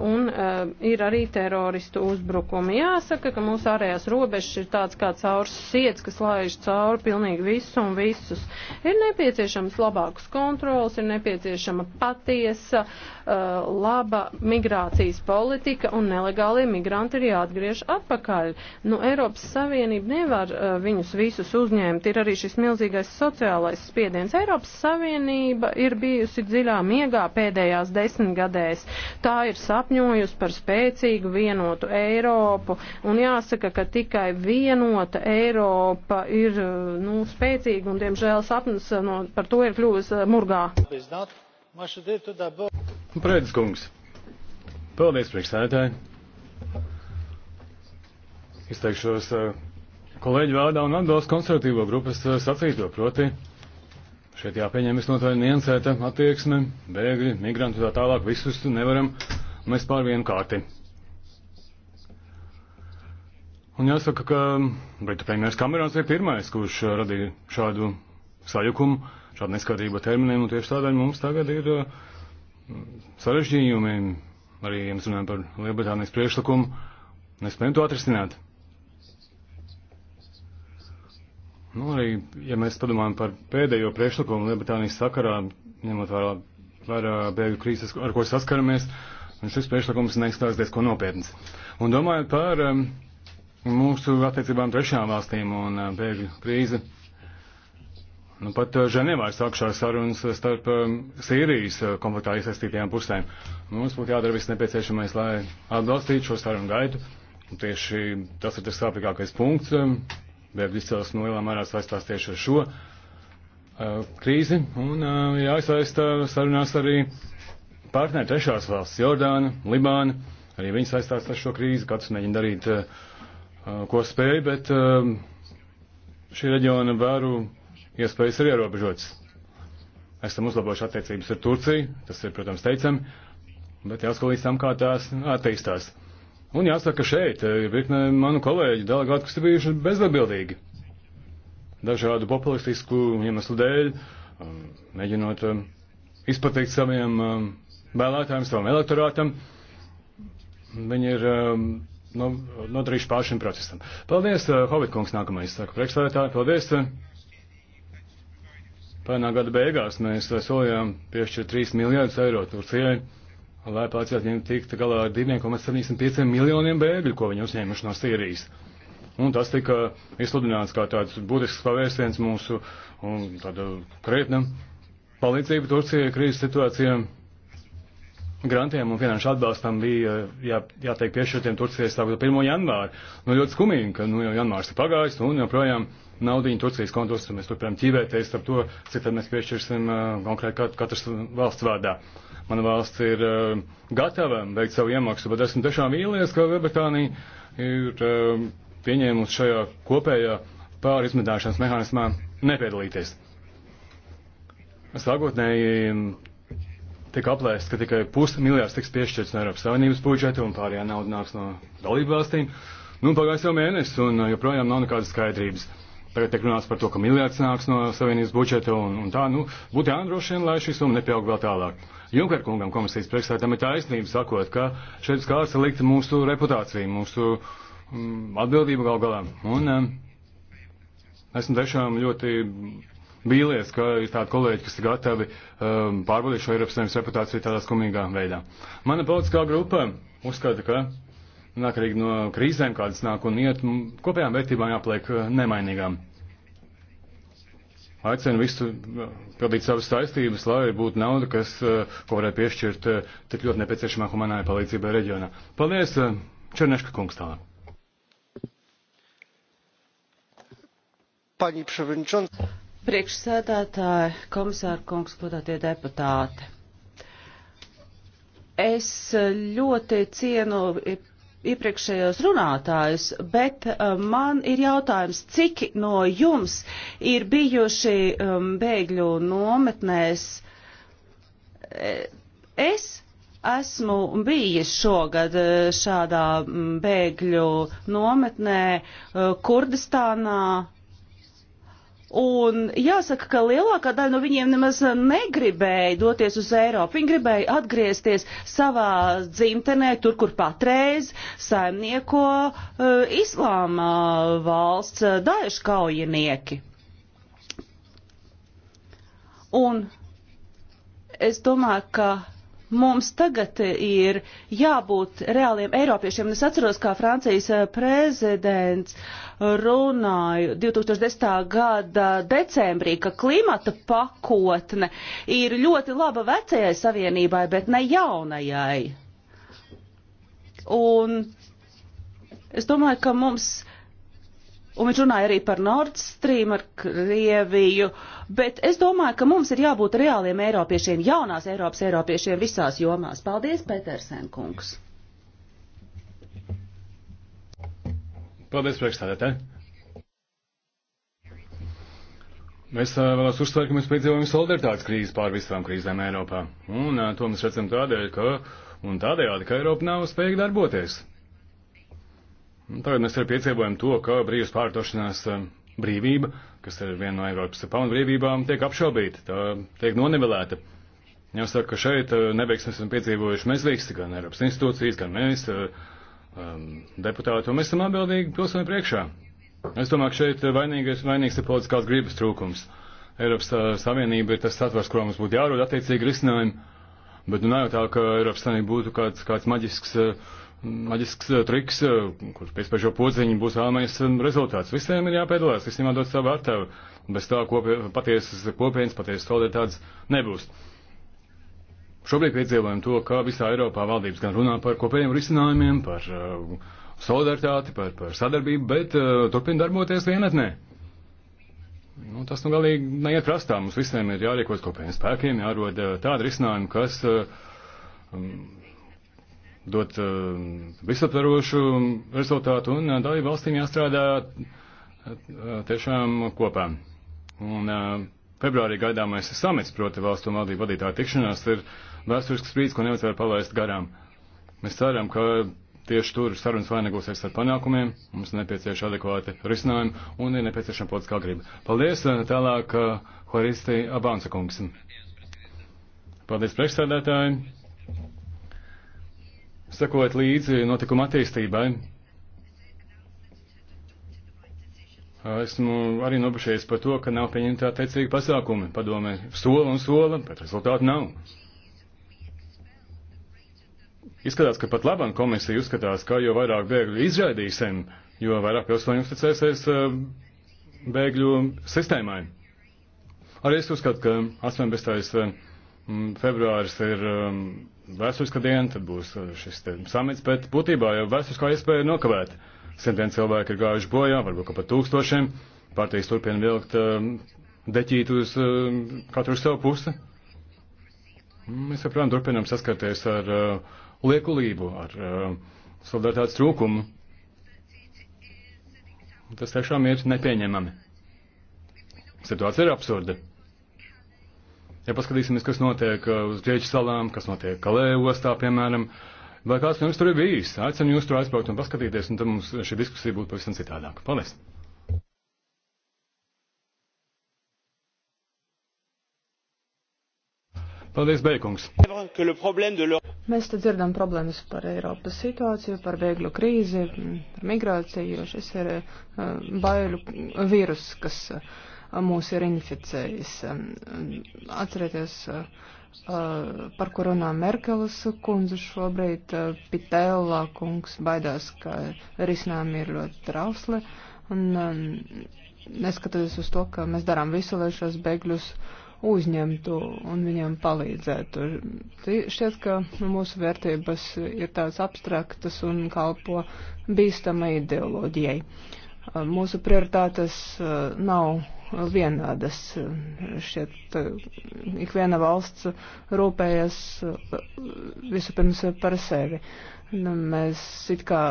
un uh, ir arī teroristu uzbrukumi. Jāsaka, ka mūsu ārējās robežas ir tāds kā caurs siets, kas laiž cauri pilnīgi visu un visus. Ir nepieciešams labākas kontrols, ir nepieciešama patiesa Uh, laba migrācijas politika un nelegālie migranti ir jāatgriež atpakaļ. Nu, Eiropas Savienība nevar uh, viņus visus uzņemt, ir arī šis milzīgais sociālais spiediens. Eiropas Savienība ir bijusi dziļā miegā pēdējās desmitgadēs. Tā ir sapņojusi par spēcīgu vienotu Eiropu un jāsaka, ka tikai vienota Eiropa ir uh, nu, spēcīga un, diemžēl, sapnis no, par to ir kļuvis murgā. Prēdis kungs. Paldies, priekšsēdētāji. Izteikšos eh, kolēģi vārdā un atbalstu konservatīvo grupas eh, sacīto, proti šeit jāpieņem visnotaļ niansēta attieksme, bēgļi, migranti tā tālāk, visus nevaram mēs pār vienu kārti. Un jāsaka, ka Britu premjeras Kamerons ir pirmais, kurš eh, radīja šādu sajukumu, šādu neskatību terminiem, un tieši tādēļ mums tagad ir uh, sarežģījumiem, arī, ja mēs runājam par Lielbritānijas priekšlikumu, nespējam to atrisināt. Nu, arī, ja mēs padomājam par pēdējo priekšlikumu Lielbritānijas sakarā, ņemot vērā, vērā bēgļu krīzes, ar ko saskaramies, un šis priekšlikums neizskatās diezko nopietns. Un domājot par um, mūsu attiecībām trešām valstīm un uh, bēgļu krīzi, Nu, pat eh, Ženevā sākšās sarunas eh, starp eh, Sīrijas konfliktā iesaistītajām pusēm. Nu, mums būtu jādara viss nepieciešamais, lai atbalstītu šo sarunu gaitu. Un tieši tas ir tas sāpīgākais punkts. Bēgļu izcelsme no nu, lielā mērā saistās tieši ar šo uh, krīzi. Un uh, jāsaista sarunās arī partneri trešās valsts - Jordāna, Libāna. Arī viņi saistās ar šo krīzi. Katrs mēģina darīt, uh, ko spēj, bet šī reģiona vēru iespējas ir ierobežotas. Esam uzlabojuši attiecības ar Turciju, tas ir, protams, teicami, bet jāsako līdz tam, kā tās attīstās. Un jāsaka, šeit ir eh, virkne manu kolēģu delegātu, kas ir bijuši bezatbildīgi. Dažādu populistisku iemeslu dēļ, um, mēģinot um, izpateikt saviem um, vēlētājiem, savam elektorātam, viņi ir nodarījuši pāršiem procesam. Paldies, uh, Hovitkungs, nākamais, saka priekšstādātāji, paldies. Uh, Pērnā gada beigās mēs solījām piešķirt 3 miljārdus eiro Turcijai, lai pats atņem tikt galā ar 2,75 miljoniem bēgļu, ko viņi uzņēmuši no Sīrijas. Un tas tika izsludināts kā tāds būtisks pavērsiens mūsu un tāda krietna palīdzība Turcijai krīzes situācijām. Grantiem un finanšu atbalstam bija jā, jāteikt piešķirtiem Turcijai sākot 1. janvāru. Nu, ļoti skumīgi, ka nu, jau janvārs ir pagājis un joprojām. Ja naudiņu Turcijas kontos, un mēs turpinām ķīvēties ar to, cik tad mēs piešķirsim konkrēti katras valsts vārdā. Mana valsts ir gatava veikt savu iemaksu, bet esmu tiešām vīlies, ka Lielbritānija ir pieņēmusi šajā kopējā pārizmedāšanas mehānismā nepiedalīties. Sākotnēji tika aplēsts, ka tikai pusmiljards tiks piešķirts no Eiropas Savienības budžeta un pārējā nauda nāks no dalību valstīm. Nu, pagājis jau mēnesis un joprojām nav nekādas skaidrības. Tagad tiek runāts par to, ka miljards nāks no Savienības budžeta un, un tā, nu, būtu jānodrošina, lai šī summa nepieaug vēl tālāk. Junker kungam komisijas priekšsēdam ir taisnība sakot, ka šeit skārs likt mūsu reputāciju, mūsu mm, atbildību gal galā. Un mm, esmu tiešām ļoti vīlies, ka ir tādi kolēģi, kas ir gatavi um, pārbaudīt šo Eiropas Savienības reputāciju tādā skumīgā veidā. Mana politiskā grupa uzskata, ka neatkarīgi no krīzēm, kādas nāk un iet, kopējām vērtībām jāpaliek eh, nemainīgām. Aicinu visu eh, pildīt savas saistības, lai būtu nauda, kas, eh, ko varētu piešķirt tik ļoti nepieciešamā humanāja palīdzībai reģionā. Paldies, Černeška kungs tālāk. Priekšsēdētāji, komisāra kungs, godātie deputāti. Es ļoti cienu iepriekšējos runātājus, bet um, man ir jautājums, cik no jums ir bijuši um, bēgļu nometnēs? E, es esmu bijis šogad e, šādā mm, bēgļu nometnē e, Kurdistānā, Un jāsaka, ka lielākā daļa no viņiem nemaz negribēja doties uz Eiropu. Viņi gribēja atgriezties savā dzimtenē, tur, kur patreiz saimnieko uh, islāma valsts uh, eh, daļšu kaujinieki. Un es domāju, ka mums tagad ir jābūt reāliem eiropiešiem. Es atceros, kā Francijas eh, prezidents uh, runāju 2010. gada decembrī, ka klimata pakotne ir ļoti laba vecajai savienībai, bet ne jaunajai. Un es domāju, ka mums. Un viņš runāja arī par Nord Stream, ar Krieviju, bet es domāju, ka mums ir jābūt reāliem eiropiešiem, jaunās Eiropas eiropiešiem visās jomās. Paldies, Petersen kungs! Paldies, priekšstādētāji! Mēs vēlos uzsvērt, ka mēs piedzīvojam solidaritātes krīzi pār visām krīzēm Eiropā. Un to mēs redzam tādēļ, ka, un tādējādi, ka Eiropa nav spējīga darboties. Un tagad mēs arī piedzīvojam to, ka brīvas pārtošanās brīvība, kas ir viena no Eiropas pamatbrīvībām, tiek apšaubīta, tā tiek nonivelēta. Jāsaka, ka šeit neveiksmes esam piedzīvojuši mēs visi, gan Eiropas institūcijas, gan mēs. Uh, um, deputāti, un mēs esam atbildīgi pilsoņu priekšā. Es domāju, ka šeit vainīgais, vainīgs ir politiskās gribas trūkums. Eiropas uh, Savienība ir tas satvers, kurā mums būtu jārod attiecīgi risinājumi, bet nu nav jau tā, ka Eiropas Savienība būtu kāds, kāds maģisks, uh, maģisks uh, triks, kurš piespēļo podziņu būs vēlamais um, rezultāts. Visiem ir jāpiedalās, visiem jādod savu attevu, bez tā kopie, patiesas kopienas, patiesas solidaritātes nebūs. Šobrīd piedzīvojam to, kā visā Eiropā valdības gan runā par kopējiem risinājumiem, par uh, solidaritāti, par, par sadarbību, bet uh, turpina darboties vienatnē. Nu, tas nu galīgi neiet prastā. Mums visiem ir jārīkos kopējiem spēkiem, jārod uh, tādi risinājumi, kas uh, um, dot uh, visaptvarošu rezultātu un uh, daļu valstīm jāstrādā uh, tiešām kopā. Un uh, februārī gaidāmais samits, proti valstu un valdību vadītāju tikšanās, ir uh, vēsturisks brīdis, ko nevajadzētu palaist garām. Mēs ceram, ka tieši tur sarunas vainagosies ar panākumiem, mums ir nepieciešama adekvāta risinājuma un ir nepieciešama politiskā griba. Paldies, eh, tālāk Horisti eh, Abānsa kungs. Paldies priekšsēdētāji. Sakot līdzi notikuma attīstībai, esmu arī nobušies par to, ka nav pieņemta attiecīgi pasākumi. Padomē, sola un sola, bet rezultātu nav. Izskatās, ka pat labam komisija uzskatās, ka jo vairāk bēgļu izraidīsim, jo vairāk pilsoņu uzticēsies eh, bēgļu sistēmai. Arī es uzskatu, ka 18. Eh, februāris ir eh, vēsturiska diena, tad būs šis samits, bet būtībā jau vēsturiskā iespēja ir nokavēt. Simtiem cilvēki ir gājuši bojā, varbūt pat tūkstošiem. Partijas turpina vilkt deķīt uz katru savu pusi. Mm, mēs joprojām turpinām saskarties ar uh, liekulību, ar uh, solidaritātes trūkumu. Tas tiešām ir nepieņemami. Situācija ir absurda. Ja paskatīsimies, kas notiek eh, uz Grieķu salām, kas notiek Kalē ostā, piemēram, vai kāds no jums tur ir bijis, aicinu jūs tur aizbraukt un paskatīties, un tad mums šī diskusija būtu pavisam citādāka. Paldies! Paldies, Beikungs. Mēs te dzirdam problēmas par Eiropas situāciju, par bēgļu krīzi, par migrāciju, jo šis ir eh, bailu vīrus, kas eh, mūs ir inficējis. Atcerieties, eh, par ko runā Merkelas kundze šobrīd, Pitēlā kungs baidās, ka risinājumi ir ļoti trausli. Un, neskatoties uz to, ka mēs darām visu, lai šos bēgļus uh, uzņemtu un viņiem palīdzētu. Šķiet, ka mūsu vērtības ir tādas abstraktas un kalpo bīstamai ideoloģijai. Mūsu prioritātes uh, nav vienādas. Šķiet, uh, ikviena valsts rūpējas uh, vispirms par sevi. Nu, mēs it kā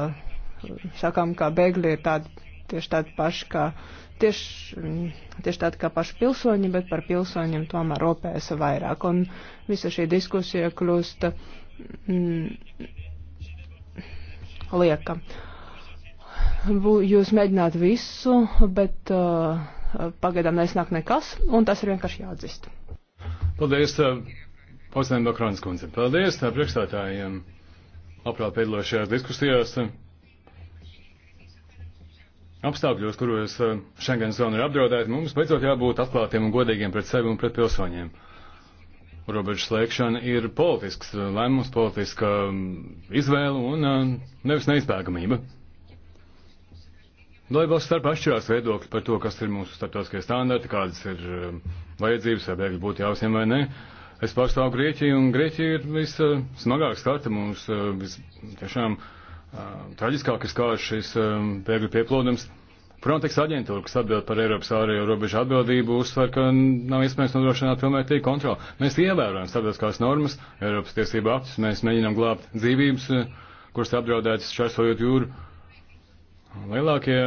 sakām, ka bēgļi ir tādi, tieši tādi paši kā. Ka tieši, tieši tādi kā paši pilsoņi, bet par pilsoņiem tomēr rūpējas vairāk. Un visa šī diskusija kļūst mm, lieka. Jūs mēģināt visu, bet uh, pagaidām nesnāk nekas, un tas ir vienkārši jāatzīst. Paldies, uh, Postēm Bakrānas kundze. Paldies tā priekšstādājiem, labprāt piedalošajās diskusijās apstākļos, kuros eh, Schengen zona ir apdraudēta, mums beidzot jābūt atklātiem un godīgiem pret sevi un pret pilsoņiem. Robežu slēgšana ir politisks lēmums, politiska mm, izvēle un eh, nevis neizbēgamība. Dalībvalsts starp atšķirās viedokļi par to, kas ir mūsu starptautiskie standarti, kādas ir eh, vajadzības, vai bēgļi būtu jāuzņem vai nē. Es pārstāvu Grieķiju, un Grieķija ir vissmagāk skarta mūsu vis, tiešām uh, traģiskākais kārš šis bēgļu pieplūdums. Frontex aģentūra, kas atbild par Eiropas ārējo robežu atbildību, uzsver, ka nav iespējams nodrošināt pilnvērtīgu kontroli. Mēs ievērojam starptautiskās normas, Eiropas tiesību aktus, mēs mēģinām glābt dzīvības, kuras apdraudētas šķērsojot jūru. Lielākie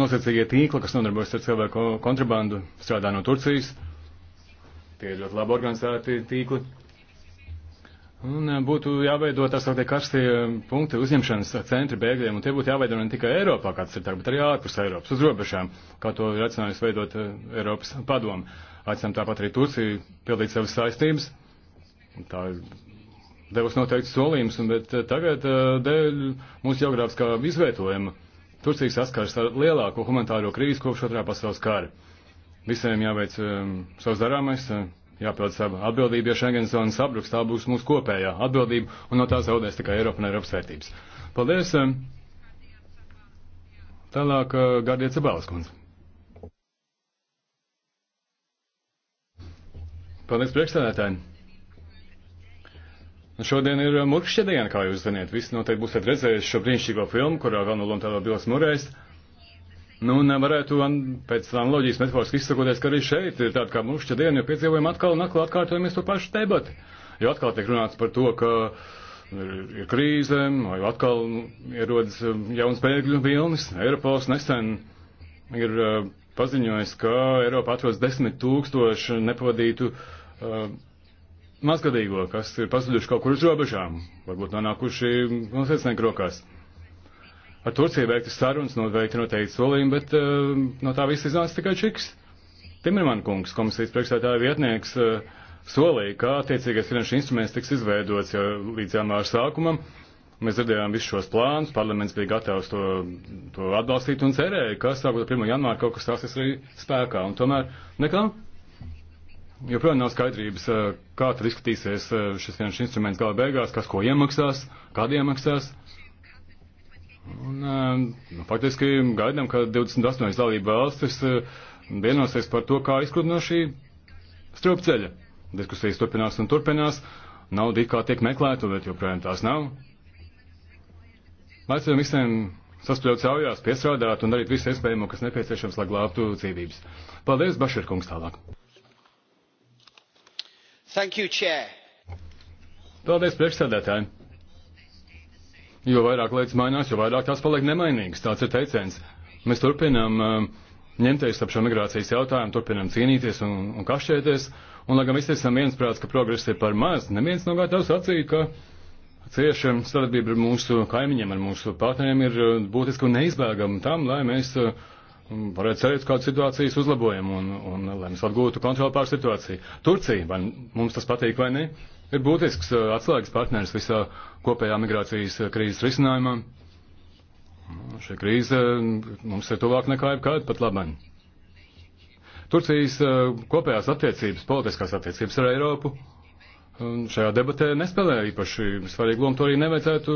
nosacīgie tīkli, kas nodarbojas ar cilvēku kontrabandu, strādā no Turcijas. Tie ir ļoti labi organizēti tīkli. Un eh, būtu jāveido tā sauktie karstie eh, punkti uzņemšanas centri bēgļiem, un tie būtu jāveido ne tikai Eiropā, kāds ir tagad, bet arī ārpus Eiropas, uz robežām, kā to ir aicinājusi veidot eh, Eiropas padomu. Aicinām tāpat arī Turciju pildīt savas saistības. Tā ir devusi noteikti solījums, bet tagad dēļ mūsu geogrāfiskā izvietojuma Turcija saskars ar lielāko humanitāro krīzi kopš otrā pasaules kara. Visiem jāveic savs darāmais. Uh, jāpild sava atbildība, ja Schengen zona sabruks, tā būs mūsu kopējā atbildība, un no tā zaudēs tikai Eiropa un Eiropas vērtības. Paldies! Eh, tālāk eh, Gardie Cebālas kundze. Paldies priekšstādātājiem! Nu, šodien ir eh, murkšķa diena, kā jūs zināt. Visi noteikti būsiet redzējuši šo brīnišķīgo filmu, kurā Vanu Lontēlo Bils Murējs Nu, nevarētu pēc analoģijas metaforiski izsakoties, ka arī šeit ir tāda kā mušķa diena, jo piedzīvojam atkal un atkal atkārtojamies to pašu debatu. Jo atkal tiek runāts par to, ka ir, ir krīze, vai atkal ierodas um, jauns bēgļu vilnis. Eiropols nesen ir uh, paziņojis, ka Eiropā atrodas desmit tūkstoši nepavadītu uh, mazgadīgo, kas ir pazuduši kaut kur uz robežām, varbūt nonākuši noslēdznieku nu, rokās. Ar Turciju veiktas sarunas, noteikti nu, noteikti solījumi, bet uh, no tā viss iznāca tikai čiks. Timerman kungs, komisijas priekšsētāja vietnieks, uh, solīja, ka attiecīgais finanšu instruments tiks izveidots jau līdz janvāra sākumam. Mēs dzirdējām visus šos plānus, parlaments bija gatavs to, to atbalstīt un cerēja, ka sākot ar 1. janvāru kaut kas stāsies arī spēkā. Un tomēr nekā. Joprojām nav skaidrības, eh, kā tad izskatīsies šis finanšu instruments gala beigās, kas ko iemaksās, kādi iemaksās. Un, um, nu, faktiski gaidām, ka 28 dalība valstis uh, vienosies par to, kā izkļūt no šī stropceļa. Diskusijas turpinās un turpinās. Nauda it kā tiek meklēta, bet joprojām tās nav. Vajadzētu visiem saspļaut caujās, piestrādāt un darīt visu iespējamo, kas nepieciešams, lai glābtu dzīvības. Paldies, Bašir kungs, tālāk. Thank you, chair. Paldies, priekšsēdētāji. Jo vairāk lietas mainās, jo vairāk tās paliek nemainīgas. Tāds ir teiciens. Mēs turpinām uh, um, ņemties ap šo migrācijas jautājumu, turpinām cīnīties un, un kašķēties. Un, lai gan visi esam viensprāts, ka progress ir par maz, neviens nav gatavs atzīt, ka cieša sadarbība ar mūsu kaimiņiem, ar mūsu partneriem ir uh, būtiski un neizbēgama tam, lai mēs uh, varētu cerēt kādu situācijas uzlabojumu un, un, un lai mēs atgūtu kontroli pār situāciju. Turcija, vai mums tas patīk vai ne? Uh, ir būtisks eh, atslēgas partners visā kopējā migrācijas eh, krīzes risinājumā. Šī krīze eh, mums ir tuvāk nekā jebkad pat labāk. Turcijas kopējās attiecības, politiskās attiecības ar Eiropu šajā debatē nespēlē īpaši svarīgu lomu. To arī nevajadzētu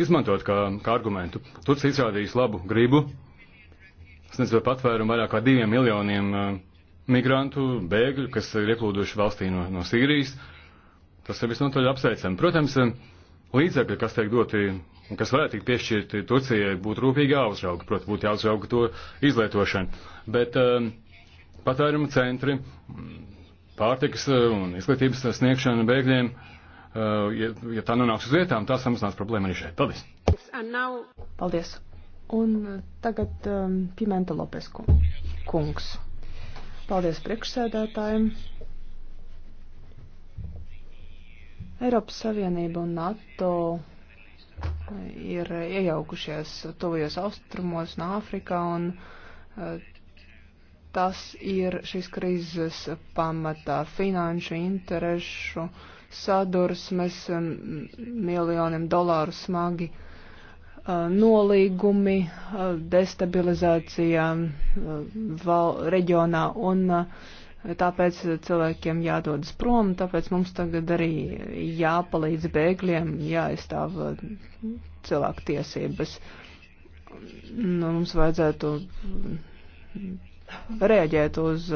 izmantot kā, kā argumentu. Turcija izrādījis labu gribu, sniedzot patvērumu vairāk kā diviem miljoniem migrantu, bēgļu, kas ir ieplūduši valstī no, no Sīrijas. Uh, Tas ir visnotaļ apsveicami. Protams, eh, līdzekļi, kas tiek doti un kas varētu tikt piešķirti Turcijai, būtu rūpīgi jāuzrauga, protams, būtu jāuzrauga to izlietošanu. Bet um, eh, patērumu centri, pārtikas eh, un izglītības sniegšana bēgļiem, uh, ja, ja tā nonāks uz vietām, tā samazinās problēmu arī šeit. Paldies! Paldies! Un tagad um, Pimenta Lopesku kungs. Paldies priekšsēdētājiem! Eiropas Savienība un NATO ir iejaukušies tuvajos austrumos un Āfrikā, un eh, tas ir šīs krīzes pamatā finanšu interešu sadursmes, miljoniem dolāru smagi eh, nolīgumi, eh, destabilizācija val, reģionā un uh, tāpēc cilvēkiem jādodas prom, tāpēc mums tagad arī jāpalīdz bēgļiem, jāaizstāv uh, cilvēku tiesības. Nu, mums vajadzētu rēģēt uz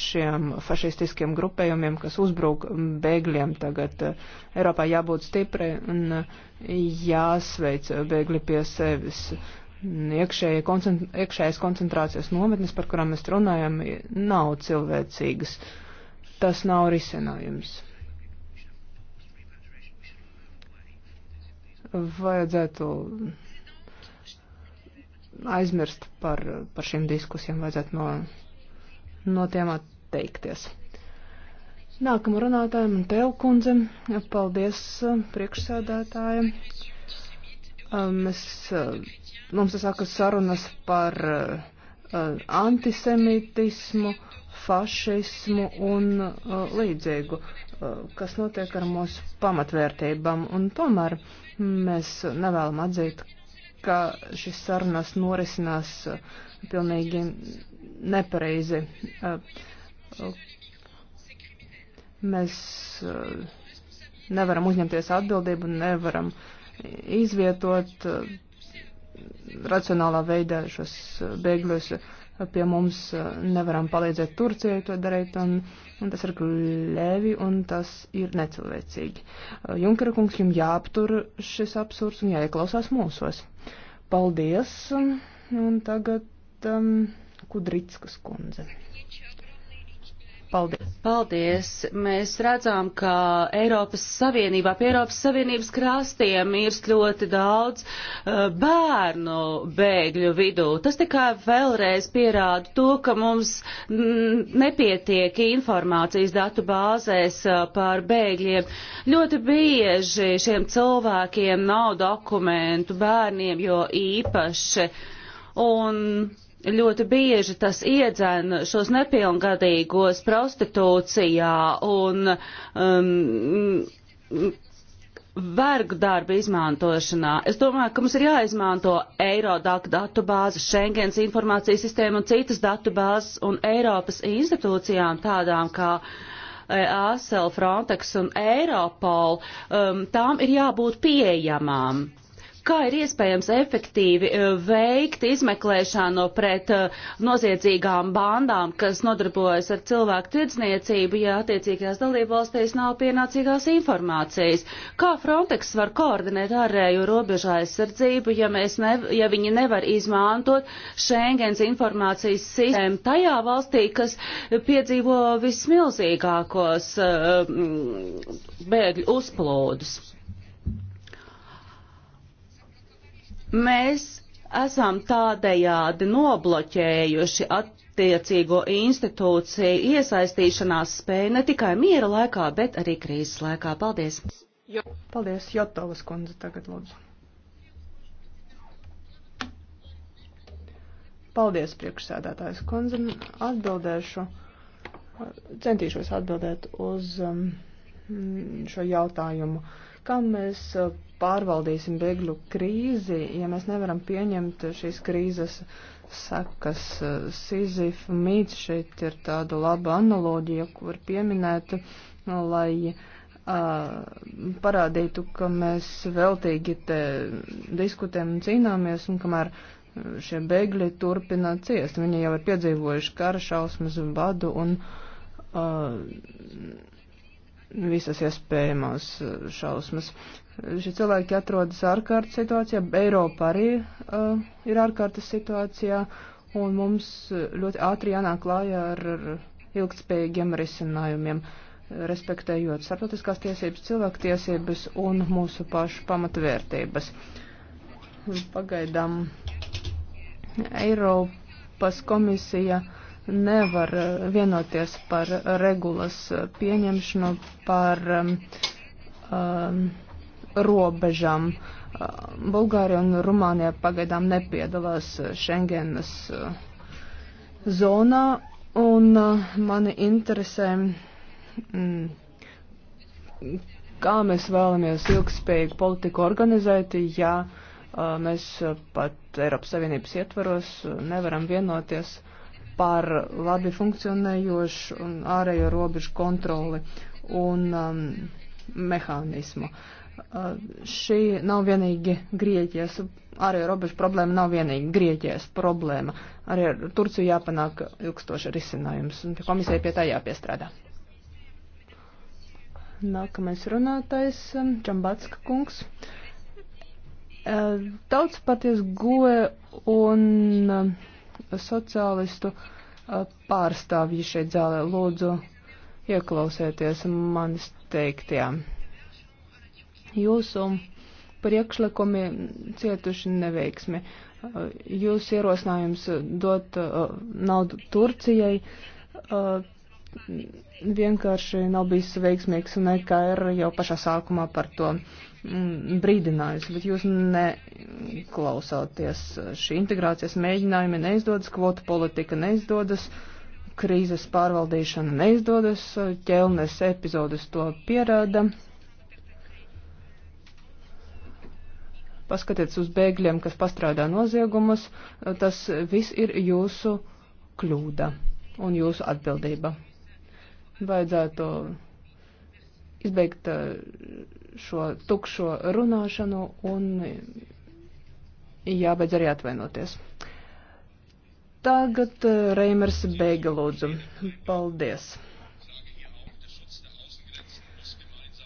šiem fašistiskiem grupējumiem, kas uzbruk bēgļiem tagad. Uh, Eiropā jābūt stipri un uh, jāsveic bēgļi pie sevis. Uh, iekšēja koncentr iekšējas koncentrācijas nometnes, par kurām mēs runājam, nav cilvēcīgas. Tas nav risinājums. Vajadzētu aizmirst par, par šīm diskusijām, vajadzētu no, no tiem atteikties. Nākamā runātājiem un tev, kundzem, paldies priekšsēdētājiem. Mēs Mums sākas sarunas par uh, antisemitismu, fašismu un uh, līdzīgu, uh, kas notiek ar mūsu pamatvērtībām. Un tomēr mēs nevēlam atzīt, ka šis sarunas norisinās uh, pilnīgi nepareizi. Uh, mēs uh, nevaram uzņemties atbildību, nevaram izvietot. Uh, racionālā veidā šos eh, bēgļus eh, pie mums eh, nevaram palīdzēt Turcijai to darīt, un, un tas ir gļēvi, un tas ir necilvēcīgi. Junkara kungs, jums jāaptur šis absurds un jāieklausās mūsos. Paldies, un tagad um, Kudrickas kundze. Paldies. Paldies. Mēs redzam, ka Eiropas Savienībā, pie Eiropas Savienības krastiem mirst ļoti daudz uh, bērnu bēgļu vidū. Tas tikai vēlreiz pierāda to, ka mums nepietiek informācijas datu bāzēs uh, par bēgļiem. Ļoti bieži šiem cilvēkiem nav dokumentu bērniem, jo īpaši. Un ļoti bieži tas iedzēna šos nepilngadīgos prostitūcijā un um, vergu darba izmantošanā. Es domāju, ka mums ir jāizmanto Eirodaka datu bāze, Schengens informācijas sistēma un citas datu bāzes un Eiropas institūcijām tādām kā e, ASL, Frontex un Eiropol, um, tām ir jābūt pieejamām kā ir iespējams efektīvi eh, veikt izmeklēšanu pret eh, noziedzīgām bandām, kas nodarbojas ar cilvēku tirdzniecību, ja attiecīgajās dalībvalstīs nav pienācīgās informācijas. Kā Frontex var koordinēt ārējo robežu aizsardzību, ja, ne, ja viņi nevar izmantot Schengens informācijas sistēmu tajā valstī, kas piedzīvo vismilzīgākos eh, bēgļu uzplūdus? Mēs esam tādējādi nobloķējuši attiecīgo institūciju iesaistīšanās spēju ne tikai miera laikā, bet arī krīzes laikā. Paldies! Jo. Paldies, Jotovas kundze, tagad lūdzu. Paldies, priekšsēdētājs kundze. Atbildēšu, centīšos atbildēt uz um, šo jautājumu, kā mēs uh, pārvaldīsim bēgļu krīzi, ja mēs nevaram pieņemt šīs krīzes sekas. Sizif mīts šeit ir tāda laba analoģija, kur pieminēt, lai parādītu, ka mēs veltīgi te diskutējam un cīnāmies, un kamēr šie bēgļi turpina ciest. Viņi jau ir piedzīvojuši kara šausmas, badu un uh, visas iespējamās šausmas šie cilvēki atrodas ārkārtas situācijā, Eiropa arī uh, ir ārkārtas situācijā, un mums ļoti ātri jānāk klājā ar, ar ilgtspējīgiem risinājumiem, respektējot starptautiskās tiesības, cilvēktiesības un mūsu pašu pamatvērtības. Pagaidām Eiropas komisija nevar uh, vienoties par regulas pieņemšanu, par um, um, robežām. Bulgārija un Rumānija pagaidām nepiedalās Schengenas eh, zonā, un eh, mani interesē, mm, kā mēs vēlamies ilgspējīgu politiku organizēt, ja eh, mēs pat Eiropas Savienības ietvaros nevaram vienoties par labi funkcionējošu un ārējo robežu kontroli un um, mehānismu. Uh, šī nav vienīgi Grieķijas, arī robežu problēma nav vienīgi Grieķijas problēma. Arī ar Turciju jāpanāk ilgstoši risinājums, un komisija pie tā jāpiestrādā. Nākamais runātais um, - Čambatska kungs. Tautas partijas goe un um, sociālistu pārstāvji šeit zālē lūdzu ieklausieties manis teiktajām. Ja jūsu priekšlikumi cietuši neveiksmi. Jūs ierosinājums dot uh, naudu Turcijai uh, vienkārši nav bijis veiksmīgs un nekā ir jau pašā sākumā par to mm, brīdinājusi, bet jūs neklausāties. Šī integrācijas mēģinājumi neizdodas, kvotu politika neizdodas, krīzes pārvaldīšana neizdodas, uh, ķelnes epizodes to pierāda. paskatieties uz bēgļiem, kas pastrādā noziegumus, tas viss ir jūsu kļūda un jūsu atbildība. Vajadzētu izbeigt eh, šo tukšo runāšanu un jābeidz arī atvainoties. Tagad eh, Reimers Beigalūdzu. Paldies!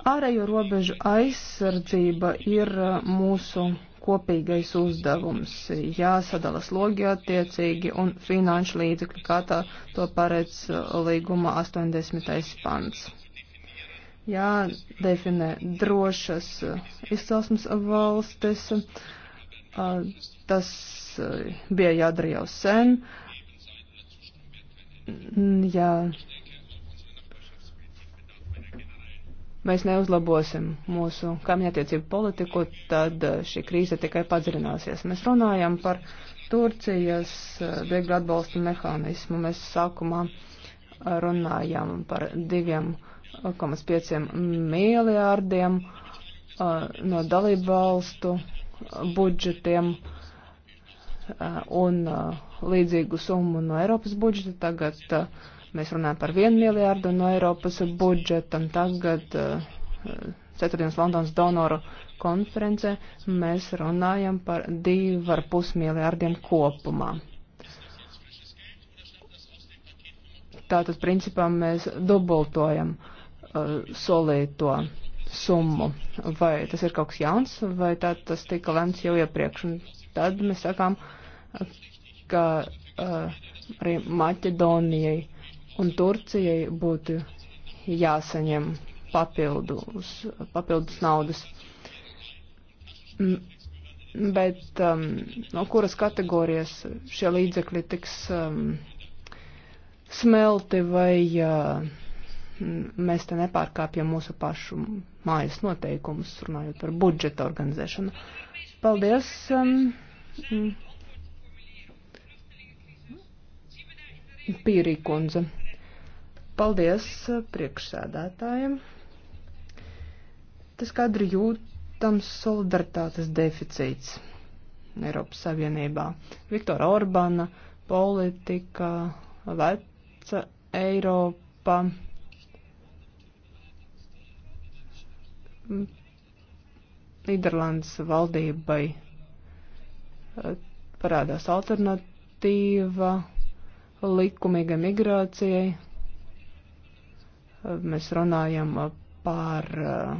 Ārējo robežu aizsardzība ir uh, mūsu kopīgais uzdevums. Jāsadala slogi attiecīgi un finanšu līdzekļi, kā tā to paredz uh, līguma 80. pants. Jādefinē drošas uh, izcelsmes valstis. Tas bija jādara jau sen. Jā, mēs neuzlabosim mūsu kaimiņattiecību politiku, tad eh, šī krīze tikai padziļināsies. Mēs runājam par Turcijas eh, bēgļu atbalsta mehānismu. Mēs sākumā runājam par 2,5 eh, miljārdiem no dalību valstu budžetiem un līdzīgu summu no Eiropas budžeta. Tagad uh, Mēs runājam par vienu miljārdu no Eiropas budžeta, un tagad eh, ceturtdienas Londonas donoru konferencē mēs runājam par divu ar pus miljārdiem kopumā. Tātad, principā, mēs dubultojam uh, solīto summu. Vai tas ir kaut kas jauns, vai tā tas tika lemts jau iepriekš. Un tad mēs sakām, ka uh, arī Maķedonijai uh, un Turcijai būtu jāsaņem papildus, papildus naudas. Bet um, no kuras kategorijas šie līdzekļi tiks um, smelti vai uh, mēs te nepārkāpjam mūsu pašu mājas noteikumus, runājot par budžeta organizēšanu. Paldies! Um, Pīrī kundze. Paldies priekšsēdētājiem. Tas kādri jūtams solidaritātes deficīts Eiropas Savienībā. Viktora Orbāna politika, veca Eiropa. Nīderlandes valdībai eh, parādās alternatīva likumīgai migrācijai. Mēs runājam par eh,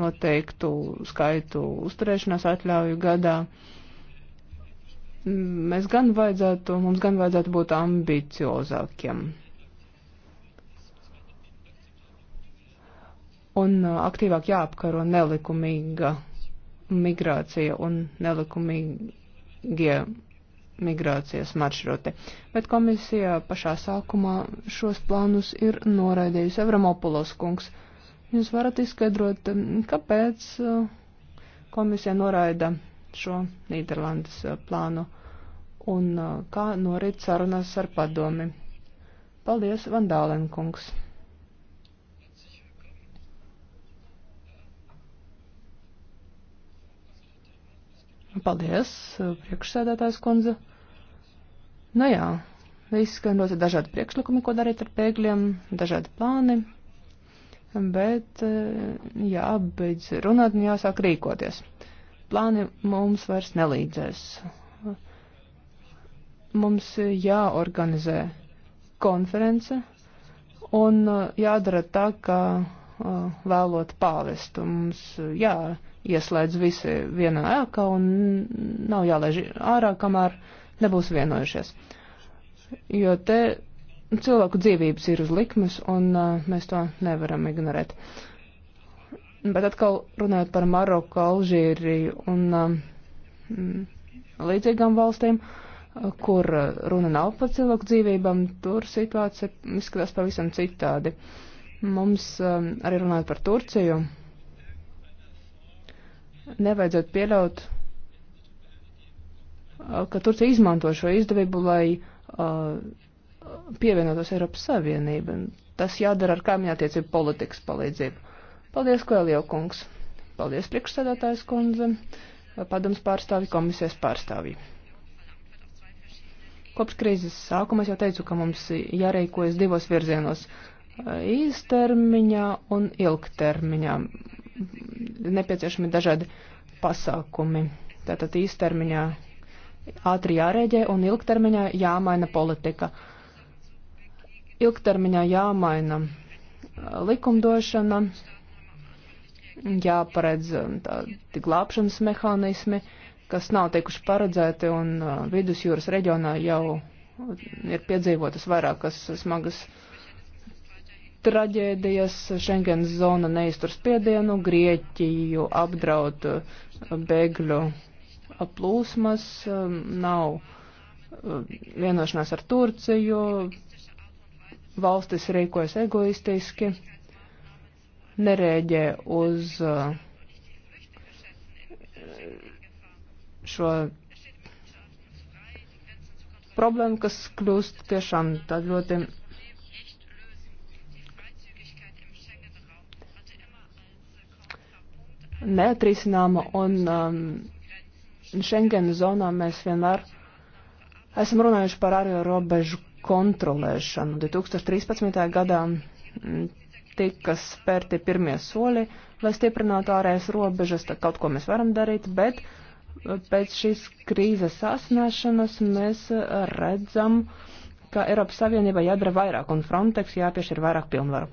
noteiktu skaitu uzturēšanās atļauju gadā. Mēs gan vajadzētu, mums gan vajadzētu būt ambiciozākiem. Un eh, aktīvāk jāapkaro nelikumīga migrācija un nelikumīgie migrācijas maršruti. Bet komisija pašā sākumā šos plānus ir noraidījusi Avramopulos kungs. Jūs varat izskaidrot, um, kāpēc uh, komisija noraida šo Nīderlandes uh, plānu un uh, kā norit sarunas ar padomi. Paldies, Vandālenkungs! Paldies, priekšsēdētājs kundze. Nu jā, izskan ļoti dažādi priekšlikumi, ko darīt ar bēgļiem, dažādi plāni, bet eh, jābeidz runāt un jāsāk rīkoties. Plāni mums vairs nelīdzēs. Mums jāorganizē konference un eh, jādara tā, ka eh, vēlot pāvestu. Mums jāieslēdz visi vienā ēkā un nav jālaiž ārā, kamēr uh, nebūs vienojušies. Jo te cilvēku dzīvības ir uz likmes, un uh, mēs to nevaram ignorēt. Bet atkal runājot par Maroku, Alžīriju un uh, līdzīgām valstīm, uh, kur runa nav par cilvēku dzīvībām, tur situācija izskatās pavisam citādi. Mums uh, arī runājot par Turciju, nevajadzētu pieļaut Uh, ka Turcija izmanto šo izdevību, lai uh, pievienotos Eiropas Savienībai. Tas jādara ar kaimiņattiecību politikas palīdzību. Paldies, Koelio kungs. Paldies, priekšsēdētājs kundze, uh, padoms pārstāvi, komisijas pārstāvi. Kopš krīzes sākuma es jau teicu, ka mums jārīkojas divos virzienos uh, - īstermiņā un ilgtermiņā. Nepieciešami dažādi pasākumi. Tātad īstermiņā ātri jārēģē un ilgtermiņā jāmaina politika. Ilgtermiņā jāmaina likumdošana, jāparedz tādi glābšanas mehānismi, kas nav tikuši paredzēti un vidusjūras reģionā jau ir piedzīvotas vairākas smagas traģēdijas, Schengens zona neiztur spiedienu, Grieķiju apdraud bēgļu plūsmas, um, nav um, vienošanās ar Turciju, valstis rīkojas egoistiski, nereģē uz uh, šo problēmu, kas kļūst tiešām tad ļoti neatrisināma un um, Schengena zonā mēs vienmēr esam runājuši par ārējo robežu kontrolēšanu. 2013. gadā mm, tika spērti pirmie soļi, lai stiprinātu ārējas robežas, tad kaut ko mēs varam darīt, bet uh, pēc šīs krīzes sasniešanas mēs uh, redzam, ka Eiropas Savienībai jādara vairāk un Frontex jāpiešķir vairāk pilnvaru.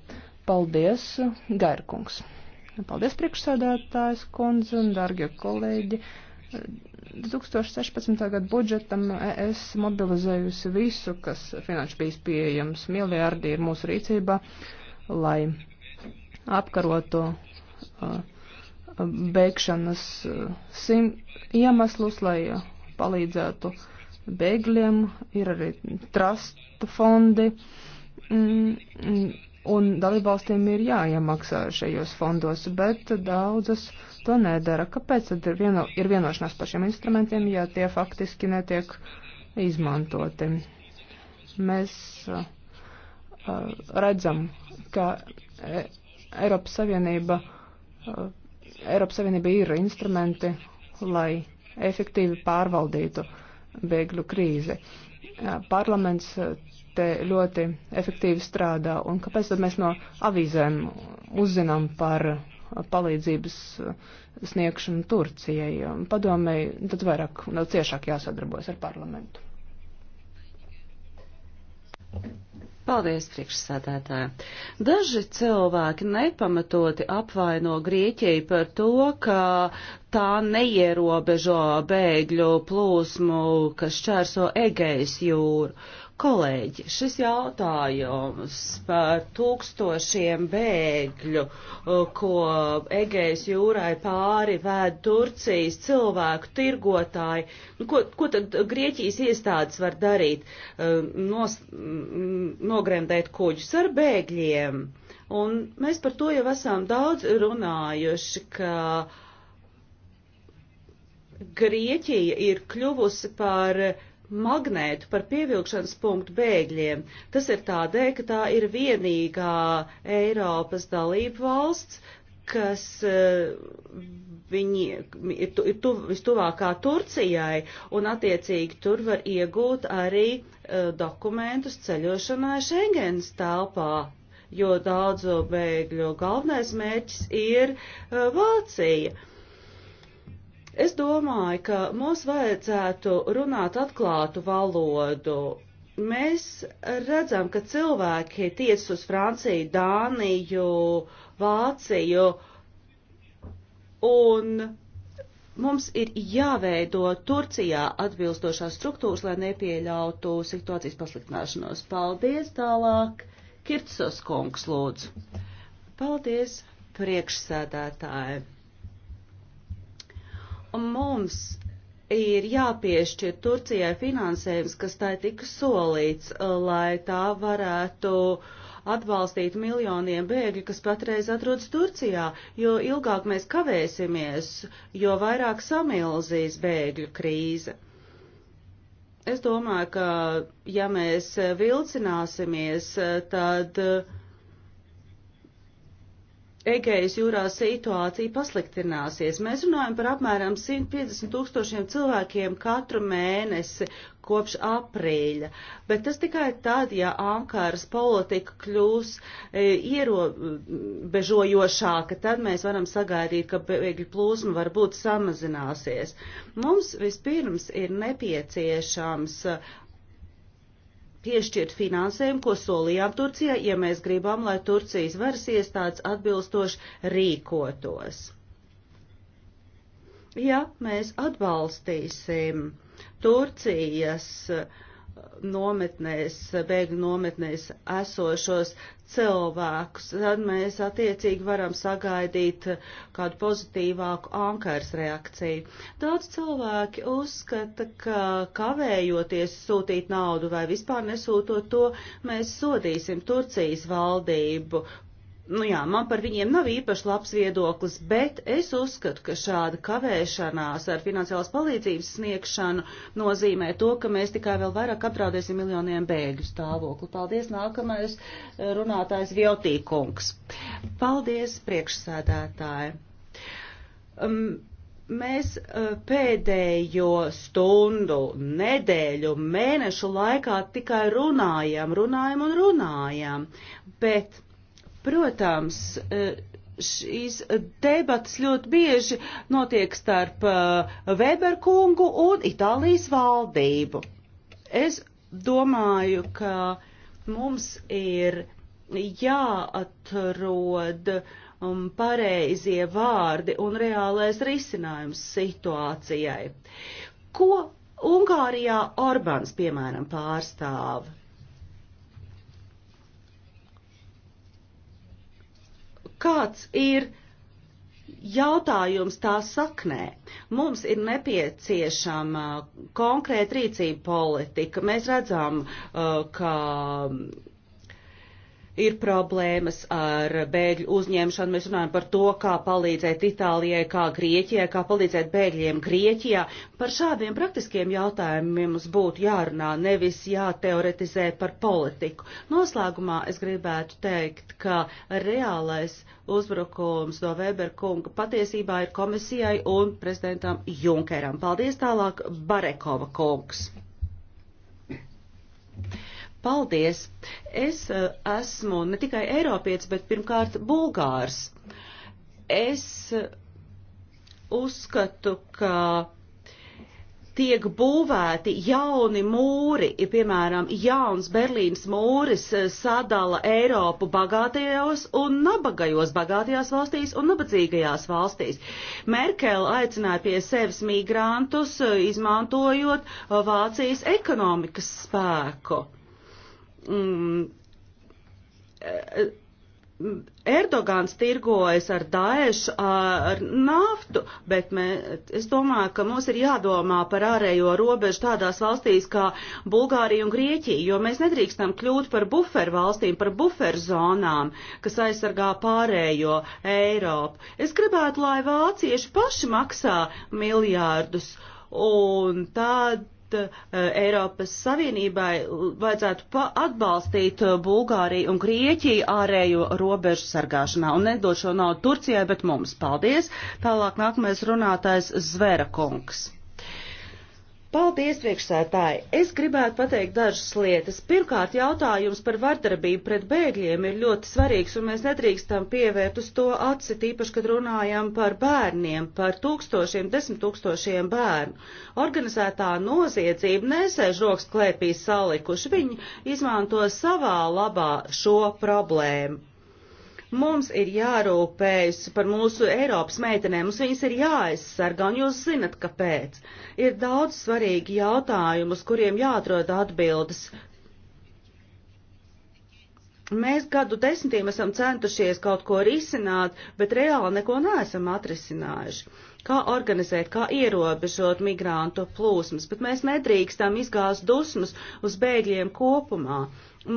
Paldies, Gairkungs! Paldies, priekšsēdētājs kundze un dargie kolēģi! 2016. gada budžetam es mobilizējusi visu, kas finanšu bijis pieejams, miljārdi ir mūsu rīcībā, lai apkarotu uh, bēgšanas uh, sim, iemeslus, lai uh, palīdzētu bēgļiem, ir arī trust fondi, mm, un dalībvalstīm ir jāiemaksā šajos fondos, bet daudzas to nedara. Kāpēc tad ir, vieno, ir vienošanās par šiem instrumentiem, ja tie faktiski netiek izmantoti? Mēs uh, uh redzam, ka e, Eiropas Savienība, uh, Eiropas Savienība ir instrumenti, lai efektīvi pārvaldītu bēgļu krīzi. Uh, parlaments uh, te ļoti efektīvi strādā, un kāpēc tad mēs no avīzēm uzzinām par palīdzības eh, sniegšanu Turcijai. Padomēji, tad vairāk un daudz ciešāk jāsadarbojas ar parlamentu. Paldies, priekšsēdētāji. Daži cilvēki nepamatoti apvaino Grieķiju par to, ka tā neierobežo bēgļu plūsmu, kas šķērso Egejas jūru. Kolēģi, šis jautājums par tūkstošiem bēgļu, ko Egejas jūrai pāri vēd Turcijas cilvēku tirgotāji, nu, ko, ko tad Grieķijas iestādes var darīt? Eh, nos, mm, nogremdēt kuģus ar bēgļiem. Un mēs par to jau esam daudz runājuši, ka. Grieķija ir kļuvusi par uh, magnētu par pievilkšanas punktu bēgļiem. Tas ir tādēļ, ka tā ir vienīgā Eiropas dalība valsts, kas eh, viņi ir, tu, ir tu, vistuvākā Turcijai, un attiecīgi tur var iegūt arī uh, dokumentus ceļošanai Schengens telpā, jo daudzu bēgļu galvenais mērķis ir uh, Vācija. Uh, Es domāju, ka mums vajadzētu runāt atklātu valodu. Mēs redzam, ka cilvēki tiec uz Franciju, Dāniju, Vāciju, un mums ir jāveido Turcijā atbilstošās struktūras, lai nepieļautu situācijas pasliktināšanos. Paldies tālāk, Kirtsos kungs lūdzu. Paldies priekšsēdētājiem mums ir jāpiešķir Turcijai finansējums, kas tai tika solīts, uh, lai tā varētu atbalstīt miljoniem bēgļu, kas patreiz atrodas Turcijā, jo ilgāk mēs kavēsimies, jo vairāk samilzīs bēgļu krīze. Es domāju, ka ja mēs vilcināsimies, uh, tad uh, Egejas jūrā situācija pasliktināsies. Mēs runājam par apmēram 150 tūkstošiem cilvēkiem katru mēnesi kopš aprīļa, bet tas tikai tad, ja Ankaras politika kļūs e, ierobežojošāka, tad mēs varam sagaidīt, ka bēgļu plūsma varbūt samazināsies. Mums vispirms ir nepieciešams piešķirt finansējumu, ko solījām Turcijai, ja mēs gribam, lai Turcijas varas iestādes atbilstoši rīkotos. Ja mēs atbalstīsim Turcijas uh, nometnēs, bēgļu nometnēs esošos cilvēkus, tad mēs attiecīgi varam sagaidīt kādu pozitīvāku ankaras reakciju. Daudz cilvēki uzskata, ka kavējoties sūtīt naudu vai vispār nesūtot to, mēs sodīsim Turcijas valdību Nu jā, man par viņiem nav īpaši labs viedoklis, bet es uzskatu, ka šāda kavēšanās ar finansiālas palīdzības sniegšanu nozīmē to, ka mēs tikai vēl vairāk apdraudēsim miljoniem bēgļu stāvokli. Paldies, nākamais eh, runātājs Vjotīkungs. Paldies, priekšsēdētāji. Um, Mēs eh, pēdējo stundu, nedēļu, mēnešu laikā tikai runājam, runājam un runājam, bet Protams, e, šīs debatas ļoti bieži notiek starp e, Weber kungu un Itālijas valdību. Es domāju, ka mums ir jāatrod um, pareizie vārdi un reālais risinājums situācijai. Ko Ungārijā Orbāns, piemēram, pārstāv? kāds ir jautājums tā saknē. Mums ir nepieciešama konkrēta rīcība politika. Mēs redzam, uh, ka ir problēmas ar bēgļu uzņemšanu. Mēs runājam par to, kā palīdzēt Itālijai, kā Grieķijai, kā palīdzēt bēgļiem Grieķijā. Par šādiem praktiskiem jautājumiem mums būtu jārunā, nevis jāteoretizē par politiku. Noslēgumā es gribētu teikt, ka reālais uzbrukums no Weber kunga patiesībā ir komisijai un prezidentam Junkeram. Paldies tālāk, Barekova kungs. Thank you. Paldies! Es eh, esmu ne tikai Eiropietis, bet pirmkārt Bulgārs. Es eh, uzskatu, ka tiek būvēti jauni mūri, ja, piemēram, jauns Berlīnas mūris eh, sadala Eiropu bagātajos un nabagajos, bagātajās valstīs un nabadzīgajās valstīs. Merkel aicināja pie sevis migrantus, izmantojot Vācijas ekonomikas spēku mm, eh, Erdogans tirgojas ar Daešu, ar naftu, bet mē, es domāju, ka mums ir jādomā par ārējo robežu tādās valstīs kā Bulgārija un Grieķija, jo mēs nedrīkstam kļūt par buferu valstīm, par buferu zonām, kas aizsargā pārējo Eiropu. Es gribētu, lai vācieši paši maksā miljārdus, un tad Eh, Eiropas Savienībai vajadzētu atbalstīt eh, Bulgāriju un Grieķiju ārējo robežu sargāšanā un nedot šo naudu Turcijai, bet mums. Paldies! Tālāk nākamais runātājs Zvera kungs. Paldies, priekšsētāji! Es gribētu pateikt dažas lietas. Pirmkārt, jautājums par vardarbību pret bēgļiem ir ļoti svarīgs, un mēs nedrīkstam pievērt uz to aci, tīpaši, kad runājam par bērniem, par tūkstošiem, desmit tūkstošiem bērnu. Organizētā noziedzība nesēž rokas klēpīs salikuši, viņi izmanto savā labā šo problēmu. Mums ir jārūpējas par mūsu Eiropas meitenēm, mums viņas ir jāaizsargā, un jūs zinat, kāpēc. Ir daudz svarīgi jautājumi, uz kuriem jāatrod atbildes. Mēs gadu desmitiem esam centušies kaut ko risināt, bet reāli neko neesam atrisinājuši kā organizēt, kā ierobežot migrantu plūsmas, bet mēs nedrīkstam izgāzt dusmas uz bēgļiem kopumā.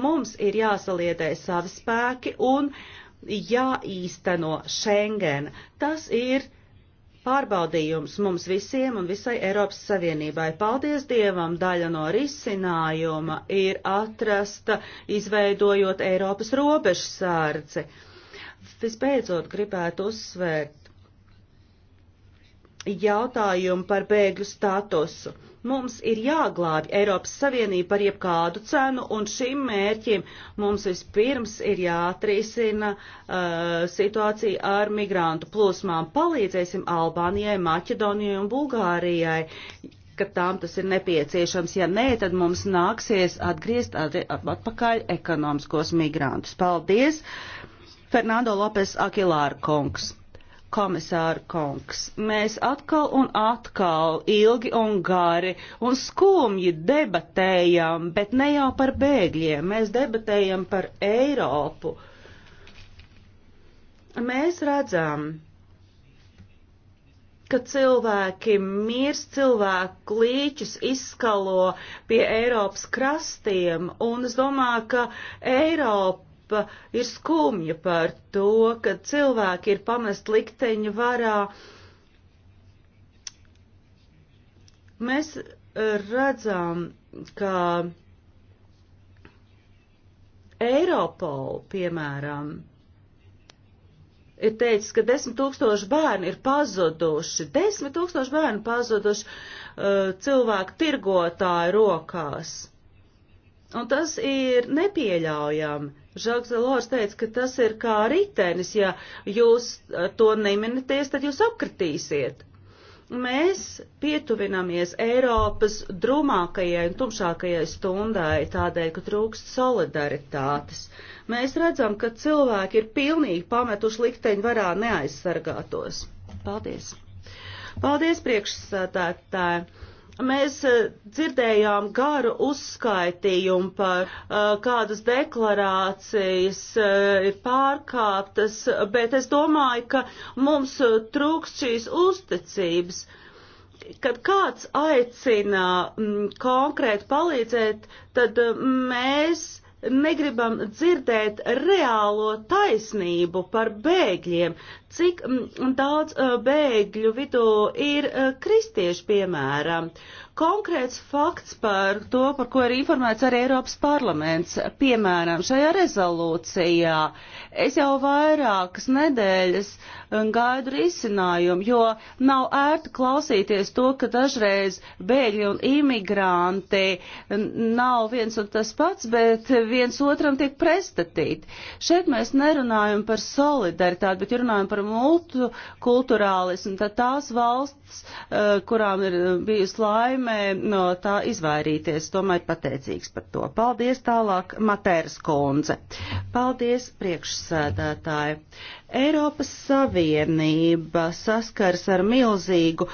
Mums ir jāsaliedē savi spēki un uh, jāīsteno Schengen. Tas ir pārbaudījums mums visiem un visai Eiropas Savienībai. Paldies Dievam, daļa no risinājuma ir atrasta, izveidojot Eiropas robežsārdzi. Vispēcot gribētu uzsvērt jautājumu par bēgļu statusu. Mums ir jāglābj Eiropas Savienība par jebkādu cenu, un šim mērķim mums vispirms ir jāatrisina uh, situācija ar migrantu plūsmām. Palīdzēsim Albānijai, Maķedonijai un Bulgārijai, ka tām tas ir nepieciešams. Ja nē, tad mums nāksies atgriezt atpakaļ ekonomiskos migrantus. Paldies, Fernando Lopes Akilāra kungs komisāra kungs, mēs atkal un atkal ilgi un gari un skumji debatējam, bet ne jau par bēgļiem, mēs debatējam par Eiropu. Mēs redzam, ka cilvēki mirst, cilvēku klīčus izskalo pie Eiropas krastiem, un es domāju, ka Eiropa Eiropa ir skumja par to, ka cilvēki ir pamest likteņu varā. Mēs e, redzam, ka Eiropol, piemēram, ir teicis, ka desmit tūkstoši bērni ir pazuduši, desmit tūkstoši bērni pazuduši uh, cilvēku tirgotāju rokās. Un tas ir nepieļaujami. Žaks Delors teica, ka tas ir kā ritenis, ja jūs eh, to neminaties, tad jūs apkritīsiet. Mēs pietuvināmies Eiropas drumākajai un tumšākajai stundai tādēļ, ka trūkst solidaritātes. Mēs redzam, ka cilvēki ir pilnīgi pametuši likteņu varā neaizsargātos. Paldies! Paldies priekšsētātāji! Mēs eh, dzirdējām garu uzskaitījumu par eh, kādas deklarācijas eh, ir pārkāptas, bet es domāju, ka mums trūkst šīs uzticības. Kad kāds aicina mm, konkrēti palīdzēt, tad mēs negribam dzirdēt reālo taisnību par bēgļiem, cik mm, daudz eh, bēgļu vidū ir eh, kristieši, piemēram. Konkrēts fakts par to, par ko ir informēts arī Eiropas parlaments, piemēram, šajā rezolūcijā. Es jau vairākas nedēļas uh, un gaidu risinājumu, jo nav ērti klausīties to, ka dažreiz bēgļi un imigranti nav viens un tas pats, bet viens otram tiek prestatīti. Šeit mēs nerunājam par solidaritāti, bet runājam par multikulturālismu, tad tās valsts, eh, kurām ir eh, bijusi laime no tā izvairīties, tomēr pateicīgs par to. Paldies tālāk, Matērs Kundze. Paldies, priekšsēdētāji. Eiropas Savienība saskars ar milzīgu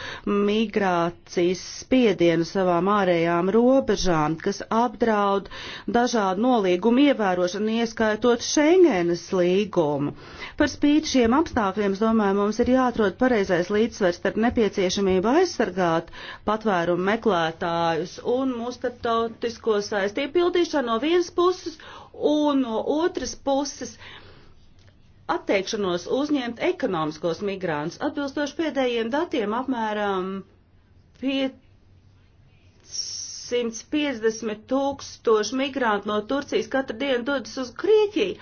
migrācijas spiedienu savām ārējām robežām, kas apdraud dažādu nolīgumu ievērošanu, ieskaitot Schengenas līgumu. Par spīti šiem apstākļiem, es domāju, mums ir jāatrod pareizais līdzsvars starp nepieciešamību aizsargāt patvērumu meklētājus un mūsu starptautisko saistību pildīšanu no vienas puses un no otras puses. Uh, atteikšanos uzņemt ekonomiskos migrantus. Atbilstoši pēdējiem datiem apmēram 550 tūkstoši migrantu no Turcijas katru dienu dodas uz Grieķiju.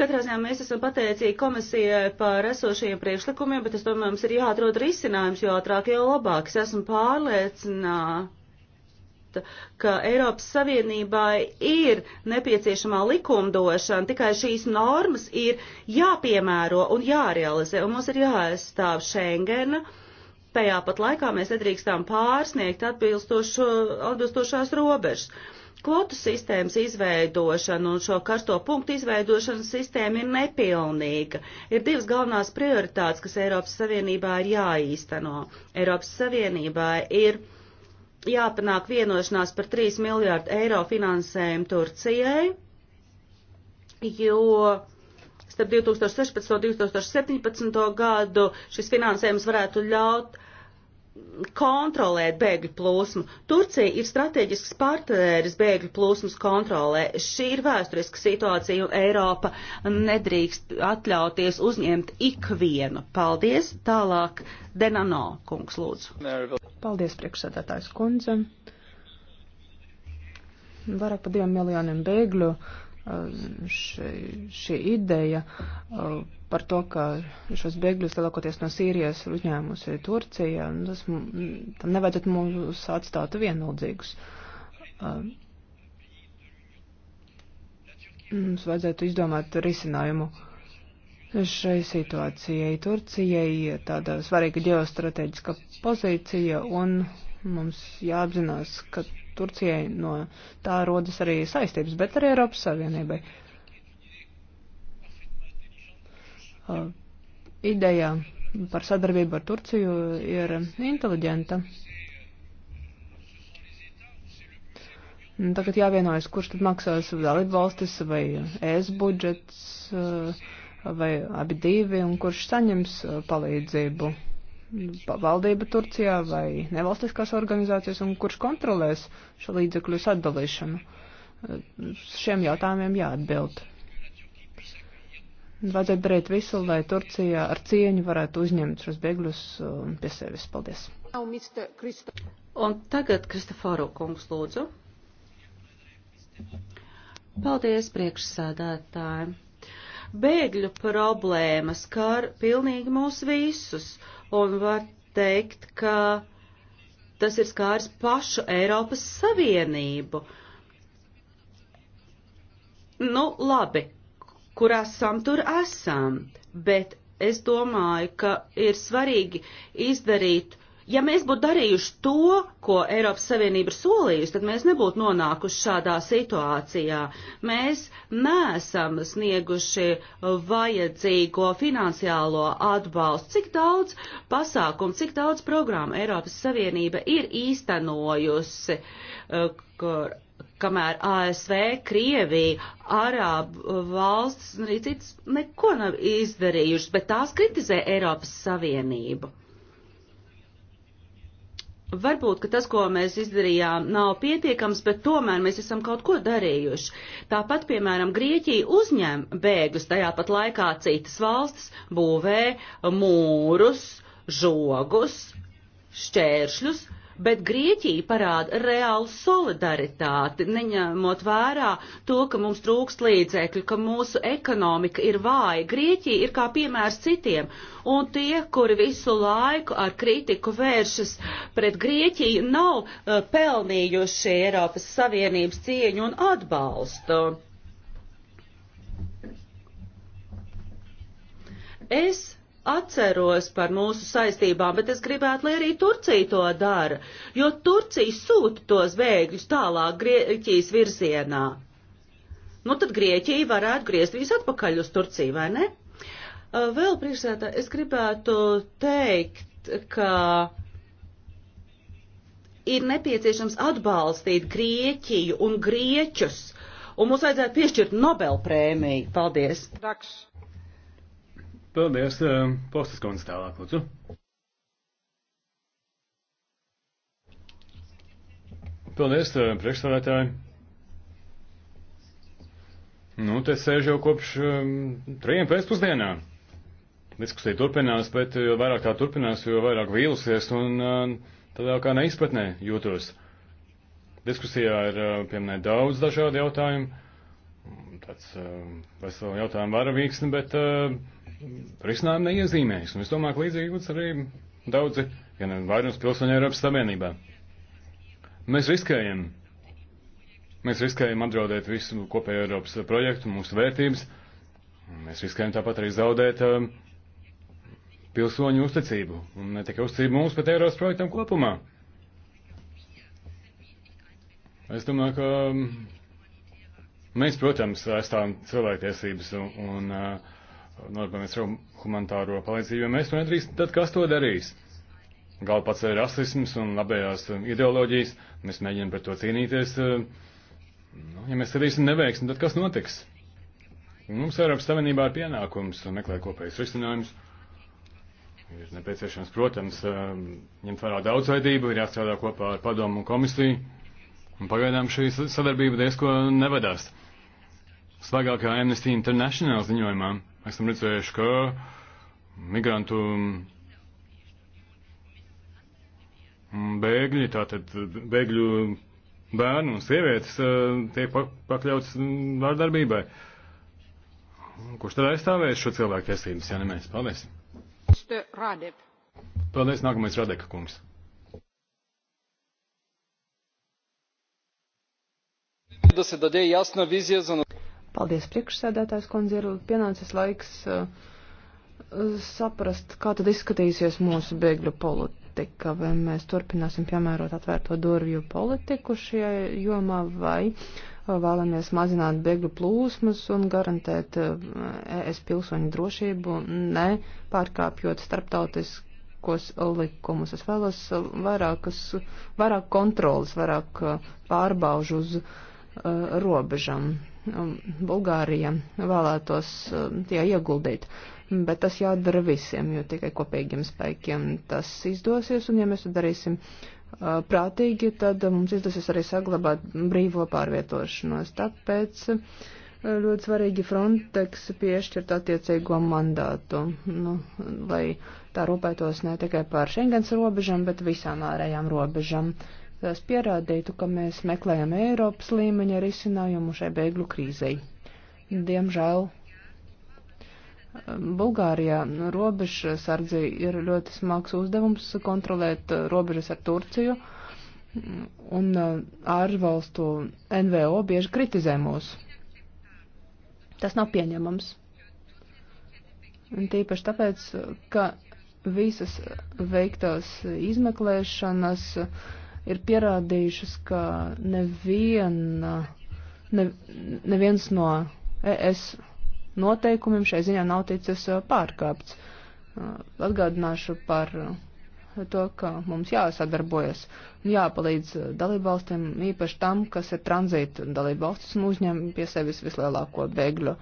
Katrā ziņā mēs esam pateicīgi komisijai par esošajiem priekšlikumiem, bet es domāju, mums ir jāatrod risinājums, jo ātrāk, jo labāk. Es esmu pārliecināta saprast, ka Eiropas Savienībai ir nepieciešamā likumdošana, tikai šīs normas ir jāpiemēro un jārealizē, un mums ir jāaizstāv Schengena. Tajā pat laikā mēs nedrīkstām pārsniegt atbilstošās robežas kvotu sistēmas izveidošana un šo karsto punktu izveidošanas sistēma ir nepilnīga. Ir divas galvenās prioritātes, kas Eiropas Savienībā ir jāīsteno. Eiropas Savienībā ir jāpanāk vienošanās par 3 miljārdu eiro finansējumu Turcijai, jo starp 2016. un 2017. gadu šis finansējums varētu ļaut kontrolēt bēgļu plūsmu. Turcija ir strateģisks partneris bēgļu plūsmas kontrolē. Šī ir vēsturiska situācija, un Eiropa nedrīkst atļauties uzņemt ikvienu. Paldies! Tālāk Denano kungs lūdzu. Paldies priekšsēdētājs kundze. Vairāk pa diviem miljoniem bēgļu šī, šī ideja uh, par to, ka šos bēgļus lielākoties no Sīrijas ir uzņēmusi Turcija, tas, tam nevajadzētu mūs atstāt vienaldzīgus. Uh, mums vajadzētu izdomāt risinājumu šai situācijai. Turcijai ir tāda svarīga ģeostrateģiska pozīcija, un mums jāapzinās, ka Turcijai no tā rodas arī saistības, bet arī Eiropas Savienībai. Uh, ideja par sadarbību ar Turciju ir inteliģenta. Tagad jāvienojas, kurš tad maksās dalību valstis vai ES budžets vai abi divi un kurš saņems palīdzību valdība Turcijā vai nevalstiskās organizācijas un kurš kontrolēs šo līdzekļu sadalīšanu. Šiem jautājumiem jāatbild. Vajadzētu darīt visu, lai Turcija ar cieņu varētu uzņemt šos bēgļus um, pie sevis. Paldies. Un tagad Kristoforu kungs lūdzu. Paldies priekšsādātājiem. Bēgļu problēmas kar pilnīgi mūs visus. Uh, un var teikt, ka tas ir skārs pašu Eiropas Savienību. Nu, labi, kur esam, tur esam, bet es domāju, ka ir svarīgi izdarīt Ja mēs būtu darījuši to, ko Eiropas Savienība ir solījusi, tad mēs nebūtu nonākuši šādā situācijā. Mēs nesam snieguši vajadzīgo finansiālo atbalstu. Cik daudz pasākumu, cik daudz programmu Eiropas Savienība ir īstenojusi, eh, kur, kamēr ASV, Krievija, Arābu valsts un arī citas neko nav izdarījušas, bet tās kritizē Eiropas Savienību. Varbūt, ka tas, ko mēs izdarījām, nav pietiekams, bet tomēr mēs esam kaut ko darījuši. Tāpat, piemēram, Grieķija uzņem bēgus, tajā pat laikā citas valstis būvē mūrus, žogus, šķēršļus, bet Grieķija parāda reālu solidaritāti, neņemot vērā to, ka mums trūkst līdzekļu, ka mūsu ekonomika ir vāja. Grieķija ir kā piemērs citiem, un tie, kuri visu laiku ar kritiku vēršas pret Grieķiju, nav uh, pelnījuši Eiropas Savienības cieņu un atbalstu. Es atceros par mūsu saistībām, bet es gribētu, lai arī Turcija to dara, jo Turcija sūta tos bēgļus tālāk Grieķijas virzienā. Nu, tad Grieķija varētu griezt viņus atpakaļ uz Turciju, vai ne? Uh, vēl priekšsētā es gribētu teikt, ka ir nepieciešams atbalstīt Grieķiju un Grieķus, un mums vajadzētu piešķirt Nobelprēmiju. Paldies! Daks. Paldies, eh, Postas kundze tālāk, lūdzu. Paldies, eh, priekšstādātāji. Nu, te sēž jau kopš um, trījiem pēcpusdienā. Diskusija turpinās, bet jo vairāk tā turpinās, jo vairāk vīlusies un uh, tādā kā neizpratnē jūtos. Diskusijā ir uh, pieminēt daudz dažādu jautājumu. Tāds uh, veselu jautājumu varavīksni, bet. Uh, risinājumu neiezīmējis. Un es domāju, ka līdzīgi būs arī daudzi, ja ne vairums pilsoņu Eiropas Savienībā. Mēs riskējam. Mēs riskējam apdraudēt visu kopējo Eiropas projektu, mūsu vērtības. Mēs riskējam tāpat arī zaudēt um, pilsoņu uzticību. Un ne tikai uzticību mums, bet Eiropas projektam kopumā. Es domāju, ka um, mēs, protams, aizstāvam cilvēktiesības un, un uh, nodarbojamies ar humanitāro palīdzību, jo mēs to nedrīkst, tad kas to darīs? Gal pats ir rasisms un labējās um, ideoloģijas, mēs mēģinām par to cīnīties. Um, nu, ja mēs darīsim neveiksmi, tad kas notiks? Mums Eiropas Savienībā ir pienākums meklēt kopējus risinājumus. Ir nepieciešams, protams, um, ņemt vērā daudzveidību, ir jāstrādā kopā ar padomu un komisiju. Un pagaidām šī sadarbība diezko nevedās. Svagākā Amnesty International ziņojumā Mēs esam redzējuši, ka migrantu bēgļi, tātad bēgļu bērnu un sievietes eh, tiek pakļauts vārdarbībai. Kurš tad aizstāvēs šo cilvēku tiesības, ja ne mēs? Paldies! Paldies, nākamais Radeka kungs. Да се даде ясна визия за Paldies, priekšsēdētājs kundze, ir pienācis laiks uh, saprast, kā tad izskatīsies mūsu bēgļu politika, vai mēs turpināsim piemērot atvērto durvju politiku šajā jomā, vai uh, vēlamies mazināt bēgļu plūsmas un garantēt uh, ES pilsoņu drošību, ne pārkāpjot starptautiskos likumus. Es vēlos uh, vairākas, vairāk kontrolas, vairāk pārbaužu uz uh, robežam. Um, Bulgārija vēlētos um, tajā ieguldīt. Bet tas jādara visiem, jo tikai kopīgiem spēkiem tas izdosies, un ja mēs to darīsim uh, prātīgi, tad mums izdosies arī saglabāt brīvo pārvietošanos. Tāpēc uh, ļoti svarīgi Frontex piešķirt attiecīgo mandātu, nu, lai tā rūpētos ne tikai par Schengens robežam, bet visām ārējām robežam. Uh, tas pierādītu, ka mēs meklējam Eiropas līmeņa risinājumu šai bēgļu krīzei. Diemžēl Bulgārijā robežsardzi ir ļoti smags uzdevums kontrolēt robežas ar Turciju, un ārvalstu NVO bieži kritizē mūs. Tas nav pieņemams. Un tīpaši tāpēc, ka visas veiktās izmeklēšanas uh, ir pierādījušas, ka neviena, ne, neviens no ES noteikumiem šai ziņā nav ticis uh, pārkāpts. Uh, atgādināšu par uh, to, ka mums jāsadarbojas un jāpalīdz dalībvalstīm, īpaši tam, kas ir tranzīta dalībvalstis un uzņem pie sevis vislielāko bēgļu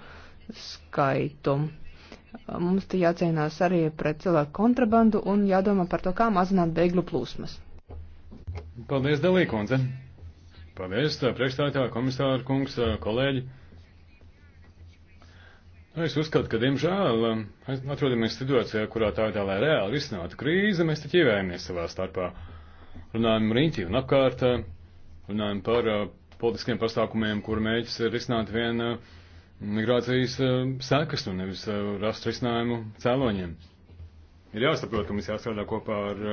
skaitu. Mums te jācīnās arī pret cilvēku kontrabandu un jādomā par to, kā mazināt bēgļu plūsmas. Paldies, Dalīkundze. Paldies, priekšstādā komisāra kungs, kolēģi. Nu, es uzskatu, ka, diemžēl, atrodamies situācijā, kurā tā ir tā, lai reāli risinātu krīzi, mēs te ķīvējamies savā starpā. Runājam rīņķi un apkārt, runājam par politiskiem pasākumiem, kur mēģis ir risināt vien migrācijas sekas un nevis rast risinājumu cēloņiem. Ir jāsaprot, ka mums jāstrādā kopā ar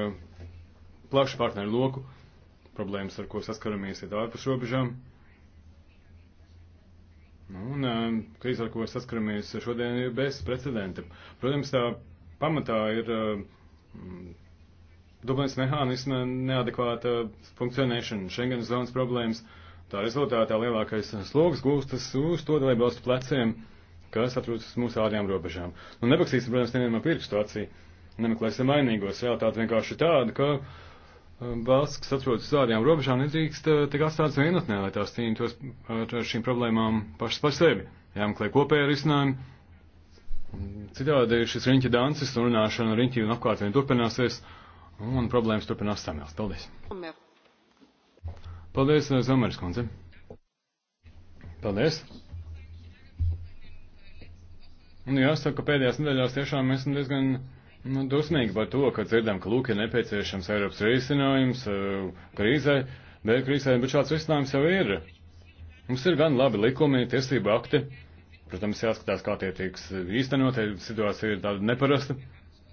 plašu partneru loku. Problēmas, ar ko saskaramies, ir ārpus robežām. Nu, un eh, krīze, ar ko saskaramies šodien, ir bez precedenta. Protams, tā pamatā ir eh, Dublinas mehānisma neadekvāta funkcionēšana, Schengen zonas problēmas. Tā rezultātā lielākais slogs gūstas uz to dalību valstu pleciem, kas atrodas uz mūsu ārējām robežām. Nu, nebakstīsim, protams, nevienam pirkstu acī, nemeklēsim vainīgos. Realitāte vienkārši tāda, ka Um, valsts, kas atrodas uz ārējām robežām, nedrīkst uh, tik atstātas vienotnē, lai tās cīnītos ar šīm problēmām pašas par sevi. Jāmeklē kopēja risinājumi. Citādi šis riņķa dances un runāšana riņķī un apkārtvienu turpināsies, un problēmas turpinās samēls. Paldies. Paldies, uh, Zomeris kundze. Paldies. Un jāsaka, ka pēdējās nedēļās tiešām esam diezgan Nu, dusmīgi par to, ka dzirdam, ka lūk ir nepieciešams Eiropas risinājums eh, krīzē, dēļ krīzē, bet šāds risinājums jau ir. Mums ir gan labi likumi, tiesību akti. Protams, jāskatās, kā tie tiks īstenot, situācija ir tāda neparasta.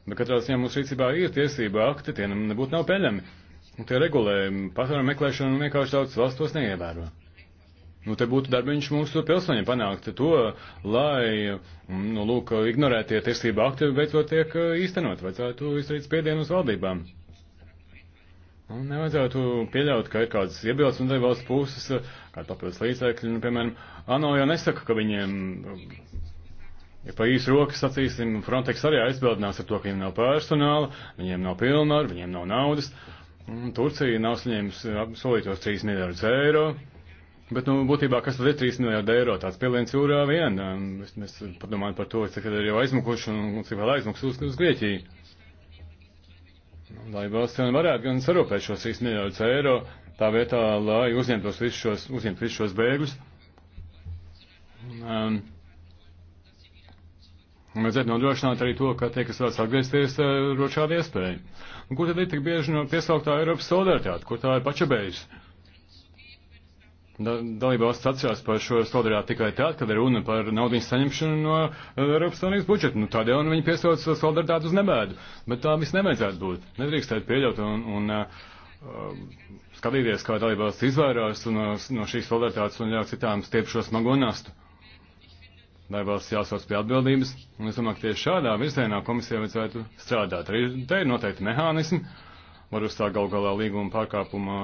Bet katrā ziņā mums rīcībā ir tiesība akti, tie nebūtu nav peļami. Un tie regulē patvērumu meklēšanu un vienkārši daudz valsts tos neievēro. Nu, te būtu darbiņš mūsu pilsoņiem panākt to, lai, mm, nu, lūk, ignorētie tiesība akti beidzot tiek eh, īstenot. Vajadzētu izdarīt spiedienu uz valdībām. Un nu, nevajadzētu pieļaut, ka ir kādas iebildes un devās puses, kā tāpēc līdzekļi, nu, piemēram, ANO jau nesaka, ka viņiem, mm, ja pa īsu rokas sacīsim, Frontex arī aizbildinās ar to, ka viņiem nav personāla, viņiem nav pilnvaru, viņiem nav naudas. Un Turcija nav saņēmusi solītos 3 miljardus eiro. Bet, nu, būtībā, kas tad ir 3 miljārdi eiro? Tāds pieliens jūrā vien. Mēs, mēs padomājam par to, cik ir jau aizmukuši un, un cik vēl aizmuks uz, uz Grieķiju. Nu, lai valsts gan varētu gan sarūpēt šos 3 miljārdus eiro, tā vietā, lai uzņemtos visus šos, uzņemt visus šos bēgļus. Um, Vajadzētu nodrošināt arī to, ka tie, kas vēlas atgriezties, eh, rošādi iespēju. Un kur tad ir tik bieži no piesauktā Eiropas solidaritāte, kur tā ir pačabējusi? dalībvalsts atcerās par šo solidaritāti tikai tad, kad ir runa par naudas saņemšanu no eh, Eiropas Savienības budžeta. Nu, tādēļ viņi piesauc solidaritāti uz nebēdu. Bet tā viss nevajadzētu būt. Nedrīkstētu pieļaut un, un uh, skatīties, kā dalībvalsts izvairās no, no šīs solidaritātes un ļauj citām stiep šo smago nastu. Dalībvalsts jāsauc pie atbildības. Un es domāju, ka tieši šādā virzienā komisija vajadzētu strādāt. Arī te ir noteikti mehānismi var uzsākt gal galā līguma pārkāpuma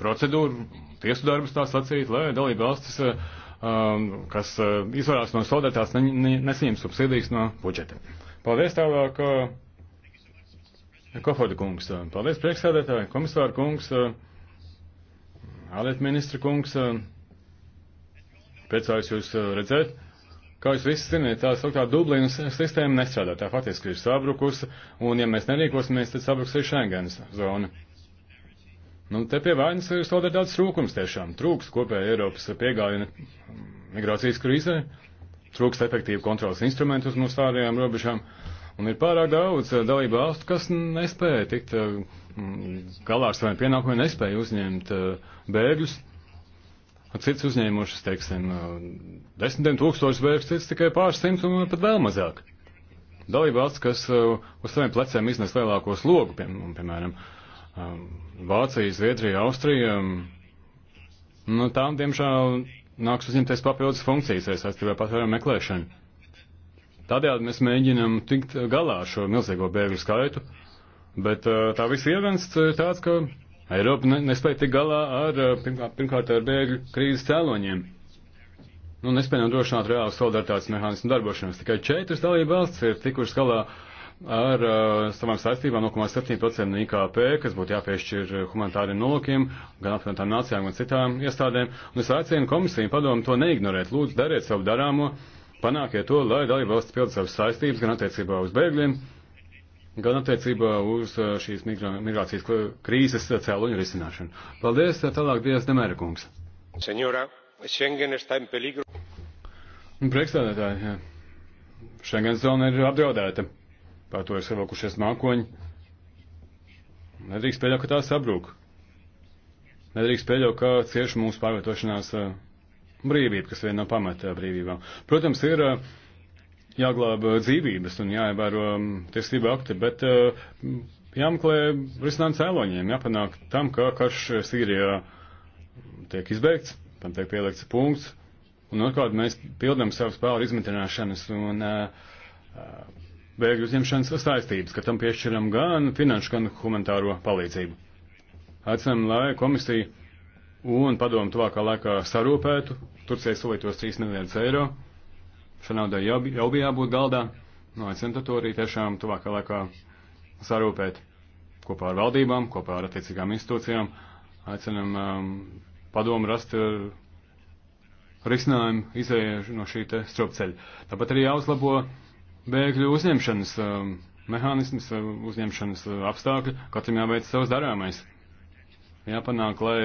procedūru, tiesu darbus tā sacīt, lai dalība valstis, eh, um, kas eh, izvairās no solidaritātes, ne, ne, nesaņem subsīdijas no budžeta. Paldies tālāk, eh, Kofoda kungs. Paldies priekšsēdētāji, komisāra kungs, ārlietu ministra kungs. Priecājos jūs redzēt. Kā jūs visi zināt, tā sauktā Dublinas sistēma nestrādā, tā faktiski ir sabrukusi, un ja mēs nerīkosimies, tad sabruks ir Schengens zona. Nu, te pie vainas ir solidaritātes trūkums tiešām, trūks kopēja Eiropas piegājiena mm, migrācijas krīzē, trūks efektīvu kontrolas instrumentu uz mūsu ārējām robežām, un ir pārāk daudz eh, dalību valstu, kas nespēja tikt eh, galā ar saviem pienākumiem, nespēja uzņemt eh, bēgļus, Cits uzņēmušas, teiksim, desmitiem tūkstoši vērsties tikai pāris simts un pat vēl mazāk. Dalībvalsts, kas uz saviem pleciem iznes lielāko slogu, pie, piemēram, Vācija, Zviedrija, Austrija, nu, tām, diemžēl, nāks uzņemties papildus funkcijas saistībā ar patvērumu meklēšanu. Tādējādi mēs mēģinam tikt galā ar šo milzīgo bēgļu skaitu, bet tā viss ievensts ir tāds, ka Eiropa ne, nespēja tik galā ar, eh, pirmkārt, pirmkārt ar bēgļu krīzes cēloņiem. Nu, nespēja nodrošināt reālu solidaritātes mehānismu darbošanos. Tikai četras dalība valsts ir tikušas galā ar uh, savām saistībām 0,7% no IKP, kas būtu jāpiešķir humanitāriem nolūkiem, gan apvienotām nācijām, gan citām iestādēm. Un es aicinu komisiju padomu to neignorēt. Lūdzu, dariet savu darāmo, panākiet to, lai dalība valsts pild savas saistības gan attiecībā uz bēgļiem, gan attiecībā uz uh, šīs migrācijas krīzes uh, cēloņu risināšanu. Paldies, uh, tālāk Dievs Demēra kungs. Senora, Schengen está en peligro. Priekšstādātāji, Schengen zona ir apdraudēta. Pār to ir savilkušies mākoņi. Nedrīkst pieļaut, ka tā sabrūk. Nedrīkst pieļaut, ka cieši mūsu pārvietošanās brīvība, kas viena no pamata brīvībām. Protams, ir uh, jāglāba uh, dzīvības un jāievēro um, tiesību akti, bet uh, jāmeklē risinājums cēloņiem, jāpanāk tam, ka karš Sīrijā tiek izbeigts, tam tiek pielikts punkts, un atkārt mēs pildam savus pāri izmitināšanas un uh, bēgļu uzņemšanas saistības, ka tam piešķiram gan finanšu, gan humanitāro palīdzību. Aicinām, lai komisija un padomu tuvākā laikā sarūpētu Turcijai solītos 3 miljardus eiro Šai naudai jau, jau bija jābūt galdā. No, es to arī tiešām tuvākā laikā sarūpēt kopā ar valdībām, kopā ar attiecīgām institūcijām. Aicinam um, padomu rast uh, risinājumu izēju no šī te stropceļa. Tāpat arī jāuzlabo bēgļu uzņemšanas um, mehānismus, uh, uzņemšanas uh, apstākļi, katram jāveic savs darāmais. Jāpanāk, lai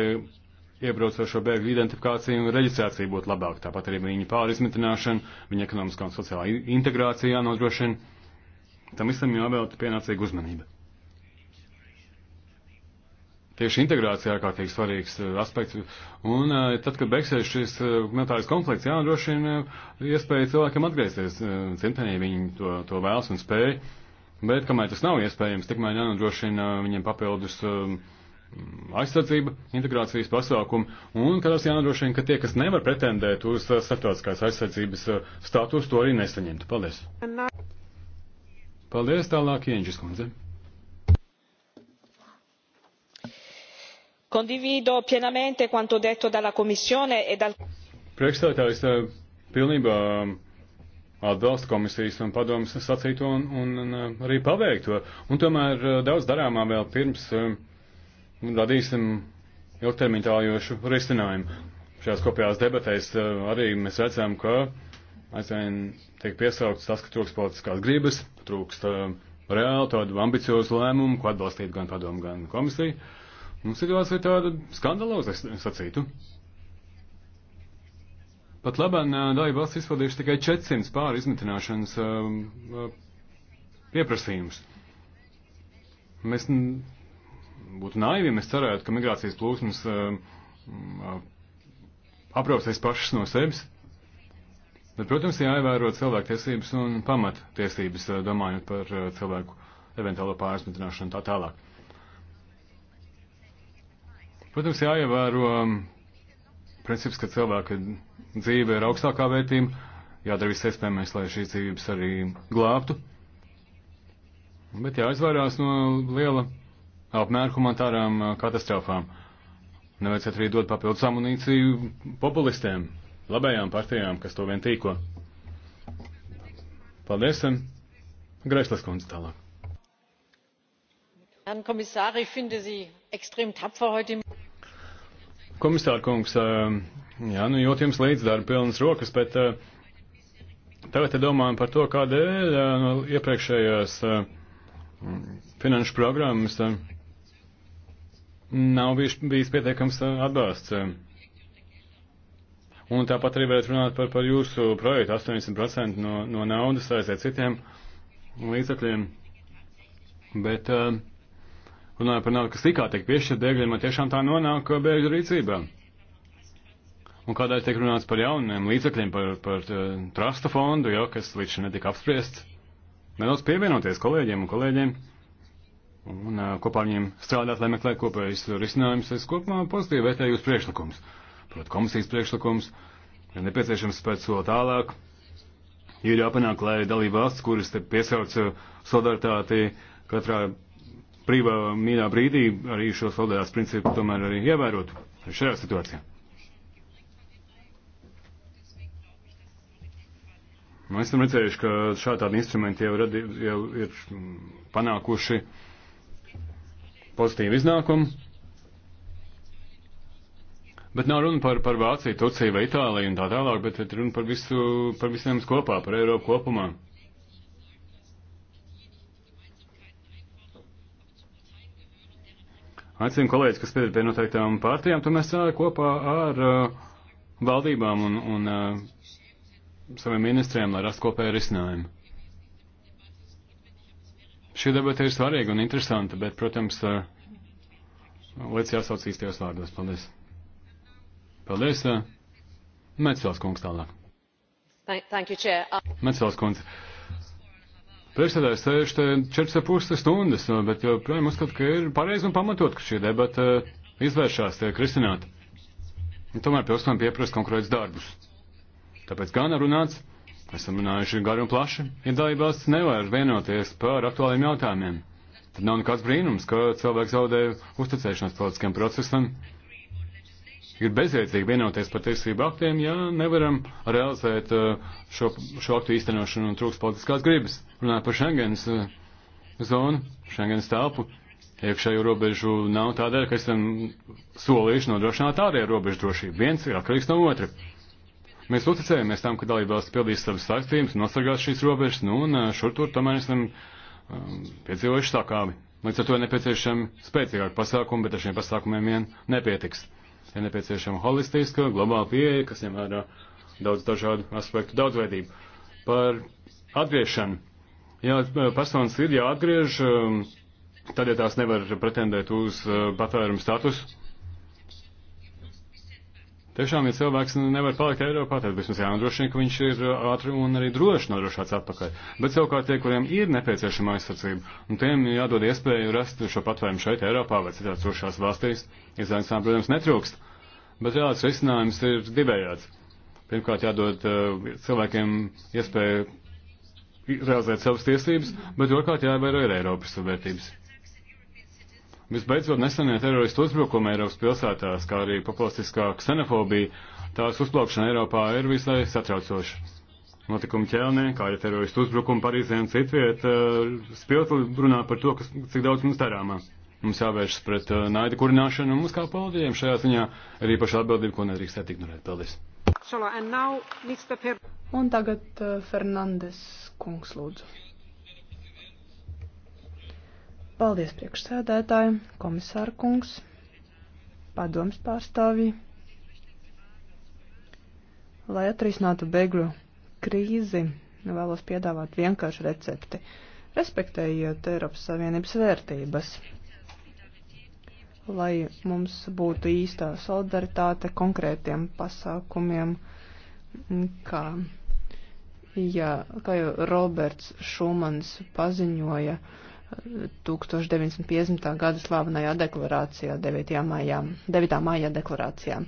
iebraucošo bēgļu identifikāciju un reģistrācija būtu labāka. Tāpat arī viņa pārizmitināšana, viņa ekonomiskā un sociālā integrācija jānodrošina. Tam visam jāvēlta pienācīga uzmanība. Tieši integrācija ir ārkārtīgi svarīgs eh, aspekts. Un eh, tad, kad beigsies šis eh, militārais konflikts, jānodrošina iespēja cilvēkiem atgriezties dzimtenē, ja viņi to, to vēlas un spēj. Bet, kamēr tas nav iespējams, tikmēr jānodrošina viņiem papildus. Um, Mm, aizsardzība, integrācijas pasākumi, un kādās jānodrošina, ka tie, kas nevar pretendēt uz uh, starptautiskās aizsardzības uh, status, to arī nesaņemtu. Paldies! Paldies tālāk, Jēņģis kundze! Condivido pienamente quanto detto dalla Commissione e dal. Priekšstādātājs uh, pilnībā um, atbalsta komisijas un padomas sacīto un, un, un arī paveikto. Un tomēr daudz darāmā vēl pirms uh, Nu, radīsim ilgtermiņtājošu risinājumu. Šajās kopējās debatēs eh, arī mēs redzam, ka aizvien tiek piesauktas tas, ka trūks politiskās gribas, trūks eh, reāli tādu ambiciozu lēmumu, ko atbalstītu gan padomu, gan komisiju. Mums situācija ir tāda skandaloza, es sacītu. Pat labāk eh, daļa valsts izpildījuši tikai 400 pāri izmitināšanas pieprasījumus. Mēs būtu naivi, ja mēs cerētu, ka migrācijas plūsmas eh, aprausies pašas no sevis. Bet, protams, jāievēro cilvēktiesības un pamattiesības, eh, domājot par eh, cilvēku eventuālo pārsmitināšanu tā tālāk. Protams, jāievēro mm, princips, ka cilvēka dzīve ir augstākā vērtība, jādara viss iespējamais, lai šīs dzīvības arī glābtu. Bet jāizvairās no liela apmēru humanitārām uh, katastrofām. Nevajadzētu arī dot papildus amunīciju populistiem, labējām partijām, kas to vien tīko. Paldies, Greslas kundze tālāk. Herr Kommissar, ich finde Sie extrem tapfer heute. Komisār kungs, uh, jā, nu jūt jums līdzdara pilnas rokas, bet uh, tagad te domājam par to, kādēļ no iepriekšējās finanšu programmas nav bijis, bijis pietiekams atbalsts. Un tāpat arī varētu runāt par, par jūsu projektu. 80% no, no naudas aiziet citiem līdzakļiem. Bet uh, runājot par naudu, kas tikā tiek piešķirta bēgļiem, man tiešām tā nonāk bēgļu rīcībā. Un kādēļ tiek runāts par jauniem līdzekļiem, par, par uh, trusta fondu, jo, kas līdz šim netika apspriests. Nedaudz pievienoties kolēģiem un kolēģiem un kopā ar viņiem strādāt, lai meklētu kopējus risinājumus. Es kopumā pozitīvi vērtēju jūs priekšlikums. Protams, komisijas priekšlikums ir nepieciešams spēt soli tālāk. Ir jāpanāk, lai dalība valsts, kuras te piesauc solidaritāti katrā brīvā mīnā brīdī, arī šo solidaritātes principu tomēr arī ievērotu arī šajā situācijā. Mēs esam redzējuši, ka šādi instrumenti jau, radi, jau ir panākuši uh, pozitīvu iznākumu. Bet nav runa par, par Vāciju, Turciju vai Itāliju un tā tālāk, bet ir runa par, visu, par visiem kopā, par Eiropu kopumā. Aicinu kolēģis, kas pieder pie noteiktām pārtījām, tur mēs kopā ar uh, valdībām un, un uh, saviem ministriem, lai rastu kopēju risinājumu. Šī debata ir svarīga un interesanta, bet, protams, lietas jāsauc īstajos vārdos. Paldies. Paldies. Mecels kungs tālāk. Uh, Mecels kungs. Priekšsēdājs sēž te 4,5 stundas, bet joprojām uzskatu, ka ir pareizi un pamatot, ka šī debata izvēršās, tiek risināta. Un tomēr pilsoņi pieprasa konkrētus darbus. Tāpēc gan runāts Esam runājuši gari un plaši. Ja dalībvalsts nevar vienoties par aktuāliem jautājumiem, tad nav nekāds brīnums, ka cilvēks zaudē uzticēšanos politiskiem procesam. Ir bezjēdzīgi vienoties par tiesību aktiem, ja nevaram realizēt uh, šo, šo aktu īstenošanu un trūks politiskās gribas. Runājot par Schengens uh, zonu, Schengens telpu, iekšējo robežu nav tādēļ, ka esam solījuši nodrošināt ārējo robežu drošību. Viens ir atkarīgs no otra. Mēs uzticējamies tam, ka dalībvalsts pildīs savas saistības, nosargās šīs robežas, nu un šur tur tomēr esam um, piedzīvojuši sakāvi. Līdz ar to ir nepieciešami spēcīgāki pasākumi, bet ar šiem pasākumiem vien nepietiks. Ir nepieciešama holistiska, globāla pieeja, kas ņem vērā daudz dažādu aspektu daudzveidību. Par atgriešanu. Jā, personas ir jāatgriež, tad, ja tās nevar pretendēt uz patvērumu statusu, Tiešām, ja cilvēks nevar palikt Eiropā, tad vismaz jānodrošina, ka viņš ir ātri un arī droši nodrošināts atpakaļ. Bet savukārt tie, kuriem ir nepieciešama aizsardzība, un tiem jādod iespēju rast šo patvērumu šeit, Eiropā vai citās drošās valstīs, izaicinājumu, protams, netrūkst. Bet reāls risinājums ir divējāds. Pirmkārt, jādod uh, cilvēkiem iespēju realizēt savas tiesības, bet otrkārt jāievēro ir Eiropas vērtības. Visbeidzot, nesenie teroristu uzbrukumi Eiropas pilsētās, kā arī populistiskā ksenofobija, tās uzplaukšana Eiropā ir visai satraucoša. Notikumi ķelnē, kā arī teroristu uzbrukumi Parīzē un citviet, eh, spilti runā par to, kas, cik daudz mums darāmā. Mums jāvēršas pret uh, naida kurināšanu un mums kā paldies šajā ziņā ir īpaša atbildība, ko nedrīkstēt ignorēt. Paldies. Un tagad uh, Fernandes kungs lūdzu. Paldies priekšsēdētāji, komisāra kungs, padoms pārstāvji. Lai atrisinātu bēgļu krīzi, vēlos piedāvāt vienkāršu recepti. Respektējiet Eiropas Savienības vērtības, lai mums būtu īstā solidaritāte konkrētiem pasākumiem, kā, ja, kā jau Roberts Šumans paziņoja, uh, 1950. gada slavenajā deklarācijā, 9. maijā, 9. maijā deklarācijā.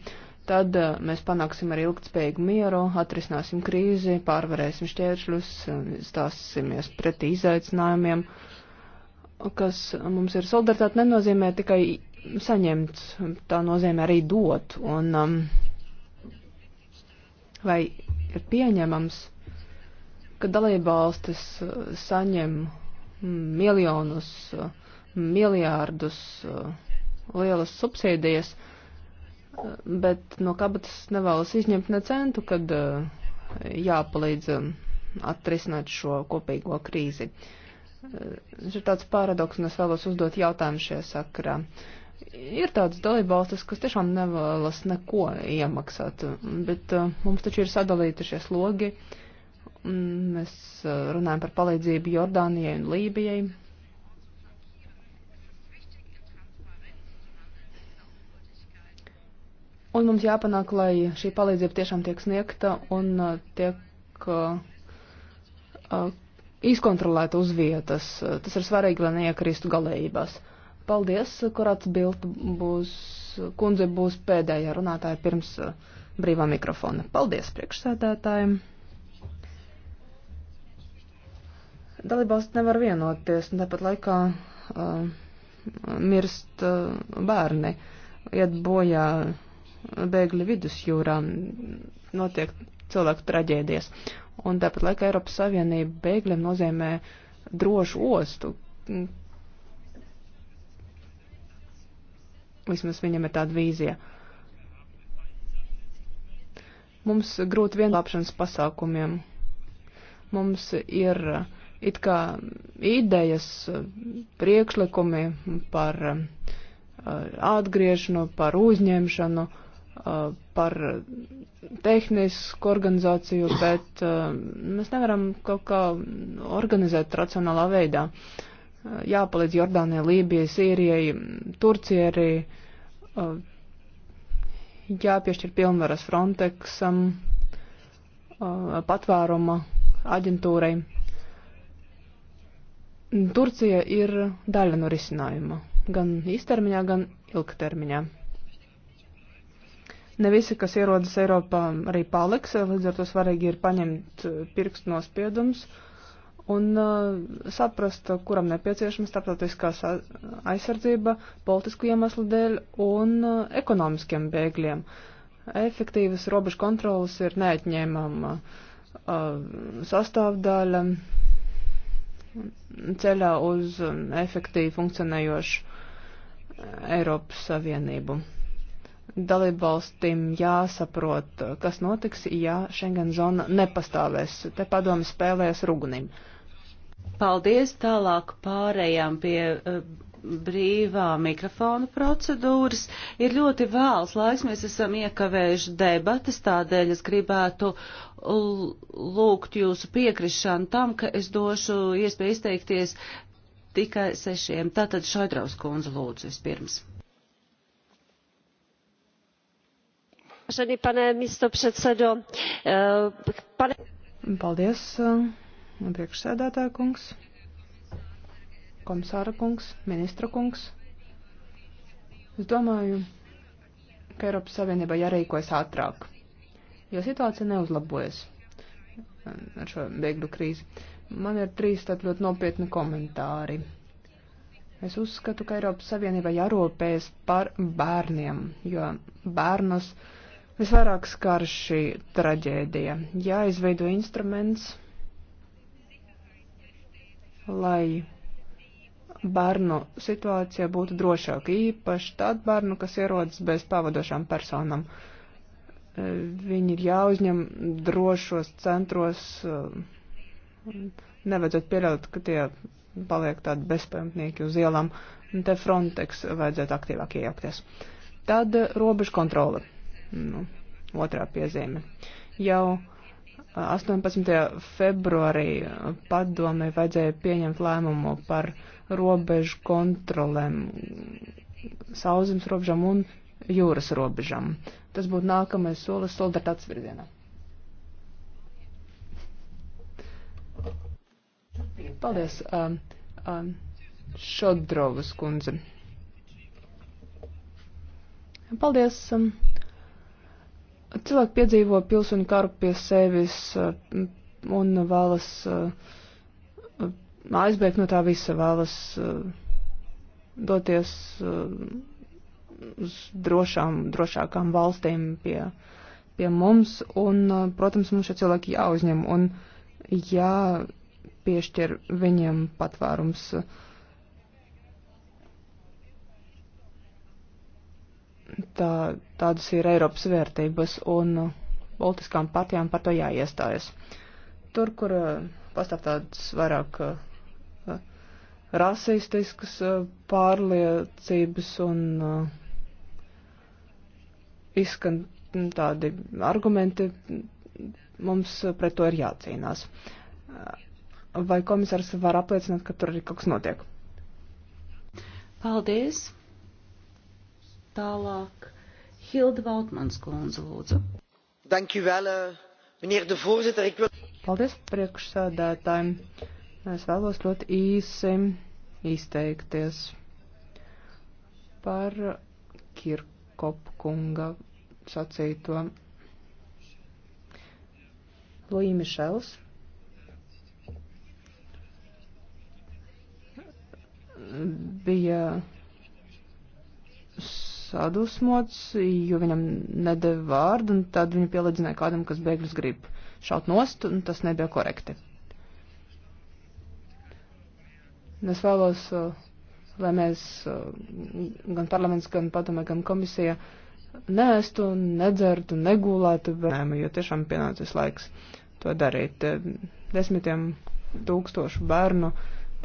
Tad eh, mēs panāksim arī ilgtspējīgu mieru, atrisināsim krīzi, pārvarēsim šķēršļus, eh, stāsimies pretī izaicinājumiem, kas mums ir solidaritāte nenozīmē tikai saņemt, tā nozīmē arī dot. Un, um, vai ir pieņemams, ka dalībvalstis eh, saņem miljonus, miljārdus uh, lielas subsīdijas, uh, bet no kabatas nevēlas izņemt ne centu, kad uh, jāpalīdz um, atrisināt šo kopīgo krīzi. Tas ir tāds paradoks, un es vēlos uzdot jautājumu šajā sakarā. Ir tādas dalībvalstis, kas tiešām nevēlas neko iemaksāt, bet mums taču ir sadalīti šie slogi. Uh, Mm, mēs uh, runājam par palīdzību Jordānijai un Lībijai. Un mums jāpanāk, lai šī palīdzība tiešām tiek sniegta un uh, tiek uh, uh, izkontrolēta uz vietas. Uh, tas ir svarīgi, lai neiekristu galējībās. Paldies, kurāts bilt būs, kundze būs pēdējā runātāja pirms brīvā mikrofona. Paldies priekšsēdētājiem! Dalībvalsts nevar vienoties, un tāpat laikā uh, mirst uh, bērni, iet bojā bēgļi vidusjūrā, notiek cilvēku traģēdijas. Un tāpat laikā Eiropas Savienība bēgļiem nozīmē drošu ostu. Vismaz viņam ir tāda vīzija. Mums grūti vienlāpšanas pasākumiem. Mums ir uh, it kā idejas, uh, priekšlikumi par uh, atgriešanu, par uzņemšanu, uh, par tehnisku organizāciju, bet mēs nevaram kaut kā organizēt racionālā veidā. Jāpalīdz Jordānijai, Lībijai, Sīrijai, Turcijai arī, jāpiešķir pilnvaras Frontexam, patvēruma aģentūrai Turcija ir daļa no risinājuma, gan īstermiņā, gan ilgtermiņā. Ne visi, kas ierodas Eiropā, arī paliks, līdz ar to svarīgi ir paņemt eh, pirkstu nospiedumus un uh, saprast, kuram nepieciešama starptautiskā aizsardzība politisku iemeslu dēļ un uh, ekonomiskiem bēgļiem. Efektīvas robežu kontrolas ir neatņēmama uh, sastāvdaļa ceļā uz efektīvi funkcionējošu eh, Eiropas Savienību. Dalībvalstīm jāsaprot, kas notiks, ja Schengen zona nepastāvēs. Te padomi spēlēs rugunim. Paldies, tālāk pārējām pie eh, brīvā mikrofona procedūras. Ir ļoti vēls laiks, mēs esam iekavējuši debatas, tādēļ es gribētu lūgt jūsu piekrišanu tam, ka es došu iespēju izteikties tikai sešiem. Tātad Šaidraus kundze lūdzu vispirms. Vážený pane místo předsedo, eh, pane... Paldies, eh, priekšsēdētāja kungs, komisāra kungs, ministra kungs. Es domāju, ka Eiropas Savienībai jārīkojas ātrāk jo situācija neuzlabojas ar šo bēgļu krīzi. Man ir trīs tādi ļoti nopietni komentāri. Es uzskatu, ka Eiropas Savienība jārūpējas par bērniem, jo bērnus visvairāk skar šī traģēdija. Jāizveido instruments, lai bērnu situācija būtu drošāka, īpaši tad bērnu, kas ierodas bez pavadošām personām. Uh, Viņi ir jāuzņem drošos centros. Eh, nevajadzētu pieļaut, ka tie paliek tādi bezpajumtnieki uz ielām. Te Frontex vajadzētu aktīvāk iejaukties. Tad eh, robežu kontrole. Nu, otrā piezīme. Jau 18. Eh, februārī padomē vajadzēja pieņemt lēmumu par robežu kontrolēm, sauzemes robežām un jūras robežām. Tas būtu nākamais solis solidaritātes virzienā. Paldies, um, um, Šodrovas kundze. Paldies. Um, cilvēki piedzīvo pilsoņu karu pie sevis uh, un vēlas uh, aizbēgt no tā visa, vēlas uh, doties. Uh, uz drošām, drošākām valstīm pie, pie mums, un, uh, protams, mums šie cilvēki jāuzņem un jāpiešķir viņiem patvērums. Tā, tādas ir Eiropas vērtības, un politiskām partijām par to jāiestājas. Tur, kur uh, pastāv tādas vairāk uh, rasistiskas pārliecības un uh, izskan nu, tādi argumenti, mums pret to ir jācīnās. Vai komisārs var apliecināt, ka tur arī kaut kas notiek? Paldies. Tālāk Hilda Valtmans kundze lūdzu. Dank u wel, eh, meneer de voorzitter. Ik wil... Paldies priekšsēdētājiem. Es vēlos ļoti īsi izteikties par Kirku Kopkunga sacīto. Lui Mišels. bija sadusmots, jo viņam nedēva vārdu, un tad viņu pielīdzināja kādam, kas bēgļus grib šaut nost, un tas nebija korekti. Es vēlos uh, lai mēs, uh, gan parlaments, gan padome, gan komisija, nēstu, nedzertu, negulētu, bet, jo tiešām pienācis laiks to darīt. Eh, desmitiem tūkstošu bērnu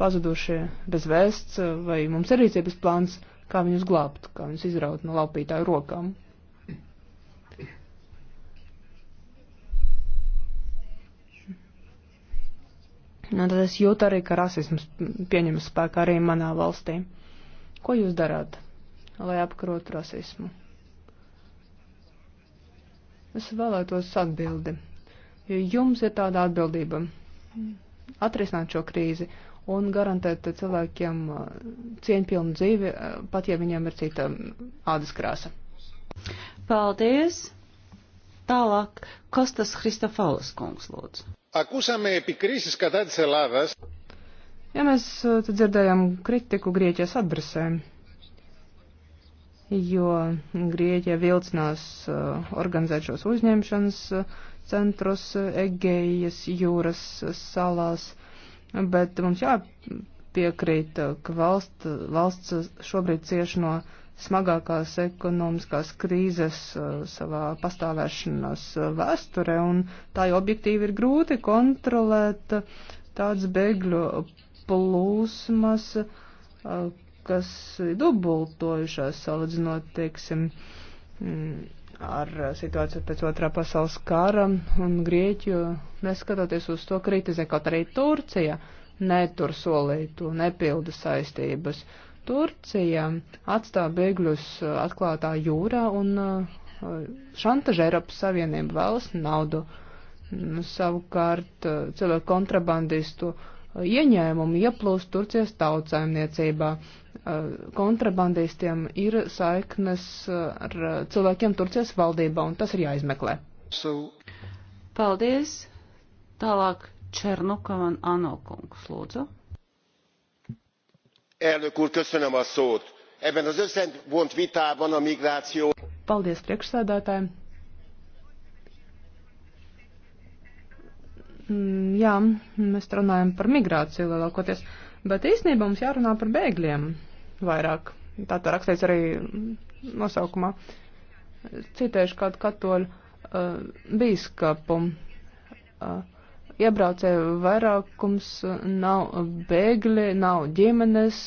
pazudušie bez vēsts, eh, vai mums ir rīcības plāns, kā viņus glābt, kā viņus izraut no laupītāju rokām. Nu, tad es jūtu arī, ka rasisms pieņemas spēku arī manā valstī. Ko jūs darāt, lai apkarotu rasismu? Es vēlētos atbildi, jo jums ir tāda atbildība atrisināt šo krīzi un garantēt cilvēkiem uh, cieņpilnu dzīvi, uh, pat ja viņiem ir cita um, ādas krāsa. Paldies! Tālāk Kostas Kristofalus kungs lūdzu. Ακούσαμε επικρίσεις κατά της Ελλάδας. Ja mēs tad dzirdējam kritiku Grieķijas adresē, jo Grieķija vilcinās organizēt šos uzņemšanas centrus Egejas jūras salās, bet mums jāpiekrīt, ka э, valsts, valsts šobrīd cieši no uh, smagākās ekonomiskās krīzes uh, savā pastāvēšanās uh, vēsturē, un tā jau objektīvi ir grūti kontrolēt uh, tādas bēgļu plūsmas, kas dubultojušās salīdzinot, teiksim, mm, ar situāciju pēc otrā pasaules kara un Grieķiju, neskatoties uz to kritizē, kaut arī Turcija netur solītu, nepilda saistības. Uh, Turcija atstāja bēgļus uh, atklātā jūrā un uh, šantažē Eiropas Savienību vēlas naudu. Nu, savukārt uh, cilvēku kontrabandistu ieņēmumi ieplūst Turcijas tautsājumniecībā. Kontrabandistiem ir saiknes ar cilvēkiem Turcijas valdībā, un tas ir jāizmeklē. So... Paldies! Tālāk Černukavan Anokungs, lūdzu elnök úr ebben az összevont vitában a migráció. paldies priekšsēdētājiem. Mm, jā, mēs runājam par migrāciju lielākoties, bet īstenībā mums jārunā par bēgļiem vairāk. Tā tā rakstīts arī nosaukumā. Citēšu kādu katoļu uh, bīskapu. Uh, Iebraucēju vairākums nav bēgļi, nav ģimenes,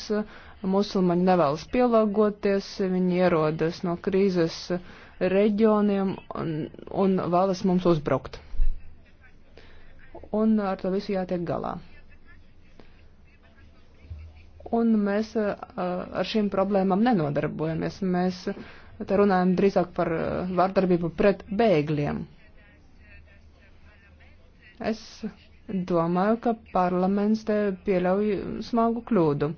musulmaņi nevēlas pielāgoties, viņi ierodas no krīzes reģioniem un, un vēlas mums uzbrukt. Un ar to visu jātiek galā. Un mēs ar šīm problēmām nenodarbojamies. Mēs te runājam drīzāk par vārdarbību pret bēgļiem. Es domāju, ka parlaments te pieļauj smagu kļūdu.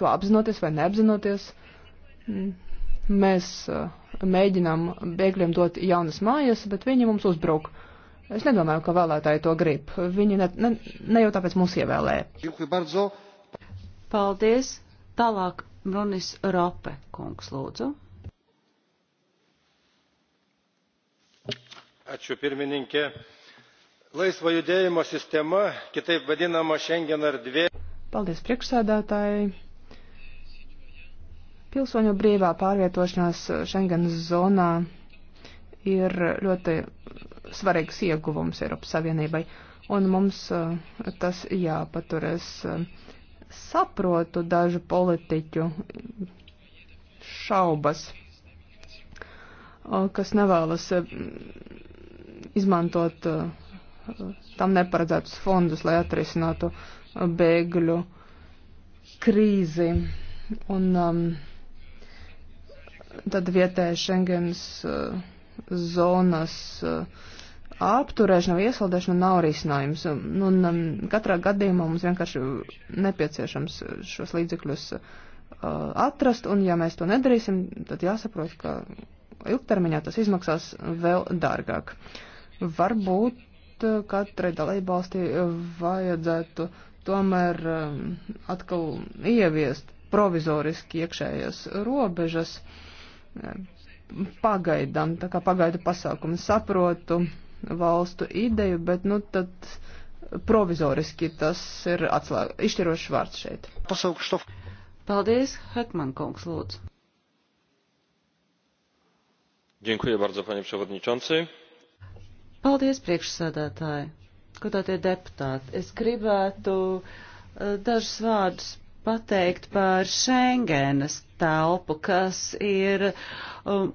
To apzinoties vai neapzinoties, mēs eh, mēģinām bēgļiem dot jaunas mājas, bet viņi mums uzbruk. Es nedomāju, ka vēlētāji to grib. Viņi ne, ne, ne jau tāpēc mūs ievēlē. Paldies. Tālāk Brunis Rope kungs lūdzu laisvo judėjimo sistema kitaip vadinama šengeno erdvė. Paldies priekšsēdētāji. Pilsoņu brīvā pārvietošanās Schengenas zonā ir ļoti svarīgs ieguvums Eiropas Savienībai, un mums eh, tas jāpatur. Es eh, saprotu dažu politiķu šaubas, eh, kas nevēlas izmantot eh, tam neparedzētus fondus, lai atrisinātu eh, bēgļu krīzi. Un um, tad vietēja Schengens uh, zonas uh, apturēšana vai iesaldēšana nav risinājums. Un, un um, katrā gadījumā mums vienkārši nepieciešams šos līdzekļus uh, atrast, un ja mēs to nedarīsim, tad jāsaprot, ka ilgtermiņā tas izmaksās vēl dārgāk. Uh, Varbūt e, katrai dalībvalstī vajadzētu tomēr e, atkal ieviest provizoriski iekšējās robežas e, pagaidām, tā kā pagaidu pasākumu saprotu valstu ideju, bet nu tad provizoriski tas ir atslē, izšķirošs vārds šeit. Pasaukšu. Paldies, Hetman kungs, lūdzu. Dziękuję bardzo, panie przewodniczący. Paldies, priekšsēdētāji. Godātie deputāti, es gribētu eh, dažus vārdus pateikt par Schengenas telpu, kas ir um,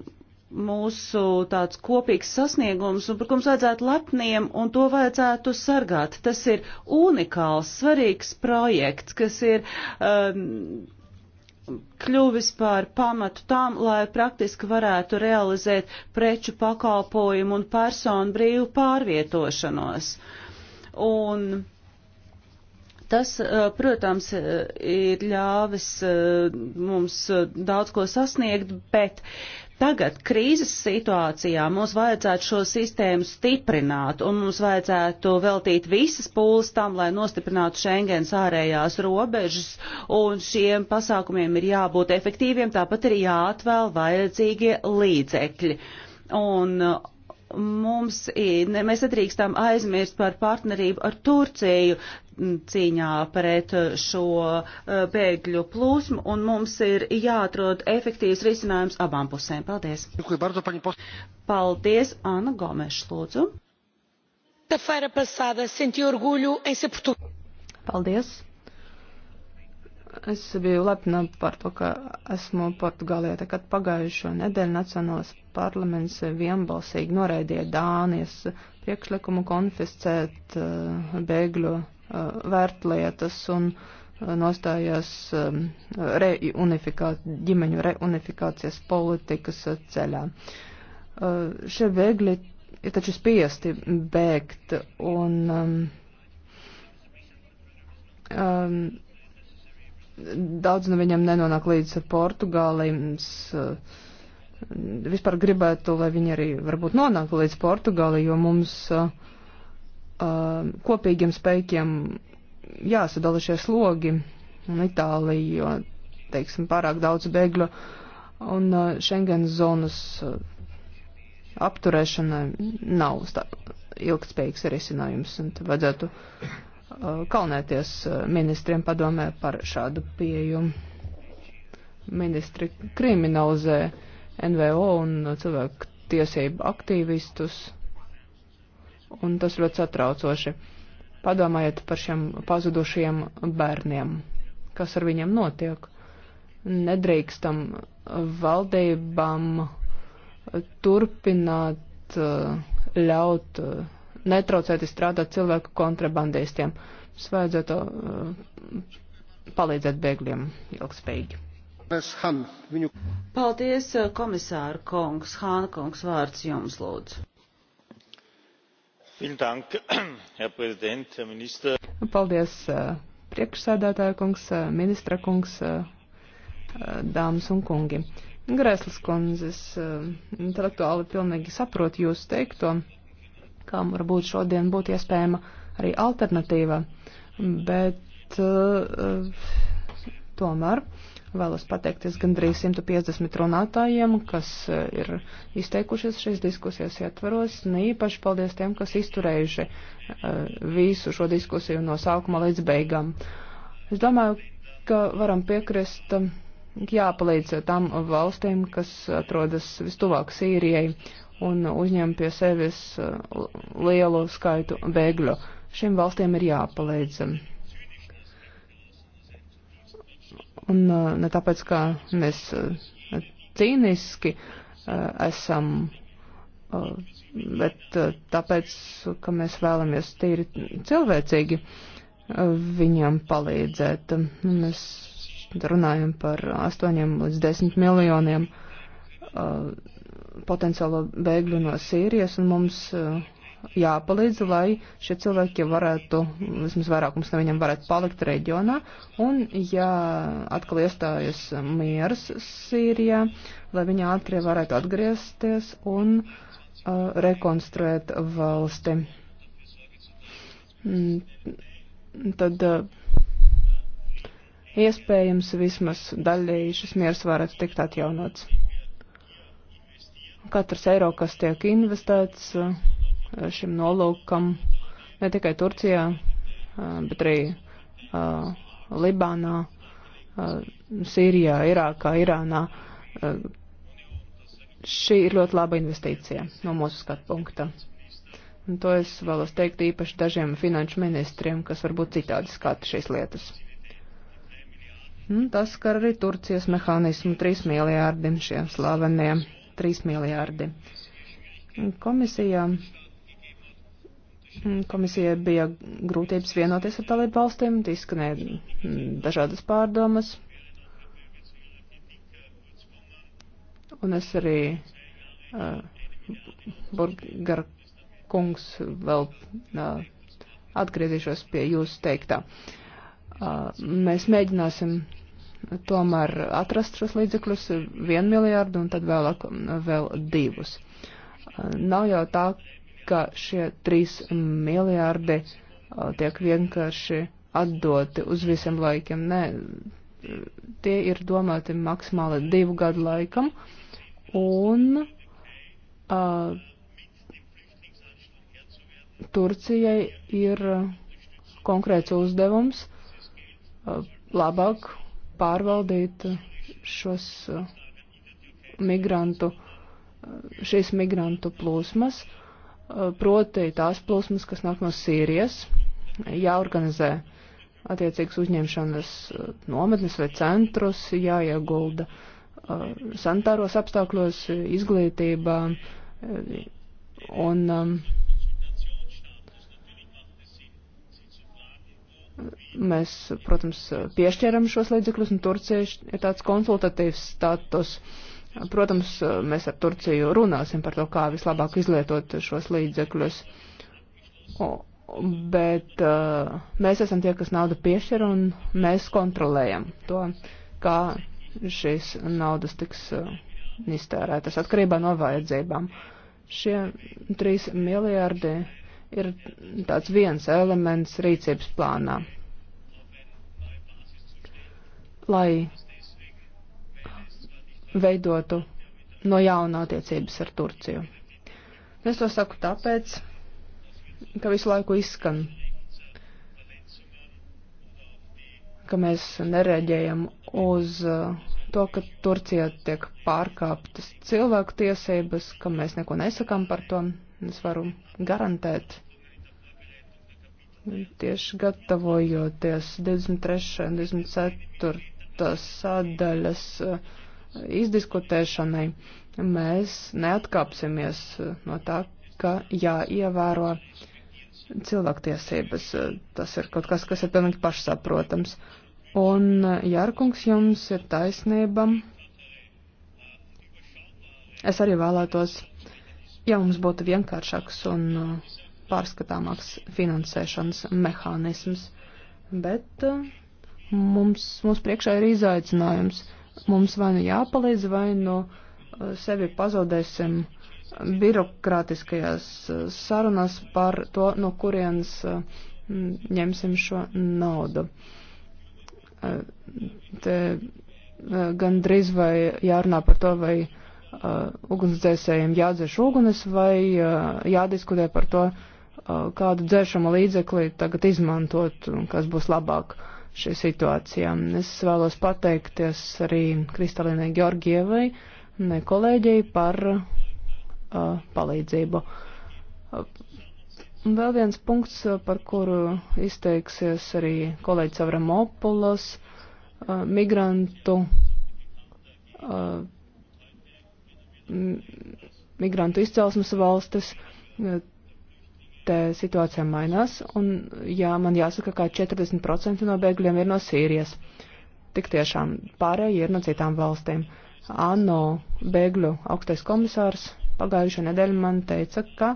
mūsu tāds kopīgs sasniegums un par ko mums vajadzētu lepniem un to vajadzētu sargāt. Tas ir unikāls, svarīgs projekts, kas ir um, kļuvis par pamatu tam, lai praktiski varētu realizēt preču pakalpojumu un personu brīvu pārvietošanos. Un tas, eh, protams, eh, ir ļāvis eh, mums daudz ko sasniegt, bet Tagad krīzes situācijā mums vajadzētu šo sistēmu stiprināt un mums vajadzētu veltīt visas pūles tam, lai nostiprinātu Schengens ārējās robežas un šiem pasākumiem ir jābūt efektīviem, tāpat ir jāatvēl vajadzīgie līdzekļi. Un Mums ir, mēs atrīkstam aizmirst par partnerību ar Turciju cīņā pret šo eh, bēgļu plūsmu, un mums ir jāatrod efektīvs risinājums abām pusēm. Paldies! Paldies, Anna Gomeša, lūdzu! Paldies! Es biju lepna par to, ka esmu Portugālijā, tā kad pagājušo nedēļu Nacionālais parlaments vienbalsīgi noraidīja Dānijas priekšlikumu konfiscēt uh, bēgļu uh, vērtlietas un eh, nostājās um, reunifikā, ģimeņu reunifikācijas politikas ceļā. Uh, šie bēgļi ir taču spiesti bēgt un um, um, daudz no viņiem nenonāk līdz Portugālei. Es eh, vispār gribētu, lai viņi arī varbūt nonāk līdz Portugālei, jo mums uh, kopīgiem spēkiem jāsadala šie slogi un Itālija, jo, teiksim, pārāk daudz bēgļu un uh, Schengen zonas uh, apturēšana nav ilgtspējīgs risinājums, un vajadzētu Uh, kaunēties uh, ministriem padomē par šādu pieju. Ministri kriminalizē NVO un cilvēku tiesību aktīvistus, un tas ļoti satraucoši. Padomājiet par šiem pazudušiem bērniem, kas ar viņiem notiek. Nedrīkstam valdībām turpināt uh, ļaut netraucēti strādāt cilvēku kontrabandistiem. Mums vajadzētu uh, palīdzēt bēgļiem ilgspējīgi. Paldies, uh, komisāra kungs. Hāna kungs, vārds jums lūdzu. (clears throat) Paldies, uh, priekšsēdētāja kungs, uh, ministra kungs, dāmas un kungi. Grēslas kundzes intelektuāli pilnīgi saprot jūsu teikto kā varbūt šodien būtu iespējama arī alternatīva. Bet uh, tomēr vēlos pateikties gandrīz 150 runātājiem, kas eh, ir izteikušies šīs diskusijas ietvaros. Īpaši paldies tiem, kas izturējuši uh, visu šo diskusiju no sākuma līdz beigām. Es domāju, ka varam piekrist. Uh, jāpalīdz tam valstīm, kas atrodas vistuvāk Sīrijai un uzņem pie sevis uh, lielu skaitu bēgļu. Šīm valstīm ir jāpalīdz. Un uh, ne tāpēc, ka mēs uh, cīniski esam, bet tāpēc, ka mēs vēlamies tīri cilvēcīgi viņiem palīdzēt. Mēs runājam par 8 līdz 10 miljoniem potenciālo bēgļu no Sīrijas, un mums eh, jāpalīdz, lai šie cilvēki varētu, vismaz vairākums no viņiem varētu palikt reģionā, un ja atkal iestājas miers Sīrijā, lai viņi ātri varētu atgriezties un uh, rekonstruēt valsti. Mm, tad uh, iespējams vismaz daļēji šis miers varētu tikt atjaunots. Katrs eiro, kas tiek investēts eh, šim nolūkam, ne tikai Turcijā, eh, bet arī eh, Libānā, Sīrijā, Irākā, Irānā, šī ir ļoti laba investīcija no mūsu skatu punkta. Un to es vēlos teikt īpaši dažiem finanšu ministriem, kas varbūt citādi skata šīs lietas. Un nu, tas skar arī Turcijas mehānismu 3 miljārdi šie slavenie 3 miljārdi. Komisija, komisija bija grūtības vienoties ar dalību valstīm, izskanēja dažādas pārdomas. Un es arī uh, Burger kungs vēl uh, atgriezīšos pie jūsu teiktā. Uh, mēs mēģināsim tomēr atrast šos līdzekļus vienu miljārdu un tad vēl, vēl divus. Nav jau tā, ka šie trīs miljārdi tiek vienkārši atdoti uz visiem laikiem. Nē, tie ir domāti maksimāli divu gadu laikam un uh, Turcijai ir konkrēts uzdevums uh, labāk pārvaldīt šos uh, migrantu, uh, šīs migrantu plūsmas, uh, proti tās plūsmas, kas nāk no Sīrijas, jāorganizē attiecīgas uzņemšanas nometnes vai centrus, jāiegulda santāros apstākļos, izglītībā un um, Mēs, protams, piešķēram šos līdzekļus, un Turcija ir tāds konsultatīvs status. Protams, mēs ar Turciju runāsim par to, kā vislabāk izlietot šos līdzekļus. Bet uh, mēs esam tie, kas naudu piešķir, un mēs kontrolējam to, kā šīs naudas tiks uh, iztērētas atkarībā no vajadzībām. Šie trīs miljārdi ir tāds viens elements rīcības plānā. Lai veidotu no jauna attiecības ar Turciju. Es to saku tāpēc, ka visu laiku izskan, ka mēs nereaģējam uz uh, to, ka Turcija tiek pārkāptas cilvēku tiesības, ka mēs neko nesakām par to. Es varu garantēt, tieši gatavojoties 23. un 24. sadaļas eh, izdiskutēšanai, mēs neatkāpsimies eh, no tā, ka jāievēro cilvēktiesības. Eh, tas ir kaut kas, kas ir pilnīgi pašsaprotams. Un, Jārkungs, jums ir taisnība. Es arī vēlētos ja mums būtu vienkāršāks un uh, pārskatāmāks finansēšanas mehānisms. Bet uh, mums, mums priekšā ir izaicinājums. Mums vai nu jāpalīdz, vai nu uh, sevi pazaudēsim birokrātiskajās sarunās par to, no kurienes ņemsim šo naudu. Te gandrīz vai jārunā par to, vai uh, ugunsdzēsējiem jādzēš uguns vai uh, jādiskutē par to, uh, kādu dzēšamu līdzekli tagad izmantot un kas būs labāk šajā situācijā. Es vēlos pateikties arī Kristalinai Georgievai, ne kolēģei, par uh, palīdzību. Un vēl viens punkts, uh, par kuru izteiksies arī kolēģis Avramopulos, uh, migrantu uh, Mm, migrantu izcelsmes valstis. Te situācija mainās, un jā, man jāsaka, ka 40% no bēgļiem ir no Sīrijas. Tik tiešām pārējie ir no citām valstīm. ANO bēgļu augstais komisārs pagājušajā nedēļā man teica, ka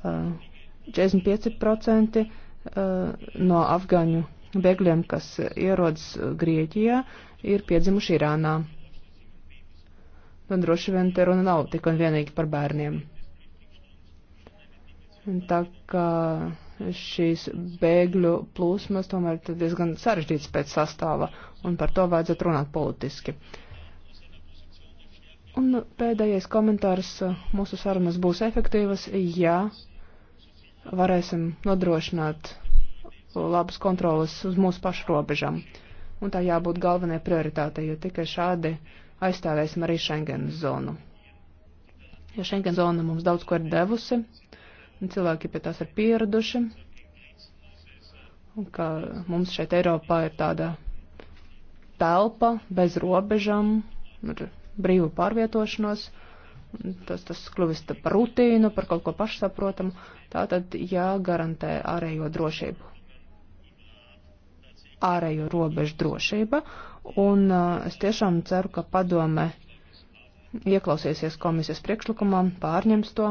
uh, 45% uh, no afgaņu bēgļiem, kas ierodas Grieķijā, ir piedzimuši Irānā. Uh, un nu, droši vien te runa nav tik un vienīgi par bērniem. Un tā kā šīs bēgļu plūsmas tomēr ir diezgan sarežģīts pēc sastāva, un par to vajadzētu runāt politiski. Un pēdējais komentārs - mūsu sarunas būs efektīvas, ja varēsim nodrošināt labas kontrolas uz mūsu pašu robežām. Un tā jābūt galvenajai prioritātei, jo tikai šādi uh, aizstāvēsim arī Schengen zonu. Jo ja Schengen zona mums daudz ko ir devusi, un cilvēki pie tās ir pieraduši, un ka mums šeit Eiropā ir tāda telpa bez robežām, ar brīvu pārvietošanos, tas, tas kļuvis par rutīnu, par kaut ko pašsaprotamu, tātad jāgarantē ārējo drošību ārējo robežu drošība, un uh, es tiešām ceru, ka padome ieklausīsies komisijas priekšlikumā, pārņems to,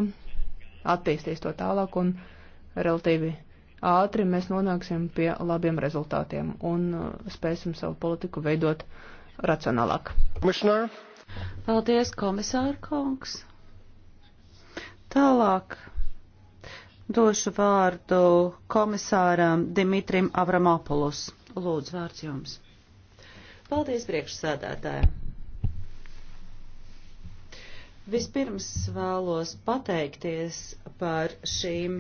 attīstīs to tālāk un relatīvi ātri mēs nonāksim pie labiem rezultātiem un uh, spēsim savu politiku veidot racionālāk. Komisār. Paldies, komisāra kungs. Tālāk došu vārdu komisāram Dimitrim Avramopulus. Lūdzu, vārds jums. Paldies priekšsēdētājiem. Vispirms vēlos pateikties par šīm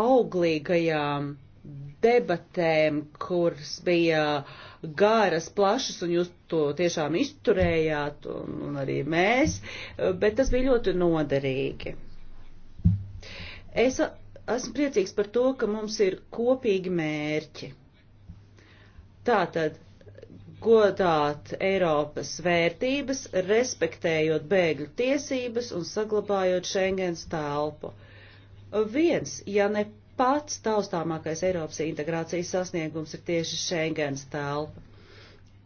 auglīgajām debatēm, kuras bija garas, plašas, un jūs to tiešām izturējāt, un, un arī mēs, bet tas bija ļoti noderīgi. Es esmu priecīgs par to, ka mums ir kopīgi mērķi. Tātad godāt Eiropas vērtības, respektējot bēgļu tiesības un saglabājot Schengens telpu. Viens, ja ne pats taustāmākais Eiropas integrācijas sasniegums ir tieši Schengens telpa.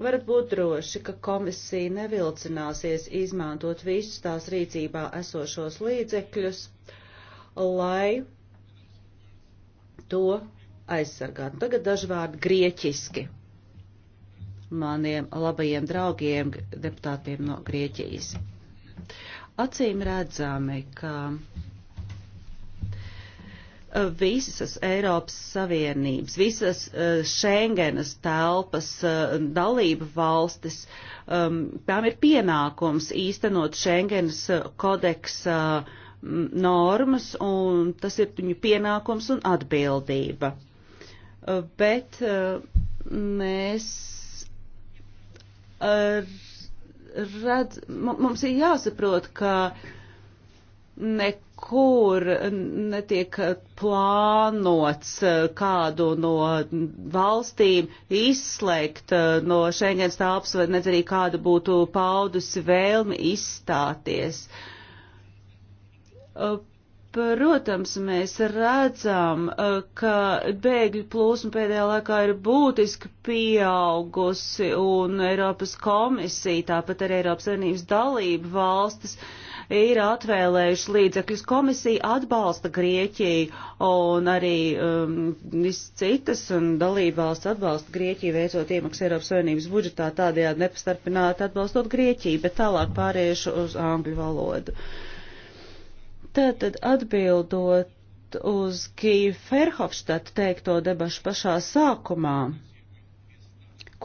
Varat būt droši, ka komisija nevilcināsies izmantot visus tās rīcībā esošos līdzekļus, lai to aizsargāt. Tagad daži vārdi grieķiski maniem labajiem draugiem, deputātiem no Grieķijas. Acīm redzami, ka visas Eiropas Savienības, visas eh, Schengenas telpas eh, dalība valstis, eh, tām ir pienākums īstenot Schengenas kodeksa uh, normas, un tas ir viņu pienākums un atbildība. Bet eh, mēs eh, redz, mums ir jāsaprot, ka nekur netiek plānots eh, kādu no valstīm izslēgt no Schengens tāps, vai nedz arī kāda būtu paudusi vēlmi izstāties. Uh, Protams, mēs redzam, ka bēgļu plūsma pēdējā laikā ir būtiski pieaugusi un Eiropas komisija, tāpat arī Eiropas Savienības dalība valstis ir atvēlējuši līdzekļus. Komisija atbalsta Grieķiju un arī um, viss citas un dalība valsts atbalsta Grieķiju veicot iemaksas Eiropas Savienības budžetā tādējādi nepastarpināti atbalstot Grieķiju, bet tālāk pāriešu uz angļu valodu. Uh, Tātad atbildot uz Gīvu Ferhofštatu teikto debašu pašā sākumā,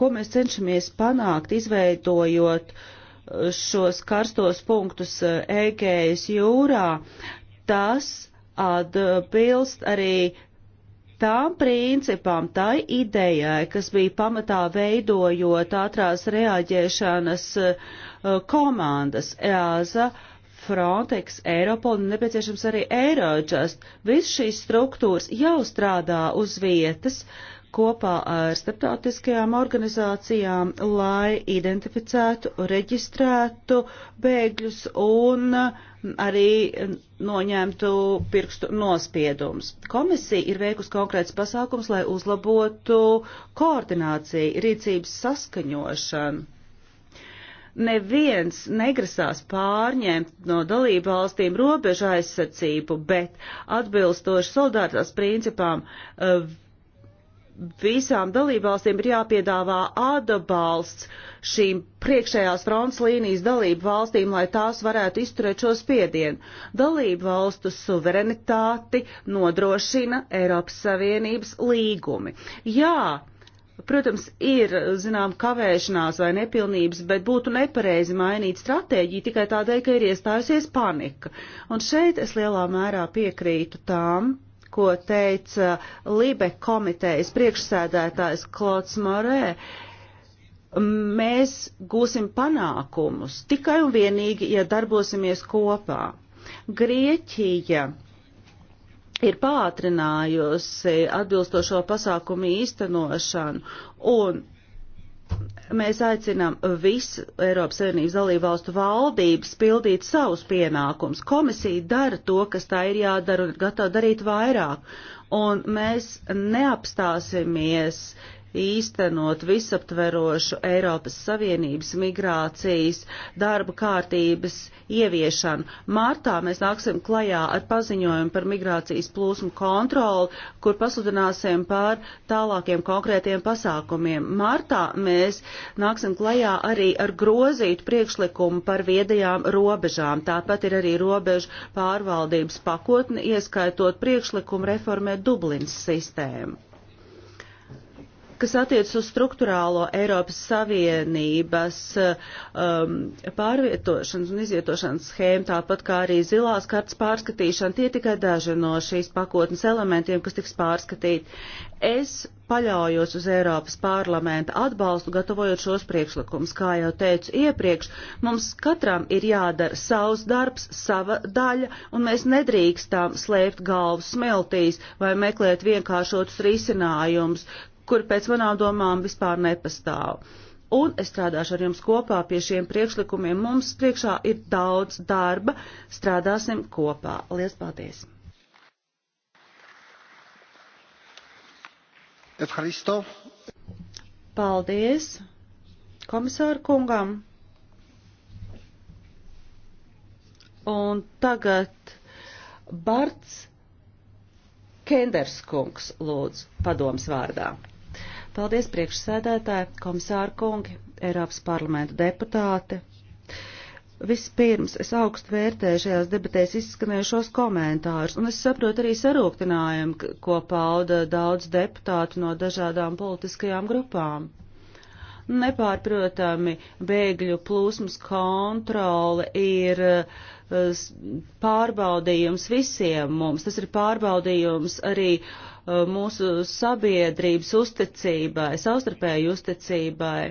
ko mēs cenšamies panākt, izveidojot uh, šos karstos punktus uh, Egejas jūrā, tas atbilst arī tām principām, tai idejai, kas bija pamatā veidojot ātrās reaģēšanas uh, komandas EASA Frontex, Eiropol un nepieciešams arī Eurojust. Viss šīs struktūras jau strādā uz vietas kopā ar starptautiskajām organizācijām, lai identificētu, reģistrētu bēgļus un arī noņemtu pirkstu nospiedumus. Komisija ir veikusi konkrēts pasākums, lai uzlabotu koordināciju, rīcības saskaņošanu neviens negrasās pārņemt no dalību valstīm robežu aizsardzību, bet atbilstoši solidaritātes principām eh, visām dalībvalstīm ir jāpiedāvā atbalsts šīm priekšējās fronts līnijas dalību valstīm, lai tās varētu izturēt šo spiedienu. Dalību valstu suverenitāti nodrošina Eiropas Savienības līgumi. Jā, Protams, ir, zinām, kavēšanās vai nepilnības, bet būtu nepareizi mainīt stratēģiju tikai tādēļ, ka ir iestājusies panika. Un šeit es lielā mērā piekrītu tām, ko teica Libe komitejas priekšsēdētājs Klots Morē, mēs gūsim panākumus tikai un vienīgi, ja darbosimies kopā. Grieķija ir pātrinājusi atbilstošo pasākumu īstenošanu un Mēs aicinām visu Eiropas Savienības dalību valstu valdības pildīt savus pienākumus. Komisija dara to, kas tā ir jādara un ir gatava darīt vairāk. Un mēs neapstāsimies, īstenot visaptverošu Eiropas Savienības migrācijas darba kārtības ieviešanu. Martā mēs nāksim klajā ar paziņojumu par migrācijas plūsmu kontroli, kur pasludināsim par tālākiem konkrētiem pasākumiem. Martā mēs nāksim klajā arī ar grozītu priekšlikumu par viedajām robežām. Tāpat ir arī robežu pārvaldības pakotne, ieskaitot priekšlikumu reformēt Dublinas sistēmu kas attiec uz struktūrālo Eiropas Savienības um, pārvietošanas un izvietošanas schēmu, tāpat kā arī zilās kartas pārskatīšana, tie tikai daži no šīs pakotnes elementiem, kas tiks pārskatīt. Es paļaujos uz Eiropas parlamenta atbalstu, gatavojot šos priekšlikumus. Kā jau teicu iepriekš, mums katram ir jādara savs darbs, sava daļa, un mēs nedrīkstām slēpt galvu smiltīs vai meklēt vienkāršotus risinājumus, kur pēc manām domām vispār nepastāv. Un es strādāšu ar jums kopā pie šiem priekšlikumiem. Mums priekšā ir daudz darba. Strādāsim kopā. Lielas paldies! Efharisto. Paldies komisāru kungam. Un tagad Barts Kenderskungs lūdz padoms vārdā. Paldies priekšsēdētāji, komisāra kungi, Eiropas parlamenta deputāte. Vispirms es augstu vērtēju šajās debatēs izskanējušos komentārus, un es saprotu arī sarūktinājumu, ko pauda daudz deputātu no dažādām politiskajām grupām. Nepārprotami bēgļu plūsmas kontrole ir eh, pārbaudījums visiem mums. Tas ir pārbaudījums arī uh, mūsu sabiedrības uzticībai, savstarpēju uzticībai.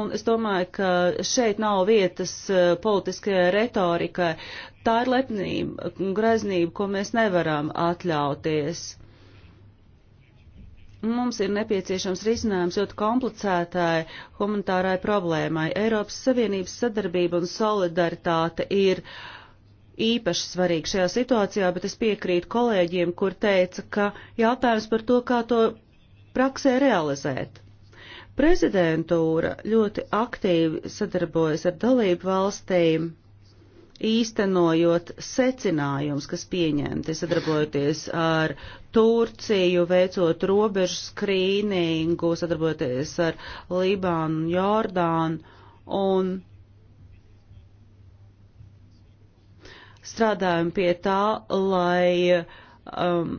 Un es domāju, ka šeit nav vietas e, politiskajai retorikai. Tā ir lepnība, greznība, ko mēs nevaram atļauties. Mums ir nepieciešams risinājums ļoti komplicētāji humanitārai problēmai. Eiropas Savienības sadarbība un solidaritāte ir uh, īpaši svarīgi šajā situācijā, bet es piekrītu kolēģiem, kur teica, ka jautājums par to, kā to praksē realizēt. Prezidentūra ļoti aktīvi sadarbojas ar dalību valstīm, īstenojot secinājums, kas pieņemti, sadarbojoties ar Turciju, veicot robežu skrīningu, sadarbojoties ar Libānu, Jordānu un strādājam pie tā, lai um,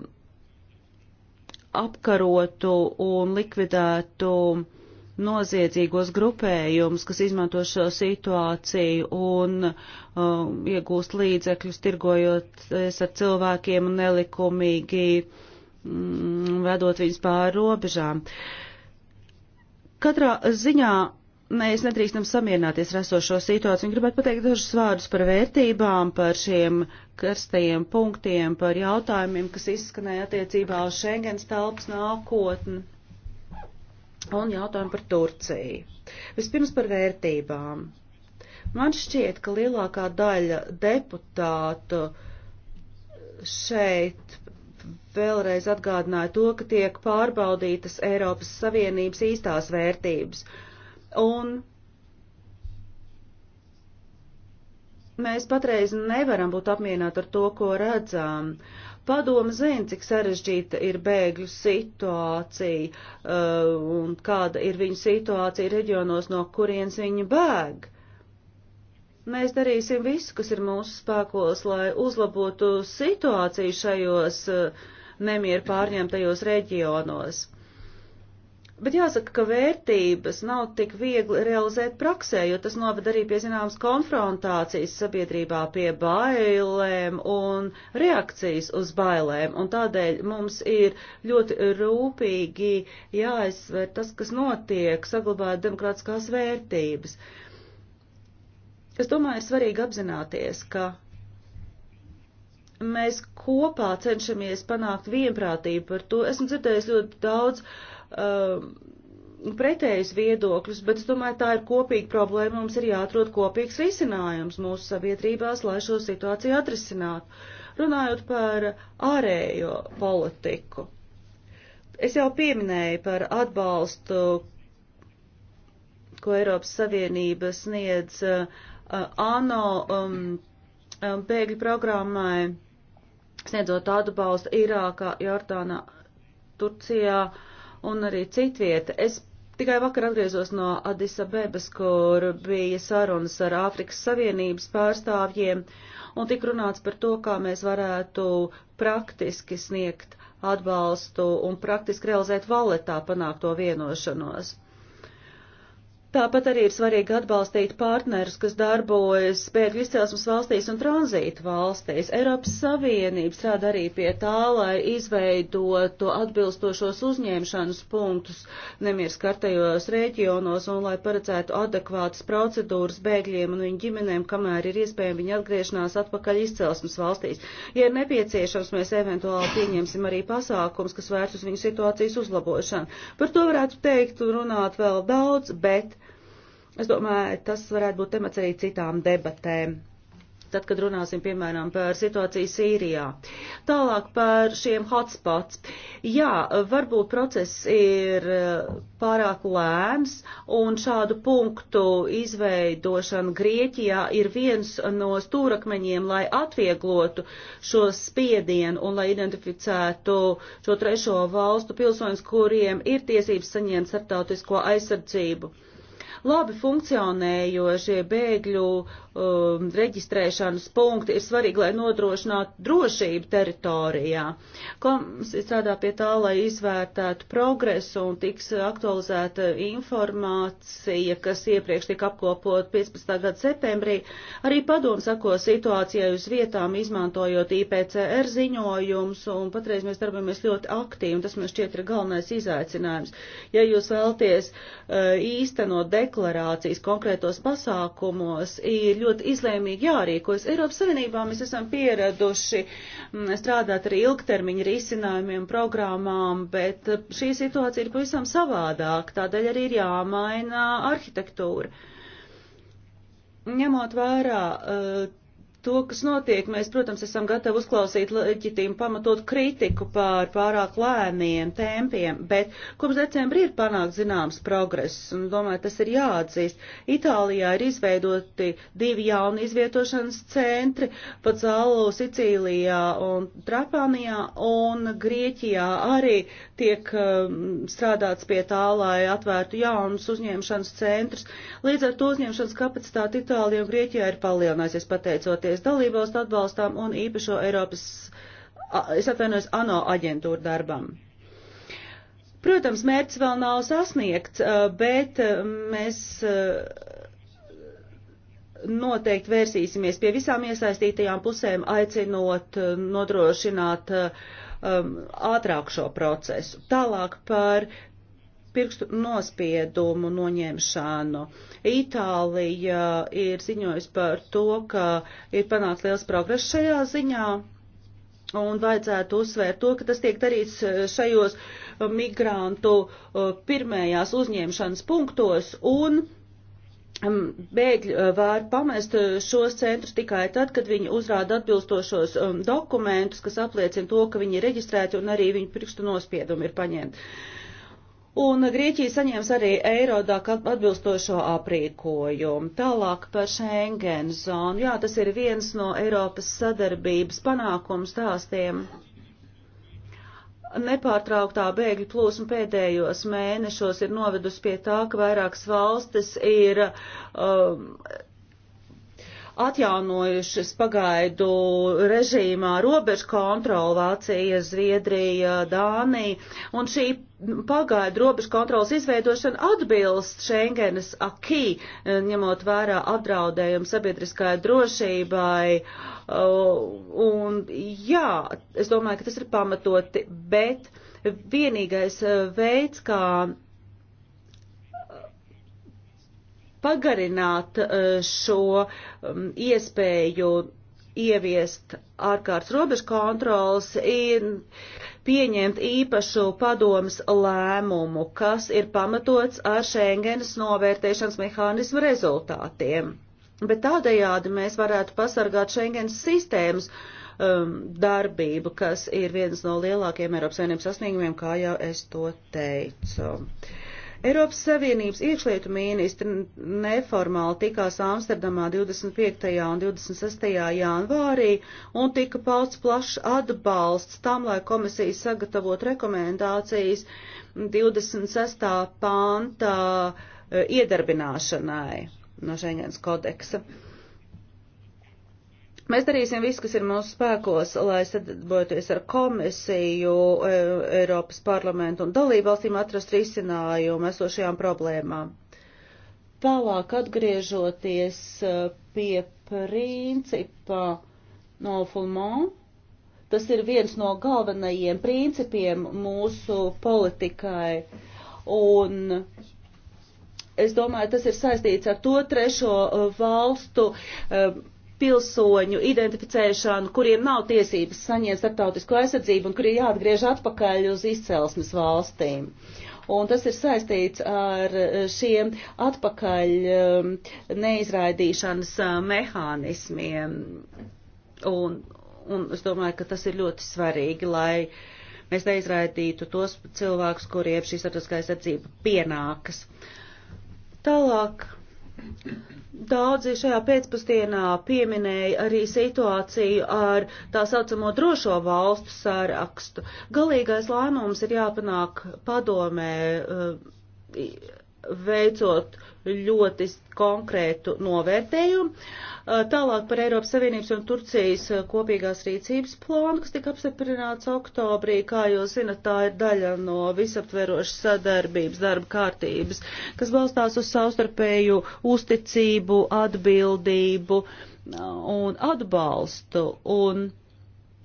apkarotu un likvidētu noziedzīgos grupējumus, kas izmanto šo situāciju un um, iegūst līdzekļus, tirgojoties ar cilvēkiem un nelikumīgi mm, vedot viņus pāri robežām. Katrā ziņā mēs nedrīkstam samierināties ar esošo situāciju. Un gribētu pateikt dažus vārdus par vērtībām, par šiem karstajiem punktiem, par jautājumiem, kas izskanēja attiecībā uz Schengens telpas nākotni un jautājumu par Turciju. Vispirms par vērtībām. Man šķiet, ka lielākā daļa deputātu šeit vēlreiz atgādināja to, ka tiek pārbaudītas Eiropas Savienības īstās vērtības. Uh, Un mēs patreiz nevaram būt apmierināti ar to, ko redzam. Padoma zina, cik sarežģīta ir bēgļu situācija uh, un kāda ir viņu situācija reģionos, no kurienes viņi bēg. Mēs darīsim visu, kas ir mūsu spēkos, lai uzlabotu situāciju šajos uh, nemieru pārņemtajos reģionos. Bet jāsaka, ka vērtības nav tik viegli realizēt praksē, jo tas noved arī pie zināmas konfrontācijas sabiedrībā, pie bailēm un reakcijas uz bailēm. Un tādēļ mums ir ļoti rūpīgi jāizsver tas, kas notiek, saglabājot demokrātiskās vērtības. Es domāju, ir svarīgi apzināties, ka mēs kopā cenšamies panākt vienprātību par to. Esmu dzirdējis ļoti daudz uh, um, pretējus viedokļus, bet es domāju, tā ir kopīga problēma, mums ir jāatrod kopīgs risinājums mūsu sabiedrībās, lai šo situāciju atrisinātu. Runājot par ārējo politiku, es jau pieminēju par atbalstu, ko Eiropas Savienība sniedz uh, ANO um, um, bēgļu programmai, sniedzot atbalstu Irākā, Jordānā, Turcijā. Uh, un arī citvieta. Es tikai vakar atgriezos no Adisabebas, kur bija sarunas ar Āfrikas Savienības pārstāvjiem, un tik runāts par to, kā mēs varētu praktiski sniegt atbalstu un praktiski realizēt valetā panākto vienošanos. Tāpat arī ir svarīgi atbalstīt partnerus, kas darbojas bēgļu izcelsmes valstīs un tranzītu valstīs. Eiropas Savienība strādā arī pie tā, lai izveidotu atbilstošos uzņemšanas punktus nemirskartajos reģionos un lai paredzētu adekvātas procedūras bēgļiem un viņu ģimenēm, kamēr ir iespējama viņa atgriešanās atpakaļ izcelsmes valstīs. Ja ir nepieciešams, mēs eventuāli pieņemsim arī pasākums, kas vērts uz viņu situācijas uzlabošanu. Par to varētu teikt un runāt vēl daudz, bet Es domāju, tas varētu būt temats arī citām debatēm. Tad, kad runāsim, piemēram, par situāciju Sīrijā. Tālāk par šiem hotspots. Jā, varbūt process ir eh, pārāk lēns, un šādu punktu izveidošana Grieķijā ir viens no stūrakmeņiem, lai atvieglotu šo spiedienu un lai identificētu šo trešo valstu pilsoņus, kuriem ir tiesības saņemt starptautisko aizsardzību labi funkcionējošie bēgļu um, reģistrēšanas punkti ir svarīgi, lai nodrošinātu drošību teritorijā. Komisija strādā pie tā, lai izvērtētu progresu un tiks aktualizēta informācija, kas iepriekš tika apkopot 15. gada septembrī. Arī padoms sako situācijai uz vietām, izmantojot IPCR ziņojums, un patreiz mēs darbojamies ļoti aktīvi, un tas man šķiet ir galvenais izaicinājums. Ja jūs vēlties uh, īstenot deklarācijas konkrētos pasākumos, ir ir ļoti izlēmīgi jārīkojas. Eiropas Savienībā mēs esam pieraduši mm, strādāt ar ilgtermiņa risinājumiem, programmām, bet šī situācija ir pavisam savādāk, tādēļ arī ir jāmaina arhitektūra. Ņemot vērā uh, to, kas notiek, mēs, protams, esam gatavi uzklausīt leģitīmu pamatot kritiku pār pārāk lēniem tempiem, bet kopš decembra ir panākt zināms progress, un domāju, tas ir jāatzīst. Itālijā ir izveidoti divi jauni izvietošanas centri, pa Zālo, Sicīlijā un Trapānijā, un Grieķijā arī tiek um, strādāts pie tā, lai atvērtu jaunus uzņemšanas centrus. Līdz ar to uzņemšanas kapacitāte Itālijā un Grieķijā ir palielinājusies pateicoties dalībvalstu atbalstām un īpašo Eiropas, es atvainojos, ANO aģentūru darbam. Protams, mērķis vēl nav sasniegts, uh, bet uh, mēs uh, noteikti vērsīsimies pie visām iesaistītajām pusēm, aicinot nodrošināt uh, um, ātrāk šo procesu. Tālāk par pirkstu nospiedumu noņemšanu. Itālija ir ziņojusi par to, ka ir panākts liels progress šajā ziņā. Un vajadzētu uzsvērt to, ka tas tiek darīts uh, šajos uh, migrantu uh, pirmajās uzņemšanas punktos un uh, Bēgļi eh, var pamest eh, šos centrus tikai tad, kad viņi uzrāda atbilstošos dokumentus, kas apliecina to, ka viņi ir reģistrēti un arī viņu pirkstu nospiedumi ir paņemti. Un Grieķija saņems arī Eirodāk atbilstošo aprīkojumu. Tālāk par Schengen zonu. Jā, tas ir viens no Eiropas sadarbības panākums stāstiem. Tā Nepārtrauktā bēgļu plūsma pēdējos mēnešos ir novedusi pie tā, ka vairākas valstis ir um, atjaunojušas pagaidu režīmā robežu kontroli Vācija, Zviedrija, Dānija, un šī pagaidu robežu kontrolas izveidošana atbilst Schengenas akī, ņemot vērā apdraudējumu sabiedriskai drošībai. Uh, un jā, es domāju, ka tas ir pamatoti, bet vienīgais uh, veids, kā pagarināt uh, šo um, iespēju ieviest ārkārtas robežu kontrols, pieņemt īpašu padomas lēmumu, kas ir pamatots ar Schengenas novērtēšanas mehānismu rezultātiem. Bet tādējādi mēs varētu pasargāt Schengenas sistēmas um, darbību, kas ir viens no lielākiem Eiropas Savienības sasniegumiem, kā jau es to teicu. Uh, Eiropas Savienības iekšlietu ministri neformāli tikās Amsterdamā 25. un 26. janvārī un tika pausts plašs atbalsts tam, lai komisija sagatavot rekomendācijas 26. pānta e, iedarbināšanai no Šeņģens kodeksa. Mēs darīsim visu, kas ir mūsu spēkos, lai sadarbojoties ar komisiju, e, Eiropas parlamentu un dalībvalstīm atrast risinājumu esošajām problēmām. Tālāk atgriežoties e, pie principa no Fulmont, tas ir viens no galvenajiem principiem mūsu politikai. Un es domāju, tas ir saistīts ar to trešo valstu e, pilsoņu identificēšanu, kuriem nav tiesības saņemt starptautisko aizsardzību un kuri jāatgriež atpakaļ uz izcelsmes valstīm. Un tas ir saistīts ar šiem atpakaļ um, neizraidīšanas uh, mehānismiem. Un, un es domāju, ka tas ir ļoti svarīgi, lai mēs neizraidītu tos cilvēkus, kuriem šī starptautiskā aizsardzība pienākas. Tālāk Daudzi šajā pēcpusdienā pieminēja arī situāciju ar tā saucamo drošo valstu sārakstu. Galīgais lēmums ir jāpanāk padomē eh, veicot ļoti konkrētu novērtējumu. Tālāk par Eiropas Savienības un Turcijas kopīgās rīcības plānu, kas tika apstiprināts oktobrī. Kā jūs zinat, tā ir daļa no visaptverošas sadarbības darba kārtības, kas balstās uz savstarpēju uzticību, atbildību un atbalstu. Un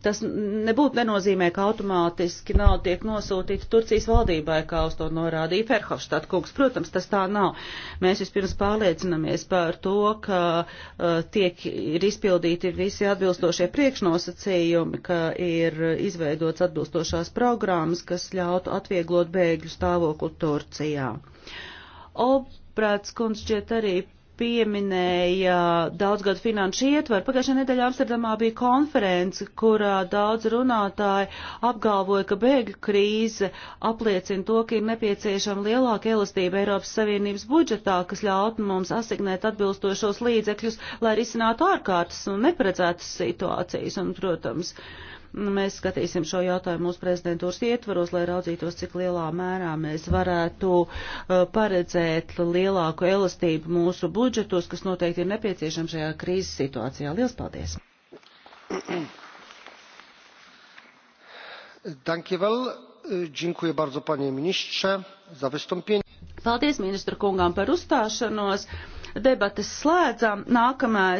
Tas nebūtu nenozīmē, ka automātiski nauda tiek nosūtīta Turcijas valdībai, kā uz to norādīja Ferhofstadt kungs. Protams, tas tā nav. Mēs vispirms pārliecinamies par to, ka uh, tiek ir izpildīti visi atbilstošie priekšnosacījumi, ka ir izveidots atbilstošās programmas, kas ļautu atvieglot bēgļu stāvokli Turcijā. Ob Prāts kundze šķiet arī pieminēja daudzgadu finanšu ietvaru. Pagājušajā nedēļā Amsterdamā bija konference, kurā daudz runātāji apgalvoja, ka bēgļu krīze apliecina to, ka ir nepieciešama lielāka elastība Eiropas Savienības budžetā, kas ļautu mums asignēt atbilstošos līdzekļus, lai risinātu ārkārtas un neparedzētas situācijas. Un, protams, uh, Mēs skatīsim šo jautājumu mūsu prezidentūras ietvaros, lai raudzītos, cik lielā mērā mēs varētu uh, paredzēt lielāku elastību mūsu budžetos, kas noteikti ir nepieciešama šajā krīzes situācijā. Lielas paldies! Paldies ministru kungām par uzstāšanos. Debates slēdzam. Nākamais.